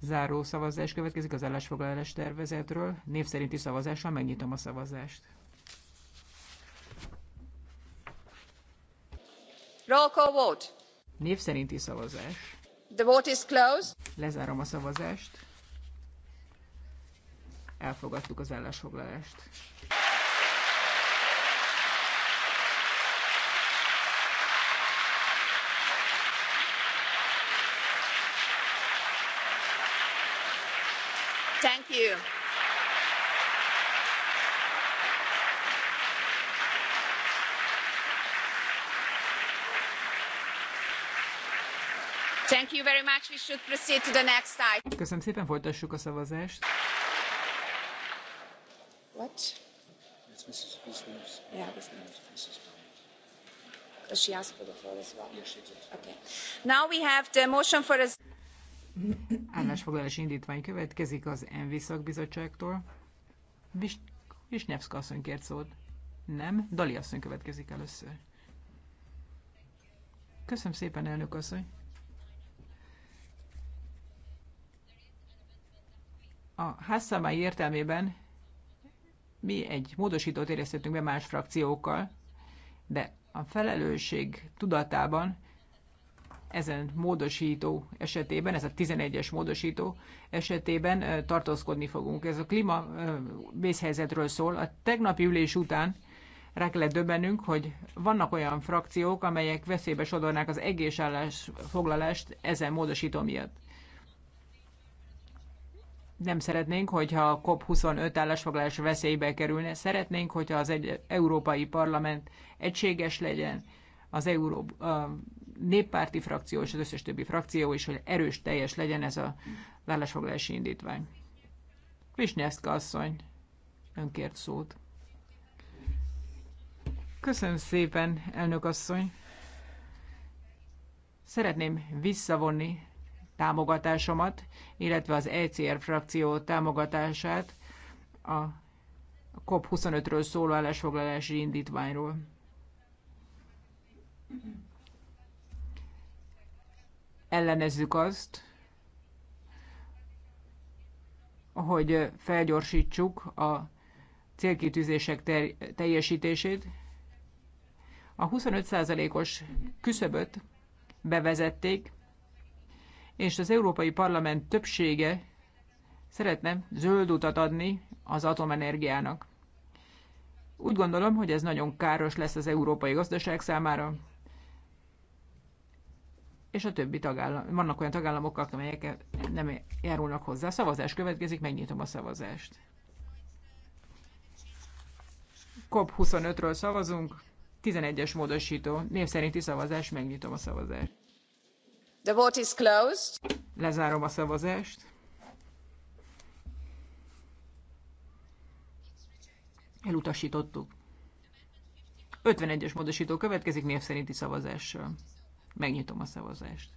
[SPEAKER 6] Záró szavazás következik az állásfoglalás tervezetről. Név szerinti szavazással megnyitom a szavazást.
[SPEAKER 3] Roll call vote.
[SPEAKER 6] Név szerinti szavazás.
[SPEAKER 3] The vote is closed.
[SPEAKER 6] Lezárom a szavazást. Elfogadtuk az állásfoglalást. Thank you. Köszönöm szépen, folytassuk a szavazást.
[SPEAKER 3] What? It's Mrs. Wisniewski. Yeah, Mrs. She Mrs. for the Now we have the motion for a...
[SPEAKER 6] *coughs* Állásfoglalási indítvány következik az NV szakbizottságtól. Visnyevszka asszony kért szót. Nem, Dali asszony következik először. Köszönöm szépen, elnök asszony. a Hassamai értelmében mi egy módosítót éreztetünk be más frakciókkal, de a felelősség tudatában ezen módosító esetében, ez a 11-es módosító esetében tartózkodni fogunk. Ez a klíma vészhelyzetről szól. A tegnapi ülés után rá kellett döbbenünk, hogy vannak olyan frakciók, amelyek veszélybe sodornák az egész foglalást ezen módosító miatt nem szeretnénk, hogyha a COP25 állásfoglalás veszélybe kerülne. Szeretnénk, hogyha az egy Európai Parlament egységes legyen, az Euró, a néppárti frakció és az összes többi frakció is, hogy erős teljes legyen ez a állásfoglalási indítvány. Visnyeszka asszony, önkért szót. Köszönöm szépen, elnök asszony. Szeretném visszavonni támogatásomat, illetve az ECR frakció támogatását a COP25-ről szóló állásfoglalási indítványról. Ellenezzük azt, hogy felgyorsítsuk a célkitűzések ter- teljesítését. A 25%-os küszöböt bevezették, és az Európai Parlament többsége szeretne zöld utat adni az atomenergiának. Úgy gondolom, hogy ez nagyon káros lesz az európai gazdaság számára, és a többi tagállam, vannak olyan tagállamok, amelyek nem járulnak hozzá. Szavazás következik, megnyitom a szavazást. COP25-ről szavazunk, 11-es módosító, név szerinti szavazás, megnyitom a szavazást.
[SPEAKER 3] The vote is closed.
[SPEAKER 6] Lezárom a szavazást. Elutasítottuk. 51-es módosító következik név szerinti szavazással. Megnyitom a szavazást.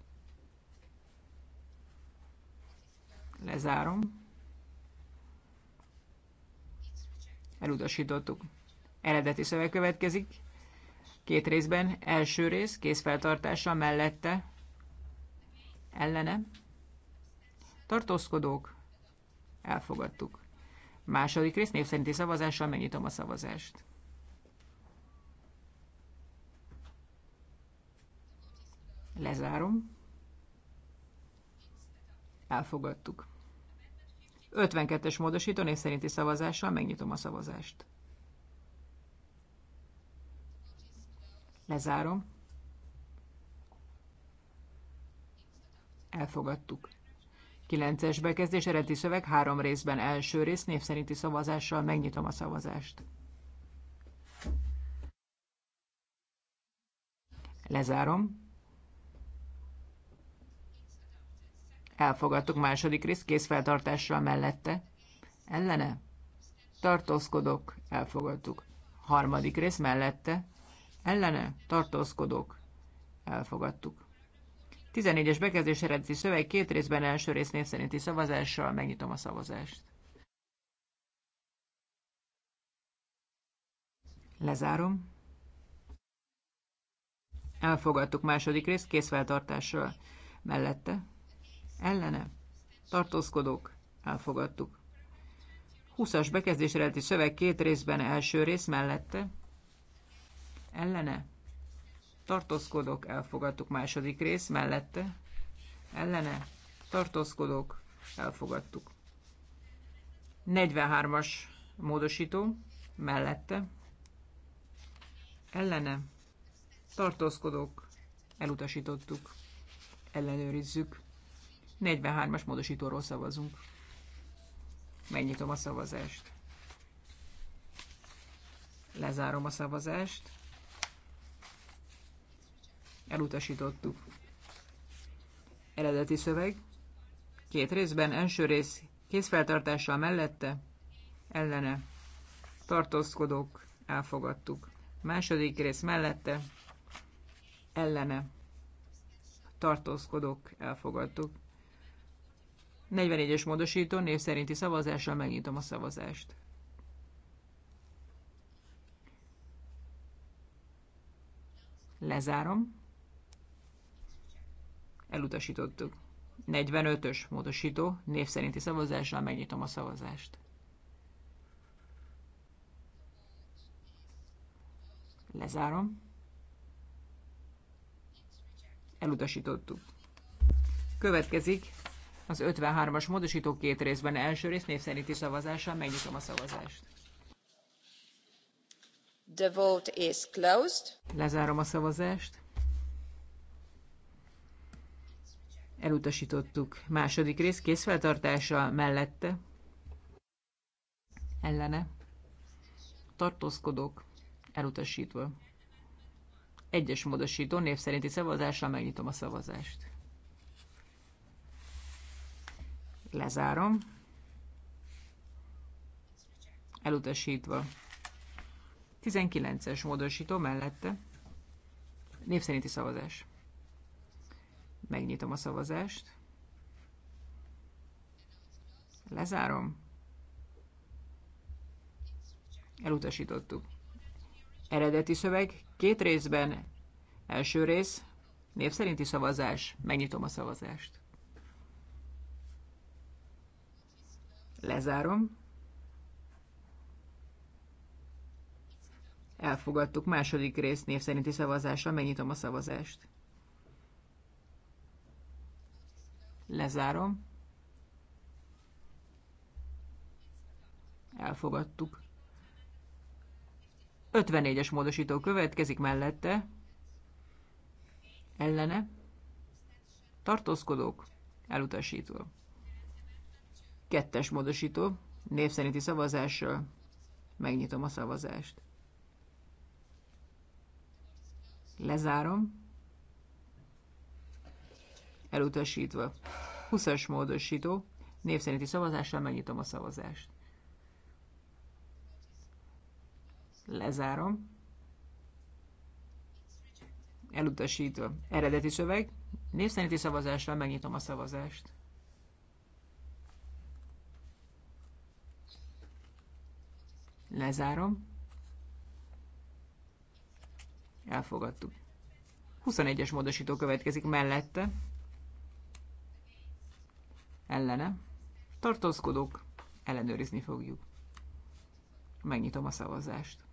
[SPEAKER 6] Lezárom. Elutasítottuk. Eredeti szöveg következik. Két részben. Első rész készfeltartása mellette ellene, tartózkodók, elfogadtuk. Második rész név szerinti szavazással megnyitom a szavazást. Lezárom. Elfogadtuk. 52-es módosító név szerinti szavazással megnyitom a szavazást. Lezárom. Elfogadtuk. Kilences bekezdés eredeti szöveg három részben. Első rész név szerinti szavazással megnyitom a szavazást. Lezárom. Elfogadtuk második rész készfeltartással mellette. Ellene? Tartózkodok. Elfogadtuk. Harmadik rész mellette. Ellene? Tartózkodok. Elfogadtuk. 14-es bekezdés eredeti szöveg két részben első rész név szerinti szavazással. Megnyitom a szavazást. Lezárom. Elfogadtuk második részt készfeltartással. Mellette. Ellene. Tartózkodók. Elfogadtuk. 20-as bekezdés eredeti szöveg két részben első rész mellette. Ellene tartózkodok, elfogadtuk. Második rész mellette, ellene, tartózkodok, elfogadtuk. 43-as módosító mellette, ellene, tartózkodok, elutasítottuk, ellenőrizzük. 43-as módosítóról szavazunk. Megnyitom a szavazást. Lezárom a szavazást. Elutasítottuk. Eredeti szöveg. Két részben, első rész kézfeltartással mellette, ellene tartózkodók, elfogadtuk. Második rész mellette, ellene tartózkodók, elfogadtuk. 44-es módosító név szerinti szavazással megnyitom a szavazást. Lezárom elutasítottuk. 45-ös módosító, név szerinti szavazással megnyitom a szavazást. Lezárom. Elutasítottuk. Következik az 53-as módosító két részben első rész név szerinti szavazással megnyitom a szavazást.
[SPEAKER 3] The vote is closed.
[SPEAKER 6] Lezárom a szavazást. elutasítottuk. Második rész készfeltartása mellette, ellene, tartózkodók, elutasítva. Egyes módosító név szerinti szavazással megnyitom a szavazást. Lezárom. Elutasítva. 19-es módosító mellette. Név szerinti szavazás. Megnyitom a szavazást. Lezárom. Elutasítottuk. Eredeti szöveg két részben. Első rész, név szerinti szavazás. Megnyitom a szavazást. Lezárom. Elfogadtuk második rész név szerinti szavazással. Megnyitom a szavazást. Lezárom. Elfogadtuk. 54-es módosító következik mellette. Ellene. Tartózkodók. Elutasító. Kettes módosító. Név szerinti szavazással. Megnyitom a szavazást. Lezárom elutasítva. 20-as módosító, név szerinti szavazással megnyitom a szavazást. Lezárom. Elutasítva. Eredeti szöveg, név szerinti szavazással megnyitom a szavazást. Lezárom. Elfogadtuk. 21-es módosító következik mellette ellene, tartózkodók, ellenőrizni fogjuk. Megnyitom a szavazást.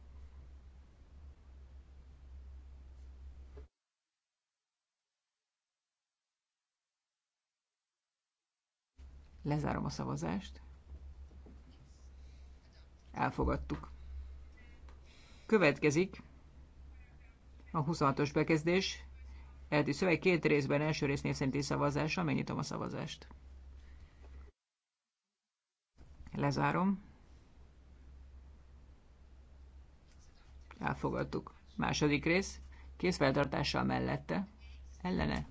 [SPEAKER 6] Lezárom a szavazást. Elfogadtuk. Következik a 26-os bekezdés. Elti szöveg két részben első rész név szerinti szavazással. Megnyitom a szavazást. Lezárom. Elfogadtuk. Második rész. Készfeltartással mellette. Ellene.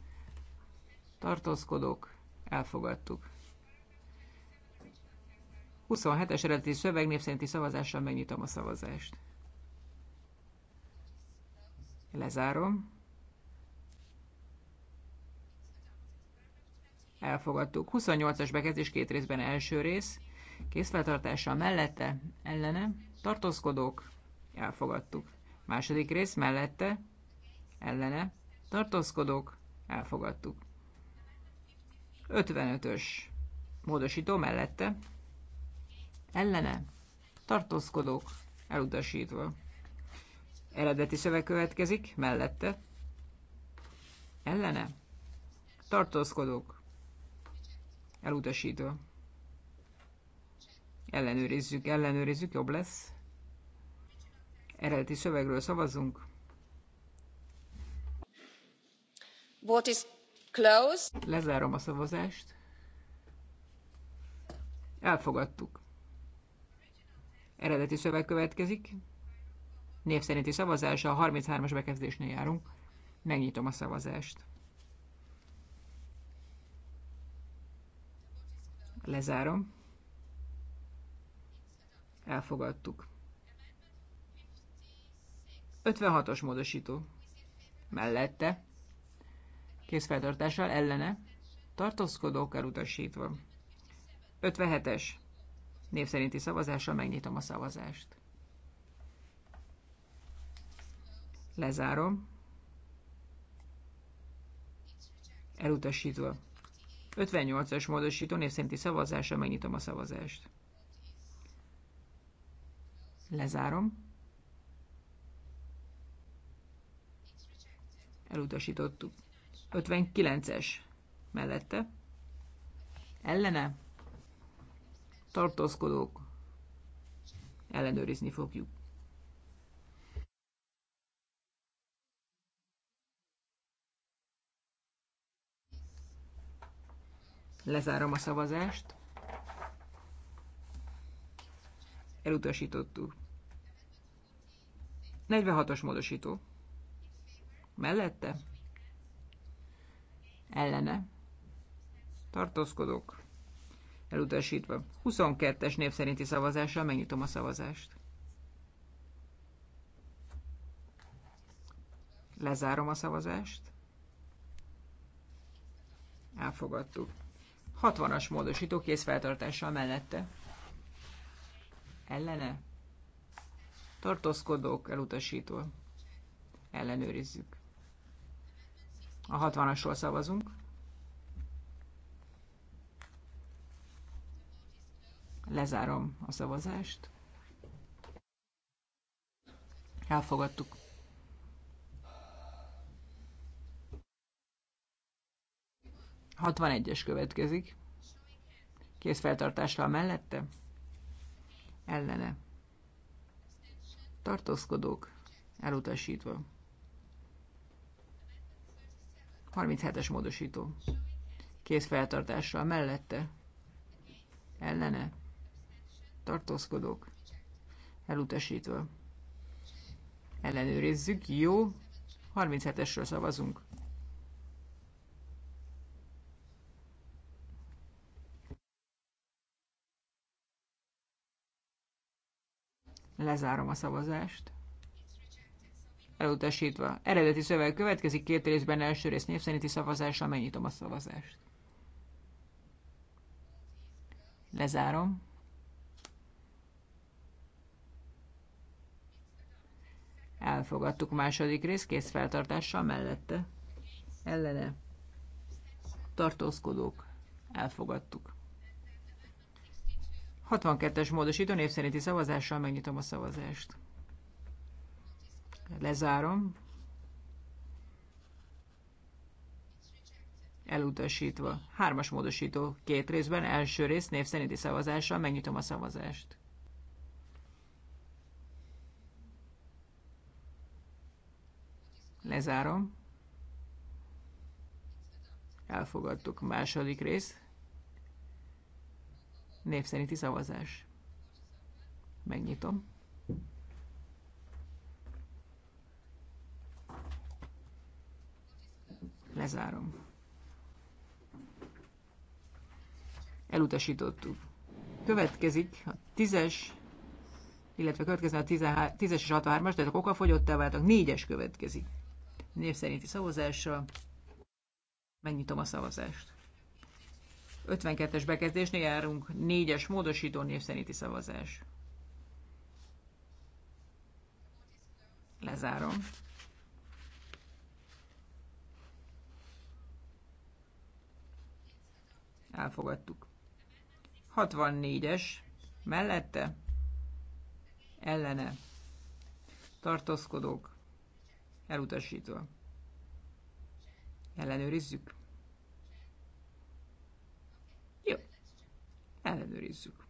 [SPEAKER 6] Tartózkodók. Elfogadtuk. 27-es eredeti szöveg népszerinti szavazással megnyitom a szavazást. Lezárom. Elfogadtuk. 28-as bekezdés két részben első rész készfeltartása mellette, ellene, tartózkodók, elfogadtuk. Második rész mellette, ellene, tartózkodók, elfogadtuk. 55-ös módosító mellette, ellene, tartózkodók, elutasítva. Eredeti szöveg következik, mellette, ellene, tartózkodók, elutasítva. Ellenőrizzük, ellenőrizzük, jobb lesz. Eredeti szövegről szavazunk.
[SPEAKER 3] Vote is closed.
[SPEAKER 6] Lezárom a szavazást. Elfogadtuk. Eredeti szöveg következik. Név szerinti szavazása, a 33-as bekezdésnél járunk. Megnyitom a szavazást. Lezárom. Elfogadtuk. 56-os módosító. Mellette. Készfeltartással ellene. Tartózkodók elutasítva. 57-es. Név szerinti szavazással megnyitom a szavazást. Lezárom. Elutasítva. 58-as módosító név szerinti szavazással megnyitom a szavazást. Lezárom. Elutasítottuk. 59-es mellette. Ellene. Tartózkodók. Ellenőrizni fogjuk. Lezárom a szavazást. elutasítottuk. 46-os módosító. Mellette? Ellene. Tartózkodok. Elutasítva. 22-es név szerinti szavazással megnyitom a szavazást. Lezárom a szavazást. Elfogadtuk. 60-as módosító feltartással mellette ellene tartózkodók elutasító. ellenőrizzük. A 60-asról szavazunk. Lezárom a szavazást. Elfogadtuk. es következik. Kész a mellette ellene. Tartózkodók elutasítva. 37-es módosító. Kész feltartással mellette. Ellene. Tartózkodók. Elutasítva. Ellenőrizzük. Jó. 37-esről szavazunk. Lezárom a szavazást. Elutasítva. Eredeti szöveg következik két részben első rész népszerinti szerinti szavazással megnyitom a szavazást. Lezárom. Elfogadtuk második rész kész feltartással mellette. Ellene. Tartózkodók. Elfogadtuk. 62-es módosító név szerinti szavazással megnyitom a szavazást. Lezárom. Elutasítva. Hármas módosító két részben, első rész név szerinti szavazással megnyitom a szavazást. Lezárom. Elfogadtuk. Második rész. Név szerinti szavazás. Megnyitom. Lezárom. Elutasítottuk. Következik a tízes, illetve következik a tízes és 63-as, tehát a koka fogyottá váltak, a négyes következik. Név szerinti szavazással megnyitom a szavazást. 52-es bekezdésnél járunk, 4-es módosító név szerinti szavazás. Lezárom. Elfogadtuk. 64-es mellette ellene tartózkodók elutasítva. Ellenőrizzük. Ellenőrizzük.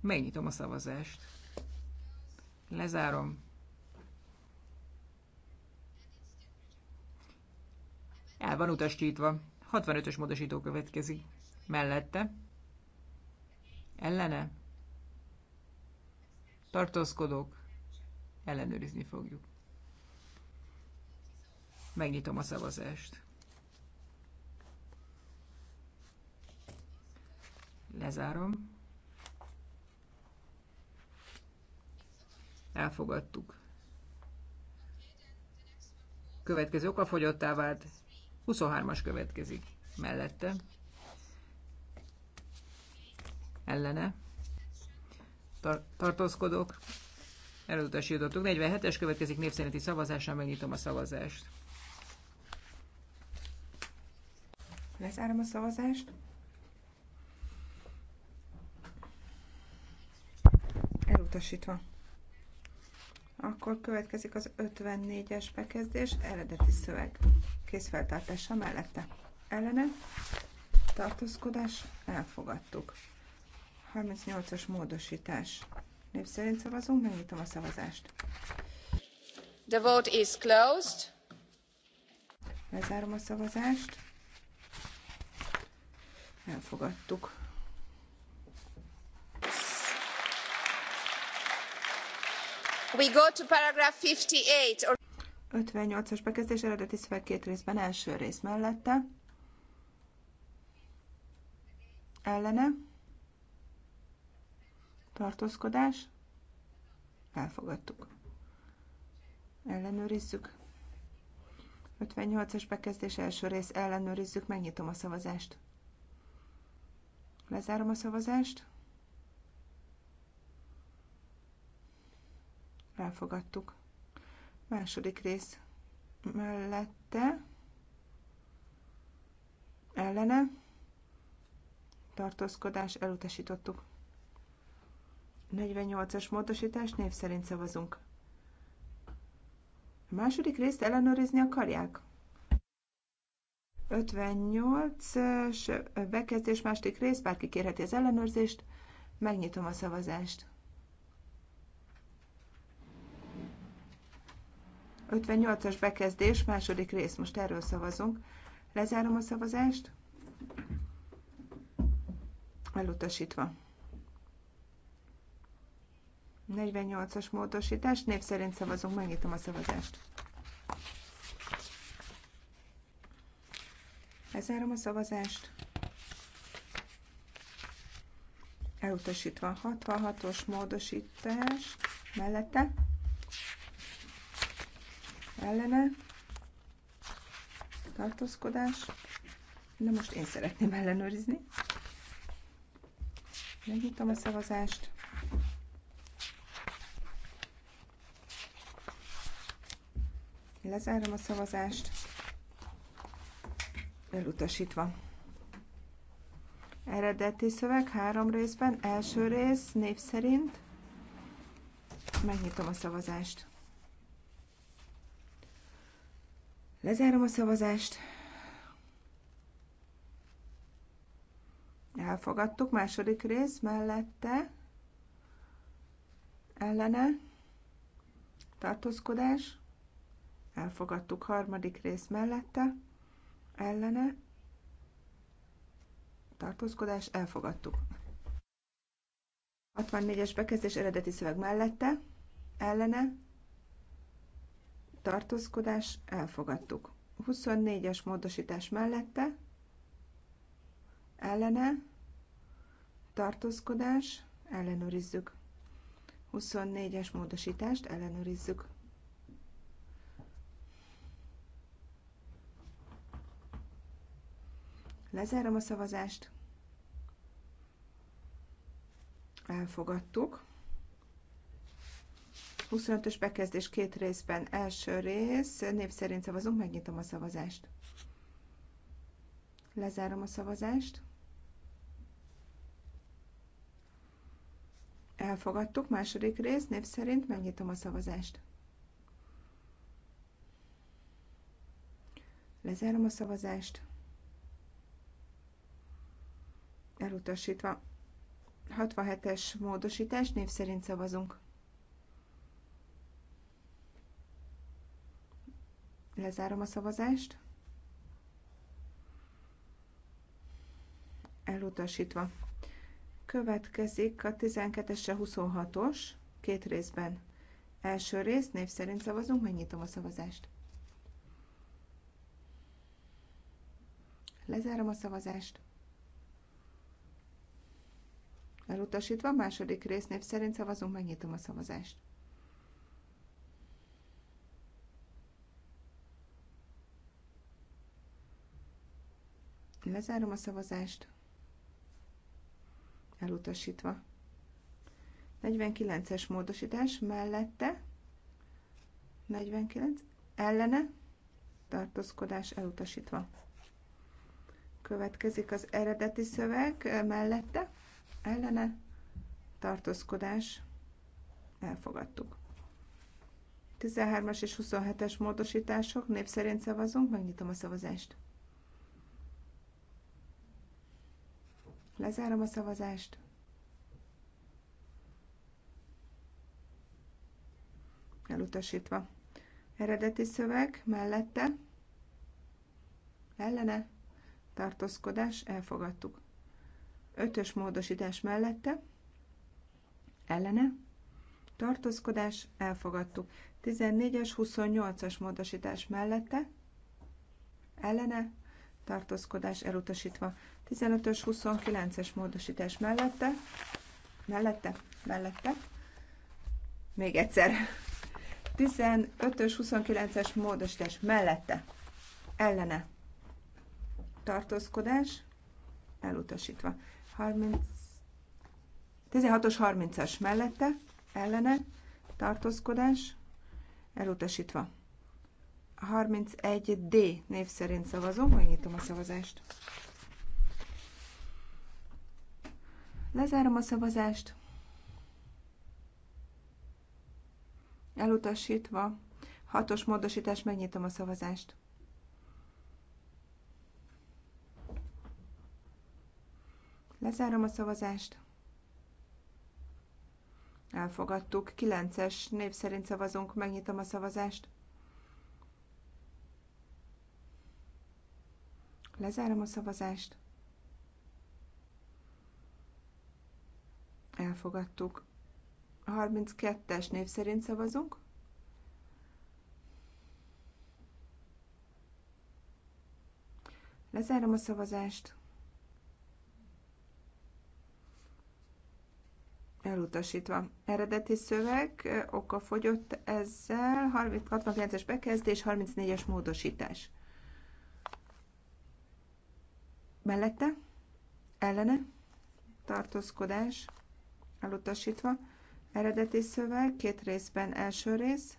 [SPEAKER 6] Megnyitom a szavazást. Lezárom. El van utasítva. 65-ös módosító következik. Mellette. Ellene. Tartózkodók. Ellenőrizni fogjuk. Megnyitom a szavazást. Lezárom. Elfogadtuk. Következő fogyottá vált. 23-as következik. Mellette. Ellene. Tar tartózkodok. Elutasítottuk. 47-es következik népszerinti szavazással. Megnyitom a szavazást.
[SPEAKER 7] Lezárom a szavazást. elutasítva. Akkor következik az 54-es bekezdés, eredeti szöveg. Készfeltartása mellette. Ellene. Tartózkodás. Elfogadtuk. 38-as módosítás. Név szerint szavazunk, megnyitom a szavazást.
[SPEAKER 3] The vote is
[SPEAKER 7] closed. Lezárom a szavazást. Elfogadtuk. 58. 58-as bekezdés eredeti szöveg két részben, első rész mellette. Ellene. Tartózkodás. Elfogadtuk. Ellenőrizzük. 58-as bekezdés első rész ellenőrizzük, megnyitom a szavazást. Lezárom a szavazást. elfogadtuk. Második rész mellette, ellene, tartózkodás elutasítottuk. 48-as módosítás név szerint szavazunk. A második részt ellenőrizni akarják? 58-es bekezdés második rész, bárki kérheti az ellenőrzést, megnyitom a szavazást. 58-as bekezdés, második rész. Most erről szavazunk. Lezárom a szavazást. Elutasítva. 48-as módosítás. Név szerint szavazunk. Megnyitom a szavazást. Lezárom a szavazást. Elutasítva 66-os módosítás mellette ellene, tartózkodás, de most én szeretném ellenőrizni. Megnyitom a szavazást. Lezárom a szavazást. Elutasítva. Eredeti szöveg három részben. Első rész név szerint. Megnyitom a szavazást. Lezárom a szavazást. Elfogadtuk. Második rész mellette. Ellene. Tartózkodás. Elfogadtuk. Harmadik rész mellette. Ellene. Tartózkodás. Elfogadtuk. 64-es bekezdés eredeti szöveg mellette. Ellene tartózkodás, elfogadtuk. 24-es módosítás mellette, ellene, tartózkodás, ellenőrizzük. 24-es módosítást ellenőrizzük. Lezárom a szavazást. Elfogadtuk. 25-ös bekezdés két részben. Első rész, név szerint szavazunk, megnyitom a szavazást. Lezárom a szavazást. Elfogadtuk. Második rész, név szerint megnyitom a szavazást. Lezárom a szavazást. Elutasítva. 67-es módosítás, név szerint szavazunk. Lezárom a szavazást. Elutasítva. Következik a 12 a 26-os, két részben. Első rész, név szerint szavazunk, megnyitom a szavazást. Lezárom a szavazást. Elutasítva, második rész, név szerint szavazunk, megnyitom a szavazást. Lezárom a szavazást. Elutasítva. 49-es módosítás mellette. 49. Ellene. Tartózkodás elutasítva. Következik az eredeti szöveg eh, mellette. Ellene. Tartózkodás. Elfogadtuk. 13-as és 27-es módosítások. Név szerint szavazunk. Megnyitom a szavazást. Lezárom a szavazást. Elutasítva. Eredeti szöveg mellette. Ellene. Tartózkodás. Elfogadtuk. Ötös módosítás mellette. Ellene. Tartózkodás. Elfogadtuk. 14-es, 28-as módosítás mellette. Ellene. Tartózkodás elutasítva. 15-ös 29-es módosítás mellette, mellette, mellette, még egyszer, 15-ös 29-es módosítás mellette, ellene, tartózkodás, elutasítva, 30, 16-os 30-as mellette, ellene, tartózkodás, elutasítva. 31D név szerint szavazom, megnyitom a szavazást. Lezárom a szavazást. Elutasítva. Hatos módosítás, megnyitom a szavazást. Lezárom a szavazást. Elfogadtuk. 9-es név szerint szavazunk, megnyitom a szavazást. Lezárom a szavazást. elfogadtuk. 32-es név szerint szavazunk. Lezárom a szavazást. Elutasítva. Eredeti szöveg, oka fogyott ezzel, 69-es bekezdés, 34-es módosítás. Mellette? Ellene? Tartózkodás? elutasítva. Eredeti szöveg két részben első rész,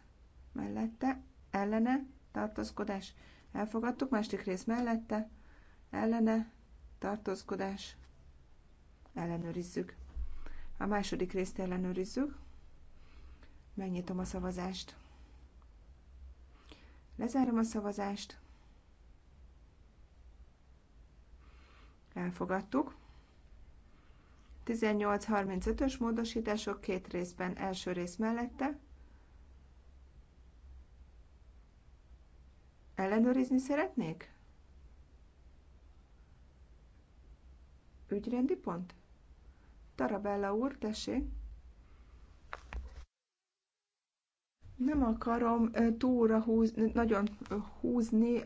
[SPEAKER 7] mellette, ellene, tartózkodás, elfogadtuk, másik rész mellette, ellene, tartózkodás, ellenőrizzük. A második részt ellenőrizzük. Megnyitom a szavazást. Lezárom a szavazást. Elfogadtuk. 1835-ös módosítások két részben. Első rész mellette. Ellenőrizni szeretnék? Ügyrendi pont? Tarabella úr, tessék. Nem akarom túlra húzni. nagyon húzni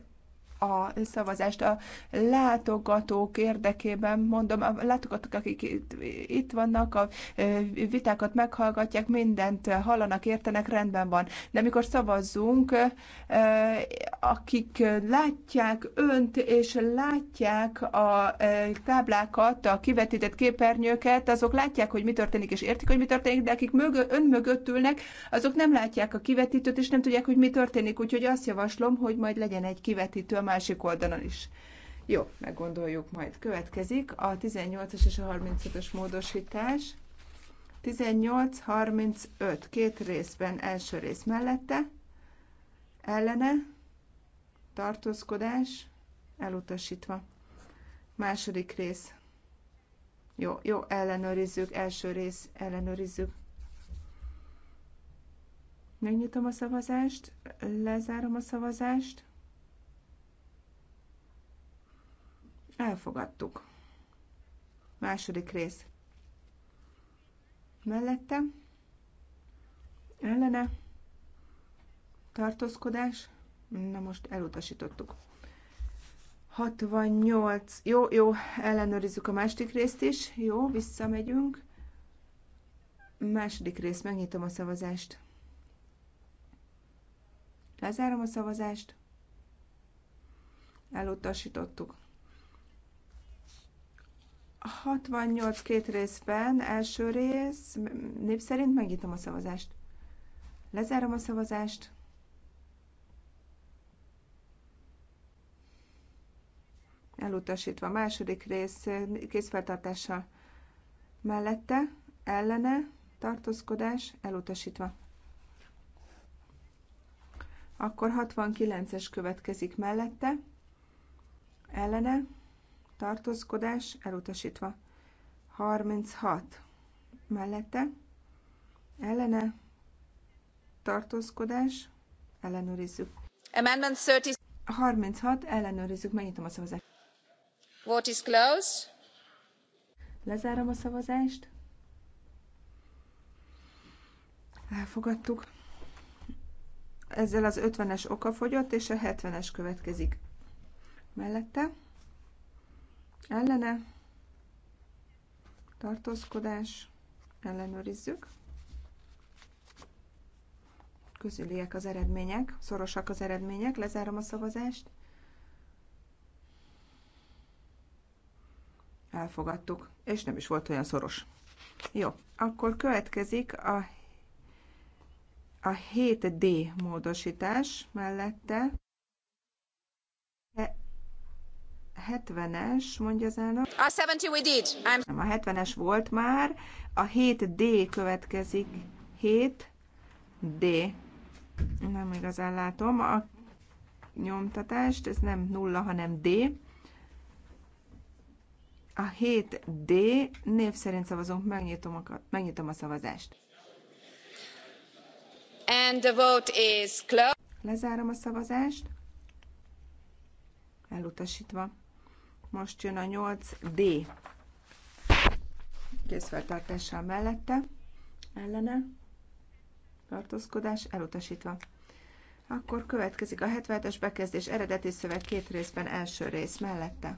[SPEAKER 7] a szavazást a látogatók érdekében, mondom, a látogatók, akik itt vannak, a vitákat meghallgatják, mindent hallanak, értenek, rendben van. De amikor szavazzunk, akik látják önt, és látják a táblákat, a kivetített képernyőket, azok látják, hogy mi történik, és értik, hogy mi történik, de akik mögö, ön mögött ülnek, azok nem látják a kivetítőt, és nem tudják, hogy mi történik. Úgyhogy azt javaslom, hogy majd legyen egy kivetítő, másik oldalon is. Jó, meggondoljuk majd. Következik a 18-as és a 35-ös módosítás. 18-35 két részben első rész mellette, ellene, tartózkodás, elutasítva. Második rész. Jó, jó, ellenőrizzük, első rész, ellenőrizzük. Megnyitom a szavazást, lezárom a szavazást. Elfogadtuk. Második rész. Mellette. Ellene. Tartózkodás. Na most elutasítottuk. 68. Jó, jó, ellenőrizzük a második részt is. Jó, visszamegyünk. Második rész, megnyitom a szavazást. Lezárom a szavazást. Elutasítottuk. 68 két részben, első rész, név szerint megnyitom a szavazást. Lezárom a szavazást. Elutasítva második rész készfeltartása mellette, ellene, tartózkodás, elutasítva. Akkor 69-es következik mellette, ellene, tartózkodás elutasítva. 36 mellette, ellene, tartózkodás, ellenőrizzük. Amendment 30. 36, ellenőrizzük, megnyitom a szavazást. Vote is closed. Lezárom a szavazást. Elfogadtuk. Ezzel az 50-es okafogyott, és a 70-es következik. Mellette ellene, tartózkodás, ellenőrizzük. Közüliek az eredmények, szorosak az eredmények, lezárom a szavazást. Elfogadtuk, és nem is volt olyan szoros. Jó, akkor következik a, a 7D módosítás mellette. 70-es, mondja az elnök. A 70 we did. I'm... Nem, a 70-es volt már. A 7D következik. 7D. Nem igazán látom a nyomtatást. Ez nem nulla, hanem D. A 7D név szerint szavazunk. Megnyitom a, megnyitom a szavazást. And the vote is closed. Lezárom a szavazást elutasítva. Most jön a 8D. Készfeltartással mellette, ellene, tartózkodás elutasítva. Akkor következik a 77-es bekezdés eredeti szöveg két részben első rész mellette.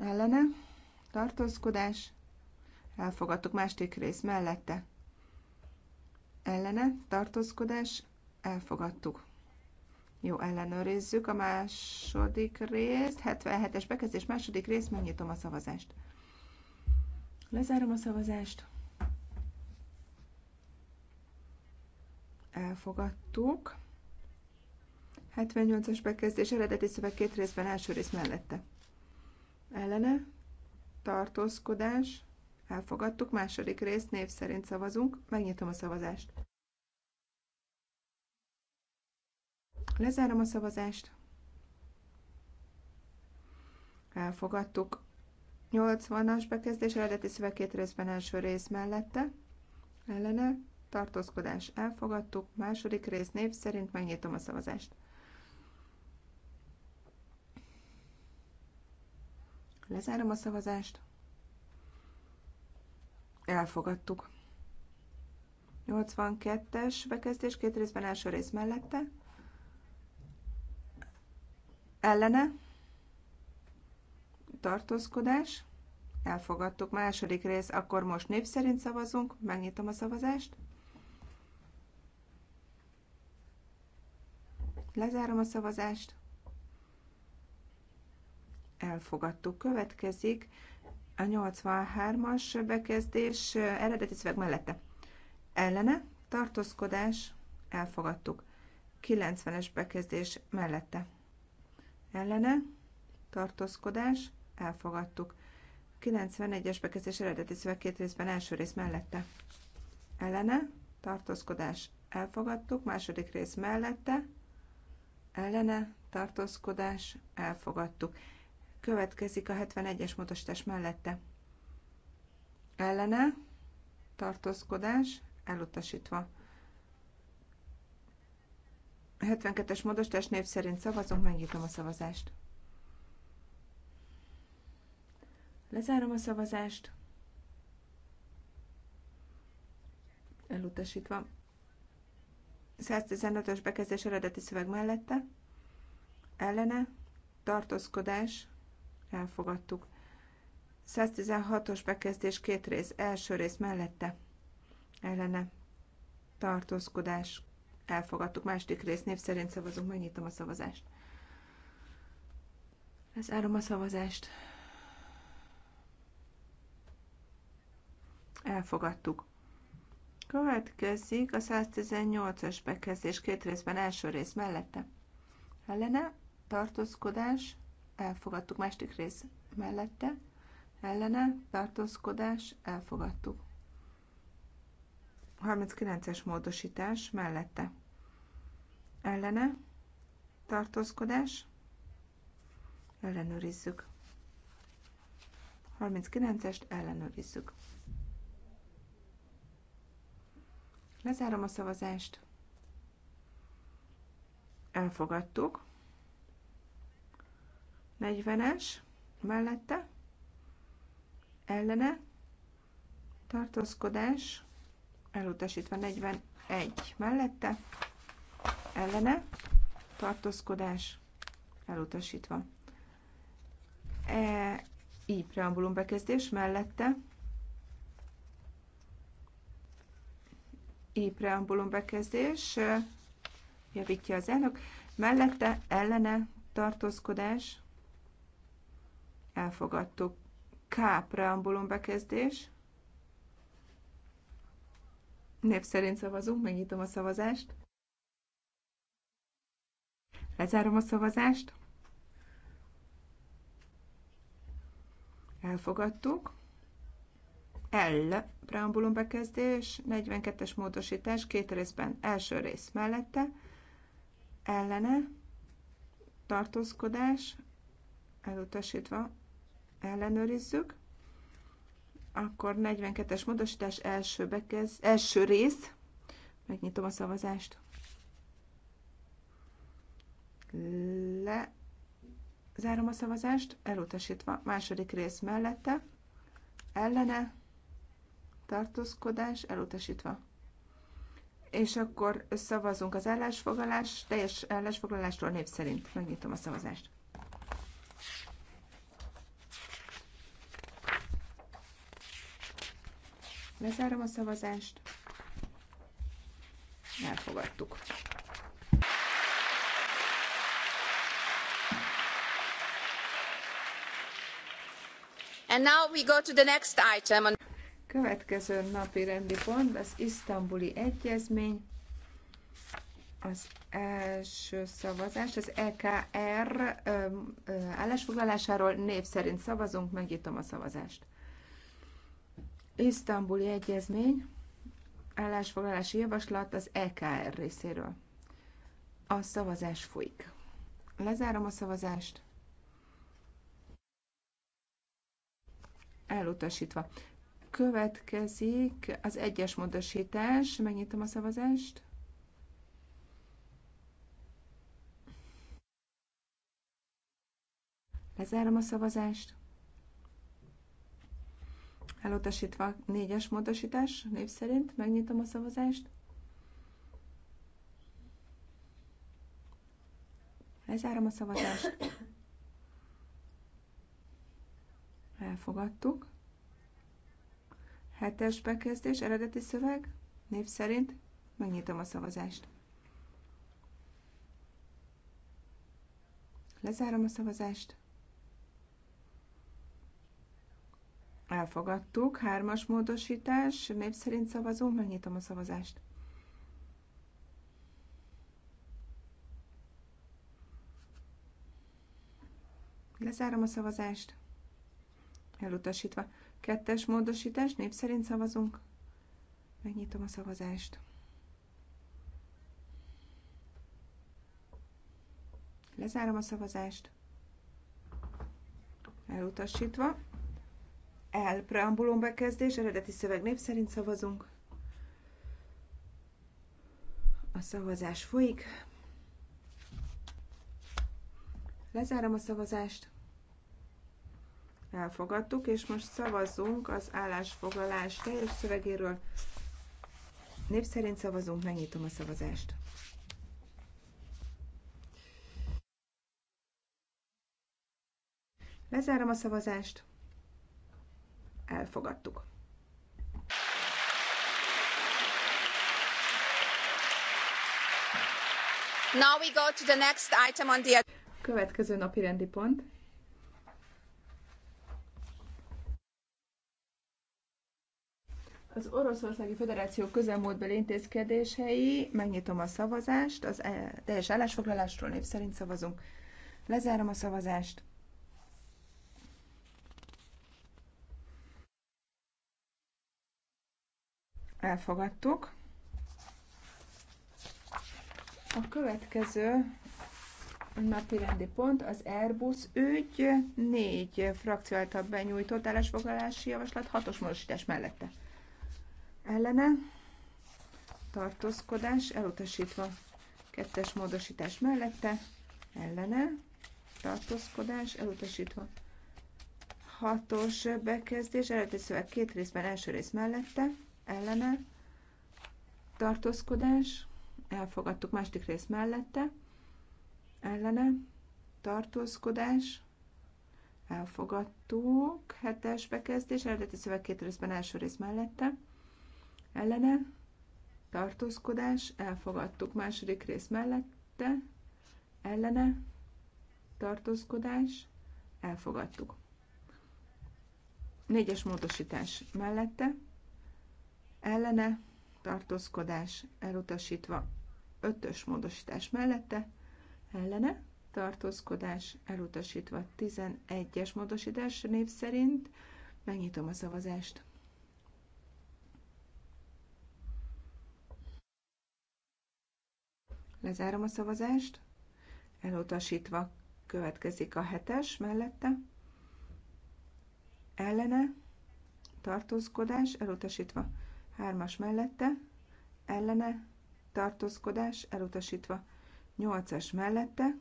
[SPEAKER 7] Ellene, tartózkodás, elfogadtuk másik rész mellette. Ellene, tartózkodás, elfogadtuk. Jó, ellenőrizzük a második részt. 77-es bekezdés, második rész, megnyitom a szavazást. Lezárom a szavazást. Elfogadtuk. 78-as bekezdés, eredeti szöveg két részben, első rész mellette. Ellene, tartózkodás, elfogadtuk, második rész, név szerint szavazunk, megnyitom a szavazást. Lezárom a szavazást. Elfogadtuk. 80-as bekezdés eredeti szöveg két részben első rész mellette. Ellene tartózkodás elfogadtuk. Második rész név szerint megnyitom a szavazást. Lezárom a szavazást. Elfogadtuk. 82-es bekezdés két részben első rész mellette ellene tartózkodás, elfogadtuk. Második rész, akkor most név szerint szavazunk, megnyitom a szavazást. Lezárom a szavazást. Elfogadtuk. Következik a 83-as bekezdés eh, eredeti szöveg mellette. Ellene, tartózkodás, elfogadtuk. 90-es bekezdés mellette ellene, tartózkodás, elfogadtuk. 91-es bekezdés eredeti szöveg két részben első rész mellette. Ellene, tartózkodás, elfogadtuk. Második rész mellette, ellene, tartózkodás, elfogadtuk. Következik a 71-es módosítás mellette. Ellene, tartózkodás, elutasítva. 72-es módosítás név szerint szavazunk, megnyitom a szavazást. Lezárom a szavazást. Elutasítva. 115-ös bekezdés eredeti szöveg mellette. Ellene. Tartózkodás. Elfogadtuk. 116-os bekezdés két rész. Első rész mellette. Ellene. Tartózkodás elfogadtuk. Második rész név szerint szavazunk, megnyitom a szavazást. Lezárom a szavazást. Elfogadtuk. Következik a 118-as bekezdés két részben, első rész mellette. Ellene, tartózkodás, elfogadtuk. Második rész mellette, ellene, tartózkodás, elfogadtuk. 39-es módosítás mellette. Ellene tartózkodás. Ellenőrizzük. 39-est ellenőrizzük. Lezárom a szavazást. Elfogadtuk. 40-es mellette. Ellene tartózkodás elutasítva 41 mellette, ellene, tartózkodás, elutasítva. E, így preambulum bekezdés mellette, így preambulum bekezdés, javítja az elnök, mellette, ellene, tartózkodás, elfogadtuk. K preambulum bekezdés, Név szerint szavazunk, megnyitom a szavazást. Lezárom a szavazást. Elfogadtuk. L. Preambulum bekezdés, 42-es módosítás, két részben első rész mellette, ellene, tartózkodás, elutasítva, ellenőrizzük. Akkor 42-es módosítás első, bekez, első rész. Megnyitom a szavazást. Le. Zárom a szavazást, elutasítva. Második rész mellette. Ellene. Tartózkodás, elutasítva és akkor szavazunk az állásfoglalás, teljes állásfoglalásról név szerint. Megnyitom a szavazást. Lezárom a szavazást.
[SPEAKER 6] Elfogadtuk.
[SPEAKER 3] And now we go to the next item.
[SPEAKER 7] Következő napi rendi pont az isztambuli egyezmény. Az első szavazás az EKR állásfoglalásáról név szerint szavazunk, megnyitom a szavazást isztambuli egyezmény állásfoglalási javaslat az EKR részéről. A szavazás folyik. Lezárom a szavazást. Elutasítva. Következik az egyes módosítás. Megnyitom a szavazást. Lezárom a szavazást elutasítva. Négyes módosítás, név szerint megnyitom a szavazást. Lezárom a szavazást. Elfogadtuk. Hetes bekezdés, eredeti szöveg, név szerint megnyitom a szavazást. Lezárom a szavazást. Elfogadtuk. Hármas módosítás. Név szerint szavazunk. Megnyitom a szavazást. Lezárom a szavazást. Elutasítva. Kettes módosítás. Név szerint szavazunk. Megnyitom a szavazást. Lezárom a szavazást. Elutasítva el preambulum bekezdés, eredeti szöveg név szerint szavazunk. A szavazás folyik. Lezárom a szavazást. Elfogadtuk, és most szavazzunk az állásfoglalás teljes szövegéről. Név szerint szavazunk, megnyitom a szavazást. Lezárom a szavazást elfogadtuk.
[SPEAKER 3] Now we go to the next
[SPEAKER 7] item on the... Következő napi rendi pont. Az Oroszországi Föderáció közelmúltbeli intézkedései, megnyitom a szavazást, az e- teljes állásfoglalásról név szerint szavazunk. Lezárom a szavazást. Elfogadtuk. A következő napi rendi pont az Airbus ügy, négy frakció által benyújtott állásfoglalási javaslat, hatos módosítás mellette. Ellene tartózkodás elutasítva, kettes módosítás mellette, ellene tartózkodás elutasítva. Hatos bekezdés, eredeti szöveg két részben, első rész mellette, ellene, tartózkodás, elfogadtuk második rész mellette, ellene, tartózkodás, elfogadtuk, hetes bekezdés, eredeti szöveg két részben első rész mellette, ellene, tartózkodás, elfogadtuk második rész mellette, ellene, tartózkodás, elfogadtuk. Négyes módosítás mellette, ellene tartózkodás elutasítva ötös módosítás mellette ellene tartózkodás elutasítva 11-es módosítás név szerint megnyitom a szavazást. Lezárom a szavazást. Elutasítva következik a hetes mellette. Ellene tartózkodás elutasítva 3-as mellette, ellene, tartózkodás elutasítva. 8-as mellette,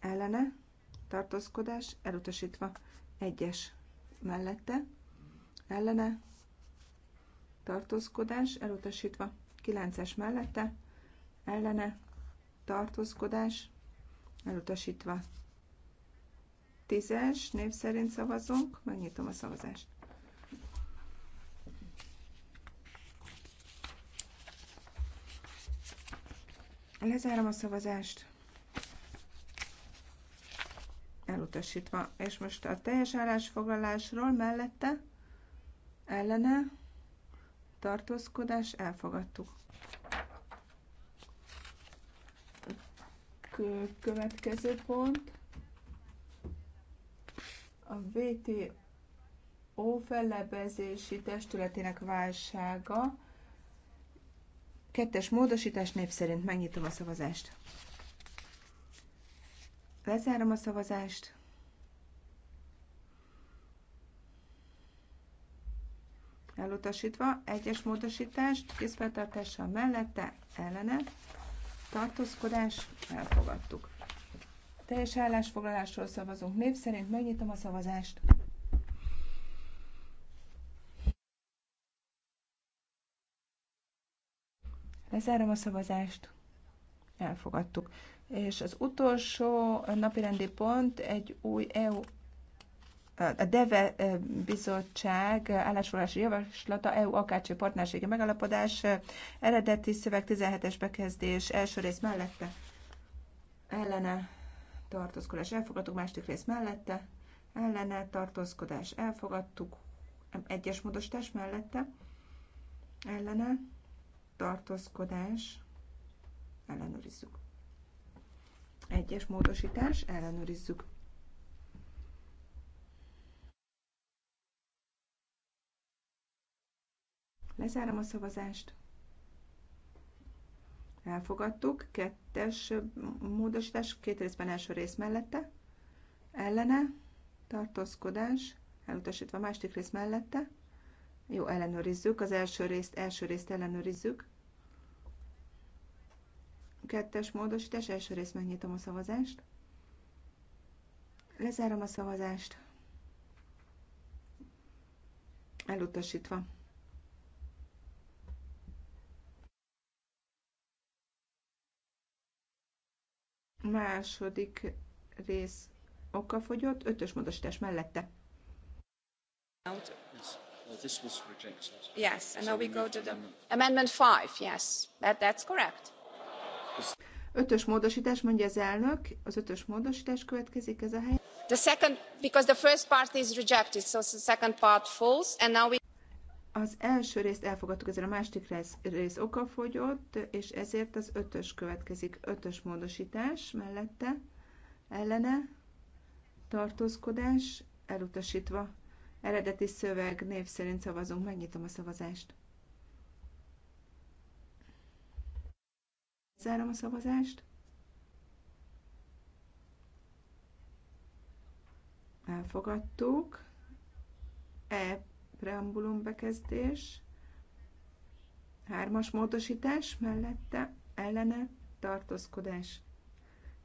[SPEAKER 7] ellene, tartózkodás elutasítva. 1-es mellette, ellene, tartózkodás elutasítva. 9-es mellette, ellene, tartózkodás elutasítva. 10-es név szerint szavazunk, megnyitom a szavazást. Lezárom a szavazást. Elutasítva. És most a teljes állásfoglalásról mellette ellene tartózkodás elfogadtuk. Következő pont a VTO fellebezési testületének válsága Kettes módosítás név szerint megnyitom a szavazást. Lezárom a szavazást. Elutasítva, egyes módosítást, készfeltartással mellette, ellene, tartózkodás, elfogadtuk. Teljes állásfoglalásról szavazunk név szerint, megnyitom a szavazást. Lezárom a szavazást. Elfogadtuk. És az utolsó napirendi pont egy új EU a DEVE bizottság állásfoglalási javaslata EU akácsi partnersége megalapodás eredeti szöveg 17-es bekezdés első rész mellette ellene tartózkodás elfogadtuk, második rész mellette ellene tartózkodás elfogadtuk, egyes módosítás mellette ellene tartózkodás, ellenőrizzük. Egyes módosítás, ellenőrizzük. Lezárom a szavazást. Elfogadtuk. Kettes módosítás, két részben első rész mellette. Ellene, tartózkodás, elutasítva a másik rész mellette. Jó, ellenőrizzük. Az első részt, első részt ellenőrizzük. Kettes módosítás, első részt megnyitom a szavazást. Lezárom a szavazást. Elutasítva. Második rész okafogyott, ötös módosítás mellette.
[SPEAKER 3] Yes, and now we go to the
[SPEAKER 7] amendment five. Yes,
[SPEAKER 3] that, that's correct
[SPEAKER 7] Ötös módosítás, mondja az elnök, az ötös módosítás következik ez a hely. The
[SPEAKER 3] second, because the first part is rejected, so the second part falls, and now we...
[SPEAKER 7] Az első részt elfogadtuk, ezért a második rész, rész okafogyott, és ezért az ötös következik. Ötös módosítás mellette, ellene, tartózkodás, elutasítva. Eredeti szöveg név szerint szavazunk, megnyitom a szavazást. Zárom a szavazást. Elfogadtuk. E preambulum bekezdés. Hármas módosítás mellette ellene tartózkodás.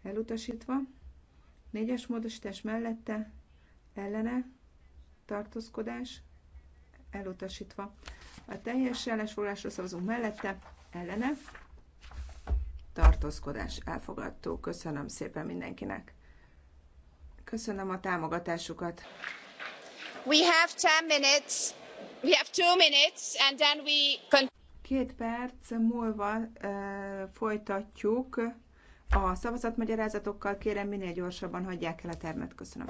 [SPEAKER 7] Elutasítva. Négyes módosítás mellette ellene tartózkodás. Elutasítva. A teljes állásfoglalásra szavazunk mellette ellene tartózkodás elfogadtuk. Köszönöm szépen mindenkinek. Köszönöm a támogatásukat. We have 10 minutes. We have two minutes and then we Két perc múlva uh, folytatjuk a szavazatmagyarázatokkal. Kérem, minél gyorsabban hagyják el a termet. Köszönöm.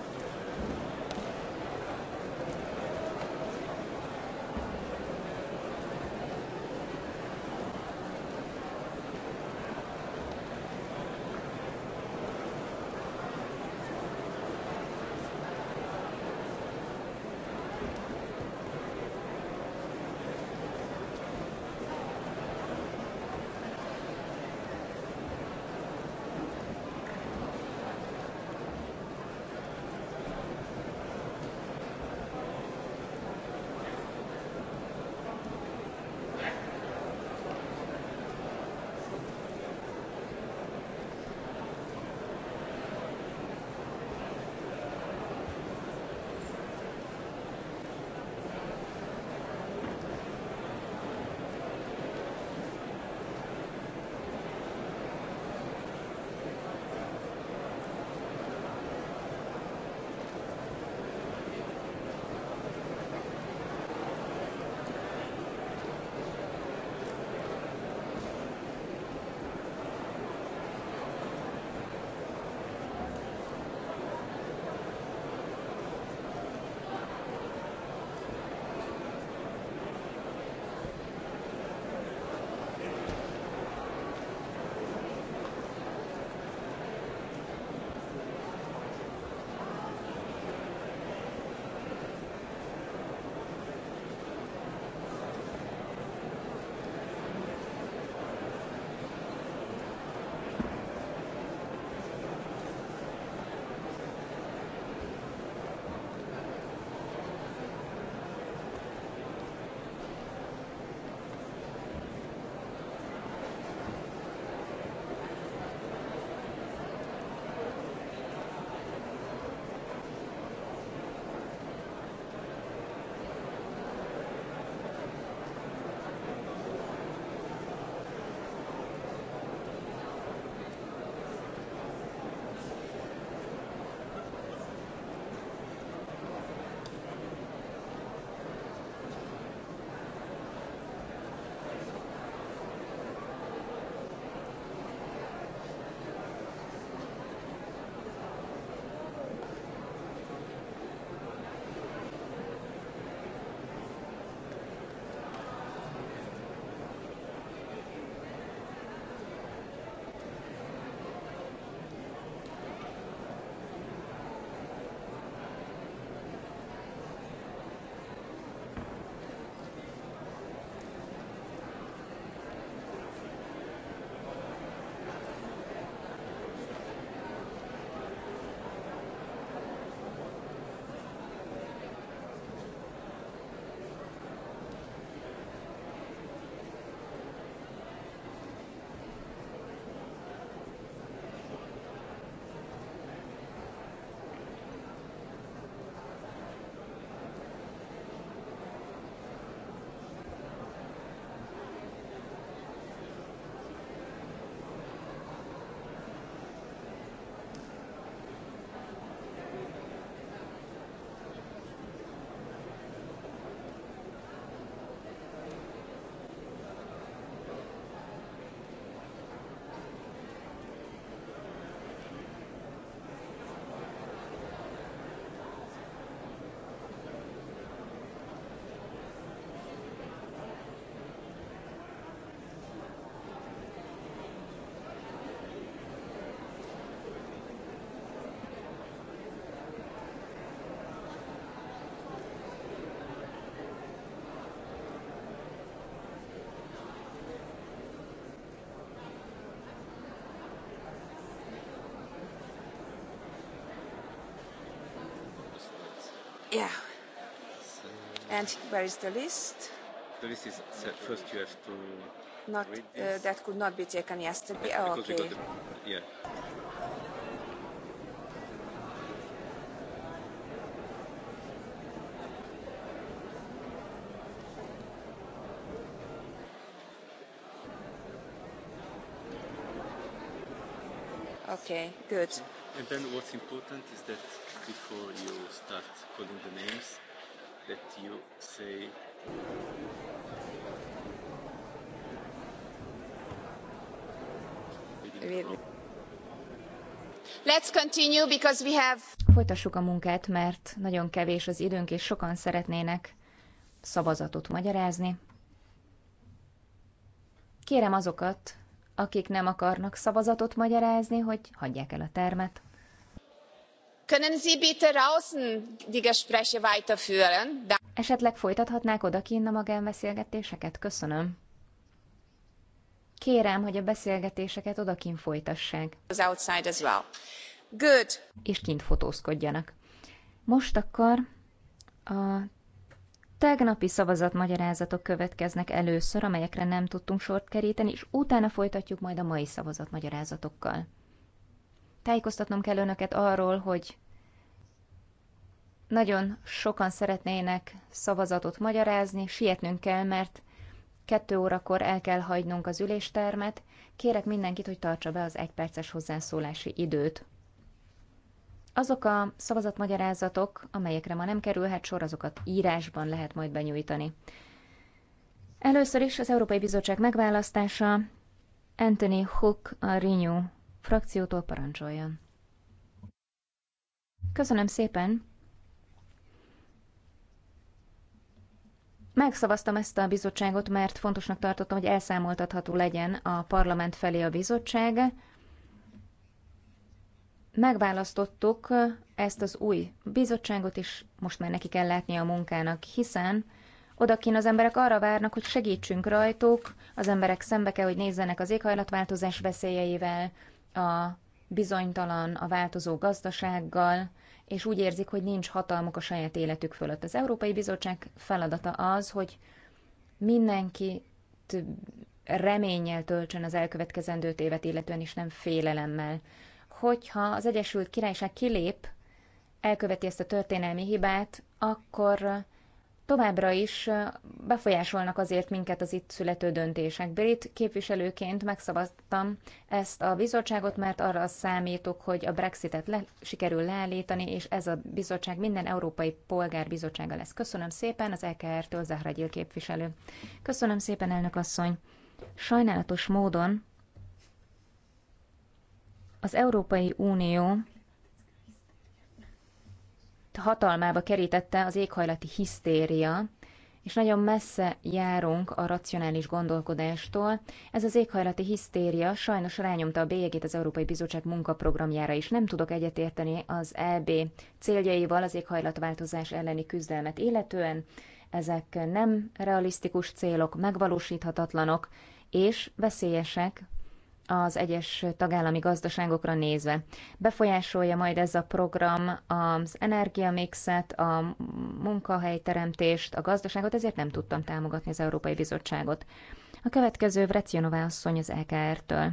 [SPEAKER 1] Yeah.
[SPEAKER 3] And where is the list?
[SPEAKER 1] The list is first you have to
[SPEAKER 3] not Uh, that could not be taken yesterday. oh, okay. the, yeah. Okay, good.
[SPEAKER 1] And then what's important is that before you start calling the names that you say
[SPEAKER 5] Let's continue because we have... Folytassuk a munkát, mert nagyon kevés az időnk, és sokan szeretnének szavazatot magyarázni. Kérem azokat, akik nem akarnak szavazatot magyarázni, hogy hagyják el a termet. Esetleg folytathatnák odakinn a magánbeszélgetéseket? Köszönöm. Kérem, hogy a beszélgetéseket odakin folytassák.
[SPEAKER 3] outside as well.
[SPEAKER 5] Good. És kint fotózkodjanak. Most akkor a tegnapi szavazatmagyarázatok következnek először, amelyekre nem tudtunk sort keríteni, és utána folytatjuk majd a mai szavazatmagyarázatokkal. Tájékoztatnom kell önöket arról, hogy nagyon sokan szeretnének szavazatot magyarázni, sietnünk kell, mert kettő órakor el kell hagynunk az üléstermet. Kérek mindenkit, hogy tartsa be az egyperces hozzászólási időt. Azok a szavazatmagyarázatok, amelyekre ma nem kerülhet sor, azokat írásban lehet majd benyújtani. Először is az Európai Bizottság megválasztása, Anthony Hook a Renew frakciótól parancsoljon. Köszönöm szépen! Megszavaztam ezt a bizottságot, mert fontosnak tartottam, hogy elszámoltatható legyen a parlament felé a bizottság. Megválasztottuk ezt az új bizottságot, is, most már neki kell látni a munkának, hiszen Odakin az emberek arra várnak, hogy segítsünk rajtuk, az emberek szembe kell, hogy nézzenek az éghajlatváltozás veszélyeivel, a bizonytalan, a változó gazdasággal, és úgy érzik, hogy nincs hatalmuk a saját életük fölött. Az Európai Bizottság feladata az, hogy mindenkit reményel töltsön az elkövetkezendő évet, illetően is nem félelemmel. Hogyha az Egyesült Királyság kilép, elköveti ezt a történelmi hibát, akkor továbbra is befolyásolnak azért minket az itt születő döntések. Brit képviselőként megszavaztam ezt a bizottságot, mert arra számítok, hogy a Brexitet le, sikerül leállítani, és ez a bizottság minden európai polgár bizottsága lesz. Köszönöm szépen az EKR-től Zahra Gyil képviselő. Köszönöm szépen, elnök asszony. Sajnálatos módon az Európai Unió hatalmába kerítette az éghajlati hisztéria, és nagyon messze járunk a racionális gondolkodástól. Ez az éghajlati hisztéria sajnos rányomta a bélyegét az Európai Bizottság munkaprogramjára is. Nem tudok egyetérteni az EB céljaival az éghajlatváltozás elleni küzdelmet illetően. Ezek nem realisztikus célok, megvalósíthatatlanok, és veszélyesek az egyes tagállami gazdaságokra nézve. Befolyásolja majd ez a program az energiamixet, a munkahelyteremtést, a gazdaságot, ezért nem tudtam támogatni az Európai Bizottságot. A következő Vrecionová asszony az EKR-től.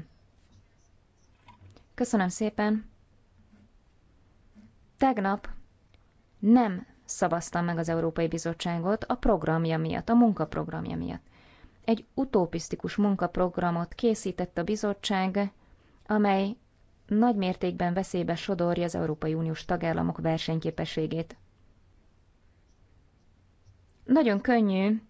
[SPEAKER 5] Köszönöm szépen! Tegnap nem szavaztam meg az Európai Bizottságot a programja miatt, a munkaprogramja miatt egy utópisztikus munkaprogramot készített a bizottság, amely nagy mértékben veszélybe sodorja az Európai Uniós tagállamok versenyképességét. Nagyon könnyű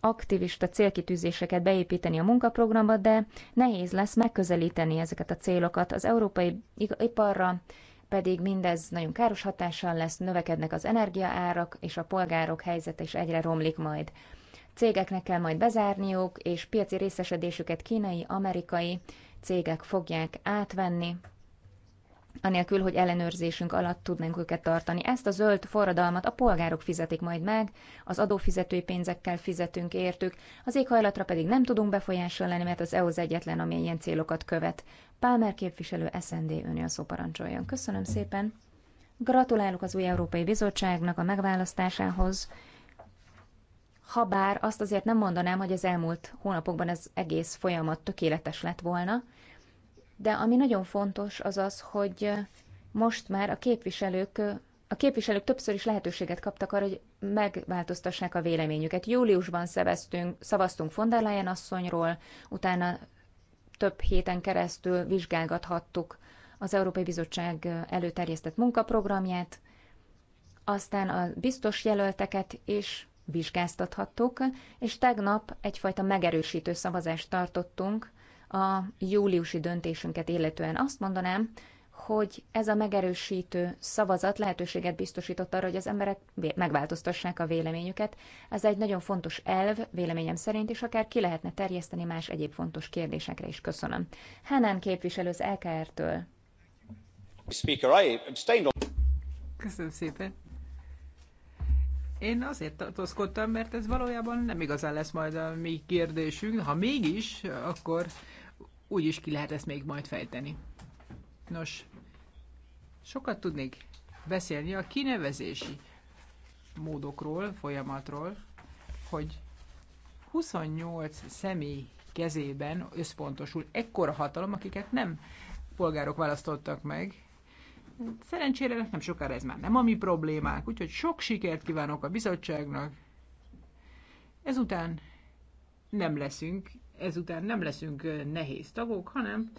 [SPEAKER 5] aktivista célkitűzéseket beépíteni a munkaprogramba, de nehéz lesz megközelíteni ezeket a célokat. Az európai iparra pedig mindez nagyon káros hatással lesz, növekednek az energiaárak, és a polgárok helyzete is egyre romlik majd cégeknek kell majd bezárniuk, és piaci részesedésüket kínai, amerikai cégek fogják átvenni, anélkül, hogy ellenőrzésünk alatt tudnánk őket tartani. Ezt a zöld forradalmat a polgárok fizetik majd meg, az adófizetői pénzekkel fizetünk értük, az éghajlatra pedig nem tudunk befolyással lenni, mert az EU az egyetlen, ami ilyen célokat követ. Pálmer képviselő SND önél szó parancsoljon. Köszönöm szépen! Gratulálok az új Európai Bizottságnak a megválasztásához, habár azt azért nem mondanám, hogy az elmúlt hónapokban ez egész folyamat tökéletes lett volna, de ami nagyon fontos az az, hogy most már a képviselők a képviselők többször is lehetőséget kaptak arra, hogy megváltoztassák a véleményüket. Júliusban szavaztunk, szavaztunk von der Leyen asszonyról, utána több héten keresztül vizsgálgathattuk az Európai Bizottság előterjesztett munkaprogramját, aztán a biztos jelölteket és vizsgáztathattuk, és tegnap egyfajta megerősítő szavazást tartottunk a júliusi döntésünket illetően. Azt mondanám, hogy ez a megerősítő szavazat lehetőséget biztosított arra, hogy az emberek megváltoztassák a véleményüket. Ez egy nagyon fontos elv, véleményem szerint, és akár ki lehetne terjeszteni más egyéb fontos kérdésekre is. Köszönöm. Hánán képviselő az LKR-től.
[SPEAKER 6] Köszönöm szépen. Én azért tartózkodtam, mert ez valójában nem igazán lesz majd a mi kérdésünk. Ha mégis, akkor úgy is ki lehet ezt még majd fejteni. Nos, sokat tudnék beszélni a kinevezési módokról, folyamatról, hogy 28 személy kezében összpontosul ekkora hatalom, akiket nem polgárok választottak meg, Szerencsére nem sokára ez már nem a mi problémák, úgyhogy sok sikert kívánok a bizottságnak. Ezután nem leszünk, ezután nem leszünk nehéz tagok, hanem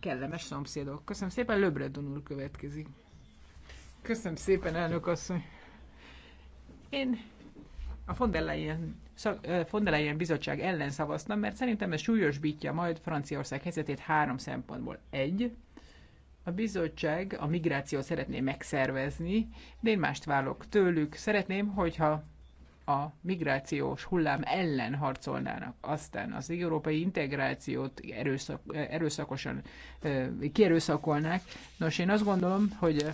[SPEAKER 6] kellemes szomszédok. Köszönöm szépen, Löbre Dunul következik. Köszönöm szépen, elnök asszony. Én a Fondelején bizottság ellen szavaztam, mert szerintem ez súlyosbítja majd Franciaország helyzetét három szempontból. Egy, a bizottság a migráció szeretné megszervezni, de én mást válok tőlük. Szeretném, hogyha a migrációs hullám ellen harcolnának. Aztán az európai integrációt erőszak, erőszakosan kierőszakolnák. Nos, én azt gondolom, hogy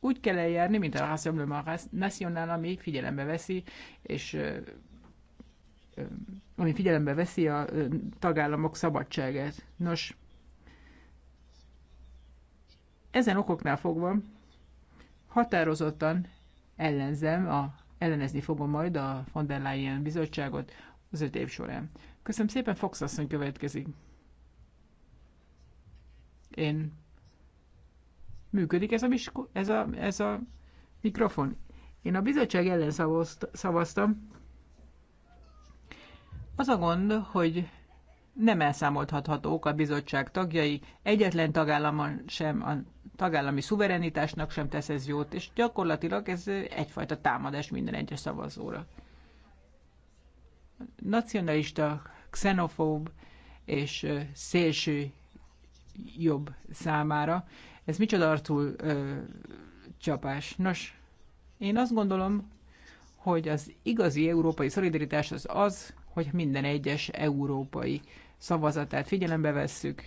[SPEAKER 6] úgy kell eljárni, mint a Rassemblement National, ami figyelembe veszi, és ami figyelembe veszi a tagállamok szabadságát. Nos, ezen okoknál fogva határozottan ellenzem, a, ellenezni fogom majd a von der Leyen bizottságot az öt év során. Köszönöm szépen, Fox asszony következik. Én működik ez a, misko, ez a, ez a mikrofon. Én a bizottság ellen szavaztam. Az a gond, hogy nem elszámoltathatók a bizottság tagjai, egyetlen tagállamon sem a tagállami szuverenitásnak sem tesz ez jót, és gyakorlatilag ez egyfajta támadás minden egyes szavazóra. Nacionalista, xenofób és szélső jobb számára. Ez micsoda arcul ö, csapás. Nos, én azt gondolom, hogy az igazi európai szolidaritás az az, hogy minden egyes európai szavazatát figyelembe vesszük.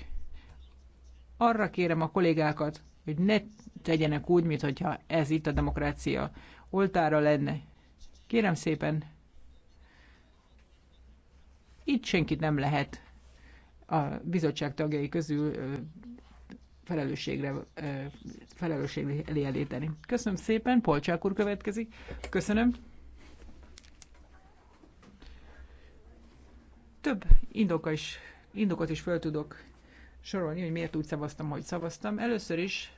[SPEAKER 6] Arra kérem a kollégákat, hogy ne tegyenek úgy, mintha ez itt a demokrácia oltára lenne. Kérem szépen, itt senkit nem lehet a bizottság tagjai közül felelősségre, felelősségre elé Köszönöm szépen, Polcsák úr következik. Köszönöm. Több indoka is, indokot is föl tudok sorolni, hogy miért úgy szavaztam, hogy szavaztam. Először is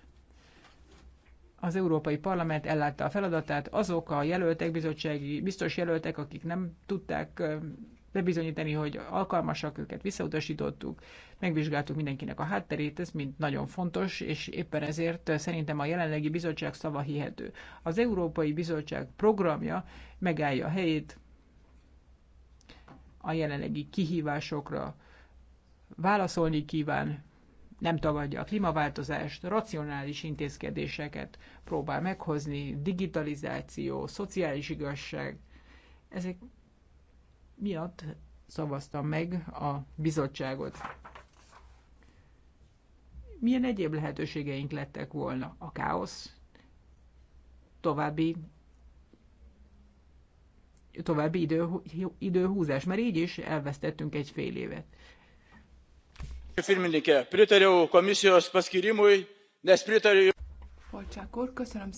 [SPEAKER 6] az Európai Parlament ellátta a feladatát, azok a jelöltek, bizottsági biztos jelöltek, akik nem tudták bebizonyítani, hogy alkalmasak, őket visszautasítottuk, megvizsgáltuk mindenkinek a hátterét, ez mind nagyon fontos, és éppen ezért szerintem a jelenlegi bizottság szava hihető. Az Európai Bizottság programja megállja a helyét, a jelenlegi kihívásokra válaszolni kíván, nem tagadja a klímaváltozást, racionális intézkedéseket próbál meghozni, digitalizáció, szociális igazság. Ezek miatt szavaztam meg a bizottságot. Milyen egyéb lehetőségeink lettek volna? A káosz, további további idő, időhúzás, mert így is elvesztettünk egy fél évet. Pirmininke,
[SPEAKER 7] Polcsák úr, köszönöm,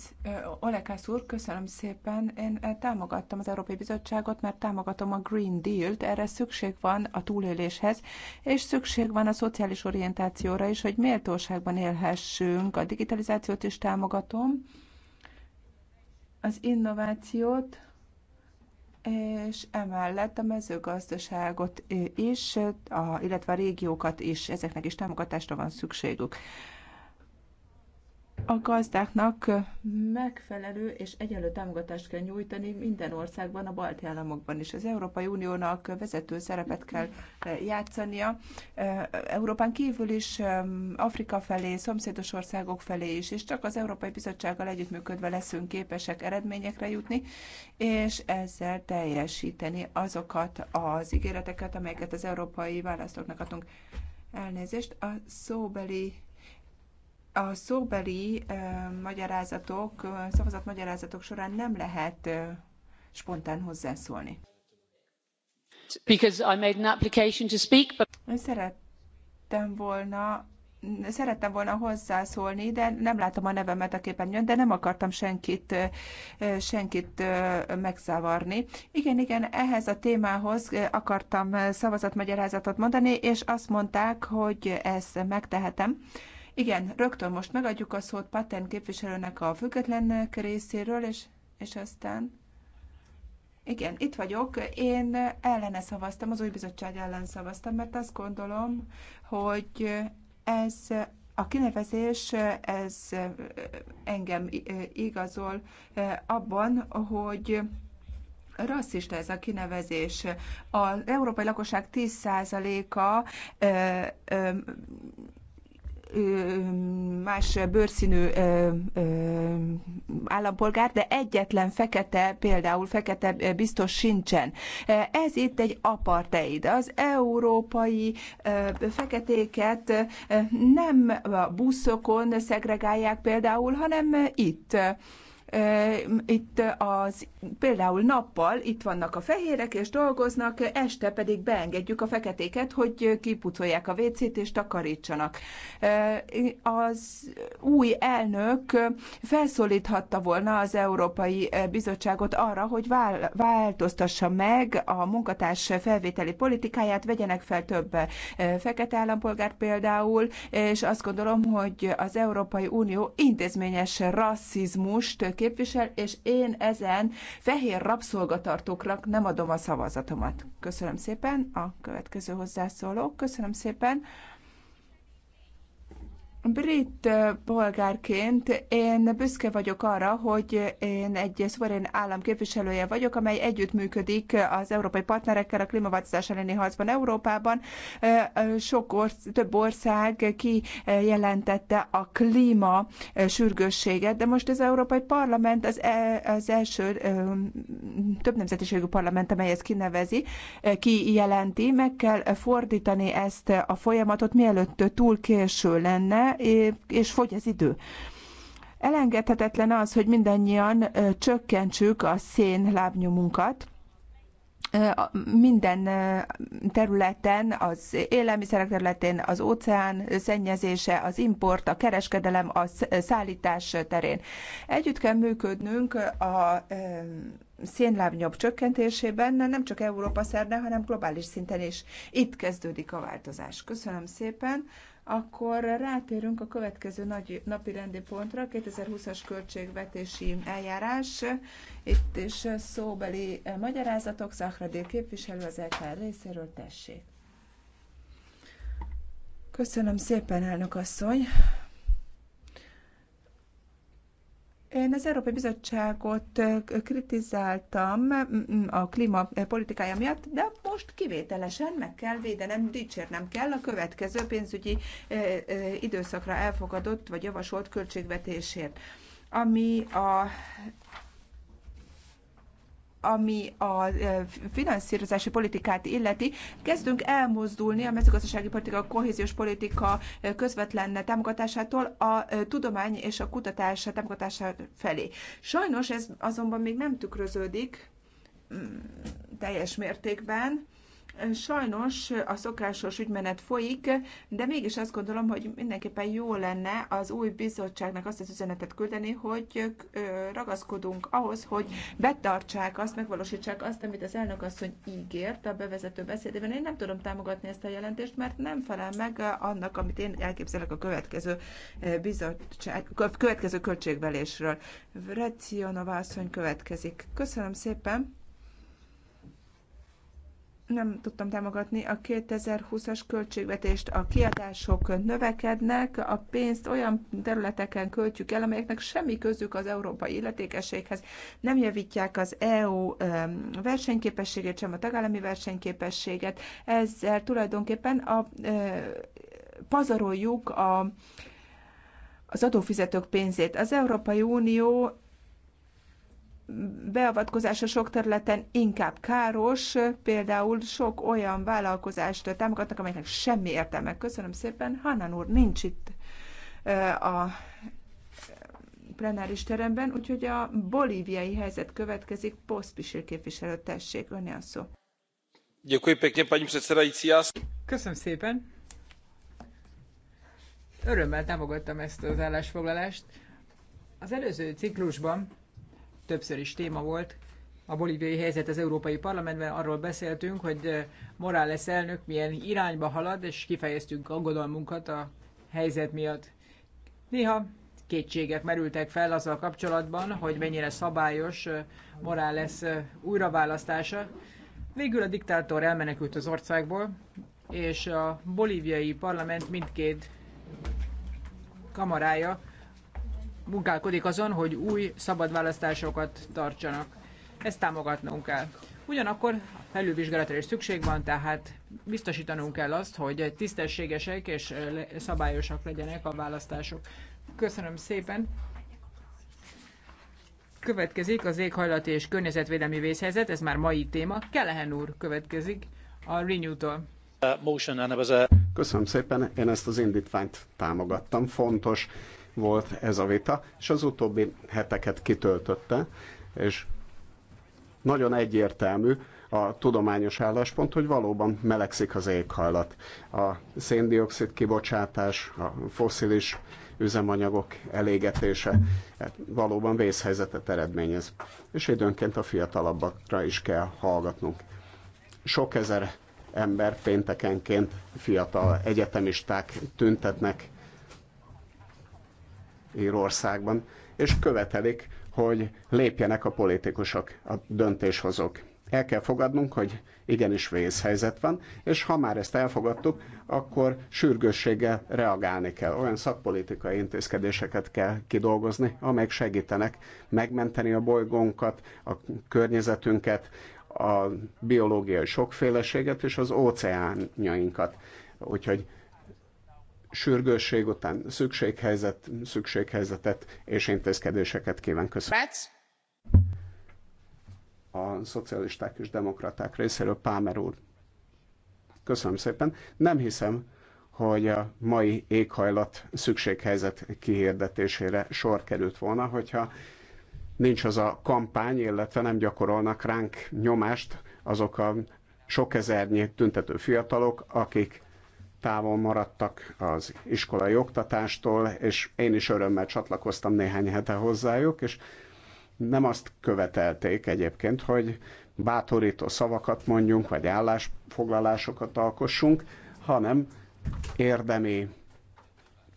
[SPEAKER 7] Olekász úr, köszönöm szépen. Én támogattam az Európai Bizottságot, mert támogatom a Green Deal-t, erre szükség van a túléléshez, és szükség van a szociális orientációra is, hogy méltóságban élhessünk. A digitalizációt is támogatom, az innovációt, és emellett a mezőgazdaságot is, a, illetve a régiókat is, ezeknek is támogatásra van szükségük a gazdáknak megfelelő és egyenlő támogatást kell nyújtani minden országban, a balti államokban is. Az Európai Uniónak vezető szerepet kell eh, játszania. Eh, Európán kívül is, eh, Afrika felé, szomszédos országok felé is, és csak az Európai Bizottsággal együttműködve leszünk képesek eredményekre jutni, és ezzel teljesíteni azokat az ígéreteket, amelyeket az európai választóknak adunk. Elnézést, a szóbeli a szóbeli magyarázatok, szavazat magyarázatok során nem lehet spontán hozzászólni. Because I made an application to speak, but... Szerettem volna szerettem volna hozzászólni, de nem látom a nevemet a képernyőn, de nem akartam senkit, senkit megzavarni. Igen, igen, ehhez a témához akartam szavazatmagyarázatot mondani, és azt mondták, hogy ezt megtehetem. Igen, rögtön most megadjuk a szót Patten képviselőnek a függetlennek részéről, és, és aztán... Igen, itt vagyok. Én ellene szavaztam, az új bizottság ellen szavaztam, mert azt gondolom, hogy ez a kinevezés ez engem igazol abban, hogy rasszista ez a kinevezés. Az európai lakosság 10%-a más bőrszínű állampolgár, de egyetlen fekete, például fekete biztos sincsen. Ez itt egy apartheid. Az európai feketéket nem buszokon szegregálják például, hanem itt. Itt az, például nappal itt vannak a fehérek és dolgoznak, este pedig beengedjük a feketéket, hogy kipucolják a vécét és takarítsanak. Az új elnök felszólíthatta volna az Európai Bizottságot arra, hogy változtassa meg a munkatárs felvételi politikáját, vegyenek fel több fekete állampolgárt például, és azt gondolom, hogy az Európai Unió intézményes rasszizmust képvisel, és én ezen fehér rabszolgatartóknak nem adom a szavazatomat. Köszönöm szépen a következő hozzászóló. Köszönöm szépen. Brit polgárként én büszke vagyok arra, hogy én egy szuverén állam képviselője vagyok, amely együttműködik az európai partnerekkel a klímaváltozás elleni harcban Európában. Sok orsz, több ország kijelentette a klíma sürgősséget, de most az Európai Parlament az, e, az első több nemzetiségű parlament, amely ezt kinevezi, kijelenti, meg kell fordítani ezt a folyamatot, mielőtt túl késő lenne, és fogy az idő. Elengedhetetlen az, hogy mindannyian csökkentsük a szén lábnyomunkat, minden területen, az élelmiszerek területén, az óceán szennyezése, az import, a kereskedelem, a szállítás terén. Együtt kell működnünk a szénlábnyob csökkentésében, nem csak Európa szerne, hanem globális szinten is. Itt kezdődik a változás. Köszönöm szépen akkor rátérünk a következő nagy, napi rendi pontra, 2020-as költségvetési eljárás. Itt is szóbeli magyarázatok, Szahradél képviselő az LKR részéről, tessék. Köszönöm szépen, elnök asszony! Én az Európai Bizottságot kritizáltam a klímapolitikája e, miatt, de most kivételesen meg kell védenem, dicsérnem kell a következő pénzügyi e, e, időszakra elfogadott vagy javasolt költségvetésért. Ami a ami a finanszírozási politikát illeti, kezdünk elmozdulni a mezőgazdasági politika, a kohéziós politika közvetlen támogatásától a tudomány és a kutatás támogatása felé. Sajnos ez azonban még nem tükröződik mm, teljes mértékben Sajnos a szokásos ügymenet folyik, de mégis azt gondolom, hogy mindenképpen jó lenne az új bizottságnak azt az üzenetet küldeni, hogy ragaszkodunk ahhoz, hogy betartsák azt, megvalósítsák azt, amit az elnök asszony ígért a bevezető beszédében. Én nem tudom támogatni ezt a jelentést, mert nem felel meg annak, amit én elképzelek a következő bizottság, következő költségvelésről. Vrecionova asszony következik. Köszönöm szépen! nem tudtam támogatni a 2020-as költségvetést. A kiadások növekednek, a pénzt olyan területeken költjük el, amelyeknek semmi közük az európai illetékességhez. Nem javítják az EU versenyképességét, sem a tagállami versenyképességet. Ezzel tulajdonképpen a, e, pazaroljuk a, az adófizetők pénzét. Az Európai Unió beavatkozása sok területen inkább káros, például sok olyan vállalkozást támogatnak, amelynek semmi értelme. Köszönöm szépen. Hannan úr nincs itt a plenáris teremben, úgyhogy a bolíviai helyzet következik. Poszpisil képviselő, tessék, önni a szó.
[SPEAKER 6] Köszönöm szépen. Örömmel támogattam ezt az állásfoglalást. Az előző ciklusban többször is téma volt, a bolíviai helyzet az Európai Parlamentben, arról beszéltünk, hogy eh, Morales elnök milyen irányba halad, és kifejeztünk aggodalmunkat a helyzet miatt. Néha kétségek merültek fel azzal kapcsolatban, hogy mennyire szabályos eh, Morales eh, újraválasztása. Végül a diktátor elmenekült az országból, és a bolíviai parlament mindkét kamarája munkálkodik azon, hogy új szabad választásokat tartsanak. Ezt támogatnunk kell. Ugyanakkor felülvizsgálatra is szükség van, tehát biztosítanunk kell azt, hogy tisztességesek és szabályosak legyenek a választások. Köszönöm szépen! Következik az éghajlati és környezetvédelmi vészhelyzet, ez már mai téma. Kelehen úr következik a Renew-tól.
[SPEAKER 1] Uh, Köszönöm szépen, én ezt az indítványt támogattam. Fontos volt ez a vita, és az utóbbi heteket kitöltötte, és nagyon egyértelmű a tudományos álláspont, hogy valóban melegszik az éghajlat. A széndiokszid kibocsátás, a foszilis üzemanyagok elégetése hát valóban vészhelyzetet eredményez. És időnként a fiatalabbakra is kell hallgatnunk. Sok ezer ember péntekenként fiatal egyetemisták tüntetnek Írországban, és követelik, hogy lépjenek a politikusok, a döntéshozók. El kell fogadnunk, hogy igenis vészhelyzet van, és ha már ezt elfogadtuk, akkor sürgősséggel reagálni kell. Olyan szakpolitikai intézkedéseket kell kidolgozni, amelyek segítenek megmenteni a bolygónkat, a környezetünket, a biológiai sokféleséget és az óceánjainkat. Úgyhogy sürgősség után szükséghelyzet, szükséghelyzetet és intézkedéseket kíván. Köszönöm. A szocialisták és demokraták részéről Pámer úr. Köszönöm szépen. Nem hiszem, hogy a mai éghajlat szükséghelyzet kihirdetésére sor került volna, hogyha nincs az a kampány, illetve nem gyakorolnak ránk nyomást azok a sok ezernyi tüntető fiatalok, akik távol maradtak az iskolai oktatástól, és én is örömmel csatlakoztam néhány hete hozzájuk, és nem azt követelték egyébként, hogy bátorító szavakat mondjunk, vagy állásfoglalásokat alkossunk, hanem érdemi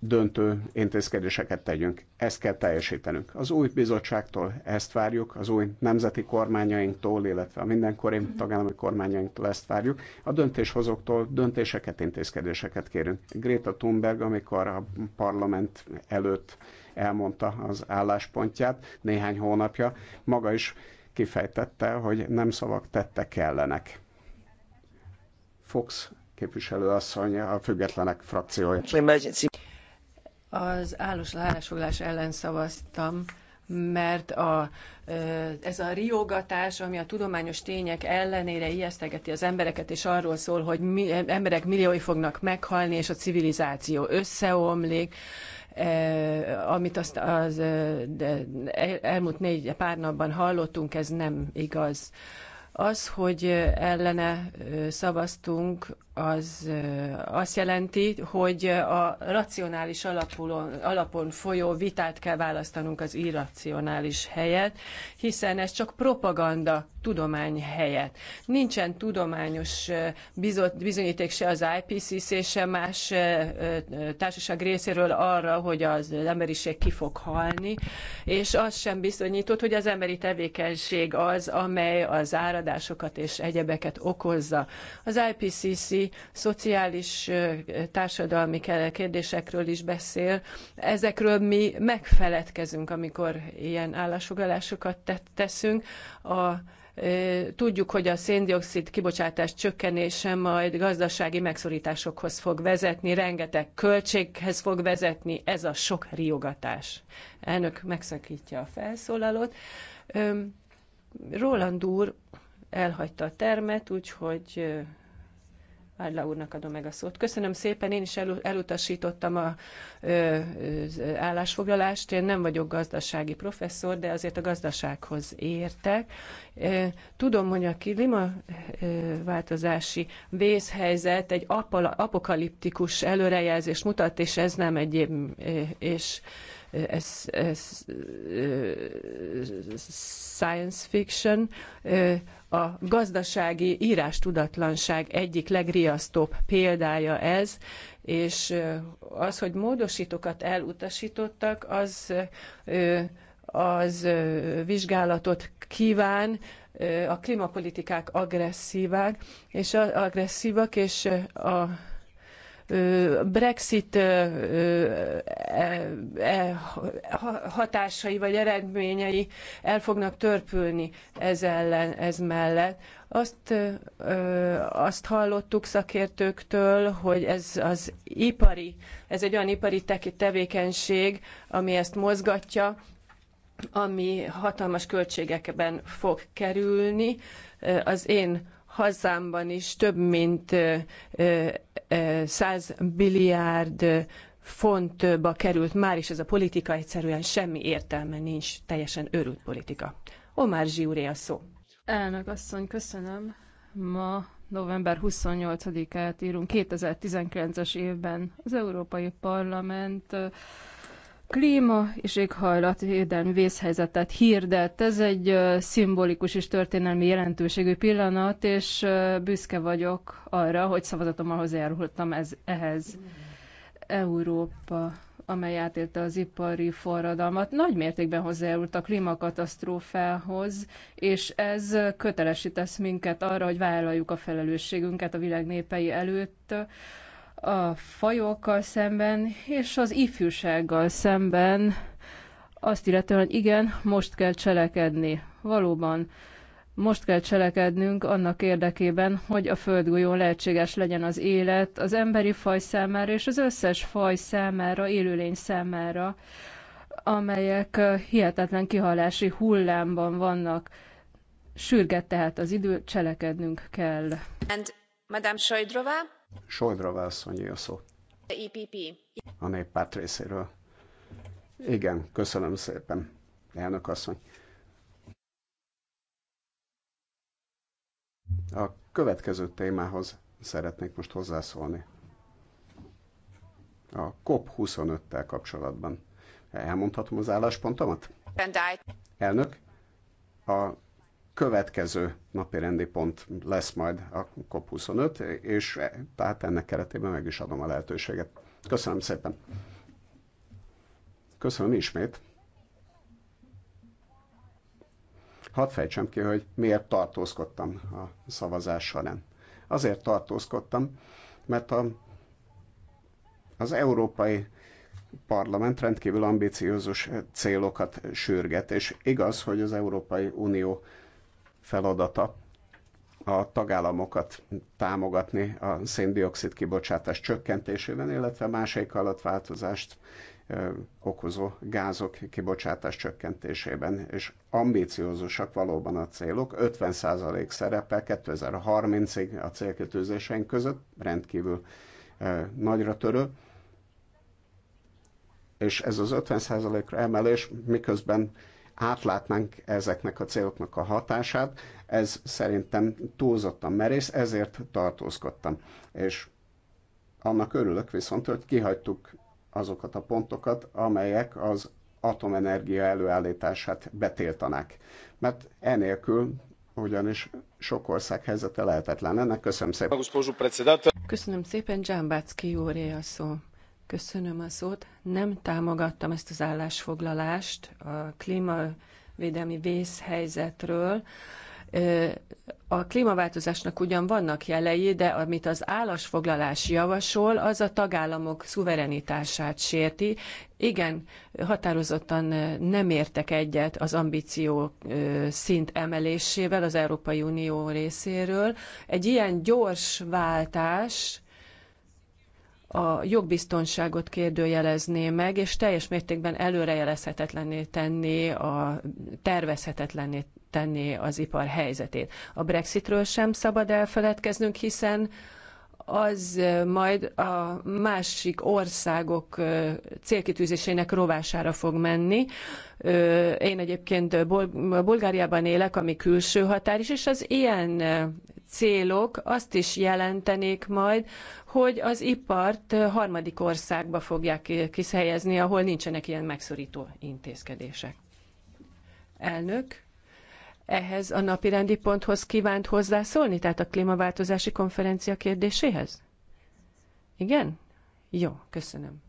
[SPEAKER 1] döntő intézkedéseket tegyünk. Ezt kell teljesítenünk. Az új bizottságtól ezt várjuk, az új nemzeti kormányainktól, illetve a mindenkori tagállami kormányainktól ezt várjuk. A döntéshozóktól döntéseket, intézkedéseket kérünk. Greta Thunberg, amikor a parlament előtt elmondta az álláspontját néhány hónapja, maga is kifejtette, hogy nem szavak tettek kellenek. Fox asszony a függetlenek frakciója.
[SPEAKER 4] Az állós állásfoglás ellen szavaztam, mert a, ez a riogatás, ami a tudományos tények ellenére ijesztegeti az embereket, és arról szól, hogy mi, emberek milliói fognak meghalni, és a civilizáció összeomlik, amit azt az elmúlt négy pár napban hallottunk, ez nem igaz. Az, hogy ellene szavaztunk, az azt jelenti, hogy a racionális alapulon, alapon folyó vitát kell választanunk az irracionális helyet, hiszen ez csak propaganda tudomány helyett. Nincsen tudományos bizonyíték se az IPCC, se más társaság részéről arra, hogy az emberiség ki fog halni, és az sem bizonyított, hogy az emberi tevékenység az, amely az áradásokat és egyebeket okozza. Az IPCC szociális, társadalmi kérdésekről is beszél. Ezekről mi megfeledkezünk, amikor ilyen állásfoglalásokat teszünk. A Tudjuk, hogy a széndiokszid kibocsátás csökkenése majd gazdasági megszorításokhoz fog vezetni, rengeteg költséghez fog vezetni, ez a sok riogatás. Elnök megszakítja a felszólalót. Roland úr elhagyta a termet, úgyhogy Árla úrnak adom meg a szót. Köszönöm szépen, én is elutasítottam a, ö, az állásfoglalást. Én nem vagyok gazdasági professzor, de azért a gazdasághoz értek. Tudom, hogy a klímaváltozási vészhelyzet egy apala, apokaliptikus előrejelzést mutat, és ez nem egyéb, és science fiction, a gazdasági írástudatlanság egyik legriasztóbb példája ez, és az, hogy módosítókat elutasítottak, az az vizsgálatot kíván, a klimapolitikák agresszívák, és agresszívak, és a Brexit e, e, hatásai vagy eredményei el fognak törpülni ez ellen, ez mellett. Azt, azt hallottuk szakértőktől, hogy ez az ipari, ez egy olyan ipari tevékenység, ami ezt mozgatja, ami hatalmas költségekben fog kerülni. Az én hazámban is több mint 100 milliárd fontba került már, is ez a politika egyszerűen semmi értelme nincs, teljesen őrült politika. Omar Zsiúré a szó.
[SPEAKER 2] Elnök asszony, köszönöm. Ma november 28-át írunk 2019-es évben. Az Európai Parlament klíma és védelmi vészhelyzetet hirdett. Ez egy szimbolikus és történelmi jelentőségű pillanat, és büszke vagyok arra, hogy szavazatommal hozzájárultam ez, ehhez. Európa, amely átélte az ipari forradalmat, nagy mértékben hozzájárult a klímakatasztrófához, és ez kötelesítesz minket arra, hogy vállaljuk a felelősségünket a világ népei előtt, a fajokkal szemben és az ifjúsággal szemben azt illetően, hogy igen, most kell cselekedni. Valóban most kell cselekednünk annak érdekében, hogy a földgolyón lehetséges legyen az élet az emberi faj számára és az összes faj számára, élőlény számára, amelyek hihetetlen kihalási hullámban vannak. Sürget
[SPEAKER 1] tehát az idő,
[SPEAKER 2] cselekednünk kell.
[SPEAKER 3] And Madame Sojdrova?
[SPEAKER 1] Sojdra asszonyé a szó. EPP. A néppárt részéről. Igen, köszönöm szépen, elnök asszony. A következő témához szeretnék most hozzászólni. A COP25-tel kapcsolatban. Elmondhatom az álláspontomat? Elnök, a következő napi rendi pont lesz majd a COP25, és e, tehát ennek keretében meg is adom a lehetőséget. Köszönöm szépen! Köszönöm ismét! Hadd fejtsem ki, hogy miért tartózkodtam a szavazás során. Azért tartózkodtam, mert a, az európai parlament rendkívül ambiciózus célokat sürget, és igaz, hogy az Európai Unió feladata a tagállamokat támogatni a széndiokszid kibocsátás csökkentésében, illetve más éghajlatváltozást okozó gázok kibocsátás csökkentésében, és ambíciózusak valóban a célok. 50% szerepel 2030-ig a célkötőzéseink között, rendkívül nagyra törő, és ez az 50%-ra emelés miközben átlátnánk ezeknek a céloknak a hatását, ez szerintem túlzottan merész, ezért tartózkodtam. És annak örülök viszont, hogy kihagytuk azokat a pontokat, amelyek az atomenergia előállítását betiltanák. Mert enélkül ugyanis sok ország helyzete lehetetlen. Ennek köszönöm szépen.
[SPEAKER 4] Köszönöm szépen, Dzsámbácki úr, a szó. Köszönöm a szót. Nem támogattam ezt az állásfoglalást a klímavédelmi vészhelyzetről. A klímaváltozásnak ugyan vannak jelei, de amit az állásfoglalás javasol, az a tagállamok szuverenitását sérti. Igen, határozottan nem értek egyet az ambíció szint emelésével az Európai Unió részéről. Egy ilyen gyors váltás, a jogbiztonságot kérdőjelezné meg, és teljes mértékben előrejelezhetetlenné tenni, a tervezhetetlenné tenni az ipar helyzetét. A Brexitről sem szabad elfeledkeznünk, hiszen az majd a másik országok célkitűzésének rovására fog menni. Én egyébként Bulgáriában élek, ami külső határ is, és az ilyen célok azt is jelentenék majd, hogy az ipart harmadik országba fogják kiszhelyezni, ahol nincsenek ilyen megszorító intézkedések. Elnök, ehhez a napirendi ponthoz kívánt hozzászólni, tehát a klímaváltozási konferencia kérdéséhez? Igen? Jó, köszönöm.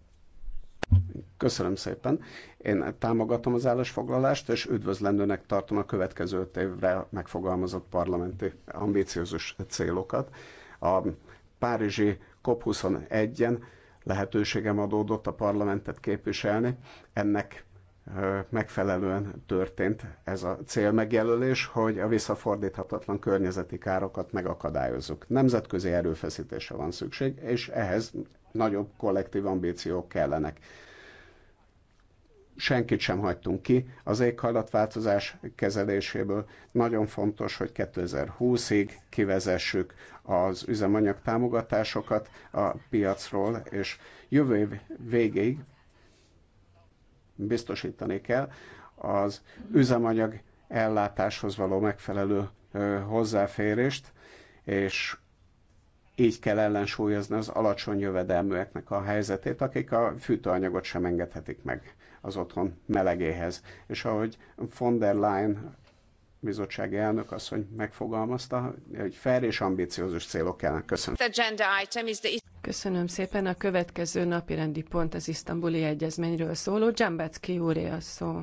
[SPEAKER 1] Köszönöm szépen. Én támogatom az állásfoglalást, és üdvözlendőnek tartom a következő öt évre megfogalmazott parlamenti ambíciózus célokat. A Párizsi COP21-en lehetőségem adódott a parlamentet képviselni. Ennek megfelelően történt ez a célmegjelölés, hogy a visszafordíthatatlan környezeti károkat megakadályozzuk. Nemzetközi erőfeszítésre van szükség, és ehhez nagyobb kollektív ambíciók kellenek. Senkit sem hagytunk ki az éghajlatváltozás kezeléséből. Nagyon fontos, hogy 2020-ig kivezessük az üzemanyag támogatásokat a piacról, és jövő év végéig biztosítani kell az üzemanyag ellátáshoz való megfelelő hozzáférést, és így kell ellensúlyozni az alacsony jövedelműeknek a helyzetét, akik a fűtőanyagot sem engedhetik meg az otthon melegéhez. És ahogy von der Leyen bizottsági elnök asszony megfogalmazta, hogy fair és ambiciózus célok kellene. Köszönöm.
[SPEAKER 4] Köszönöm szépen. A következő napi rendi pont az isztambuli egyezményről szóló Dzsambecki úré a szó.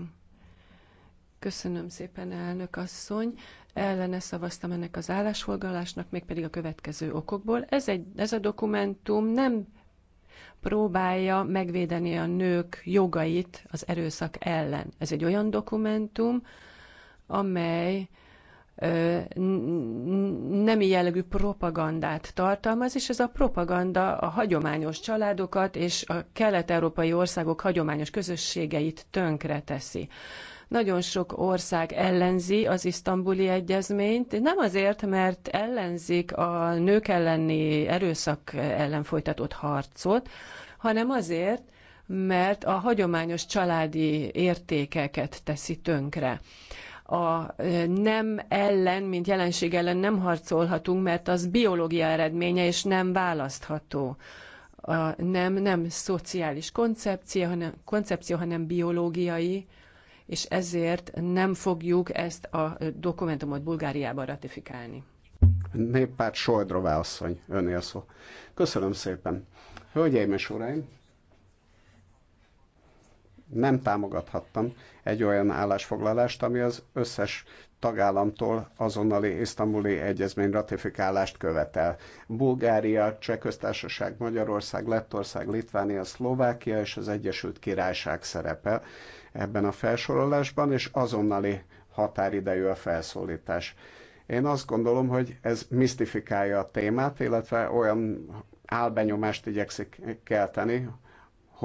[SPEAKER 4] Köszönöm szépen, elnök asszony. Ellene szavaztam ennek az állásfoglalásnak, mégpedig a következő okokból. Ez, egy, ez a dokumentum nem próbálja megvédeni a nők jogait az erőszak ellen. Ez egy olyan dokumentum, amely nemi jellegű propagandát tartalmaz, és ez a propaganda a hagyományos családokat és a kelet-európai országok hagyományos közösségeit tönkre teszi. Nagyon sok ország ellenzi az isztambuli egyezményt, nem azért, mert ellenzik a nők elleni erőszak ellen folytatott harcot, hanem azért, mert a hagyományos családi értékeket teszi tönkre a nem ellen, mint jelenség ellen nem harcolhatunk, mert az biológia eredménye, és nem választható. A nem, nem szociális koncepció, hanem, koncepció, hanem biológiai, és ezért nem fogjuk ezt a dokumentumot Bulgáriában ratifikálni.
[SPEAKER 1] Néppárt Soldrová asszony, önél szó. Köszönöm szépen. Hölgyeim és uraim, nem támogathattam egy olyan állásfoglalást, ami az összes tagállamtól azonnali isztambuli egyezmény ratifikálást követel. Bulgária, Csehköztársaság, Magyarország, Lettország, Litvánia, Szlovákia és az Egyesült Királyság szerepel ebben a felsorolásban, és azonnali határidejű a felszólítás. Én azt gondolom, hogy ez misztifikálja a témát, illetve olyan álbenyomást igyekszik kelteni,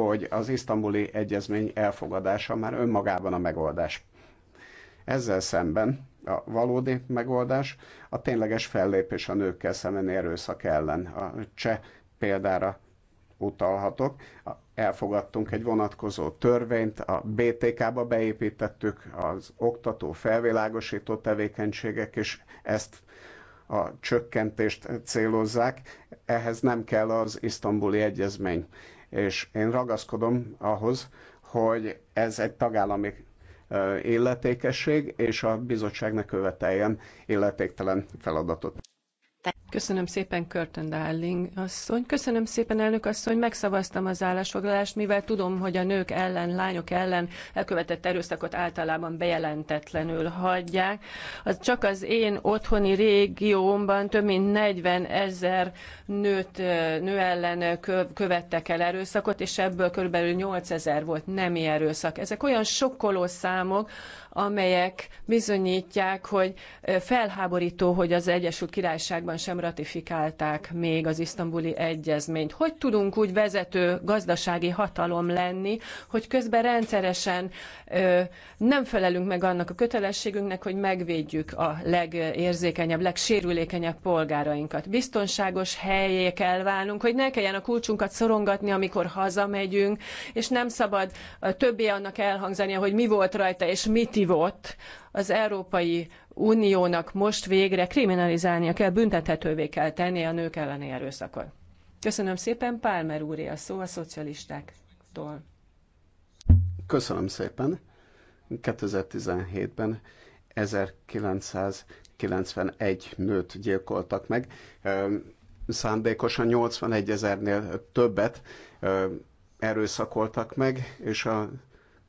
[SPEAKER 1] hogy az isztambuli egyezmény elfogadása már önmagában a megoldás. Ezzel szemben a valódi megoldás a tényleges fellépés a nőkkel szemben erőszak ellen. A cseh példára utalhatok. Elfogadtunk egy vonatkozó törvényt, a BTK-ba beépítettük az oktató felvilágosító tevékenységek, és ezt a csökkentést célozzák. Ehhez nem kell az isztambuli egyezmény. És én ragaszkodom ahhoz, hogy ez egy tagállami illetékesség, és a bizottság ne követeljen illetéktelen feladatot.
[SPEAKER 4] Köszönöm szépen, Körtön Dálling asszony. Köszönöm szépen, elnök asszony. Megszavaztam az állásfoglalást, mivel tudom, hogy a nők ellen, lányok ellen elkövetett erőszakot általában bejelentetlenül hagyják. Az csak az én otthoni régiómban több mint 40 ezer nőt, nő ellen követtek el erőszakot, és ebből körülbelül 8 ezer volt nemi erőszak. Ezek olyan sokkoló számok, amelyek bizonyítják, hogy felháborító, hogy az Egyesült Királyságban sem ratifikálták még az isztambuli egyezményt. Hogy tudunk úgy vezető gazdasági hatalom lenni, hogy közben rendszeresen nem felelünk meg annak a kötelességünknek, hogy megvédjük a legérzékenyebb, legsérülékenyebb polgárainkat. Biztonságos helyé kell válnunk, hogy ne kelljen a kulcsunkat szorongatni, amikor hazamegyünk, és nem szabad többé annak elhangzania, hogy mi volt rajta és mit hívott, az Európai Uniónak most végre kriminalizálnia kell, büntethetővé kell tenni a nők elleni erőszakot. Köszönöm szépen, Pálmer úr, a szó a szocialistáktól.
[SPEAKER 1] Köszönöm szépen. 2017-ben 1991 nőt gyilkoltak meg, szándékosan 81 ezernél többet erőszakoltak meg, és a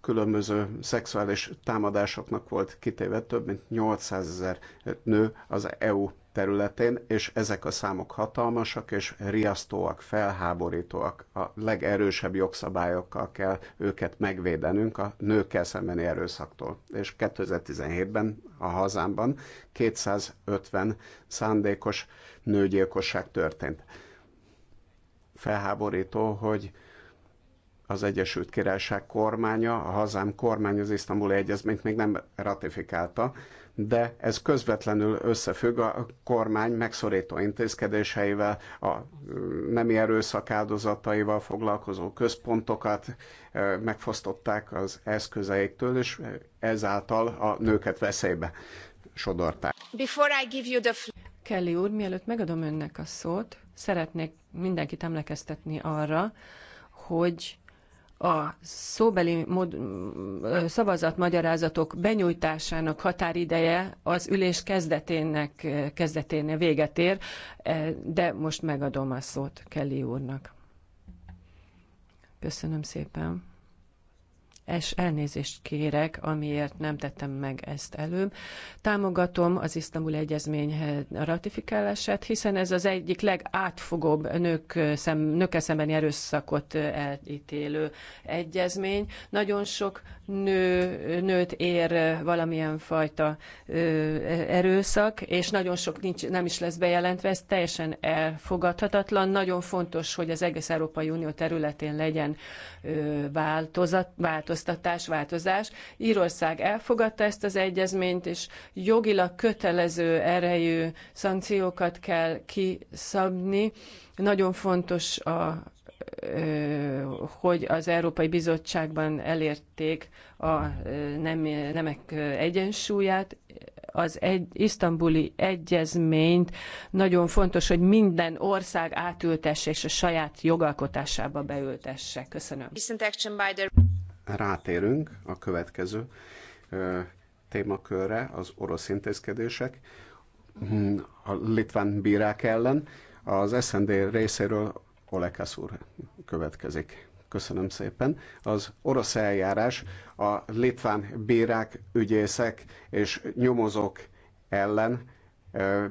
[SPEAKER 1] különböző szexuális támadásoknak volt kitéve több mint 800 ezer nő az EU területén, és ezek a számok hatalmasak és riasztóak, felháborítóak. A legerősebb jogszabályokkal kell őket megvédenünk a nőkkel szembeni erőszaktól. És 2017-ben a hazámban 250 szándékos nőgyilkosság történt. Felháborító, hogy az Egyesült Királyság kormánya, a hazám kormány az isztambuli egyezményt még nem ratifikálta, de ez közvetlenül összefügg a kormány megszorító intézkedéseivel, a mm, nemi erőszak áldozataival foglalkozó központokat e, megfosztották az eszközeiktől, és ezáltal a nőket veszélybe sodorták.
[SPEAKER 3] I give
[SPEAKER 4] you the, Kelly úr, mielőtt megadom önnek a szót, szeretnék mindenkit emlékeztetni arra, hogy a szóbeli mod, szavazatmagyarázatok benyújtásának határideje az ülés kezdetének, kezdeténél véget ér, de most megadom a szót Kelly úrnak. Köszönöm szépen és elnézést kérek, amiért nem tettem meg ezt előbb. Támogatom az Isztambul Egyezmény ratifikálását, hiszen ez az egyik legátfogóbb nők szem, nőkkel szembeni erőszakot elítélő egyezmény. Nagyon sok nő, nőt ér valamilyen fajta erőszak, és nagyon sok nincs, nem is lesz bejelentve, ez teljesen elfogadhatatlan. Nagyon fontos, hogy az egész Európai Unió területén legyen változat, változat változtatás, változás. Írország elfogadta ezt az egyezményt, és jogilag kötelező erejű szankciókat kell kiszabni. Nagyon fontos a hogy az Európai Bizottságban elérték a nem, nemek egyensúlyát. Az egy, isztambuli egyezményt nagyon fontos, hogy minden ország átültesse és a saját jogalkotásába beültesse. Köszönöm
[SPEAKER 1] rátérünk a következő témakörre, az orosz intézkedések hmm, a litván bírák ellen. Az SND részéről Olekasz úr következik. Köszönöm szépen. Az orosz eljárás a litván bírák, ügyészek és nyomozók ellen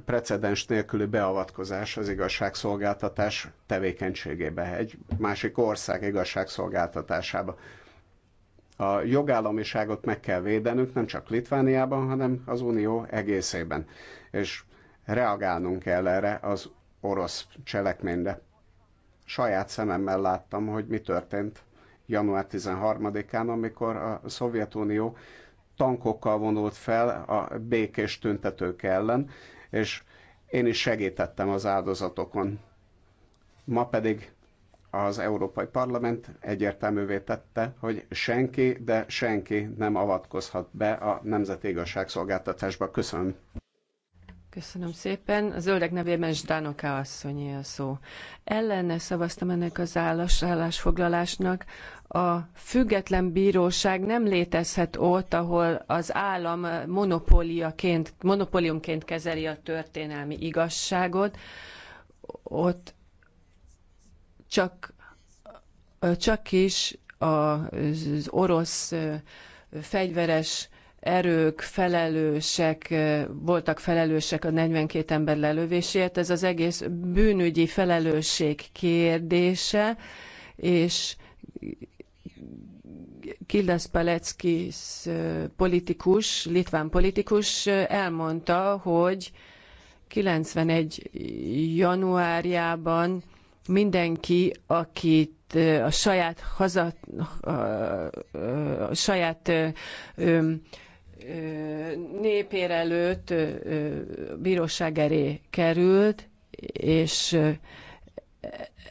[SPEAKER 1] precedens nélküli beavatkozás az igazságszolgáltatás tevékenységébe, egy másik ország igazságszolgáltatásába a jogállamiságot meg kell védenünk, nem csak Litvániában, hanem az Unió egészében. És reagálnunk kell erre az orosz cselekményre. Saját szememmel láttam, hogy mi történt január 13-án, amikor a Szovjetunió tankokkal vonult fel a békés tüntetők ellen, és én is segítettem az áldozatokon. Ma pedig az Európai Parlament egyértelművé tette, hogy senki, de senki nem avatkozhat be a nemzeti igazságszolgáltatásba. Köszönöm. Köszönöm
[SPEAKER 4] szépen. A zöldek nevében Zsdánoká asszonyé a szó. Ellene szavaztam ennek az állásfoglalásnak. A független bíróság nem létezhet ott, ahol az állam monopóliumként kezeli a történelmi igazságot. Ott csak, csak is az orosz fegyveres erők felelősek, voltak felelősek a 42 ember lelövéséért. Ez az egész bűnügyi felelősség kérdése, és Kildas Palecki politikus, litván politikus elmondta, hogy 91. januárjában mindenki, akit a saját haza, a, a, a saját ö, népér előtt bíróság elé került, és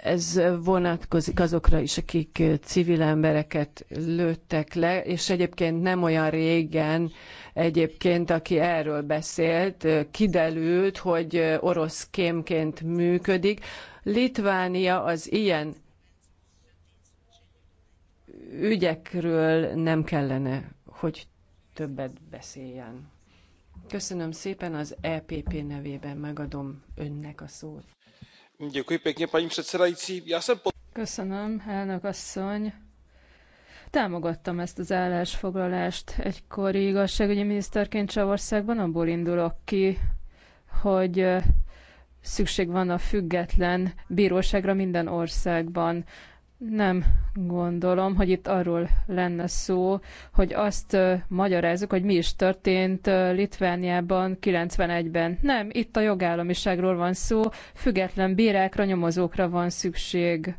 [SPEAKER 4] ez vonatkozik azokra is, akik civil embereket lőttek le, és egyébként nem olyan régen egyébként, aki erről beszélt, kiderült, hogy orosz kémként működik, Litvánia az ilyen ügyekről nem kellene, hogy többet beszéljen. Köszönöm szépen az EPP
[SPEAKER 2] nevében, megadom önnek a szót. Köszönöm, elnök asszony. Támogattam ezt az állásfoglalást egykori igazságügyi miniszterként Csavországban, abból indulok ki, hogy szükség van a független bíróságra minden országban. Nem gondolom, hogy itt arról lenne szó, hogy azt magyarázzuk, hogy mi is történt Litvániában 91-ben. Nem, itt a jogállamiságról van szó, független bírákra, nyomozókra van szükség.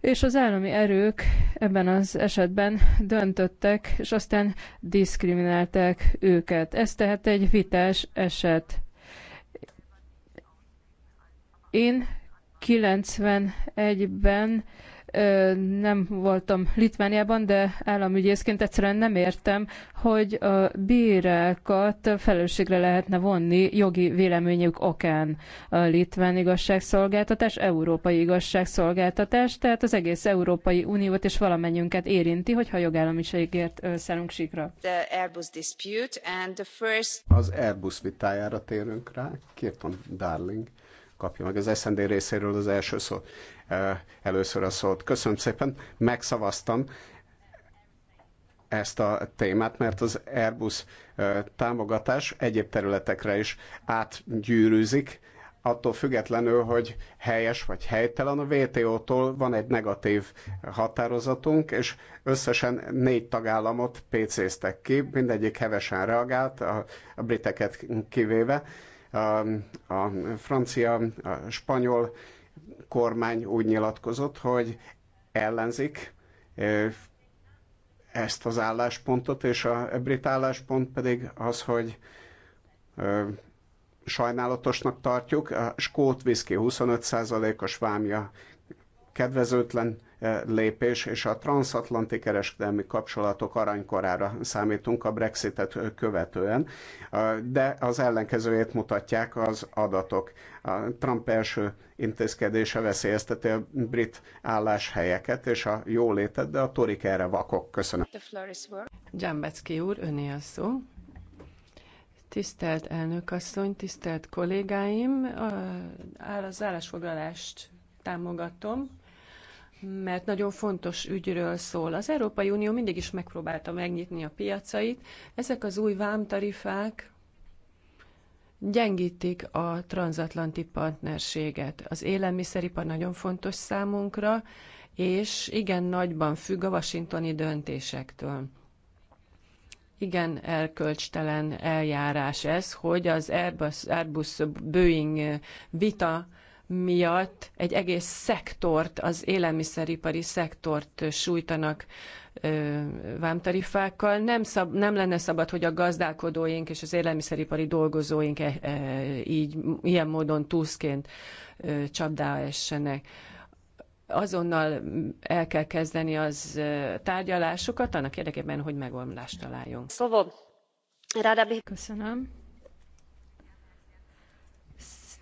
[SPEAKER 2] És az állami erők ebben az esetben döntöttek, és aztán diszkriminálták őket. Ez tehát egy vitás eset. Én 91-ben nem voltam Litvániában, de államügyészként egyszerűen nem értem, hogy a bírákat felelősségre lehetne vonni jogi véleményük okán. A litván igazságszolgáltatás európai igazságszolgáltatás, tehát az egész Európai Uniót és valamennyünket érinti, hogyha jogállamiségért szállunk síkra.
[SPEAKER 3] The Airbus dispute and the first...
[SPEAKER 1] Az Airbus vitájára térünk rá. Kirton Darling kapja meg az SND részéről az első szó, eh, először a szót. Köszönöm szépen, megszavaztam ezt a témát, mert az Airbus eh, támogatás egyéb területekre is átgyűrűzik, attól függetlenül, hogy helyes vagy helytelen a WTO-tól van egy negatív határozatunk, és összesen négy tagállamot PC-ztek ki, mindegyik hevesen reagált, a, a briteket kivéve, a francia, a spanyol kormány úgy nyilatkozott, hogy ellenzik ezt az álláspontot, és a brit álláspont pedig az, hogy sajnálatosnak tartjuk. A skót viszki 25%-os vámja kedvezőtlen, lépés, és a transatlanti kereskedelmi kapcsolatok aranykorára számítunk a Brexitet követően, de az ellenkezőjét mutatják az adatok. A Trump első intézkedése veszélyezteti a brit álláshelyeket és a jólétet, de a torik erre vakok. Köszönöm.
[SPEAKER 4] Dzsambecki úr, öné a szó. Tisztelt elnökasszony, tisztelt kollégáim, az állásfoglalást támogatom mert nagyon fontos ügyről szól. Az Európai Unió mindig is megpróbálta megnyitni a piacait. Ezek az új vámtarifák gyengítik a transatlanti partnerséget. Az élelmiszeripar nagyon fontos számunkra, és igen nagyban függ a washingtoni döntésektől. Igen erkölcstelen eljárás ez, hogy az Airbus, Airbus Boeing vita miatt egy egész szektort, az élelmiszeripari szektort sújtanak vámtarifákkal. Nem, szab, nem lenne szabad, hogy a gazdálkodóink és az élelmiszeripari dolgozóink e, e, így ilyen módon túszként e, csapdá essenek azonnal el kell kezdeni az tárgyalásokat, annak érdekében, hogy megoldást találjunk. Szóval,
[SPEAKER 2] Köszönöm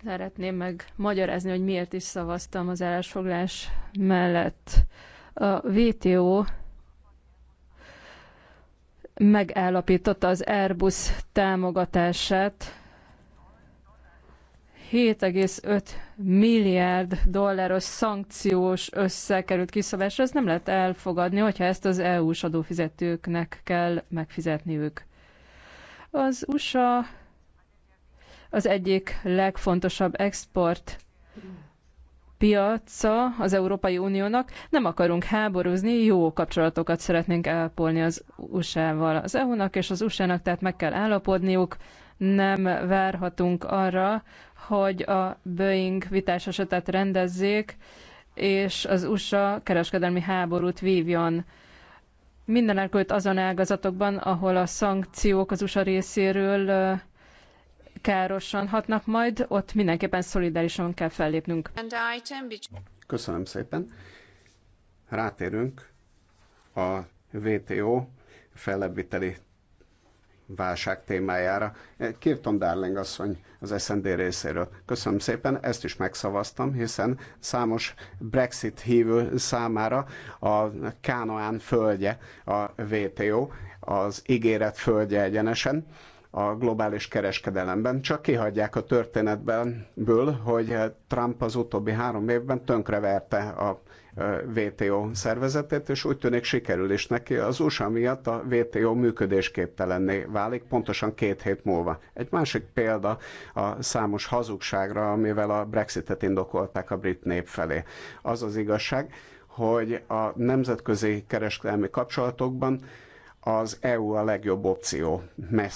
[SPEAKER 2] szeretném megmagyarázni, hogy miért is szavaztam az állásfoglás mellett. A VTO megállapította az Airbus támogatását 7,5 milliárd dolláros szankciós összeg került kiszabásra. Ezt nem lehet elfogadni, hogyha ezt az EU-s adófizetőknek kell megfizetniük. Az USA az egyik legfontosabb export piaca az Európai Uniónak. Nem akarunk háborúzni, jó kapcsolatokat szeretnénk ápolni az USA-val. Az EU-nak és az USA-nak tehát meg kell állapodniuk, nem várhatunk arra, hogy a Boeing vitás esetet rendezzék, és az USA kereskedelmi háborút vívjon. Mindenek azon ágazatokban, ahol a szankciók az USA részéről károsan hatnak majd, ott mindenképpen szolidárisan kell fellépnünk.
[SPEAKER 1] Köszönöm szépen. Rátérünk a WTO fellebbiteli válság témájára. Kirton Darling asszony az SND részéről. Köszönöm szépen, ezt is megszavaztam, hiszen számos Brexit hívő számára a Kánoán földje a WTO, az ígéret földje egyenesen, a globális kereskedelemben, csak kihagyják a történetből, hogy Trump az utóbbi három évben tönkreverte a WTO szervezetét, és úgy tűnik sikerül is neki. Az USA miatt a WTO működésképtelenné válik, pontosan két hét múlva. Egy másik példa a számos hazugságra, amivel a Brexitet indokolták a brit nép felé. Az az igazság, hogy a nemzetközi kereskedelmi kapcsolatokban az EU a legjobb opció,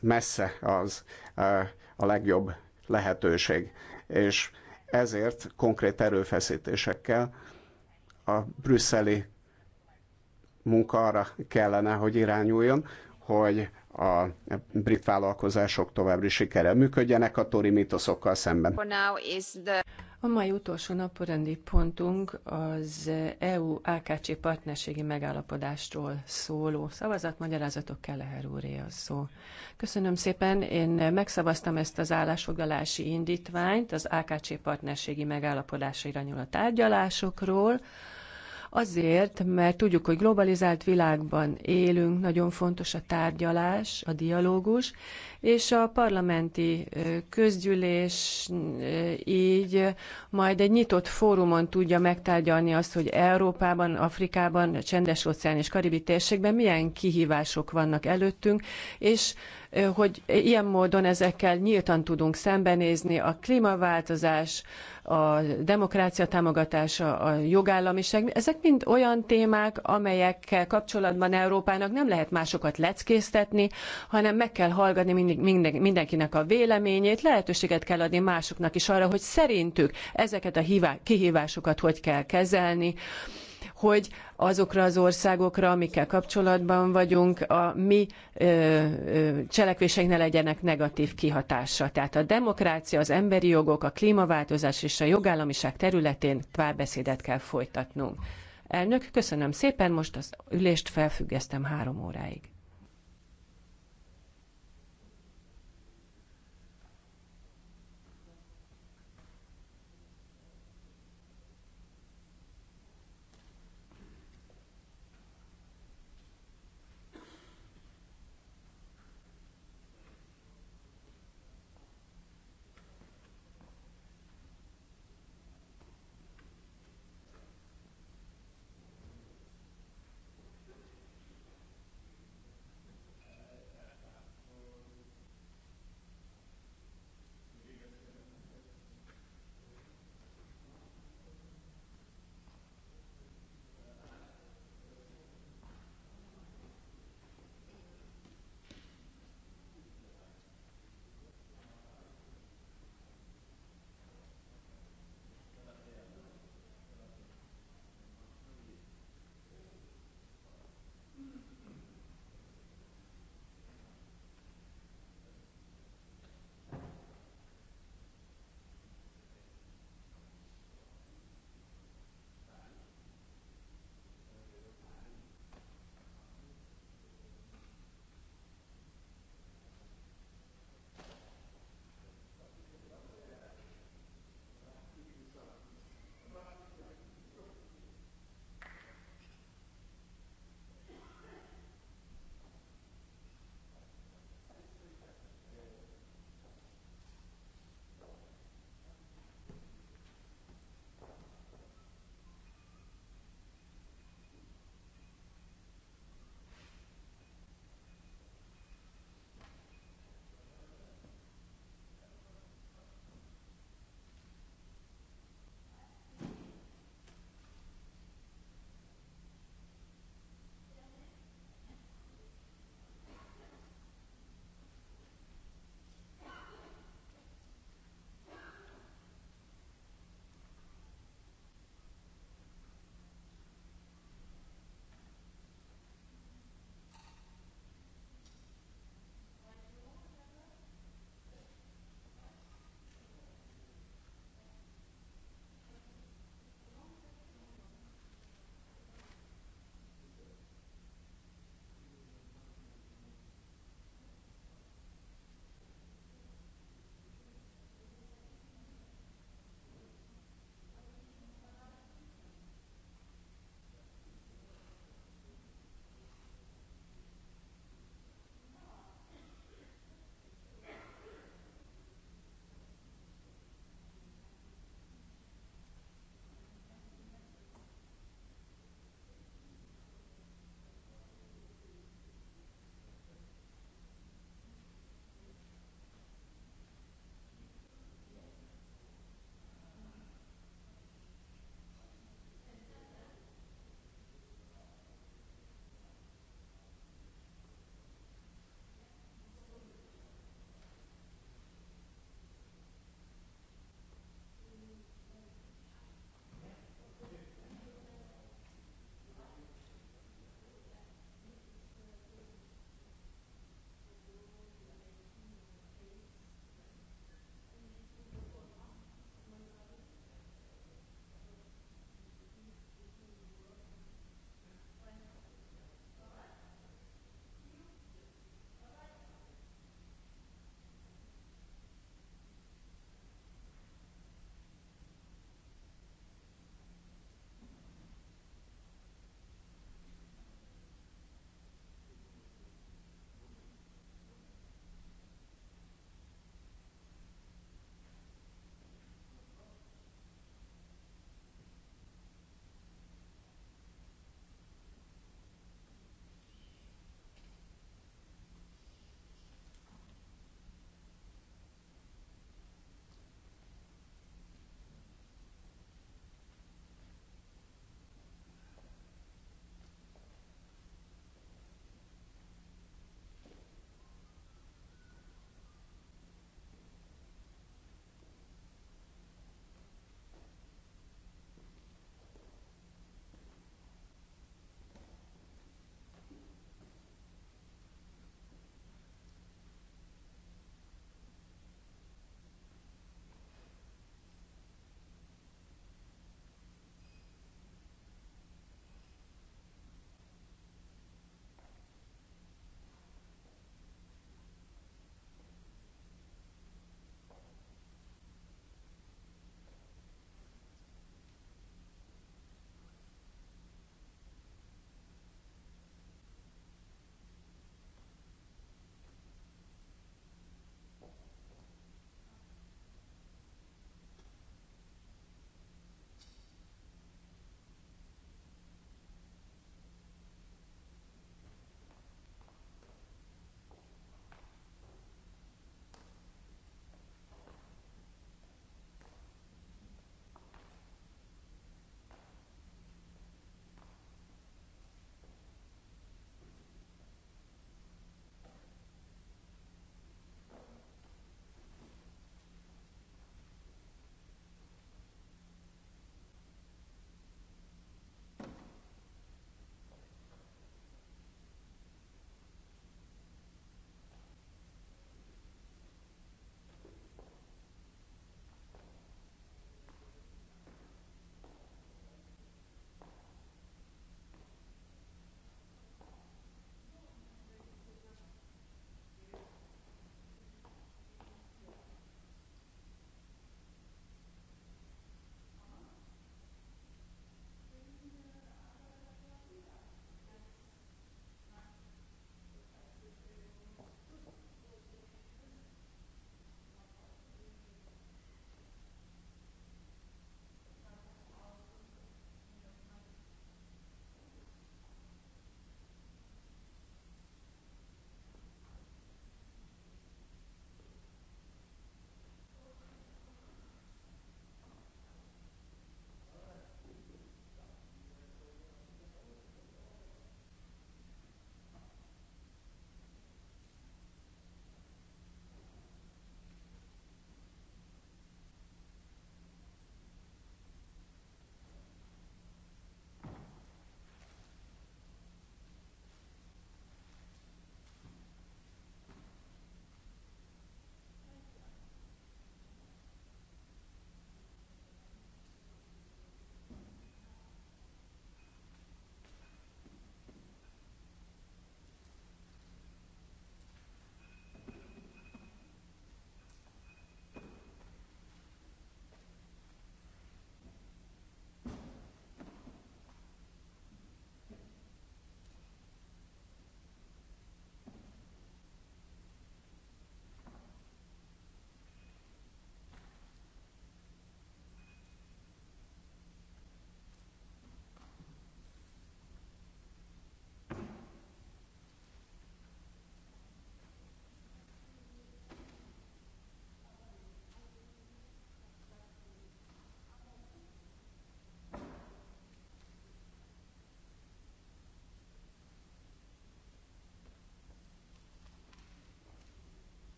[SPEAKER 1] messze az e, a legjobb lehetőség. És ezért konkrét erőfeszítésekkel a brüsszeli munka arra kellene, hogy irányuljon, hogy a brit vállalkozások továbbra is sikere működjenek a tori mitoszokkal szemben.
[SPEAKER 3] A
[SPEAKER 4] mai utolsó naporendi pontunk az EU-AKC partnerségi megállapodásról szóló szavazatmagyarázatok Keleher úré a szó. Köszönöm szépen, én megszavaztam ezt az állásfoglalási indítványt az AKC partnerségi megállapodásra irányuló tárgyalásokról, Azért, mert tudjuk, hogy globalizált világban élünk, nagyon fontos a tárgyalás, a dialógus, és a parlamenti közgyűlés így majd egy nyitott fórumon tudja megtárgyalni azt, hogy Európában, Afrikában, Csendes-óceán és Karibi térségben milyen kihívások vannak előttünk, és hogy ilyen módon ezekkel nyíltan tudunk szembenézni. A klímaváltozás, a demokrácia támogatása, a jogállamiság, ezek mind olyan témák, amelyekkel kapcsolatban Európának nem lehet másokat leckésztetni, hanem meg kell hallgatni mindenkinek a véleményét, lehetőséget kell adni másoknak is arra, hogy szerintük ezeket a kihívásokat hogy kell kezelni, hogy azokra az országokra, amikkel kapcsolatban vagyunk, a mi cselekvéseink ne legyenek negatív kihatással. Tehát a demokrácia, az emberi jogok, a klímaváltozás és a jogállamiság területén párbeszédet kell folytatnunk. Elnök, köszönöm szépen, most az ülést felfüggesztem három óráig.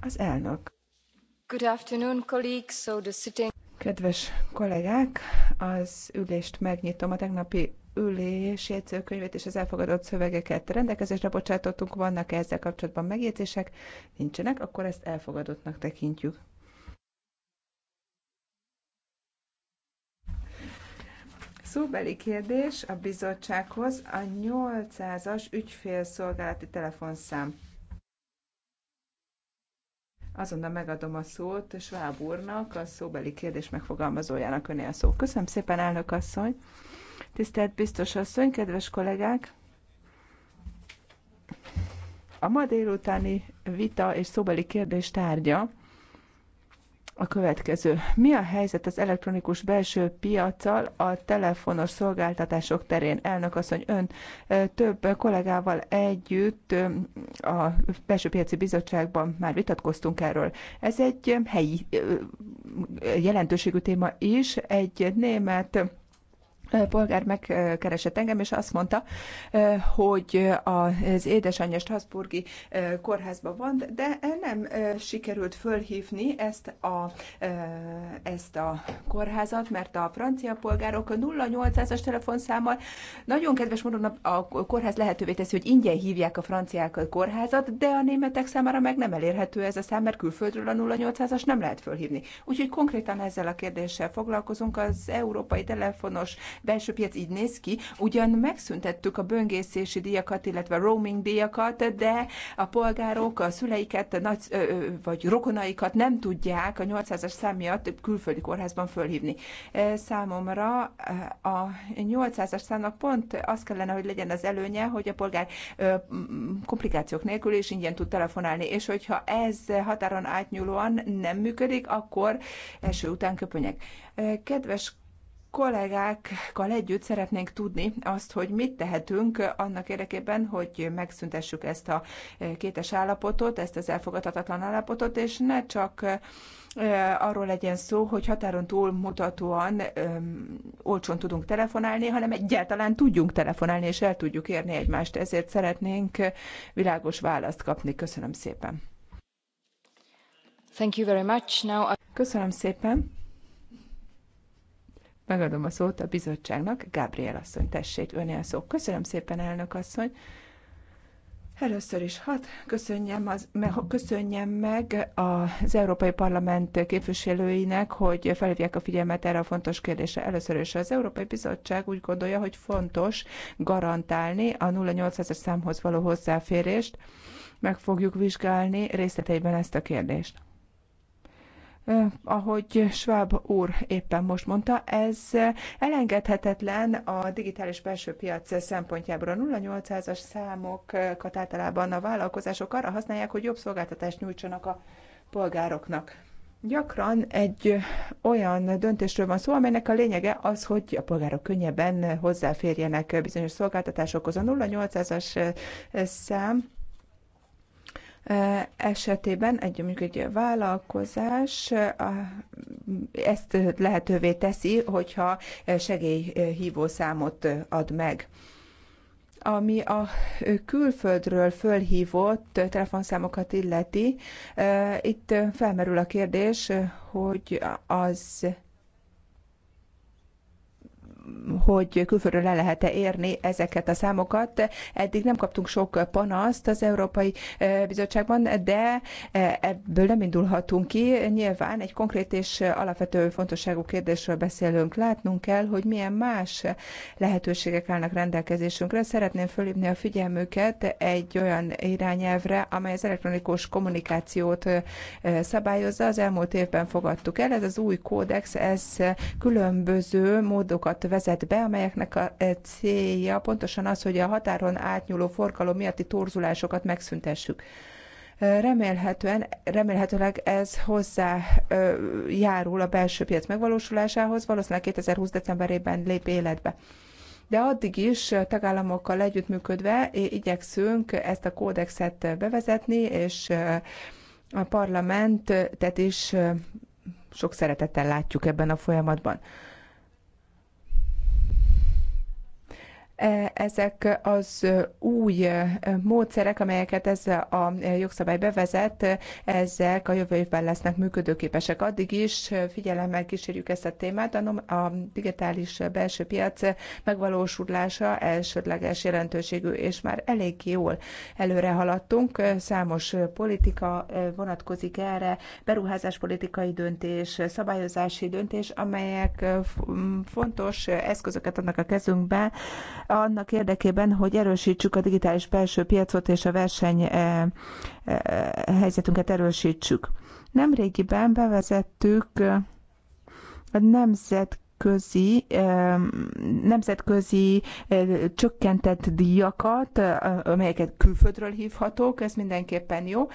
[SPEAKER 7] az elnök
[SPEAKER 3] Good afternoon, colleagues.
[SPEAKER 7] Kedves kollégák, az ülést megnyitom a tegnapi ülés jegyzőkönyvét és az elfogadott szövegeket rendelkezésre bocsátottunk. Vannak -e ezzel kapcsolatban megjegyzések? Nincsenek, akkor ezt elfogadottnak tekintjük. Szóbeli kérdés a bizottsághoz a 800-as ügyfélszolgálati telefonszám. Azonnal megadom a szót Schwab úrnak, a szóbeli kérdés megfogalmazójának öné a szó. Köszönöm szépen, elnök asszony! Tisztelt biztos asszony, kedves kollégák! A ma délutáni vita és szóbeli kérdés tárgya a következő. Mi a helyzet az elektronikus belső piacsal a telefonos szolgáltatások terén? Elnök asszony, ön több kollégával együtt a belső piaci bizottságban már vitatkoztunk erről. Ez egy helyi jelentőségű téma is, egy német polgár megkeresett engem, és azt mondta, hogy az édesanyja Strasburgi kórházban van, de nem sikerült fölhívni ezt a, ezt a kórházat, mert a francia polgárok 0800-as telefonszámmal nagyon kedves módon a kórház lehetővé teszi, hogy ingyen hívják a franciák a kórházat, de a németek számára meg nem elérhető ez a szám, mert külföldről a 0800-as nem lehet fölhívni. Úgyhogy konkrétan ezzel a kérdéssel foglalkozunk az európai telefonos belső piac így néz ki. Ugyan megszüntettük a böngészési díjakat, illetve a roaming díjakat, de a polgárok a szüleiket a nagy, vagy rokonaikat nem tudják a 800-as szám miatt külföldi kórházban fölhívni. Számomra a 800-as számnak pont az kellene, hogy legyen az előnye, hogy a polgár komplikációk nélkül és ingyen tud telefonálni, és hogyha ez határon átnyúlóan nem működik, akkor első után köpönyek. Kedves kollégákkal együtt szeretnénk tudni azt, hogy mit tehetünk annak érdekében, hogy megszüntessük ezt a e, kétes állapotot, ezt az elfogadhatatlan állapotot, és ne csak e, arról legyen szó, hogy határon túl mutatóan öm, e, olcsón tudunk telefonálni, hanem egyáltalán tudjunk telefonálni, és el tudjuk érni egymást. Ezért szeretnénk világos választ kapni. Köszönöm szépen. Thank you very much. Now I... Köszönöm szépen. Megadom a szót a bizottságnak. Gabriel asszony, tessék, önél szó. Köszönöm szépen, elnök asszony. Először is hat köszönjem, az, köszönjem meg az Európai Parlament képviselőinek, hogy felhívják a figyelmet erre a fontos kérdésre. Először is az Európai Bizottság úgy gondolja, hogy fontos garantálni a 0800 számhoz való hozzáférést. Meg fogjuk vizsgálni részleteiben ezt a kérdést ahogy Schwab úr éppen most mondta, ez elengedhetetlen a digitális belső piac szempontjából. A 0800-as számokat általában a vállalkozások arra használják, hogy jobb szolgáltatást nyújtsanak a polgároknak. Gyakran egy olyan döntésről van szó, amelynek a lényege az, hogy a polgárok könnyebben hozzáférjenek bizonyos szolgáltatásokhoz. A 0800-as szám esetében egy, mondjuk egy vállalkozás ezt lehetővé teszi, hogyha segélyhívó számot ad meg ami a külföldről fölhívott telefonszámokat illeti, itt felmerül a kérdés, hogy az hogy külföldről le lehet-e érni ezeket a számokat. Eddig nem kaptunk sok panaszt az Európai Bizottságban, de ebből nem indulhatunk ki. Nyilván egy konkrét és alapvető fontosságú kérdésről beszélünk. Látnunk kell, hogy milyen más lehetőségek állnak rendelkezésünkre. Szeretném fölhívni a figyelmüket egy olyan irányelvre, amely az elektronikus kommunikációt szabályozza. Az elmúlt évben fogadtuk el. Ez az új kódex, ez különböző módokat vezet vezet be, amelyeknek a e, célja pontosan az, hogy a határon átnyúló forgalom miatti torzulásokat megszüntessük. E, remélhetően, remélhetőleg ez hozzá e, járul a belső piac megvalósulásához, valószínűleg 2020. decemberében lép életbe. De addig is tagállamokkal együttműködve igyekszünk ezt a kódexet bevezetni, és a parlamentet is sok szeretettel látjuk ebben a folyamatban. E, ezek az új módszerek, amelyeket ez a e, jogszabály bevezet, ezek a jövő évben lesznek működőképesek. Addig is figyelemmel kísérjük ezt a témát. A digitális belső piac megvalósulása elsődleges jelentőségű, és már elég jól előre haladtunk. Számos politika vonatkozik erre, beruházáspolitikai döntés, szabályozási döntés, amelyek fontos eszközöket adnak a kezünkbe, annak érdekében, hogy erősítsük a digitális belső piacot és a verseny eh, eh, helyzetünket erősítsük. Nemrégiben bevezettük eh, a nemzet nemzetközi, nemzetközi csökkentett díjakat, amelyeket külföldről hívhatók, ez mindenképpen jó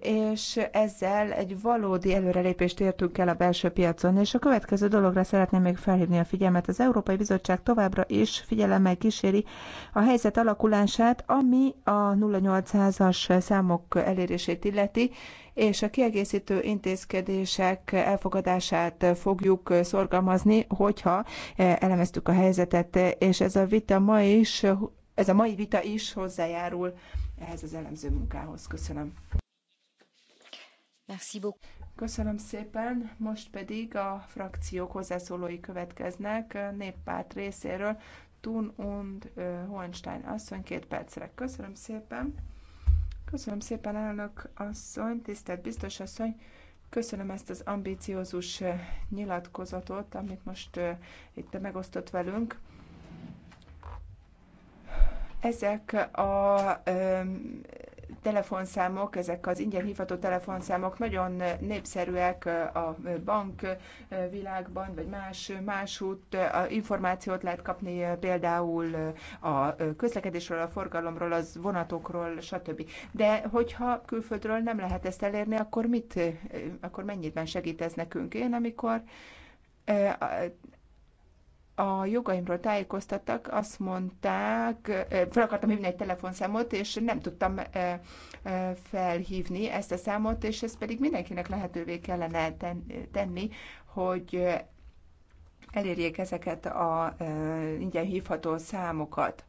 [SPEAKER 7] és ezzel egy valódi előrelépést értünk el a belső piacon. És a következő dologra szeretném még felhívni a figyelmet. Az Európai Bizottság továbbra is figyelemmel kíséri a helyzet alakulását, ami a 0,8-as számok elérését illeti, és a kiegészítő intézkedések elfogadását fogjuk szorgalmazni, hogyha elemeztük a helyzetet, és ez a vita ma is, ez a mai vita is hozzájárul ehhez az elemző munkához. Köszönöm. Merci beaucoup. Köszönöm szépen, most pedig a frakciók hozzászólói következnek néppárt részéről. Thun und Hohenstein asszony két percre. Köszönöm szépen. Köszönöm szépen, elnök asszony, tisztelt biztos asszony. Köszönöm ezt az ambíciózus nyilatkozatot, amit most itt megosztott velünk. Ezek a telefonszámok, ezek az ingyen hívható telefonszámok nagyon népszerűek a bank világban, vagy más, más A információt lehet kapni például a közlekedésről, a forgalomról, az vonatokról, stb. De hogyha külföldről nem lehet ezt elérni, akkor mit, akkor mennyiben segít ez nekünk? Én amikor a jogaimról tájékoztattak, azt mondták, fel akartam hívni egy telefonszámot, és nem tudtam felhívni ezt a számot, és ezt pedig mindenkinek lehetővé kellene tenni, hogy elérjék ezeket a ingyen hívható számokat.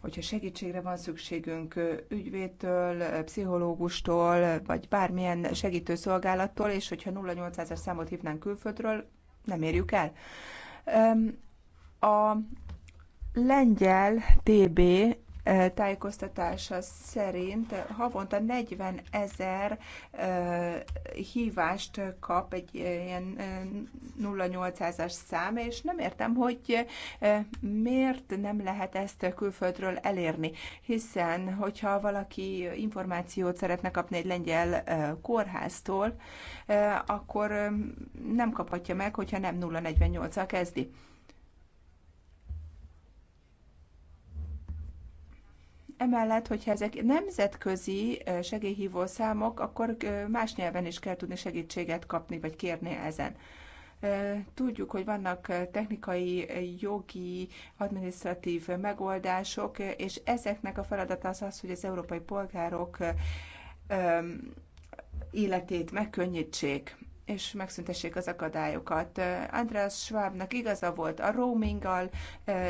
[SPEAKER 7] Hogyha segítségre van szükségünk ügyvédtől, pszichológustól, vagy bármilyen segítőszolgálattól, és hogyha 0800-as számot hívnánk külföldről, nem érjük el. A lengyel TB tájékoztatása szerint havonta 40 ezer hívást kap egy ilyen 0800-as szám, és nem értem, hogy miért nem lehet ezt külföldről elérni, hiszen hogyha valaki információt szeretne kapni egy lengyel kórháztól, akkor nem kaphatja meg, hogyha nem 048-al kezdi. Emellett, hogyha ezek nemzetközi segélyhívó számok, akkor más nyelven is kell tudni segítséget kapni, vagy kérni ezen. Tudjuk, hogy vannak technikai, jogi, administratív megoldások, és ezeknek a feladata az az, hogy az európai polgárok életét megkönnyítsék és megszüntessék az akadályokat. András Schwabnak igaza volt, a roaminggal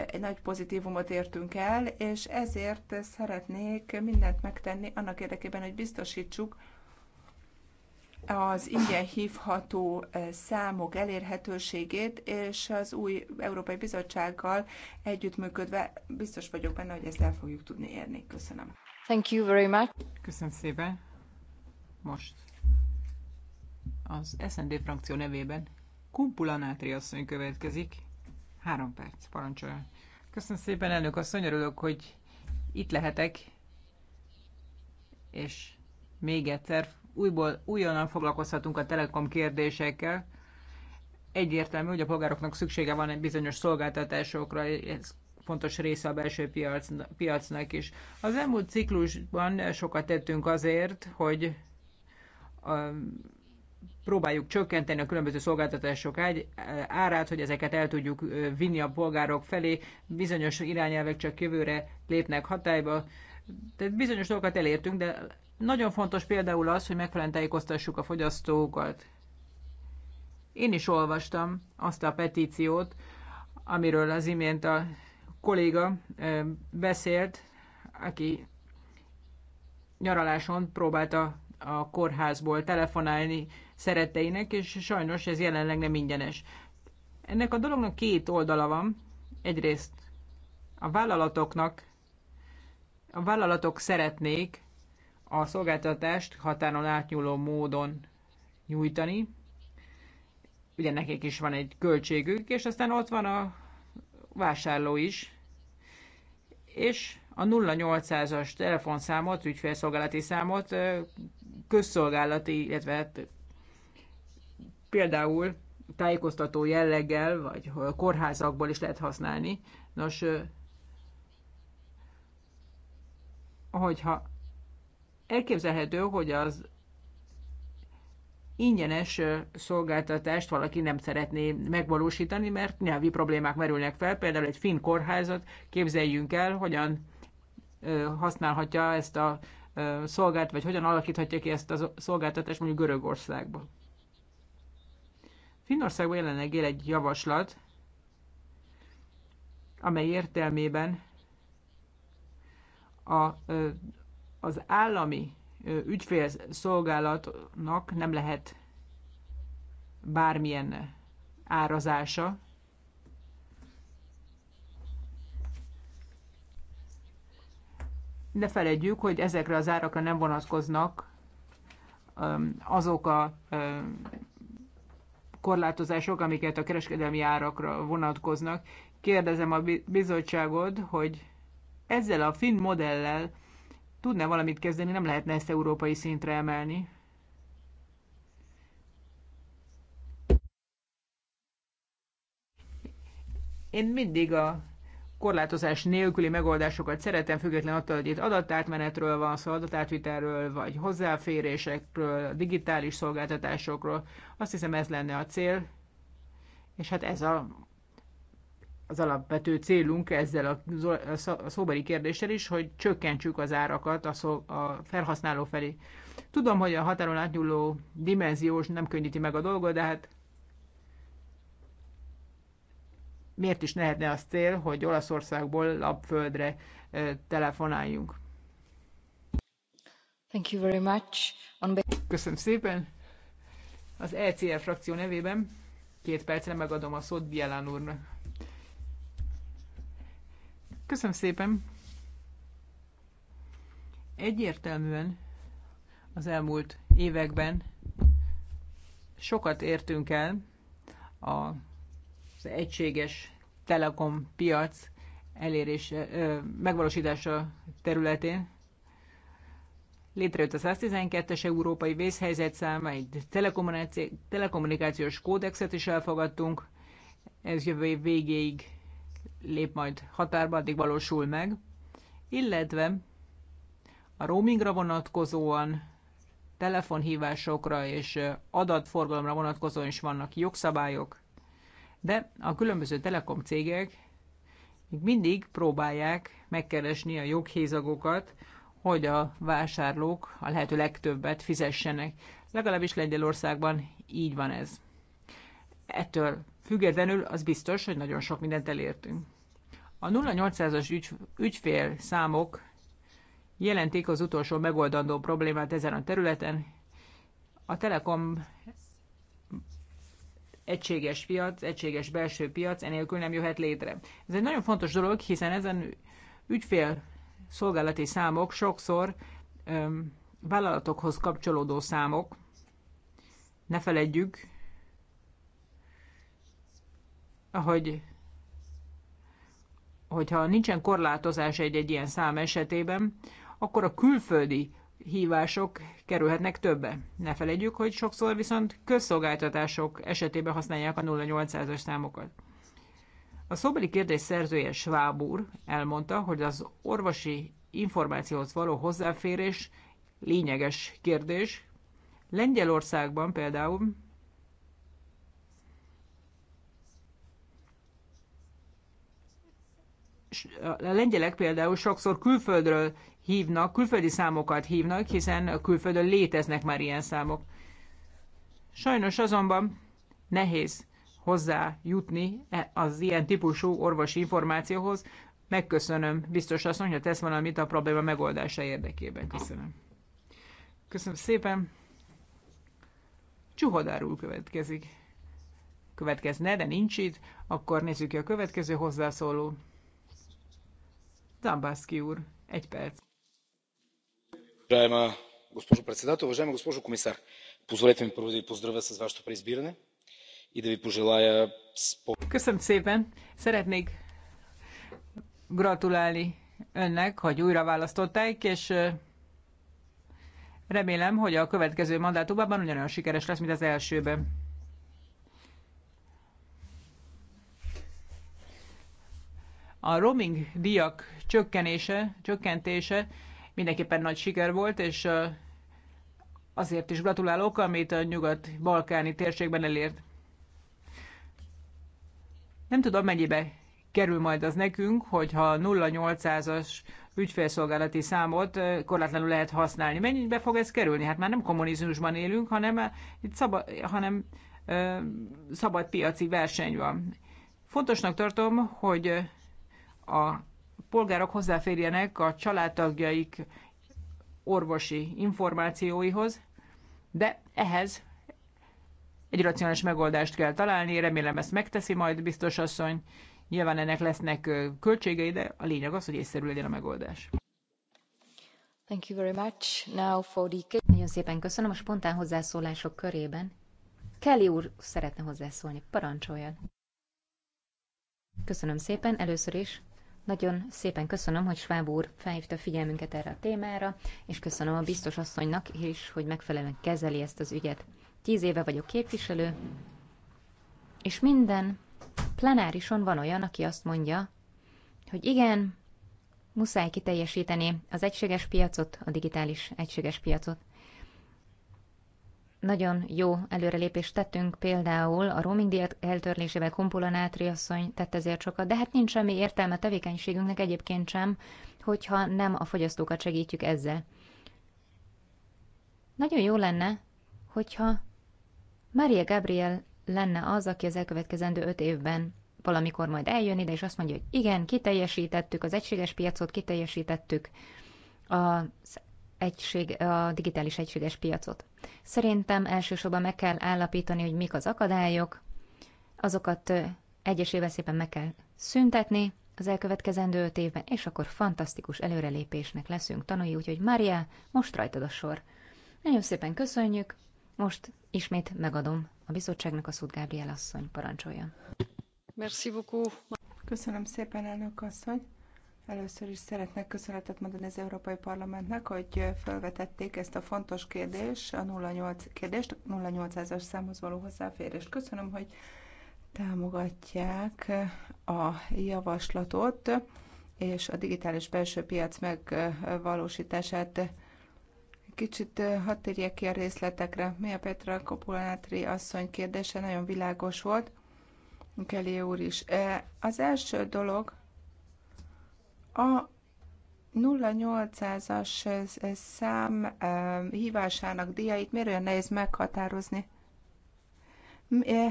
[SPEAKER 7] egy nagy pozitívumot értünk el, és ezért szeretnék mindent megtenni annak érdekében, hogy biztosítsuk az ingyen hívható számok elérhetőségét, és az új Európai Bizottsággal együttműködve biztos vagyok benne, hogy ezt el fogjuk tudni érni. Köszönöm.
[SPEAKER 2] Thank you very much.
[SPEAKER 6] Köszönöm szépen. Most az SND frakció nevében Kumpula Nátri asszony következik. Három perc, parancsolja. Köszönöm szépen, elnök asszony, örülök, hogy itt lehetek, és még egyszer újból, újonnan foglalkozhatunk a telekom kérdésekkel. Egyértelmű, hogy a polgároknak szüksége van egy bizonyos szolgáltatásokra, ez fontos része a belső piac, piacnak is. Az elmúlt ciklusban sokat tettünk azért, hogy a próbáljuk csökkenteni a különböző szolgáltatások árát, hogy ezeket el tudjuk vinni a polgárok felé, bizonyos irányelvek csak jövőre lépnek hatályba, tehát bizonyos dolgokat elértünk, de nagyon fontos például az, hogy megfelelően tájékoztassuk a fogyasztókat. Én is olvastam azt a petíciót, amiről az imént a kolléga beszélt, aki nyaraláson próbálta a kórházból telefonálni szeretteinek, és sajnos ez jelenleg nem ingyenes. Ennek a dolognak két oldala van. Egyrészt a vállalatoknak, a vállalatok szeretnék a szolgáltatást határon átnyúló módon nyújtani. Ugye nekik is van egy költségük, és aztán ott van a vásárló is, és a 0800-as telefonszámot, ügyfélszolgálati számot közszolgálati, illetve például tájékoztató jelleggel, vagy kórházakból is lehet használni. Nos, hogyha elképzelhető, hogy az ingyenes szolgáltatást valaki nem szeretné megvalósítani, mert nyelvi problémák merülnek fel, például egy finn kórházat képzeljünk el, hogyan használhatja ezt a szolgáltatást, vagy hogyan alakíthatja ki ezt a szolgáltatást mondjuk Görögországban. Finnországban jelenleg él egy javaslat, amely értelmében a, az állami ügyfélszolgálatnak nem lehet bármilyen árazása. Ne felejtjük, hogy ezekre az árakra nem vonatkoznak azok a korlátozások, amiket a kereskedelmi árakra vonatkoznak. Kérdezem a bizottságod, hogy ezzel a finn modellel tudna valamit kezdeni, nem lehetne ezt európai szintre emelni? Én mindig a korlátozás nélküli megoldásokat szeretem, független attól, hogy itt adatátmenetről van szó, adatátvitelről, vagy hozzáférésekről, digitális szolgáltatásokról. Azt hiszem ez lenne a cél, és hát ez a, az alapvető célunk ezzel a szóbeli kérdéssel is, hogy csökkentsük az árakat a, szó, a felhasználó felé. Tudom, hogy a határon átnyúló dimenziós nem könnyíti meg a dolgot, de hát miért is lehetne az cél, hogy Olaszországból lapföldre telefonáljunk. Thank you very much. On... Köszönöm szépen. Az ECR frakció nevében két percre megadom a szót Bielán úrnak. Köszönöm szépen. Egyértelműen az elmúlt években sokat értünk el a az egységes telekom piac elérése, megvalósítása területén. Létrejött a 112-es európai vészhelyzet száma, egy telekommunikációs kódexet is elfogadtunk, ez jövő év végéig lép majd határba, addig valósul meg, illetve a roamingra vonatkozóan, telefonhívásokra és adatforgalomra vonatkozóan is vannak jogszabályok, de a különböző telekom cégek még mindig próbálják megkeresni a joghézagokat, hogy a vásárlók a lehető legtöbbet fizessenek. Legalábbis Lengyelországban így van ez. Ettől függetlenül az biztos, hogy nagyon sok mindent elértünk. A 0800-as ügy, ügyfél számok jelentik az utolsó megoldandó problémát ezen a területen. A Telekom egységes piac, egységes belső piac enélkül nem jöhet létre. Ez egy nagyon fontos dolog, hiszen ezen ügyfél szolgálati számok sokszor öm, vállalatokhoz kapcsolódó számok. Ne feledjük, hogy hogyha nincsen korlátozás egy-egy ilyen szám esetében, akkor a külföldi hívások kerülhetnek többe. Ne felejtjük, hogy sokszor viszont közszolgáltatások esetében használják a 0800-as számokat. A szóbeli kérdés szerzője Schwab úr elmondta, hogy az orvosi információhoz való hozzáférés lényeges kérdés. Lengyelországban például a lengyelek például sokszor külföldről hívnak, külföldi számokat hívnak, hiszen külföldön léteznek már ilyen számok. Sajnos azonban nehéz hozzá jutni e- az ilyen típusú orvosi információhoz. Megköszönöm biztos asszony, hogy tesz valamit a probléma megoldása érdekében. Köszönöm. Köszönöm szépen. Csuhodár úr következik. Következne, de nincs itt. Akkor nézzük ki a következő hozzászóló. Zambászki úr, egy perc
[SPEAKER 1] уважаема госпожо председател уважаема госпожо комисар! позволете ми първо да ви поздравя с вашето преизбиране и да ви пожелая
[SPEAKER 6] Köszönöm szépen! Szeretnék gratulálni önnek, hogy újra választották, és remélem, hogy a következő mandátumban ugyanolyan sikeres lesz, mint az elsőben. A roaming díjak csökkenése, csökkentése mindenképpen nagy siker volt, és azért is gratulálok, amit a nyugat-balkáni térségben elért. Nem tudom, mennyibe kerül majd az nekünk, hogyha 0,800-as ügyfélszolgálati számot korlátlanul lehet használni. Mennyibe fog ez kerülni? Hát már nem kommunizmusban élünk, hanem, itt szaba, hanem ö, szabad piaci verseny van. Fontosnak tartom, hogy a polgárok hozzáférjenek a családtagjaik orvosi információihoz, de ehhez egy racionális megoldást kell találni, remélem ezt megteszi majd biztos asszony. Nyilván ennek lesznek költségei, de a lényeg az, hogy észszerű legyen a megoldás.
[SPEAKER 5] Thank you very much. Now for the... Nagyon szépen köszönöm a spontán hozzászólások körében. Kelly úr szeretne hozzászólni, parancsoljon. Köszönöm szépen, először is nagyon szépen köszönöm, hogy Schwab úr felhívta a figyelmünket erre a témára, és köszönöm a biztos asszonynak is, hogy megfelelően kezeli ezt az ügyet. Tíz éve vagyok képviselő, és minden plenárison van olyan, aki azt mondja, hogy igen, muszáj kiteljesíteni az egységes piacot, a digitális egységes piacot nagyon jó előrelépést tettünk, például a roaming díjat eltörlésével Kumpula Nátriasszony tett ezért sokat, de hát nincs semmi értelme a tevékenységünknek egyébként sem, hogyha nem a fogyasztókat segítjük ezzel. Nagyon jó lenne, hogyha Maria Gabriel lenne az, aki az elkövetkezendő öt évben valamikor majd eljön ide, és azt mondja, hogy igen, kiteljesítettük, az egységes piacot kiteljesítettük, az egység, a digitális egységes piacot. Szerintem elsősorban meg kell állapítani, hogy mik az akadályok, azokat egyesével szépen meg kell szüntetni az elkövetkezendő öt évben, és akkor fantasztikus előrelépésnek leszünk tanulni, úgyhogy Mária, most rajtad a sor. Nagyon szépen köszönjük, most ismét megadom a bizottságnak a szót Gábriel asszony parancsolja.
[SPEAKER 7] Merci beaucoup. Köszönöm szépen, elnök asszony. Először is szeretnék köszönetet mondani az Európai Parlamentnek, hogy felvetették ezt a fontos kérdést, a 08 kérdést, 0800-as számhoz való hozzáférést. Köszönöm, hogy támogatják a javaslatot és a digitális belső piac megvalósítását. Kicsit hadd térjek ki a részletekre. Mi a Petra Kopulánátri asszony kérdése nagyon világos volt. Kelly úr is. Az első dolog, a 0800-as szám hívásának díjait miért olyan nehéz meghatározni?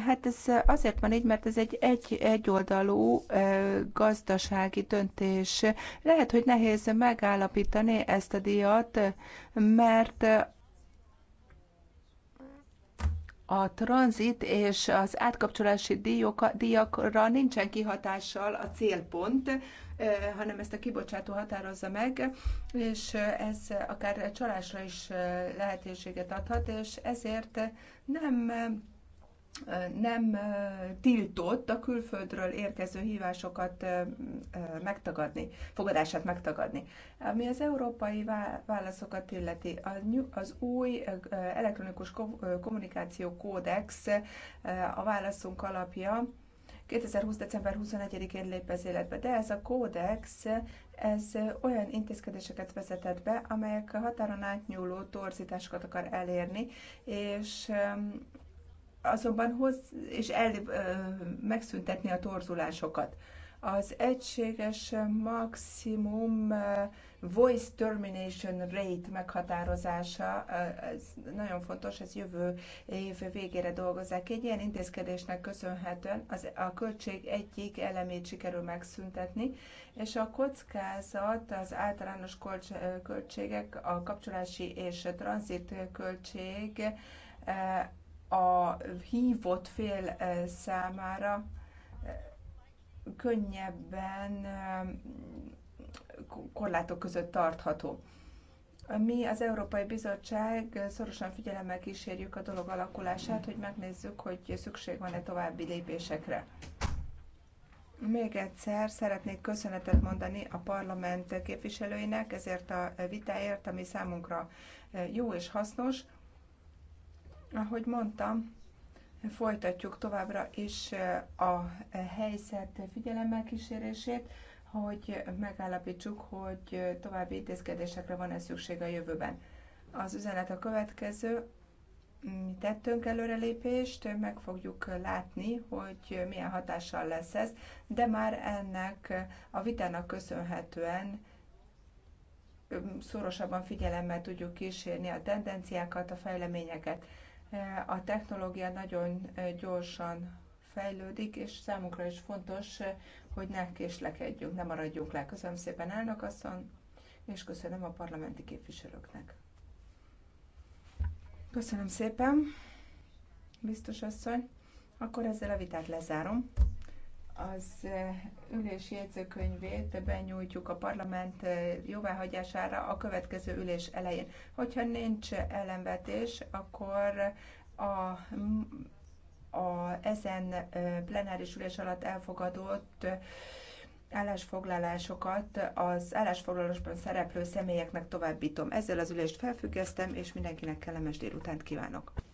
[SPEAKER 7] Hát ez azért van így, mert ez egy, egy egyoldalú gazdasági döntés. Lehet, hogy nehéz megállapítani ezt a díjat, mert a tranzit és az átkapcsolási díjokra díjakra nincsen kihatással a célpont, hanem ezt a kibocsátó határozza meg, és ez akár csalásra is lehetőséget adhat, és ezért nem nem tiltott a külföldről érkező hívásokat megtagadni, fogadását megtagadni. Ami az európai válaszokat illeti, az új elektronikus kommunikáció kódex a válaszunk alapja, 2020. december 21-én lép ez életbe. De ez a kódex, ez olyan intézkedéseket vezetett be, amelyek a határon átnyúló torzításokat akar elérni, és um, azonban hoz, és el, ö, megszüntetni a torzulásokat az egységes maximum eh, voice termination rate meghatározása, eh, ez nagyon fontos, ez jövő év végére dolgozzák. Egy ilyen intézkedésnek köszönhetően az, a költség egyik elemét sikerül megszüntetni, és a kockázat, az általános eh, költségek, a kapcsolási és tranzit költség a hívott fél számára könnyebben korlátok között tartható. Mi az Európai Bizottság szorosan figyelemmel kísérjük a dolog alakulását, hogy megnézzük, hogy szükség van-e további lépésekre. Még egyszer szeretnék köszönetet mondani a parlament képviselőinek ezért a vitáért, ami számunkra jó és hasznos. Ahogy mondtam, folytatjuk továbbra is a helyzet figyelemmel kísérését, hogy megállapítsuk, hogy további intézkedésekre van-e szükség a jövőben. Az üzenet a következő, mi tettünk előrelépést, meg fogjuk látni, hogy milyen hatással lesz ez, de már ennek a vitának köszönhetően szorosabban figyelemmel tudjuk kísérni a tendenciákat, a fejleményeket. A technológia nagyon gyorsan fejlődik, és számunkra is fontos, hogy ne késlekedjünk, ne maradjunk le. Köszönöm szépen elnök asszony, és köszönöm a parlamenti képviselőknek. Köszönöm szépen, biztos asszony. Akkor ezzel a vitát lezárom az eh, ülés jegyzőkönyvét benyújtjuk a parlament eh, jóváhagyására a következő ülés elején. Hogyha nincs ellenvetés, akkor a, a ezen eh, plenáris ülés alatt elfogadott állásfoglalásokat az állásfoglalásban szereplő személyeknek továbbítom. Ezzel az ülést felfüggesztem, és mindenkinek kellemes délutánt kívánok.